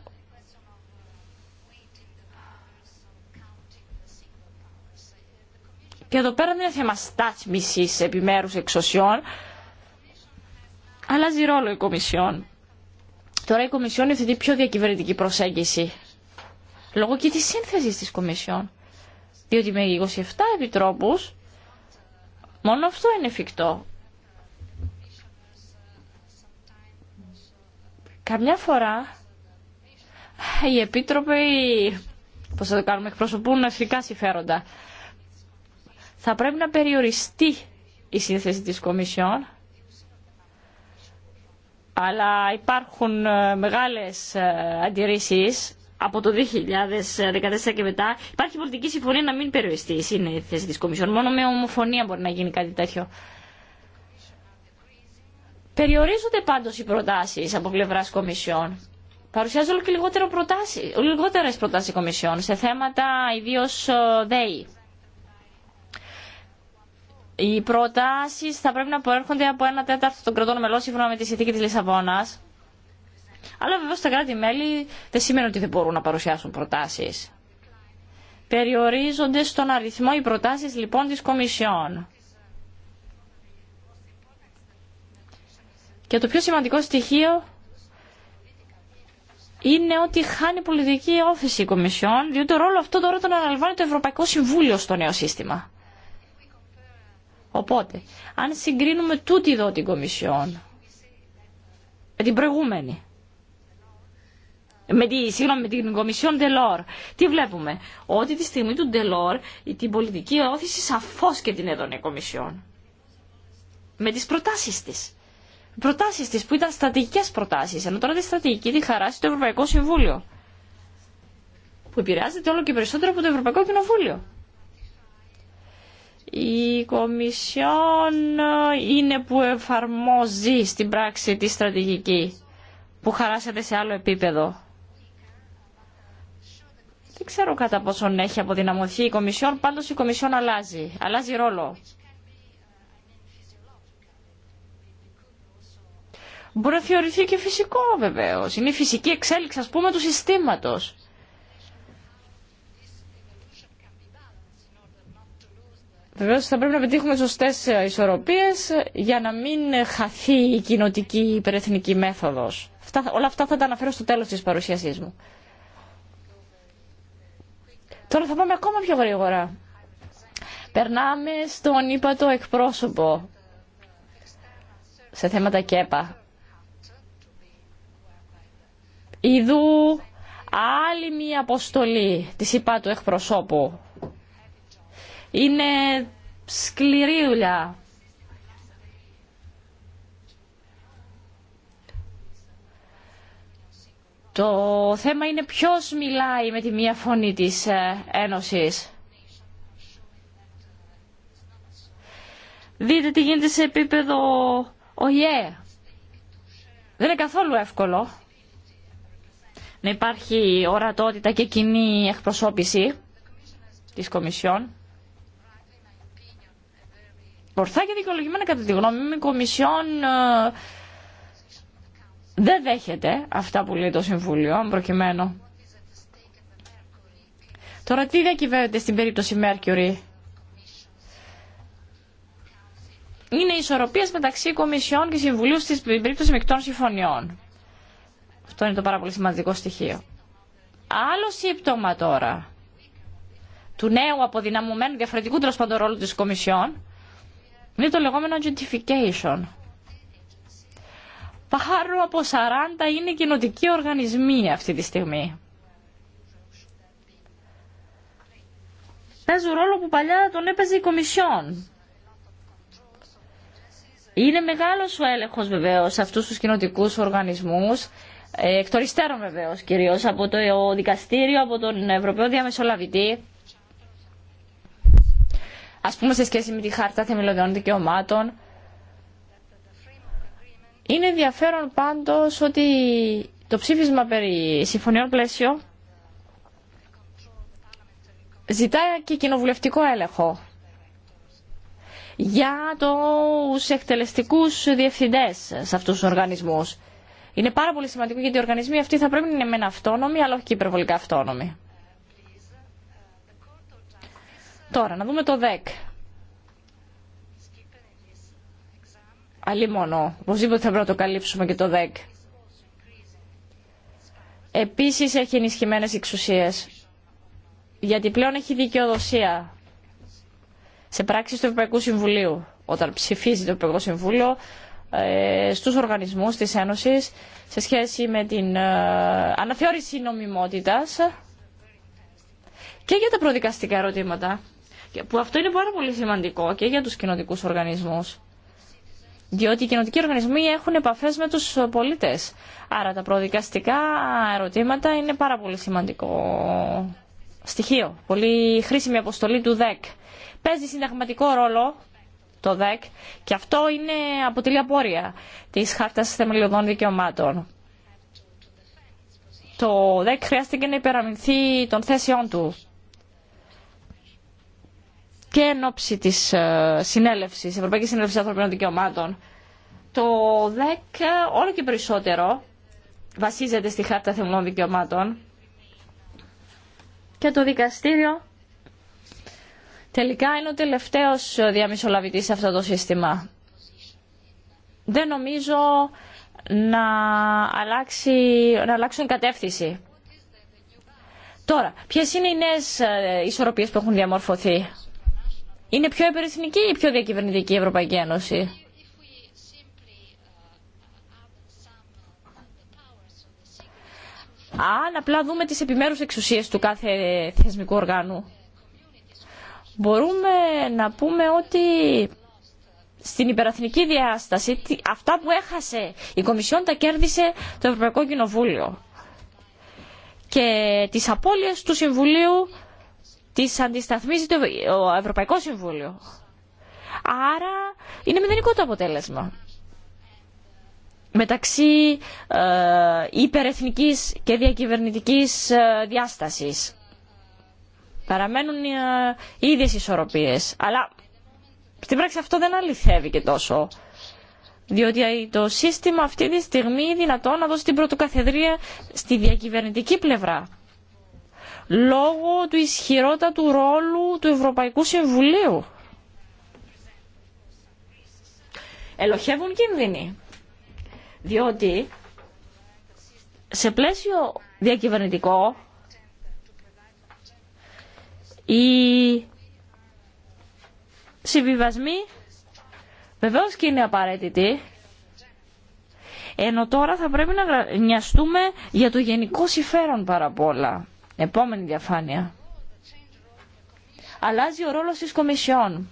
Και εδώ πέρα δεν είναι θέμα στάθμισης επιμέρους εξωσιών. Αλλάζει ρόλο η Κομισιόν. Τώρα η Κομισιόν ευθύνει πιο διακυβερνητική προσέγγιση. Λόγω και της σύνθεσης της Κομισιόν. Διότι με 27 επιτρόπους μόνο αυτό είναι εφικτό. Καμιά φορά οι επίτροποι, πώς θα το κάνουμε, εκπροσωπούν εθνικά συμφέροντα. Θα πρέπει να περιοριστεί η σύνθεση της Κομισιόν, αλλά υπάρχουν ε, μεγάλες ε, αντιρρήσεις από το 2014 και μετά. Υπάρχει πολιτική συμφωνία να μην περιοριστεί η σύνθεση της Κομισιόν. Μόνο με ομοφωνία μπορεί να γίνει κάτι τέτοιο. Περιορίζονται πάντω οι προτάσει από πλευρά Κομισιόν. Παρουσιάζει όλο και λιγότερο λιγότερες προτάσεις Κομισιόν σε θέματα ιδίως ε, ΔΕΗ. Οι προτάσεις θα πρέπει να προέρχονται από ένα τέταρτο των κρατών μελών σύμφωνα με τη συνθήκη της Λισαβόνας. Αλλά βεβαίω τα κράτη-μέλη δεν σημαίνει ότι δεν μπορούν να παρουσιάσουν προτάσεις. Περιορίζονται στον αριθμό οι προτάσεις λοιπόν της Κομισιόν. Και το πιο σημαντικό στοιχείο είναι ότι χάνει πολιτική όθηση η Κομισιόν, διότι το ρόλο αυτό τώρα τον αναλαμβάνει το Ευρωπαϊκό Συμβούλιο στο νέο σύστημα. Οπότε, αν συγκρίνουμε τούτη εδώ την Κομισιόν με την προηγούμενη, με με την Κομισιόν Τελόρ, τι βλέπουμε, ότι τη στιγμή του Τελόρ την πολιτική όθηση σαφώς και την έδωνε η Κομισιόν. Με τις προτάσεις της. Προτάσει τη που ήταν στρατηγικέ προτάσει ενώ τώρα τη στρατηγική τη χαράσει το Ευρωπαϊκό Συμβούλιο που επηρεάζεται όλο και περισσότερο από το Ευρωπαϊκό Κοινοβούλιο. Η Κομισιόν ε, είναι που εφαρμόζει στην πράξη τη στρατηγική που χαράσεται σε άλλο επίπεδο. Δεν ξέρω κατά πόσον έχει αποδυναμωθεί η Κομισιόν, πάντως η Κομισιόν αλλάζει. Αλλάζει ρόλο. μπορεί να θεωρηθεί και φυσικό βεβαίως. Είναι η φυσική εξέλιξη ας πούμε του συστήματος. Βεβαίω θα πρέπει να πετύχουμε σωστέ ισορροπίε για να μην χαθεί η κοινοτική υπερεθνική μέθοδο. Όλα αυτά θα τα αναφέρω στο τέλο τη παρουσίασή μου. Τώρα θα πάμε ακόμα πιο γρήγορα. Περνάμε στον ύπατο εκπρόσωπο σε θέματα ΚΕΠΑ. Ιδού άλλη μία αποστολή της ΥΠΑ του εκπροσώπου. Είναι σκληρή δουλειά. Το θέμα είναι ποιος μιλάει με τη μία φωνή της ε, Ένωσης. Δείτε τι γίνεται σε επίπεδο ΟΙΕ. Δεν είναι καθόλου εύκολο να υπάρχει ορατότητα και κοινή εκπροσώπηση της Κομισιόν. Ορθά και δικαιολογημένα κατά τη γνώμη μου η Κομισιόν ε, δεν δέχεται αυτά που λέει το Συμβούλιο προκειμένου. Τώρα τι διακυβεύεται στην περίπτωση Mercury. Είναι ισορροπίες μεταξύ Κομισιόν και Συμβουλίου στην περίπτωση μεικτών συμφωνιών. Αυτό είναι το πάρα πολύ σημαντικό στοιχείο. Άλλο σύμπτωμα τώρα του νέου αποδυναμωμένου διαφορετικού τέλο πάντων ρόλου της Κομισιόν είναι το λεγόμενο gentrification. Παχάρου από 40 είναι κοινοτικοί οργανισμοί αυτή τη στιγμή. Παίζουν ρόλο που παλιά τον έπαιζε η Κομισιόν. Είναι μεγάλος ο έλεγχος βεβαίως σε αυτούς τους κοινοτικούς οργανισμούς ε, εκ των υστέρων βεβαίως κυρίως από το δικαστήριο, από τον Ευρωπαίο Διαμεσολαβητή ας πούμε σε σχέση με τη Χάρτα Θεμελιωδών Δικαιωμάτων. Είναι ενδιαφέρον πάντως ότι το ψήφισμα περί συμφωνιών πλαίσιο ζητάει και κοινοβουλευτικό έλεγχο για τους εκτελεστικούς διευθυντές σε αυτούς τους οργανισμούς. Είναι πάρα πολύ σημαντικό γιατί οι οργανισμοί αυτοί θα πρέπει να είναι μεν αυτόνομοι, αλλά όχι και υπερβολικά αυτόνομοι. Τώρα, να δούμε το ΔΕΚ. Αλλή μόνο. Οπωσδήποτε θα πρέπει να το καλύψουμε και το ΔΕΚ. Επίσης έχει ενισχυμένες εξουσίες. Γιατί πλέον έχει δικαιοδοσία σε πράξεις του Ευρωπαϊκού Συμβουλίου. Όταν ψηφίζει το Ευρωπαϊκό Συμβούλιο ε, στους οργανισμούς της Ένωσης σε σχέση με την ε, αναθεώρηση νομιμότητας και για τα προδικαστικά ερωτήματα, που αυτό είναι πάρα πολύ σημαντικό και για τους κοινωτικούς οργανισμούς. Διότι οι κοινοτικοί οργανισμοί έχουν επαφές με τους πολίτες. Άρα τα προδικαστικά ερωτήματα είναι πάρα πολύ σημαντικό στοιχείο. Πολύ χρήσιμη αποστολή του ΔΕΚ. Παίζει συνταγματικό ρόλο το ΔΕΚ και αυτό είναι αποτελεί απόρρια της Χάρτας Θεμελιωδών Δικαιωμάτων. Το ΔΕΚ χρειάστηκε να υπεραμεινθεί των θέσεών του και εν ώψη της ε, συνέλευσης, Ευρωπαϊκής Συνέλευσης Ανθρωπίνων Δικαιωμάτων. Το ΔΕΚ ε, όλο και περισσότερο βασίζεται στη Χάρτα Θεμελιωδών Δικαιωμάτων και το δικαστήριο τελικά είναι ο τελευταίος διαμεσολαβητής σε αυτό το σύστημα. Δεν νομίζω να, αλλάξει, να αλλάξουν κατεύθυνση. Τώρα, ποιε είναι οι νέε ισορροπίε που έχουν διαμορφωθεί. Είναι πιο υπερεθνική ή πιο διακυβερνητική η Ευρωπαϊκή Ένωση. Αν απλά δούμε τις επιμέρους εξουσίες του κάθε θεσμικού οργάνου μπορούμε να πούμε ότι στην υπεραθνική διάσταση αυτά που έχασε η Κομισιόν τα κέρδισε το Ευρωπαϊκό Κοινοβούλιο και τις απώλειες του Συμβουλίου τις αντισταθμίζει το Ευρωπαϊκό Συμβούλιο. Άρα είναι μηδενικό το αποτέλεσμα μεταξύ ε, υπερεθνικής και διακυβερνητικής ε, διάστασης. Παραμένουν ε, οι ίδιες ισορροπίες. Αλλά στην πράξη αυτό δεν αληθεύει και τόσο. Διότι ε, το σύστημα αυτή τη στιγμή είναι δυνατό να δώσει την πρωτοκαθεδρία στη διακυβερνητική πλευρά. Λόγω του ισχυρότατου ρόλου του Ευρωπαϊκού Συμβουλίου. Ελοχεύουν κίνδυνοι. Διότι σε πλαίσιο διακυβερνητικό οι συμβιβασμοί βεβαίως και είναι απαραίτητοι, ενώ τώρα θα πρέπει να νοιαστούμε για το γενικό συμφέρον παραπόλα. Επόμενη διαφάνεια. Αλλάζει ο ρόλος της Κομισιόν.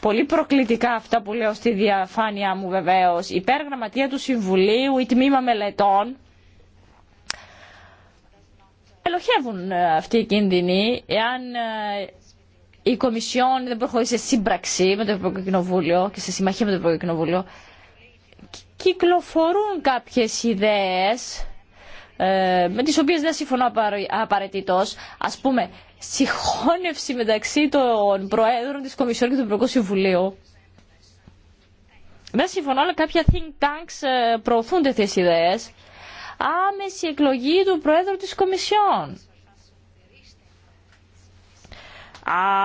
Πολύ προκλητικά αυτά που λέω στη διαφάνεια μου βεβαίως. Υπέργραμματεία του Συμβουλίου, η τμήμα μελετών ελοχεύουν ε, αυτοί οι κίνδυνοι εάν ε, η Κομισιόν δεν προχωρήσει σε σύμπραξη με το Ευρωπαϊκό Κοινοβούλιο και σε συμμαχία με το Ευρωπαϊκό Κοινοβούλιο. Κυκλοφορούν κάποιες ιδέες ε, με τις οποίες δεν συμφωνώ απαραίτητο, ας πούμε συγχώνευση μεταξύ των Προέδρων της Κομισιόν και του Ευρωπαϊκού Συμβουλίου. Δεν συμφωνώ, αλλά κάποια think tanks προωθούν τέτοιες ιδέες άμεση εκλογή του Προέδρου της Κομισιόν.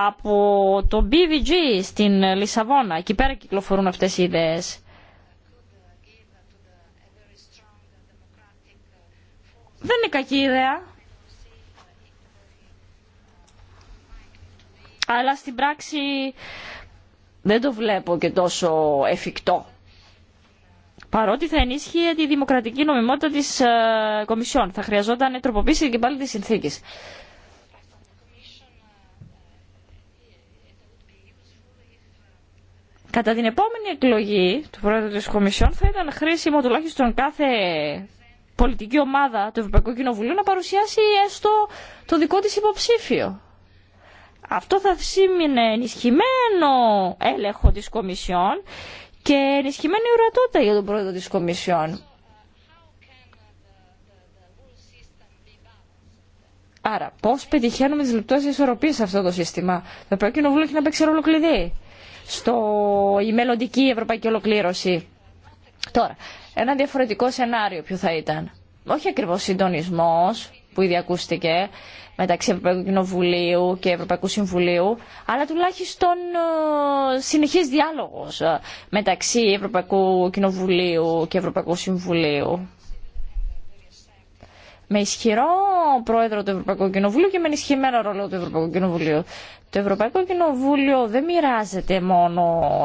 Από το BVG στην Λισαβόνα, εκεί πέρα κυκλοφορούν αυτές οι ιδέες. Δεν είναι κακή ιδέα. Αλλά στην πράξη δεν το βλέπω και τόσο εφικτό παρότι θα ενίσχυε τη δημοκρατική νομιμότητα της ε, Κομισιόν. Θα χρειαζόταν τροποποίηση και πάλι της συνθήκης. Κατά την επόμενη εκλογή του Πρόεδρου της Κομισιόν θα ήταν χρήσιμο τουλάχιστον κάθε πολιτική ομάδα του Ευρωπαϊκού Κοινοβουλίου να παρουσιάσει έστω το δικό της υποψήφιο. Αυτό θα σήμαινε ενισχυμένο έλεγχο της Κομισιόν και ενισχυμένη ορατότητα για τον πρόεδρο της Κομισιόν. Άρα, πώ πετυχαίνουμε τις λεπτές ισορροπίες σε αυτό το σύστημα. Το πρώτο Κοινοβούλιο έχει να παίξει ρόλο στο η μελλοντική ευρωπαϊκή ολοκλήρωση. Τώρα, ένα διαφορετικό σενάριο ποιο θα ήταν. Όχι ακριβώς συντονισμός, που ήδη ακούστηκε μεταξύ Ευρωπαϊκού Κοινοβουλίου και Ευρωπαϊκού Συμβουλίου, αλλά τουλάχιστον ε, συνεχής διάλογος ε, μεταξύ Ευρωπαϊκού Κοινοβουλίου και Ευρωπαϊκού Συμβουλίου. Με ισχυρό πρόεδρο του Ευρωπαϊκού Κοινοβουλίου και με ενισχυμένο ρόλο του Ευρωπαϊκού Κοινοβουλίου. Το Ευρωπαϊκό Κοινοβούλιο δεν μοιράζεται μόνο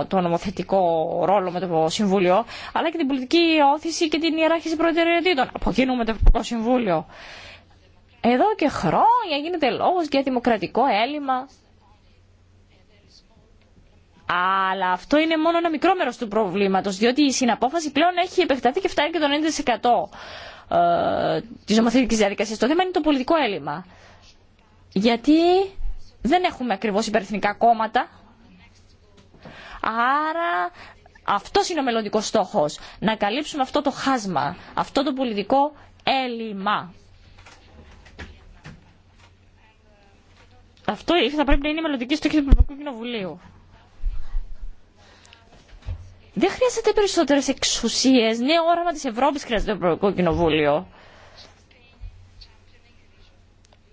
το νομοθετικό ρόλο με το Συμβούλιο, αλλά και την πολιτική όθηση και την ιεράρχηση προτεραιοτήτων. Από το Ευρωπαϊκό Συμβούλιο. Εδώ και χρόνια γίνεται λόγος για δημοκρατικό έλλειμμα. Αλλά αυτό είναι μόνο ένα μικρό μέρος του προβλήματος, διότι η συναπόφαση πλέον έχει επεκταθεί και φτάνει και το 90% ε, της νομοθετικής διαδικασίας. Το θέμα είναι το πολιτικό έλλειμμα. Γιατί δεν έχουμε ακριβώς υπερεθνικά κόμματα. Άρα αυτό είναι ο μελλοντικό στόχος. Να καλύψουμε αυτό το χάσμα, αυτό το πολιτικό έλλειμμα. Αυτό θα πρέπει να είναι η μελλοντική στόχη του Ευρωπαϊκού Κοινοβουλίου. Δεν χρειάζεται περισσότερε εξουσίε. Νέο όραμα τη Ευρώπη χρειάζεται το Ευρωπαϊκό Κοινοβούλιο.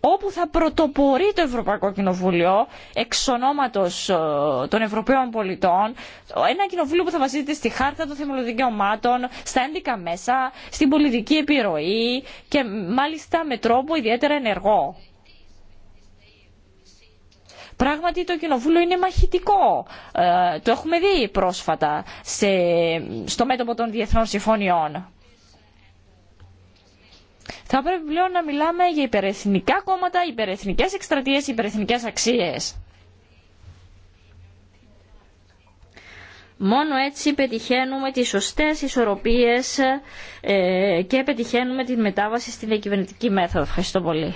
Όπου θα πρωτοπορεί το Ευρωπαϊκό Κοινοβούλιο εξ ονόματο ε, των Ευρωπαίων πολιτών, ένα κοινοβούλιο που θα βασίζεται στη χάρτα των θεμελιωδών δικαιωμάτων, στα ένδικα μέσα, στην πολιτική επιρροή και μάλιστα με τρόπο ιδιαίτερα ενεργό. Πράγματι το κοινοβούλιο είναι μαχητικό. Ε, το έχουμε δει πρόσφατα στο μέτωπο των διεθνών συμφωνιών. Θα πρέπει πλέον να μιλάμε για υπερεθνικά κόμματα, υπερεθνικές εκστρατείες, υπερεθνικές αξίες. Μόνο έτσι πετυχαίνουμε τις σωστές ισορροπίες ε, και πετυχαίνουμε την μετάβαση στην διακυβερνητική μέθοδο. Ευχαριστώ πολύ.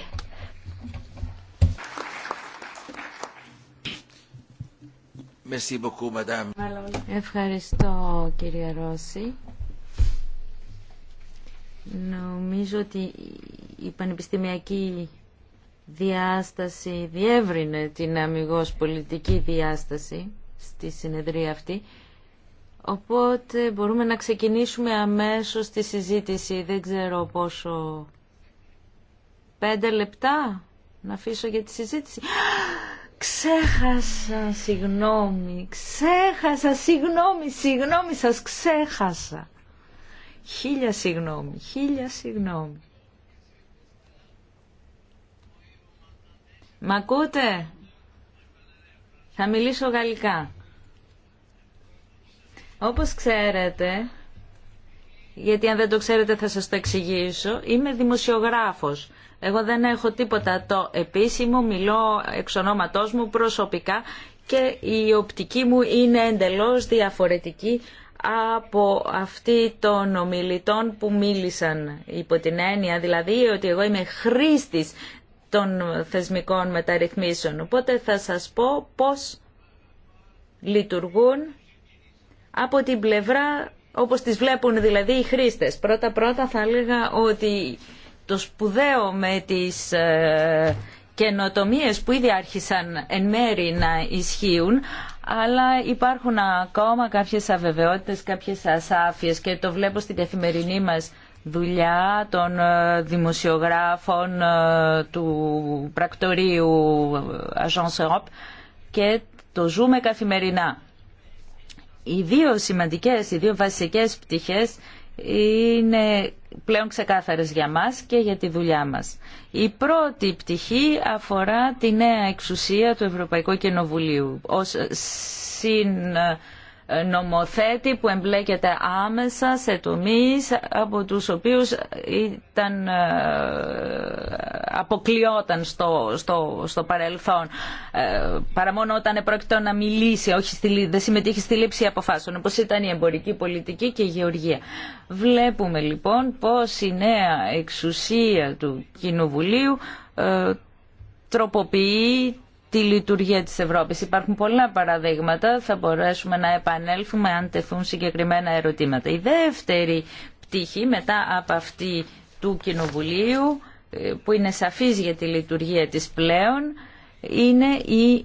Ευχαριστώ κύριε Ρώση. Νομίζω ότι η πανεπιστημιακή διάσταση διεύρυνε την αμυγός πολιτική διάσταση στη συνεδρία αυτή. Οπότε μπορούμε να ξεκινήσουμε αμέσως τη συζήτηση. Δεν ξέρω πόσο... Πέντε λεπτά να αφήσω για τη συζήτηση. Ξέχασα, συγγνώμη, ξέχασα, συγγνώμη, συγγνώμη σας, ξέχασα. Χίλια συγγνώμη, χίλια συγγνώμη. Μ' ακούτε? Θα μιλήσω γαλλικά. Όπως ξέρετε, γιατί αν δεν το ξέρετε θα σας το εξηγήσω, είμαι δημοσιογράφος εγώ δεν έχω τίποτα το επίσημο, μιλώ εξ ονόματός μου προσωπικά και η οπτική μου είναι εντελώς διαφορετική από αυτή των ομιλητών που μίλησαν υπό την έννοια δηλαδή ότι εγώ είμαι χρήστης των θεσμικών μεταρρυθμίσεων. Οπότε θα σας πω πώς λειτουργούν από την πλευρά όπως τις βλέπουν δηλαδή οι χρήστες. Πρώτα πρώτα θα έλεγα ότι το σπουδαίο με τις ε, καινοτομίε που ήδη άρχισαν εν μέρη να ισχύουν, αλλά υπάρχουν ακόμα κάποιες αβεβαιότητες, κάποιες ασάφειες και το βλέπω στην καθημερινή μας δουλειά των ε, δημοσιογράφων ε, του πρακτορείου Agence Europe και το ζούμε καθημερινά. Οι δύο σημαντικές, οι δύο βασικές πτυχές είναι πλέον ξεκάθαρες για μας και για τη δουλειά μας. Η πρώτη πτυχή αφορά τη νέα εξουσία του Ευρωπαϊκού Κοινοβουλίου ως συν νομοθέτη που εμπλέκεται άμεσα σε τομείς από τους οποίους ήταν, ε, αποκλειόταν στο, στο, στο παρελθόν ε, παρά μόνο όταν επρόκειτο να μιλήσει όχι στη, δεν συμμετείχε στη λήψη αποφάσεων όπως ήταν η εμπορική πολιτική και η γεωργία. Βλέπουμε λοιπόν πως η νέα εξουσία του Κοινοβουλίου ε, τροποποιεί τη λειτουργία της Ευρώπης. Υπάρχουν πολλά παραδείγματα, θα μπορέσουμε να επανέλθουμε αν τεθούν συγκεκριμένα ερωτήματα. Η δεύτερη πτυχή μετά από αυτή του Κοινοβουλίου, ε, που είναι σαφής για τη λειτουργία της πλέον, είναι η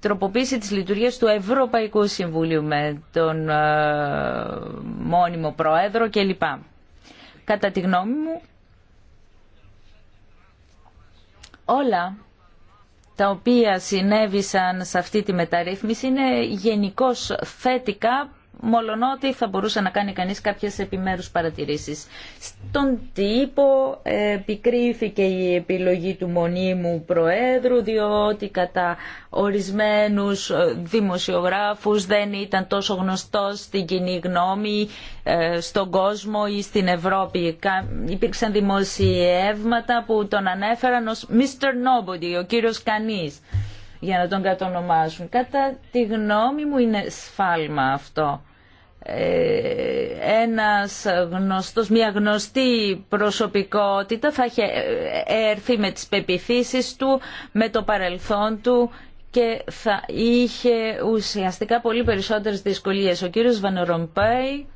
τροποποίηση της λειτουργίας του Ευρωπαϊκού Συμβουλίου με τον ε, μόνιμο Πρόεδρο κλπ. Κατά τη γνώμη μου, όλα τα οποία συνέβησαν σε αυτή τη μεταρρύθμιση είναι γενικώ θετικά μολονότι θα μπορούσε να κάνει κανείς κάποιες επιμέρους παρατηρήσεις. Στον τύπο ε, επικρίθηκε η επιλογή του μονίμου Προέδρου, διότι κατά ορισμένους ε, δημοσιογράφους δεν ήταν τόσο γνωστός στην κοινή γνώμη, ε, στον κόσμο ή στην Ευρώπη. Υπήρξαν δημοσιεύματα που τον ανέφεραν ως Mr. Nobody, ο κύριος κανείς για να τον κατονομάσουν. Κατά τη γνώμη μου είναι σφάλμα αυτό. Ε, ένας γνωστός, μια γνωστή προσωπικότητα θα είχε ε, έρθει με τις πεπιθήσεις του, με το παρελθόν του και θα είχε ουσιαστικά πολύ περισσότερες δυσκολίες. Ο κύριος Βανορομπέη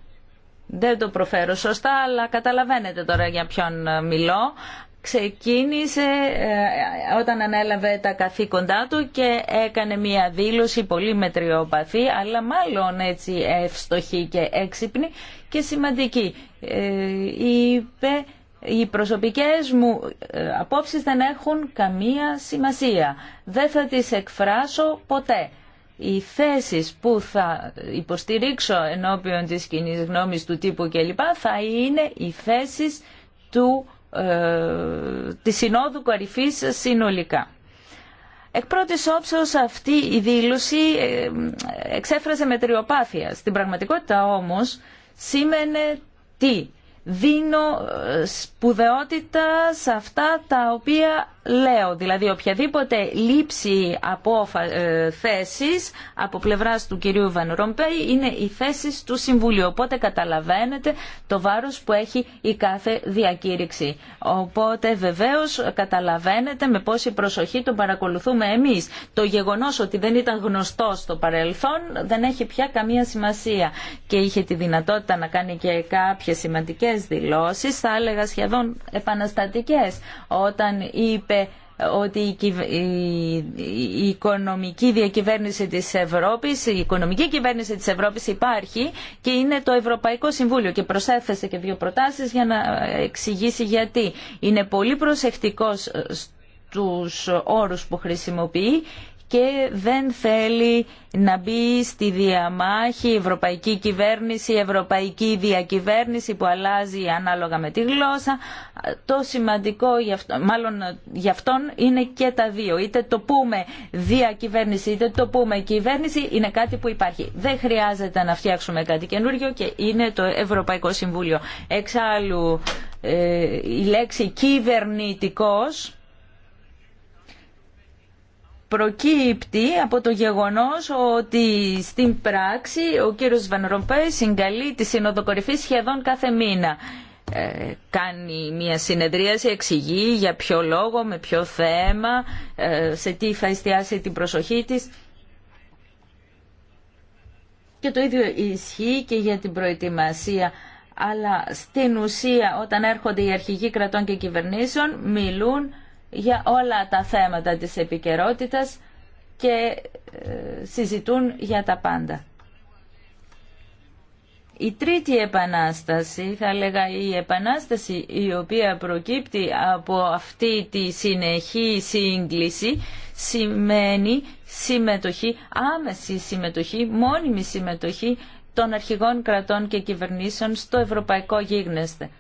δεν το προφέρω σωστά, αλλά καταλαβαίνετε τώρα για ποιον μιλώ ξεκίνησε ε, όταν ανέλαβε τα καθήκοντά του και έκανε μία δήλωση πολύ μετριοπαθή αλλά μάλλον έτσι ευστοχή και έξυπνη και σημαντική. Ε, είπε οι προσωπικές μου ε, απόψεις δεν έχουν καμία σημασία. Δεν θα τις εκφράσω ποτέ. Οι θέσεις που θα υποστηρίξω ενώπιον της κοινή γνώμης του τύπου κλπ θα είναι οι θέσεις του ε, τη Συνόδου Κορυφής συνολικά. Εκ πρώτης όψεως αυτή η δήλωση ε, εξέφραζε με τριοπάθεια. Στην πραγματικότητα όμως σήμαινε τι δίνω ε, σπουδαιότητα σε αυτά τα οποία λέω. Δηλαδή οποιαδήποτε λήψη από ε, θέσεις από πλευράς του κυρίου Βαν Ρομπέη είναι οι θέσεις του Συμβουλίου. Οπότε καταλαβαίνετε το βάρος που έχει η κάθε διακήρυξη. Οπότε βεβαίως καταλαβαίνετε με πόση προσοχή τον παρακολουθούμε εμείς. Το γεγονός ότι δεν ήταν γνωστό στο παρελθόν δεν έχει πια καμία σημασία και είχε τη δυνατότητα να κάνει και κάποιες σημαντικές δηλώσεις, θα έλεγα σχεδόν επαναστατικές, όταν είπε ότι η οικονομική διακυβέρνηση της Ευρώπης, η οικονομική κυβέρνηση της Ευρώπης υπάρχει και είναι το Ευρωπαϊκό Συμβούλιο και προσέθεσε και δύο προτάσεις για να εξηγήσει γιατί. Είναι πολύ προσεκτικός στους όρους που χρησιμοποιεί και δεν θέλει να μπει στη διαμάχη ευρωπαϊκή κυβέρνηση, ευρωπαϊκή διακυβέρνηση που αλλάζει ανάλογα με τη γλώσσα. Το σημαντικό για μάλλον για αυτόν είναι και τα δύο. Είτε το πούμε διακυβέρνηση είτε το πούμε κυβέρνηση είναι κάτι που υπάρχει. Δεν χρειάζεται να φτιάξουμε κάτι καινούργιο και είναι το Ευρωπαϊκό Συμβούλιο. Εξάλλου ε, η λέξη κυβερνητικός προκύπτει από το γεγονός ότι στην πράξη ο κύριος Βανρομπέ συγκαλεί τη συνοδοκορυφή σχεδόν κάθε μήνα. Ε, κάνει μια συνεδρίαση, εξηγεί για ποιο λόγο, με ποιο θέμα, ε, σε τι θα εστιάσει την προσοχή της. Και το ίδιο ισχύει και για την προετοιμασία. Αλλά στην ουσία όταν έρχονται οι αρχηγοί κρατών και κυβερνήσεων μιλούν για όλα τα θέματα της επικαιρότητα και ε, συζητούν για τα πάντα. Η τρίτη επανάσταση, θα λέγα η επανάσταση η οποία προκύπτει από αυτή τη συνεχή σύγκληση, σημαίνει συμμετοχή, άμεση συμμετοχή, μόνιμη συμμετοχή των αρχηγών κρατών και κυβερνήσεων στο ευρωπαϊκό γίγνεσθε.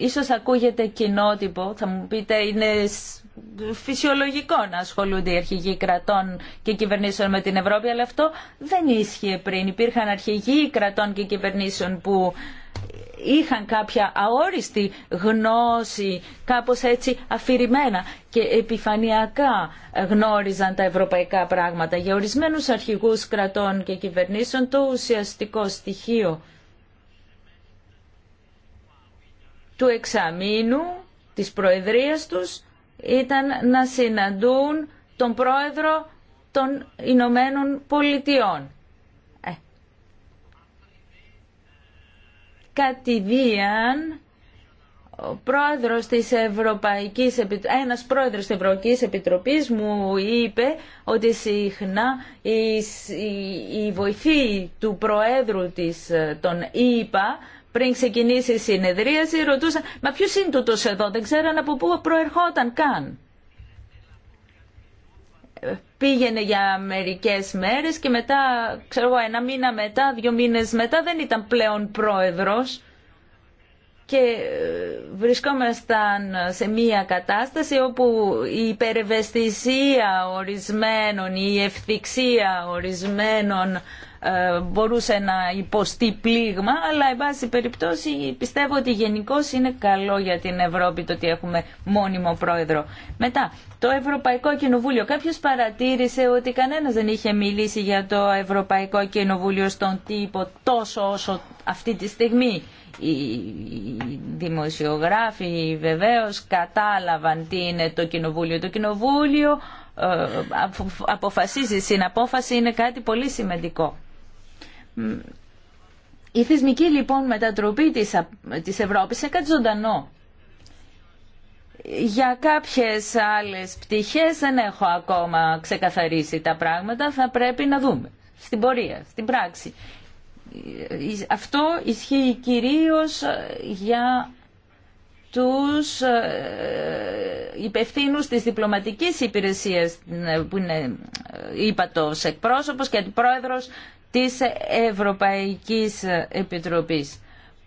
Ίσως ακούγεται κοινότυπο, θα μου πείτε είναι φυσιολογικό να ασχολούνται οι αρχηγοί κρατών και κυβερνήσεων με την Ευρώπη, αλλά αυτό δεν ίσχυε πριν. Υπήρχαν αρχηγοί κρατών και κυβερνήσεων που είχαν κάποια αόριστη γνώση, κάπως έτσι αφηρημένα και επιφανειακά γνώριζαν τα ευρωπαϊκά πράγματα. Για ορισμένους αρχηγούς κρατών και κυβερνήσεων το ουσιαστικό στοιχείο του εξαμήνου της Προεδρίας τους ήταν να συναντούν τον Πρόεδρο των Ηνωμένων Πολιτειών. Ε. Κατηδίαν ο πρόεδρος της Ευρωπαϊκής Επιτροπής, ένας πρόεδρος της Ευρωπαϊκής Επιτροπής μου είπε ότι συχνά η, η, βοηθή του προέδρου της, ε, των Ήπα πριν ξεκινήσει η συνεδρίαση, ρωτούσαν «Μα ποιος είναι τούτος εδώ, δεν ξέραν από πού προερχόταν καν». Ε, πήγαινε για μερικές μέρες και μετά, ξέρω εγώ, ένα μήνα μετά, δύο μήνες μετά δεν ήταν πλέον πρόεδρος και ε, βρισκόμασταν σε μία κατάσταση όπου η υπερευαισθησία ορισμένων, η ευθυξία ορισμένων ε, μπορούσε να υποστεί πλήγμα, αλλά εν πάση περιπτώσει πιστεύω ότι γενικώ είναι καλό για την Ευρώπη το ότι έχουμε μόνιμο πρόεδρο. Μετά, το Ευρωπαϊκό Κοινοβούλιο. Κάποιο παρατήρησε ότι κανένα δεν είχε μιλήσει για το Ευρωπαϊκό Κοινοβούλιο στον τύπο τόσο όσο αυτή τη στιγμή. Οι δημοσιογράφοι βεβαίως κατάλαβαν τι είναι το κοινοβούλιο. Το κοινοβούλιο ε, αποφασίζει, συναπόφαση είναι κάτι πολύ σημαντικό. Η θεσμική λοιπόν μετατροπή της, της Ευρώπης είναι κάτι ζωντανό. Για κάποιες άλλες πτυχές δεν έχω ακόμα ξεκαθαρίσει τα πράγματα, θα πρέπει να δούμε στην πορεία, στην πράξη. Ε, ε, αυτό ισχύει κυρίως ε, για τους υπευθύνους της διπλωματικής υπηρεσίας που είναι ύπατος εκπρόσωπος και αντιπρόεδρος της Ευρωπαϊκής Επιτροπής.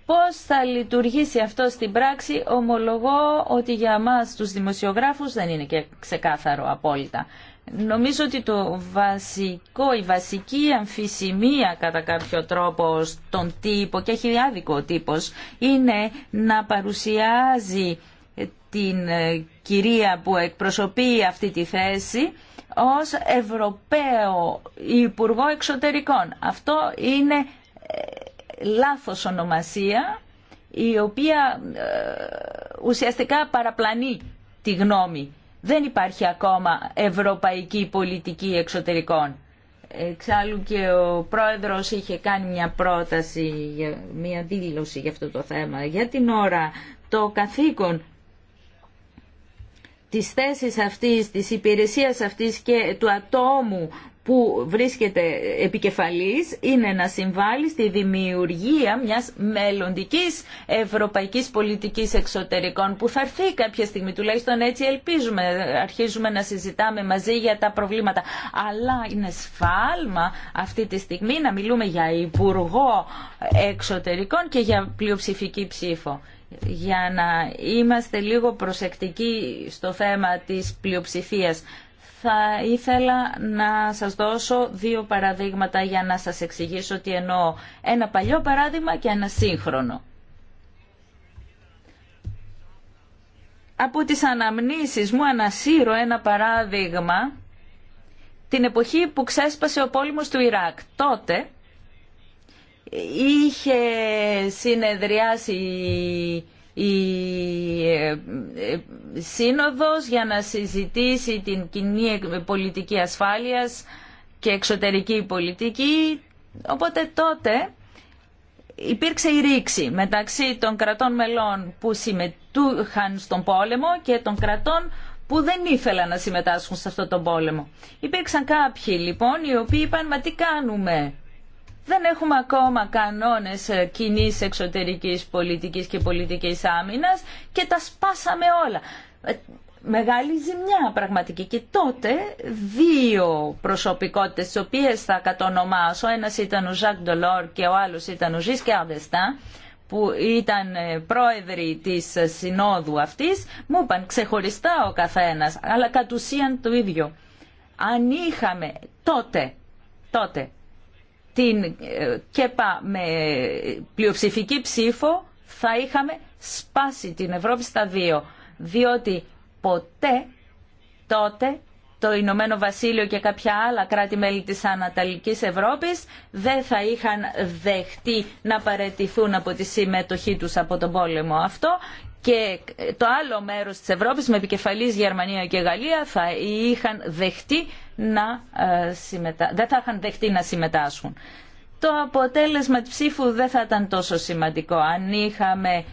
Πώς θα λειτουργήσει αυτό στην πράξη, ομολογώ ότι για μας τους δημοσιογράφους δεν είναι και ξεκάθαρο απόλυτα. Νομίζω ότι το βασικό, η βασική αμφισημία κατά κάποιο τρόπο στον τύπο και έχει άδικο ο τύπος είναι να παρουσιάζει την ε, κυρία που εκπροσωπεί αυτή τη θέση ως Ευρωπαίο Υπουργό Εξωτερικών. Αυτό είναι ε, λάθος ονομασία η οποία ε, ουσιαστικά παραπλανεί τη γνώμη. Δεν υπάρχει ακόμα ευρωπαϊκή πολιτική εξωτερικών. Εξάλλου και ο πρόεδρος είχε κάνει μια πρόταση, μια δήλωση για αυτό το θέμα. Για την ώρα το καθήκον της θέσης αυτής, της υπηρεσίας αυτής και του ατόμου που βρίσκεται επικεφαλής είναι να συμβάλλει στη δημιουργία μιας μελλοντικής ευρωπαϊκής πολιτικής εξωτερικών που θα έρθει κάποια στιγμή, τουλάχιστον έτσι ελπίζουμε, αρχίζουμε να συζητάμε μαζί για τα προβλήματα. Αλλά είναι σφάλμα αυτή τη στιγμή να μιλούμε για υπουργό εξωτερικών και για πλειοψηφική ψήφο για να είμαστε λίγο προσεκτικοί στο θέμα της πλειοψηφίας. Θα ήθελα να σας δώσω δύο παραδείγματα για να σας εξηγήσω τι εννοώ. Ένα παλιό παράδειγμα και ένα σύγχρονο. Από τις αναμνήσεις μου ανασύρω ένα παράδειγμα την εποχή που ξέσπασε ο πόλεμος του Ιράκ. Τότε είχε συνεδριάσει η ε, ε, Σύνοδος για να συζητήσει την κοινή πολιτική ασφάλειας και εξωτερική πολιτική. Οπότε τότε υπήρξε η ρήξη μεταξύ των κρατών μελών που συμμετούχαν στον πόλεμο και των κρατών που δεν ήθελαν να συμμετάσχουν σε αυτό τον πόλεμο. Υπήρξαν κάποιοι λοιπόν οι οποίοι είπαν «Μα τι κάνουμε» δεν έχουμε ακόμα κανόνες ε, κοινή εξωτερικής πολιτικής και πολιτικής άμυνας και τα σπάσαμε όλα. Ε, μεγάλη ζημιά πραγματική και τότε δύο προσωπικότητες τις οποίες θα κατονομάσω, ένας ήταν ο Ζακ Ντολόρ και ο άλλος ήταν ο Ζης Καρδεστά που ήταν ε, πρόεδροι της συνόδου αυτής, μου είπαν ξεχωριστά ο καθένας, αλλά κατ' ουσίαν το ίδιο. Αν είχαμε τότε, τότε την ε, ΚΕΠΑ με πλειοψηφική ψήφο θα είχαμε σπάσει την Ευρώπη στα δύο. Διότι ποτέ τότε το Ηνωμένο Βασίλειο και κάποια άλλα κράτη-μέλη της Αναταλικής Ευρώπης δεν θα είχαν δεχτεί να παρετηθούν από τη συμμετοχή τους από τον πόλεμο αυτό και το άλλο μέρος της Ευρώπης με επικεφαλής Γερμανία και Γαλλία θα είχαν δεχτεί να ε, συμμετα... δεν θα είχαν δεχτεί να συμμετάσχουν. Το αποτέλεσμα της ψήφου δεν θα ήταν τόσο σημαντικό. Αν είχαμε ε,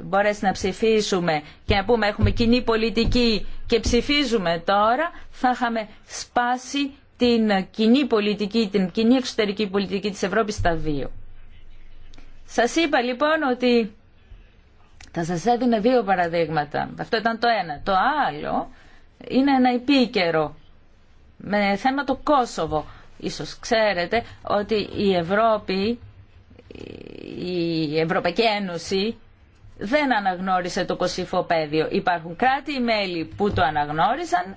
μπορέσει να ψηφίσουμε και να πούμε έχουμε κοινή πολιτική και ψηφίζουμε τώρα, θα είχαμε σπάσει την κοινή πολιτική, την κοινή εξωτερική πολιτική της Ευρώπης στα δύο. Σας είπα λοιπόν ότι θα σας έδινε δύο παραδείγματα. Αυτό ήταν το ένα. Το άλλο είναι ένα επίκαιρο με θέμα το Κόσοβο. Ίσως ξέρετε ότι η Ευρώπη, η Ευρωπαϊκή Ένωση δεν αναγνώρισε το κοσυφοπαίδιο. Υπάρχουν κράτη-μέλη που το αναγνώρισαν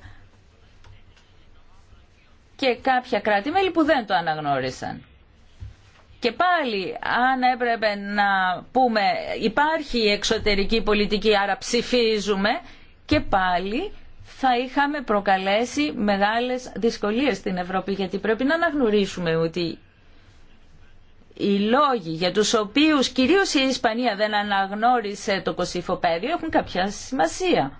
και κάποια κράτη-μέλη που δεν το αναγνώρισαν. Και πάλι, αν έπρεπε να πούμε υπάρχει εξωτερική πολιτική, άρα ψηφίζουμε, και πάλι θα είχαμε προκαλέσει μεγάλες δυσκολίες στην Ευρώπη, γιατί πρέπει να αναγνωρίσουμε ότι οι λόγοι για τους οποίους κυρίως η Ισπανία δεν αναγνώρισε το κοσυφοπέριο έχουν κάποια σημασία.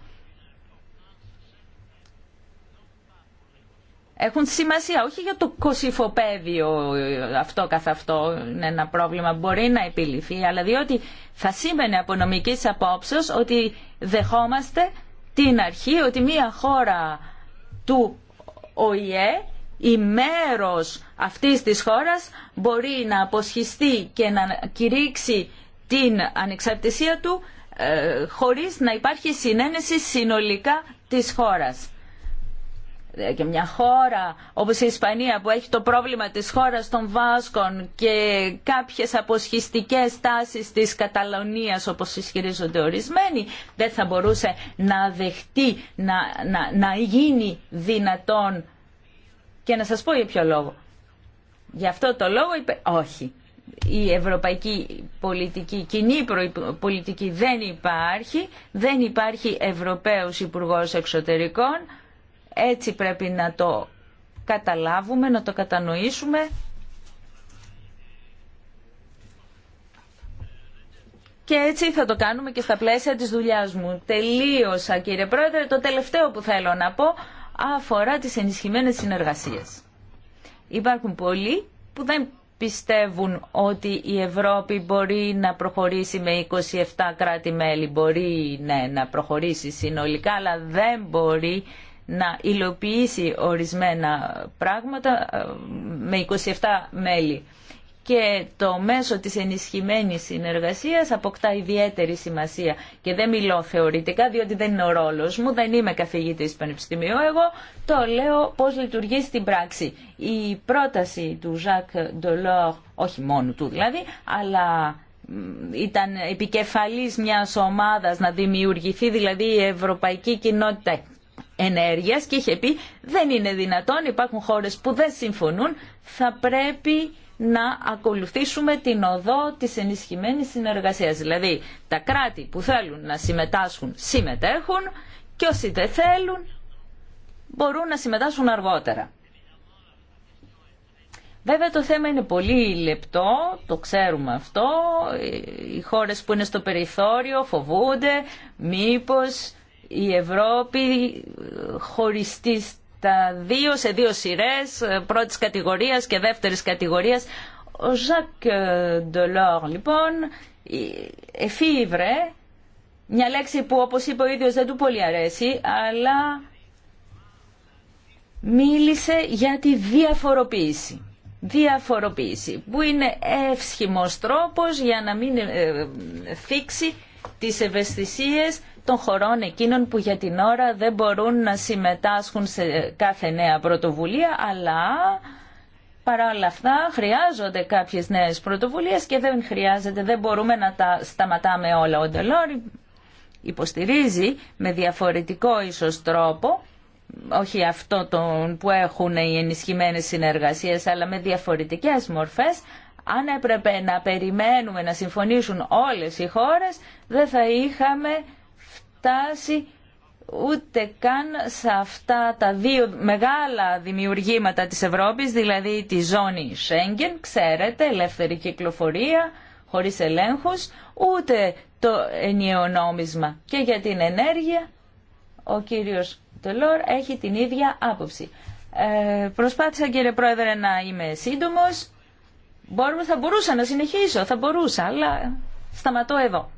έχουν σημασία όχι για το κοσυφοπέδιο ε, αυτό καθ' αυτό είναι ένα πρόβλημα μπορεί να επιληθεί αλλά διότι θα σήμαινε από νομική απόψεως ότι δεχόμαστε την αρχή ότι μια χώρα του ΟΗΕ η μέρος αυτής της χώρας μπορεί να αποσχιστεί και να κηρύξει την ανεξαρτησία του ε, χωρίς να υπάρχει συνένεση συνολικά της χώρας. Ε, και μια χώρα όπως η Ισπανία που έχει το πρόβλημα της χώρας των Βάσκων και κάποιες αποσχιστικές τάσεις της Καταλωνίας όπως ισχυρίζονται ορισμένοι δεν θα μπορούσε να δεχτεί να, να, να γίνει δυνατόν και να σας πω για ποιο λόγο. Γι' αυτό το λόγο είπε όχι. Η ευρωπαϊκή πολιτική, κοινή πολιτική δεν υπάρχει, δεν υπάρχει Ευρωπαίος Υπουργός Εξωτερικών έτσι πρέπει να το καταλάβουμε, να το κατανοήσουμε. Και έτσι θα το κάνουμε και στα πλαίσια της δουλειάς μου. Τελείωσα κύριε Πρόεδρε. Το τελευταίο που θέλω να πω αφορά τις ενισχυμένες συνεργασίες. Υπάρχουν πολλοί που δεν πιστεύουν ότι η Ευρώπη μπορεί να προχωρήσει με 27 κράτη-μέλη. Μπορεί ναι, να προχωρήσει συνολικά, αλλά δεν μπορεί να υλοποιήσει ορισμένα πράγματα ε, με 27 μέλη. Και το μέσο της ενισχυμένης συνεργασίας αποκτά ιδιαίτερη σημασία. Και δεν μιλώ θεωρητικά, διότι δεν είναι ο ρόλος μου, δεν είμαι καθηγητής πανεπιστημίου. Εγώ το λέω πώς λειτουργεί στην πράξη. Η πρόταση του Ζακ Ντολόρ, όχι μόνο του δηλαδή, αλλά ήταν επικεφαλής μιας ομάδας να δημιουργηθεί δηλαδή η Ευρωπαϊκή Κοινότητα και είχε πει δεν είναι δυνατόν, υπάρχουν χώρε που δεν συμφωνούν, θα πρέπει να ακολουθήσουμε την οδό της ενισχυμένης συνεργασίας. Δηλαδή τα κράτη που θέλουν να συμμετάσχουν συμμετέχουν και όσοι δεν θέλουν μπορούν να συμμετάσχουν αργότερα. Βέβαια το θέμα είναι πολύ λεπτό, το ξέρουμε αυτό. Οι χώρες που είναι στο περιθώριο φοβούνται μήπως η Ευρώπη χωριστεί στα δύο, σε δύο σειρέ πρώτης κατηγορίας και δεύτερη κατηγορία. Ο Ζακ Ντολόρ λοιπόν εφήβρε μια λέξη που όπως είπε ο ίδιο δεν του πολύ αρέσει, αλλά μίλησε για τη διαφοροποίηση. Διαφοροποίηση, που είναι εύσχημος τρόπος για να μην ε, ε, θίξει τις ευαισθησίες των χωρών εκείνων που για την ώρα δεν μπορούν να συμμετάσχουν σε κάθε νέα πρωτοβουλία, αλλά παρά όλα αυτά χρειάζονται κάποιες νέες πρωτοβουλίες και δεν χρειάζεται, δεν μπορούμε να τα σταματάμε όλα. Ο Ντελόρ υποστηρίζει με διαφορετικό ίσως τρόπο όχι αυτό τον που έχουν οι ενισχυμένες συνεργασίες, αλλά με διαφορετικές μορφές, αν έπρεπε να περιμένουμε να συμφωνήσουν όλες οι χώρες, δεν θα είχαμε φτάσει ούτε καν σε αυτά τα δύο μεγάλα δημιουργήματα της Ευρώπης, δηλαδή τη ζώνη Schengen, ξέρετε, ελεύθερη κυκλοφορία, χωρίς ελέγχους, ούτε το ενιαίο νόμισμα. Και για την ενέργεια, ο κύριος Τελόρ έχει την ίδια άποψη. Ε, προσπάθησα κύριε Πρόεδρε να είμαι σύντομος. Μπορούμε, θα μπορούσα να συνεχίσω, θα μπορούσα, αλλά σταματώ εδώ.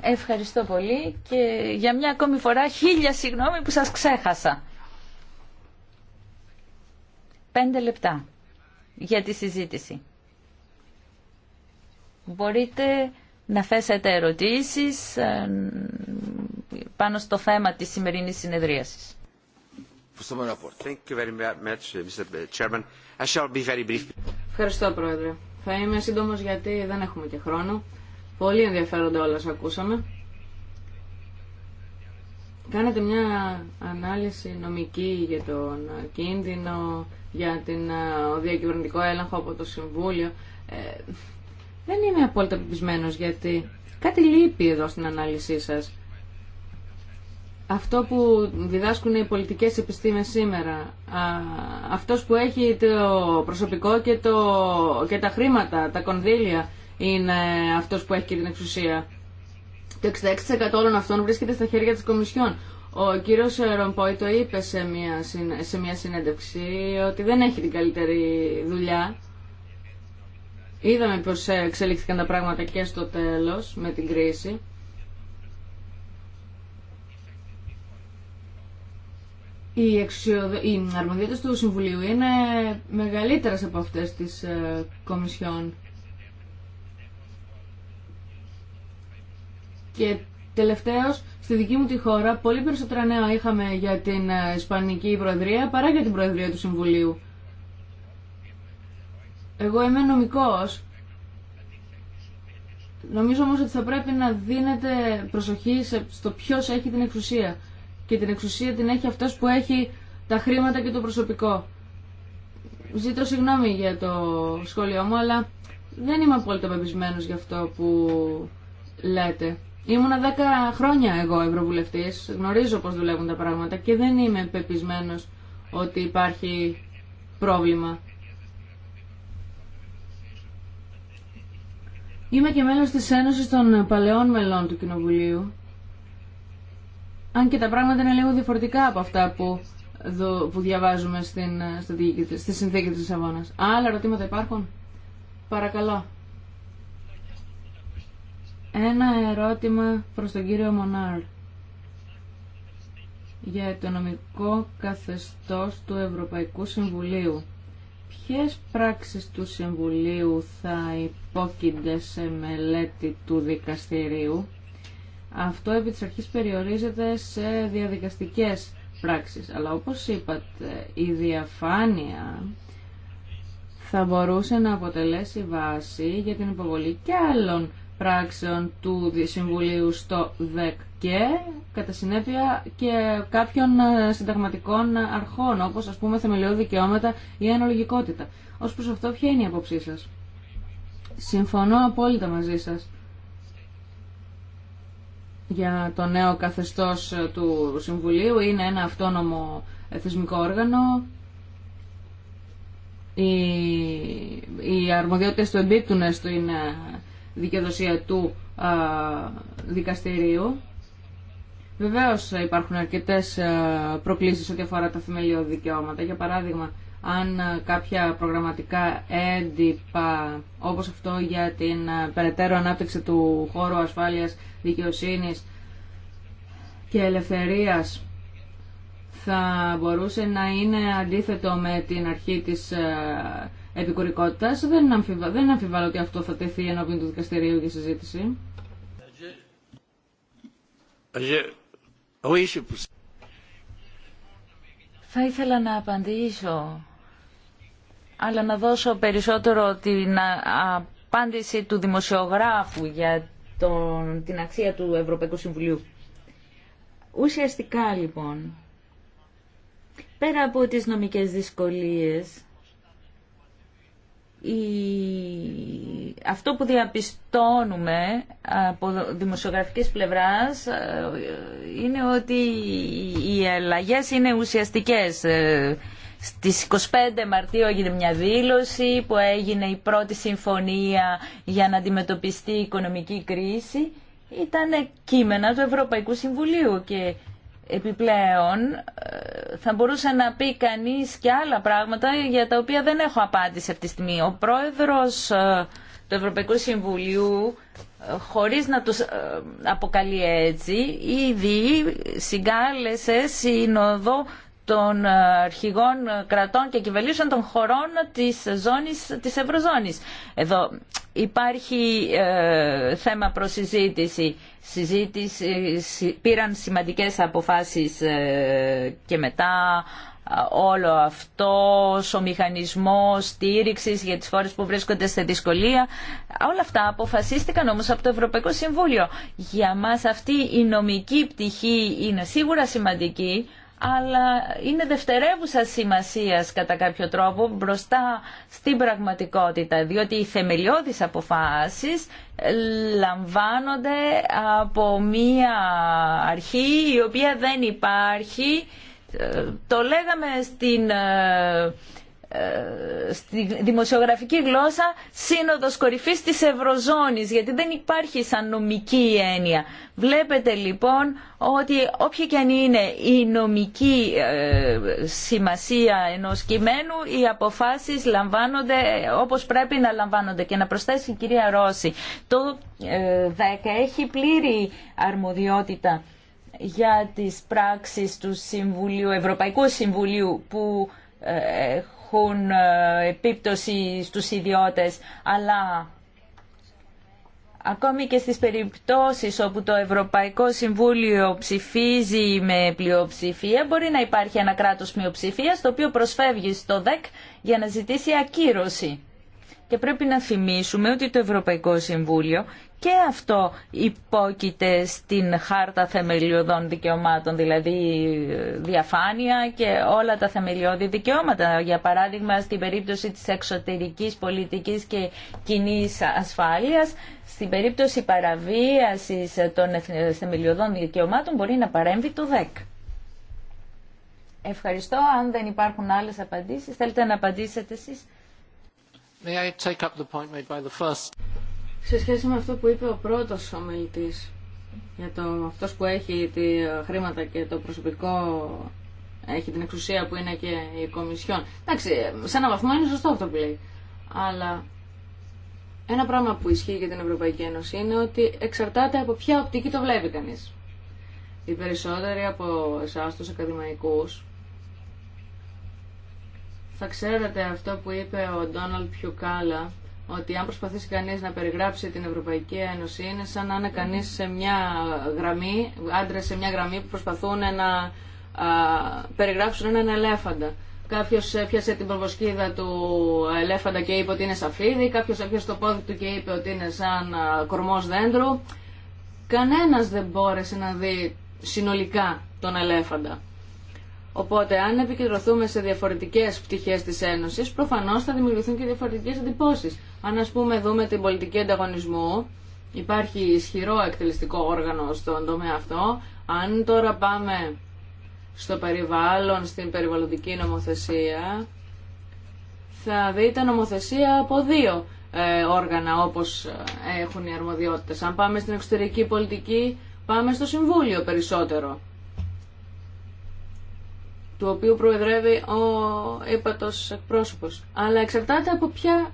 Ευχαριστώ πολύ και για μια ακόμη φορά χίλια συγγνώμη που σας ξέχασα. Πέντε λεπτά για τη συζήτηση. Μπορείτε να θέσετε ερωτήσεις ε, πάνω στο θέμα της σημερινής συνεδρίασης. Ευχαριστώ, Πρόεδρε. Θα είμαι σύντομο γιατί δεν έχουμε και χρόνο. Πολύ ενδιαφέροντα όλα σα ακούσαμε. Κάνατε μια ανάλυση νομική για τον κίνδυνο, για την διακυβερνητικό έλεγχο από το Συμβούλιο. Ε, δεν είμαι απόλυτα πεπισμένος γιατί κάτι λείπει εδώ στην ανάλυση σας αυτό που διδάσκουν οι πολιτικές επιστήμες σήμερα, αυτός που έχει το προσωπικό και, το, και τα χρήματα, τα κονδύλια, είναι αυτός που έχει και την εξουσία. Το 66% όλων αυτών βρίσκεται στα χέρια της Κομισιόν. Ο κύριος Ρομπόη το είπε σε μια, σε μια συνέντευξη ότι δεν έχει την καλύτερη δουλειά. Είδαμε πώς εξελίχθηκαν τα πράγματα και στο τέλος με την κρίση. Οι, αξιοδο... αρμοδιότητες του Συμβουλίου είναι μεγαλύτερες από αυτές της ε, Κομισιόν. Και τελευταίος, στη δική μου τη χώρα, πολύ περισσότερα νέα είχαμε για την ε, Ισπανική Προεδρία παρά για την Προεδρία του Συμβουλίου. Εγώ είμαι νομικός. Νομίζω όμως ότι θα πρέπει να δίνετε προσοχή στο ποιος έχει την εξουσία και την εξουσία την έχει αυτός που έχει τα χρήματα και το προσωπικό. Ζήτω συγγνώμη για το σχόλιο μου, αλλά δεν είμαι απόλυτα πεπισμένος για αυτό που λέτε. Ήμουνα δέκα χρόνια εγώ ευρωβουλευτής, γνωρίζω πώς δουλεύουν τα πράγματα και δεν είμαι πεπισμένος ότι υπάρχει πρόβλημα. Είμαι και μέλος της Ένωσης των Παλαιών Μελών του Κοινοβουλίου αν και τα πράγματα είναι λίγο διαφορετικά από αυτά που, διαβάζουμε στη συνθήκη της Λισαβόνας. Άλλα ερωτήματα υπάρχουν. Παρακαλώ. Ένα ερώτημα προς τον κύριο Μονάρ για το νομικό καθεστώς του Ευρωπαϊκού Συμβουλίου. Ποιες πράξεις του Συμβουλίου θα υπόκεινται σε μελέτη του δικαστηρίου αυτό επί της αρχής περιορίζεται σε διαδικαστικές πράξεις. Αλλά όπως είπατε, η διαφάνεια θα μπορούσε να αποτελέσει βάση για την υποβολή και άλλων πράξεων του Συμβουλίου στο ΔΕΚ και κατά συνέπεια και κάποιων ε, συνταγματικών αρχών όπως ας πούμε θεμελιώδη δικαιώματα ή αναλογικότητα. Ως προς αυτό ποια είναι η απόψή σας. Συμφωνώ απόλυτα μαζί σας για το νέο καθεστώς του Συμβουλίου. Είναι ένα αυτόνομο θεσμικό όργανο. Οι, οι αρμοδιότητες του εμπίπτουν στην ε, δικαιοδοσία του α, ε, δικαστηρίου. Βεβαίως ε, υπάρχουν αρκετές προκλήσεις ό,τι αφορά τα θεμελιώδη δικαιώματα. Για παράδειγμα, αν ε, κάποια προγραμματικά έντυπα όπως αυτό για την ε, περαιτέρω ανάπτυξη του χώρου ασφάλειας, δικαιοσύνης και ελευθερίας θα μπορούσε να είναι αντίθετο με την αρχή της ε, επικουρικότητας. Δεν, αμφιβα... δεν αμφιβάλλω ότι αυτό θα τεθεί ενώπιν του δικαστηρίου για συζήτηση. Θα ήθελα να απαντήσω αλλά να δώσω περισσότερο την απάντηση του δημοσιογράφου για τον, την αξία του Ευρωπαϊκού Συμβουλίου. Ουσιαστικά λοιπόν, πέρα από τις νομικές δυσκολίες, η... αυτό που διαπιστώνουμε από δημοσιογραφικής πλευράς ε, είναι ότι οι αλλαγές είναι ουσιαστικές ε, στις 25 Μαρτίου έγινε μια δήλωση που έγινε η πρώτη συμφωνία για να αντιμετωπιστεί η οικονομική κρίση. Ήταν κείμενα του Ευρωπαϊκού Συμβουλίου και επιπλέον ε, θα μπορούσε να πει κανείς και άλλα πράγματα για τα οποία δεν έχω απάντηση αυτή τη στιγμή. Ο πρόεδρος ε, του Ευρωπαϊκού Συμβουλίου ε, χωρίς να τους αποκαλεί έτσι ήδη συγκάλεσε σύνοδο των ε, αρχηγών ε, κρατών και κυβερνήσεων των χωρών της, ζώνης, της Ευρωζώνης. Εδώ υπάρχει ε, θέμα προς συζήτηση. πήραν σημαντικές αποφάσεις και μετά όλο αυτό ο μηχανισμός στήριξη για τις χώρες που βρίσκονται σε δυσκολία. Όλα αυτά αποφασίστηκαν όμως από το Ευρωπαϊκό Συμβούλιο. Για μας αυτή η νομική πτυχή είναι σίγουρα σημαντική, αλλά είναι δευτερεύουσα σημασία κατά κάποιο τρόπο μπροστά στην πραγματικότητα, διότι οι θεμελιώδεις αποφάσεις λαμβάνονται από μία αρχή η οποία δεν υπάρχει. Ε, το λέγαμε στην ε, στη δημοσιογραφική γλώσσα σύνοδος κορυφής της Ευρωζώνης γιατί δεν υπάρχει σαν νομική έννοια. Βλέπετε λοιπόν ότι όποια και αν είναι η νομική ε, σημασία ενός κειμένου οι αποφάσεις λαμβάνονται όπως πρέπει να λαμβάνονται και να προσθέσει η κυρία Ρώση το ε, 10 έχει πλήρη αρμοδιότητα για τις πράξεις του Συμβουλίου, Ευρωπαϊκού Συμβουλίου που ε, έχουν ε, επίπτωση στους ιδιώτες, αλλά ακόμη και στις περιπτώσεις όπου το Ευρωπαϊκό Συμβούλιο ψηφίζει με πλειοψηφία, μπορεί να υπάρχει ένα κράτος μειοψηφία το οποίο προσφεύγει στο ΔΕΚ για να ζητήσει ακύρωση. Και πρέπει να θυμίσουμε ότι το Ευρωπαϊκό Συμβούλιο και αυτό υπόκειται στην χάρτα θεμελιωδών δικαιωμάτων, δηλαδή διαφάνεια και όλα τα θεμελιώδη δικαιώματα. Για παράδειγμα, στην περίπτωση της εξωτερικής πολιτικής και κοινή ασφάλειας, στην περίπτωση παραβίασης των θεμελιωδών δικαιωμάτων μπορεί να παρέμβει το ΔΕΚ. Ευχαριστώ. Αν δεν υπάρχουν άλλες απαντήσεις, θέλετε να απαντήσετε εσείς. Σε σχέση με αυτό που είπε ο πρώτος ομιλητής, για το, αυτός που έχει τη χρήματα και το προσωπικό έχει την εξουσία που είναι και η Κομισιόν. Εντάξει, σε ένα βαθμό είναι σωστό αυτό που λέει. Αλλά ένα πράγμα που ισχύει για την Ευρωπαϊκή Ένωση είναι ότι εξαρτάται από ποια οπτική το βλέπει κανείς. Οι περισσότεροι από εσά τους ακαδημαϊκούς θα ξέρετε αυτό που είπε ο Ντόναλτ Πιουκάλα, ότι αν προσπαθήσει κανείς να περιγράψει την Ευρωπαϊκή Ένωση είναι σαν να είναι κανείς σε μια γραμμή, άντρες σε μια γραμμή που προσπαθούν να περιγράψουν έναν ελέφαντα. Κάποιο έπιασε την προβοσκίδα του ελέφαντα και είπε ότι είναι σαφίδι, κάποιο έπιασε το πόδι του και είπε ότι είναι σαν κορμό δέντρου. Κανένα δεν μπόρεσε να δει συνολικά τον ελέφαντα. Οπότε, αν επικεντρωθούμε σε διαφορετικέ πτυχέ τη Ένωση, προφανώ θα δημιουργηθούν και διαφορετικέ εντυπώσει. Αν, α πούμε, δούμε την πολιτική ανταγωνισμού, υπάρχει ισχυρό εκτελεστικό όργανο στον τομέα αυτό. Αν τώρα πάμε στο περιβάλλον, στην περιβαλλοντική νομοθεσία, θα δείτε νομοθεσία από δύο ε, όργανα όπως ε, έχουν οι αρμοδιότητες. Αν πάμε στην εξωτερική πολιτική, πάμε στο Συμβούλιο περισσότερο του οποίου προεδρεύει ο ύπατος εκπρόσωπος. Αλλά εξαρτάται από ποια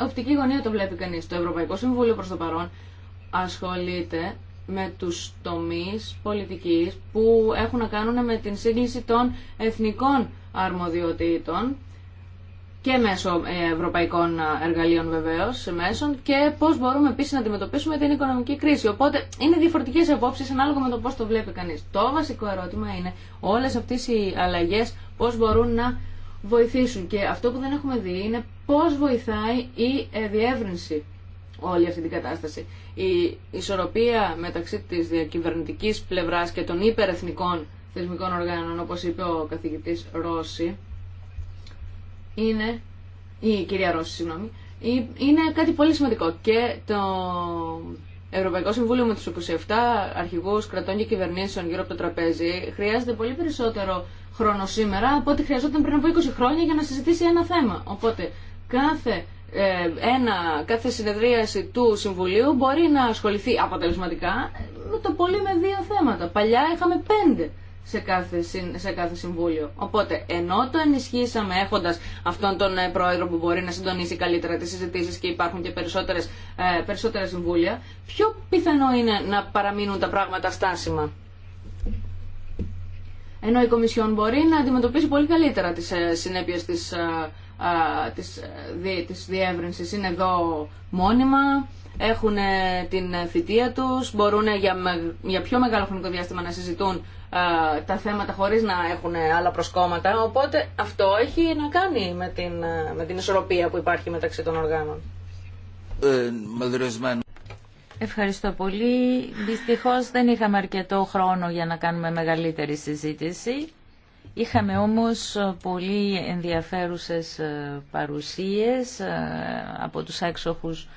οπτική γωνία το βλέπει κανείς. Το Ευρωπαϊκό Συμβούλιο προς το παρόν ασχολείται με τους τομείς πολιτικής που έχουν να κάνουν με την σύγκληση των εθνικών αρμοδιοτήτων και μέσω ε, ευρωπαϊκών ε, εργαλείων βεβαίω, μέσων και πώ μπορούμε επίση να αντιμετωπίσουμε την οικονομική κρίση. Οπότε είναι διαφορετικέ απόψει ανάλογα με το πώ το βλέπει κανεί. Το βασικό ερώτημα είναι όλε αυτέ οι αλλαγέ πώ μπορούν να βοηθήσουν. Και αυτό που δεν έχουμε δει είναι πώ βοηθάει η ε, διεύρυνση όλη αυτή την κατάσταση. Η ισορροπία μεταξύ τη διακυβερνητική πλευρά και των υπερεθνικών θεσμικών οργάνων, όπω είπε ο καθηγητή Ρώση, είναι, η κυρία Ρώση, συγγνώμη, είναι κάτι πολύ σημαντικό και το Ευρωπαϊκό Συμβούλιο με τους 27 αρχηγούς κρατών και κυβερνήσεων γύρω από το τραπέζι χρειάζεται πολύ περισσότερο χρόνο σήμερα από ό,τι χρειαζόταν πριν από 20 χρόνια για να συζητήσει ένα θέμα. Οπότε κάθε, ε, ένα, κάθε συνεδρίαση του Συμβουλίου μπορεί να ασχοληθεί αποτελεσματικά με το πολύ με δύο θέματα. Παλιά είχαμε πέντε σε κάθε, σε κάθε συμβούλιο. Οπότε, ενώ το ενισχύσαμε έχοντα αυτόν τον ε, πρόεδρο που μπορεί να συντονίσει καλύτερα τι συζητήσει και υπάρχουν και περισσότερε ε, περισσότερα συμβούλια, πιο πιθανό είναι να παραμείνουν τα πράγματα στάσιμα. Ενώ η Κομισιόν μπορεί να αντιμετωπίσει πολύ καλύτερα τις ε, συνέπειες της, της, της διεύρυνσης. Είναι εδώ μόνιμα, έχουν την θητεία τους, μπορούν για, για πιο μεγάλο χρονικό διάστημα να συζητούν τα θέματα χωρίς να έχουν άλλα προσκόμματα, οπότε αυτό έχει να κάνει με την, με την ισορροπία που υπάρχει μεταξύ των οργάνων. Ε, Ευχαριστώ πολύ. Δυστυχώς δεν είχαμε αρκετό χρόνο για να κάνουμε μεγαλύτερη συζήτηση. Είχαμε όμως πολύ ενδιαφέρουσες ε, παρουσίες ε, από τους έξοχους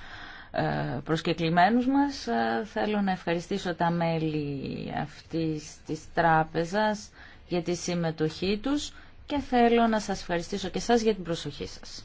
ε, προσκεκλημένους μας. Ε, θέλω να ευχαριστήσω τα μέλη αυτής της τράπεζας για τη συμμετοχή τους και θέλω να σας ευχαριστήσω και σας για την προσοχή σας.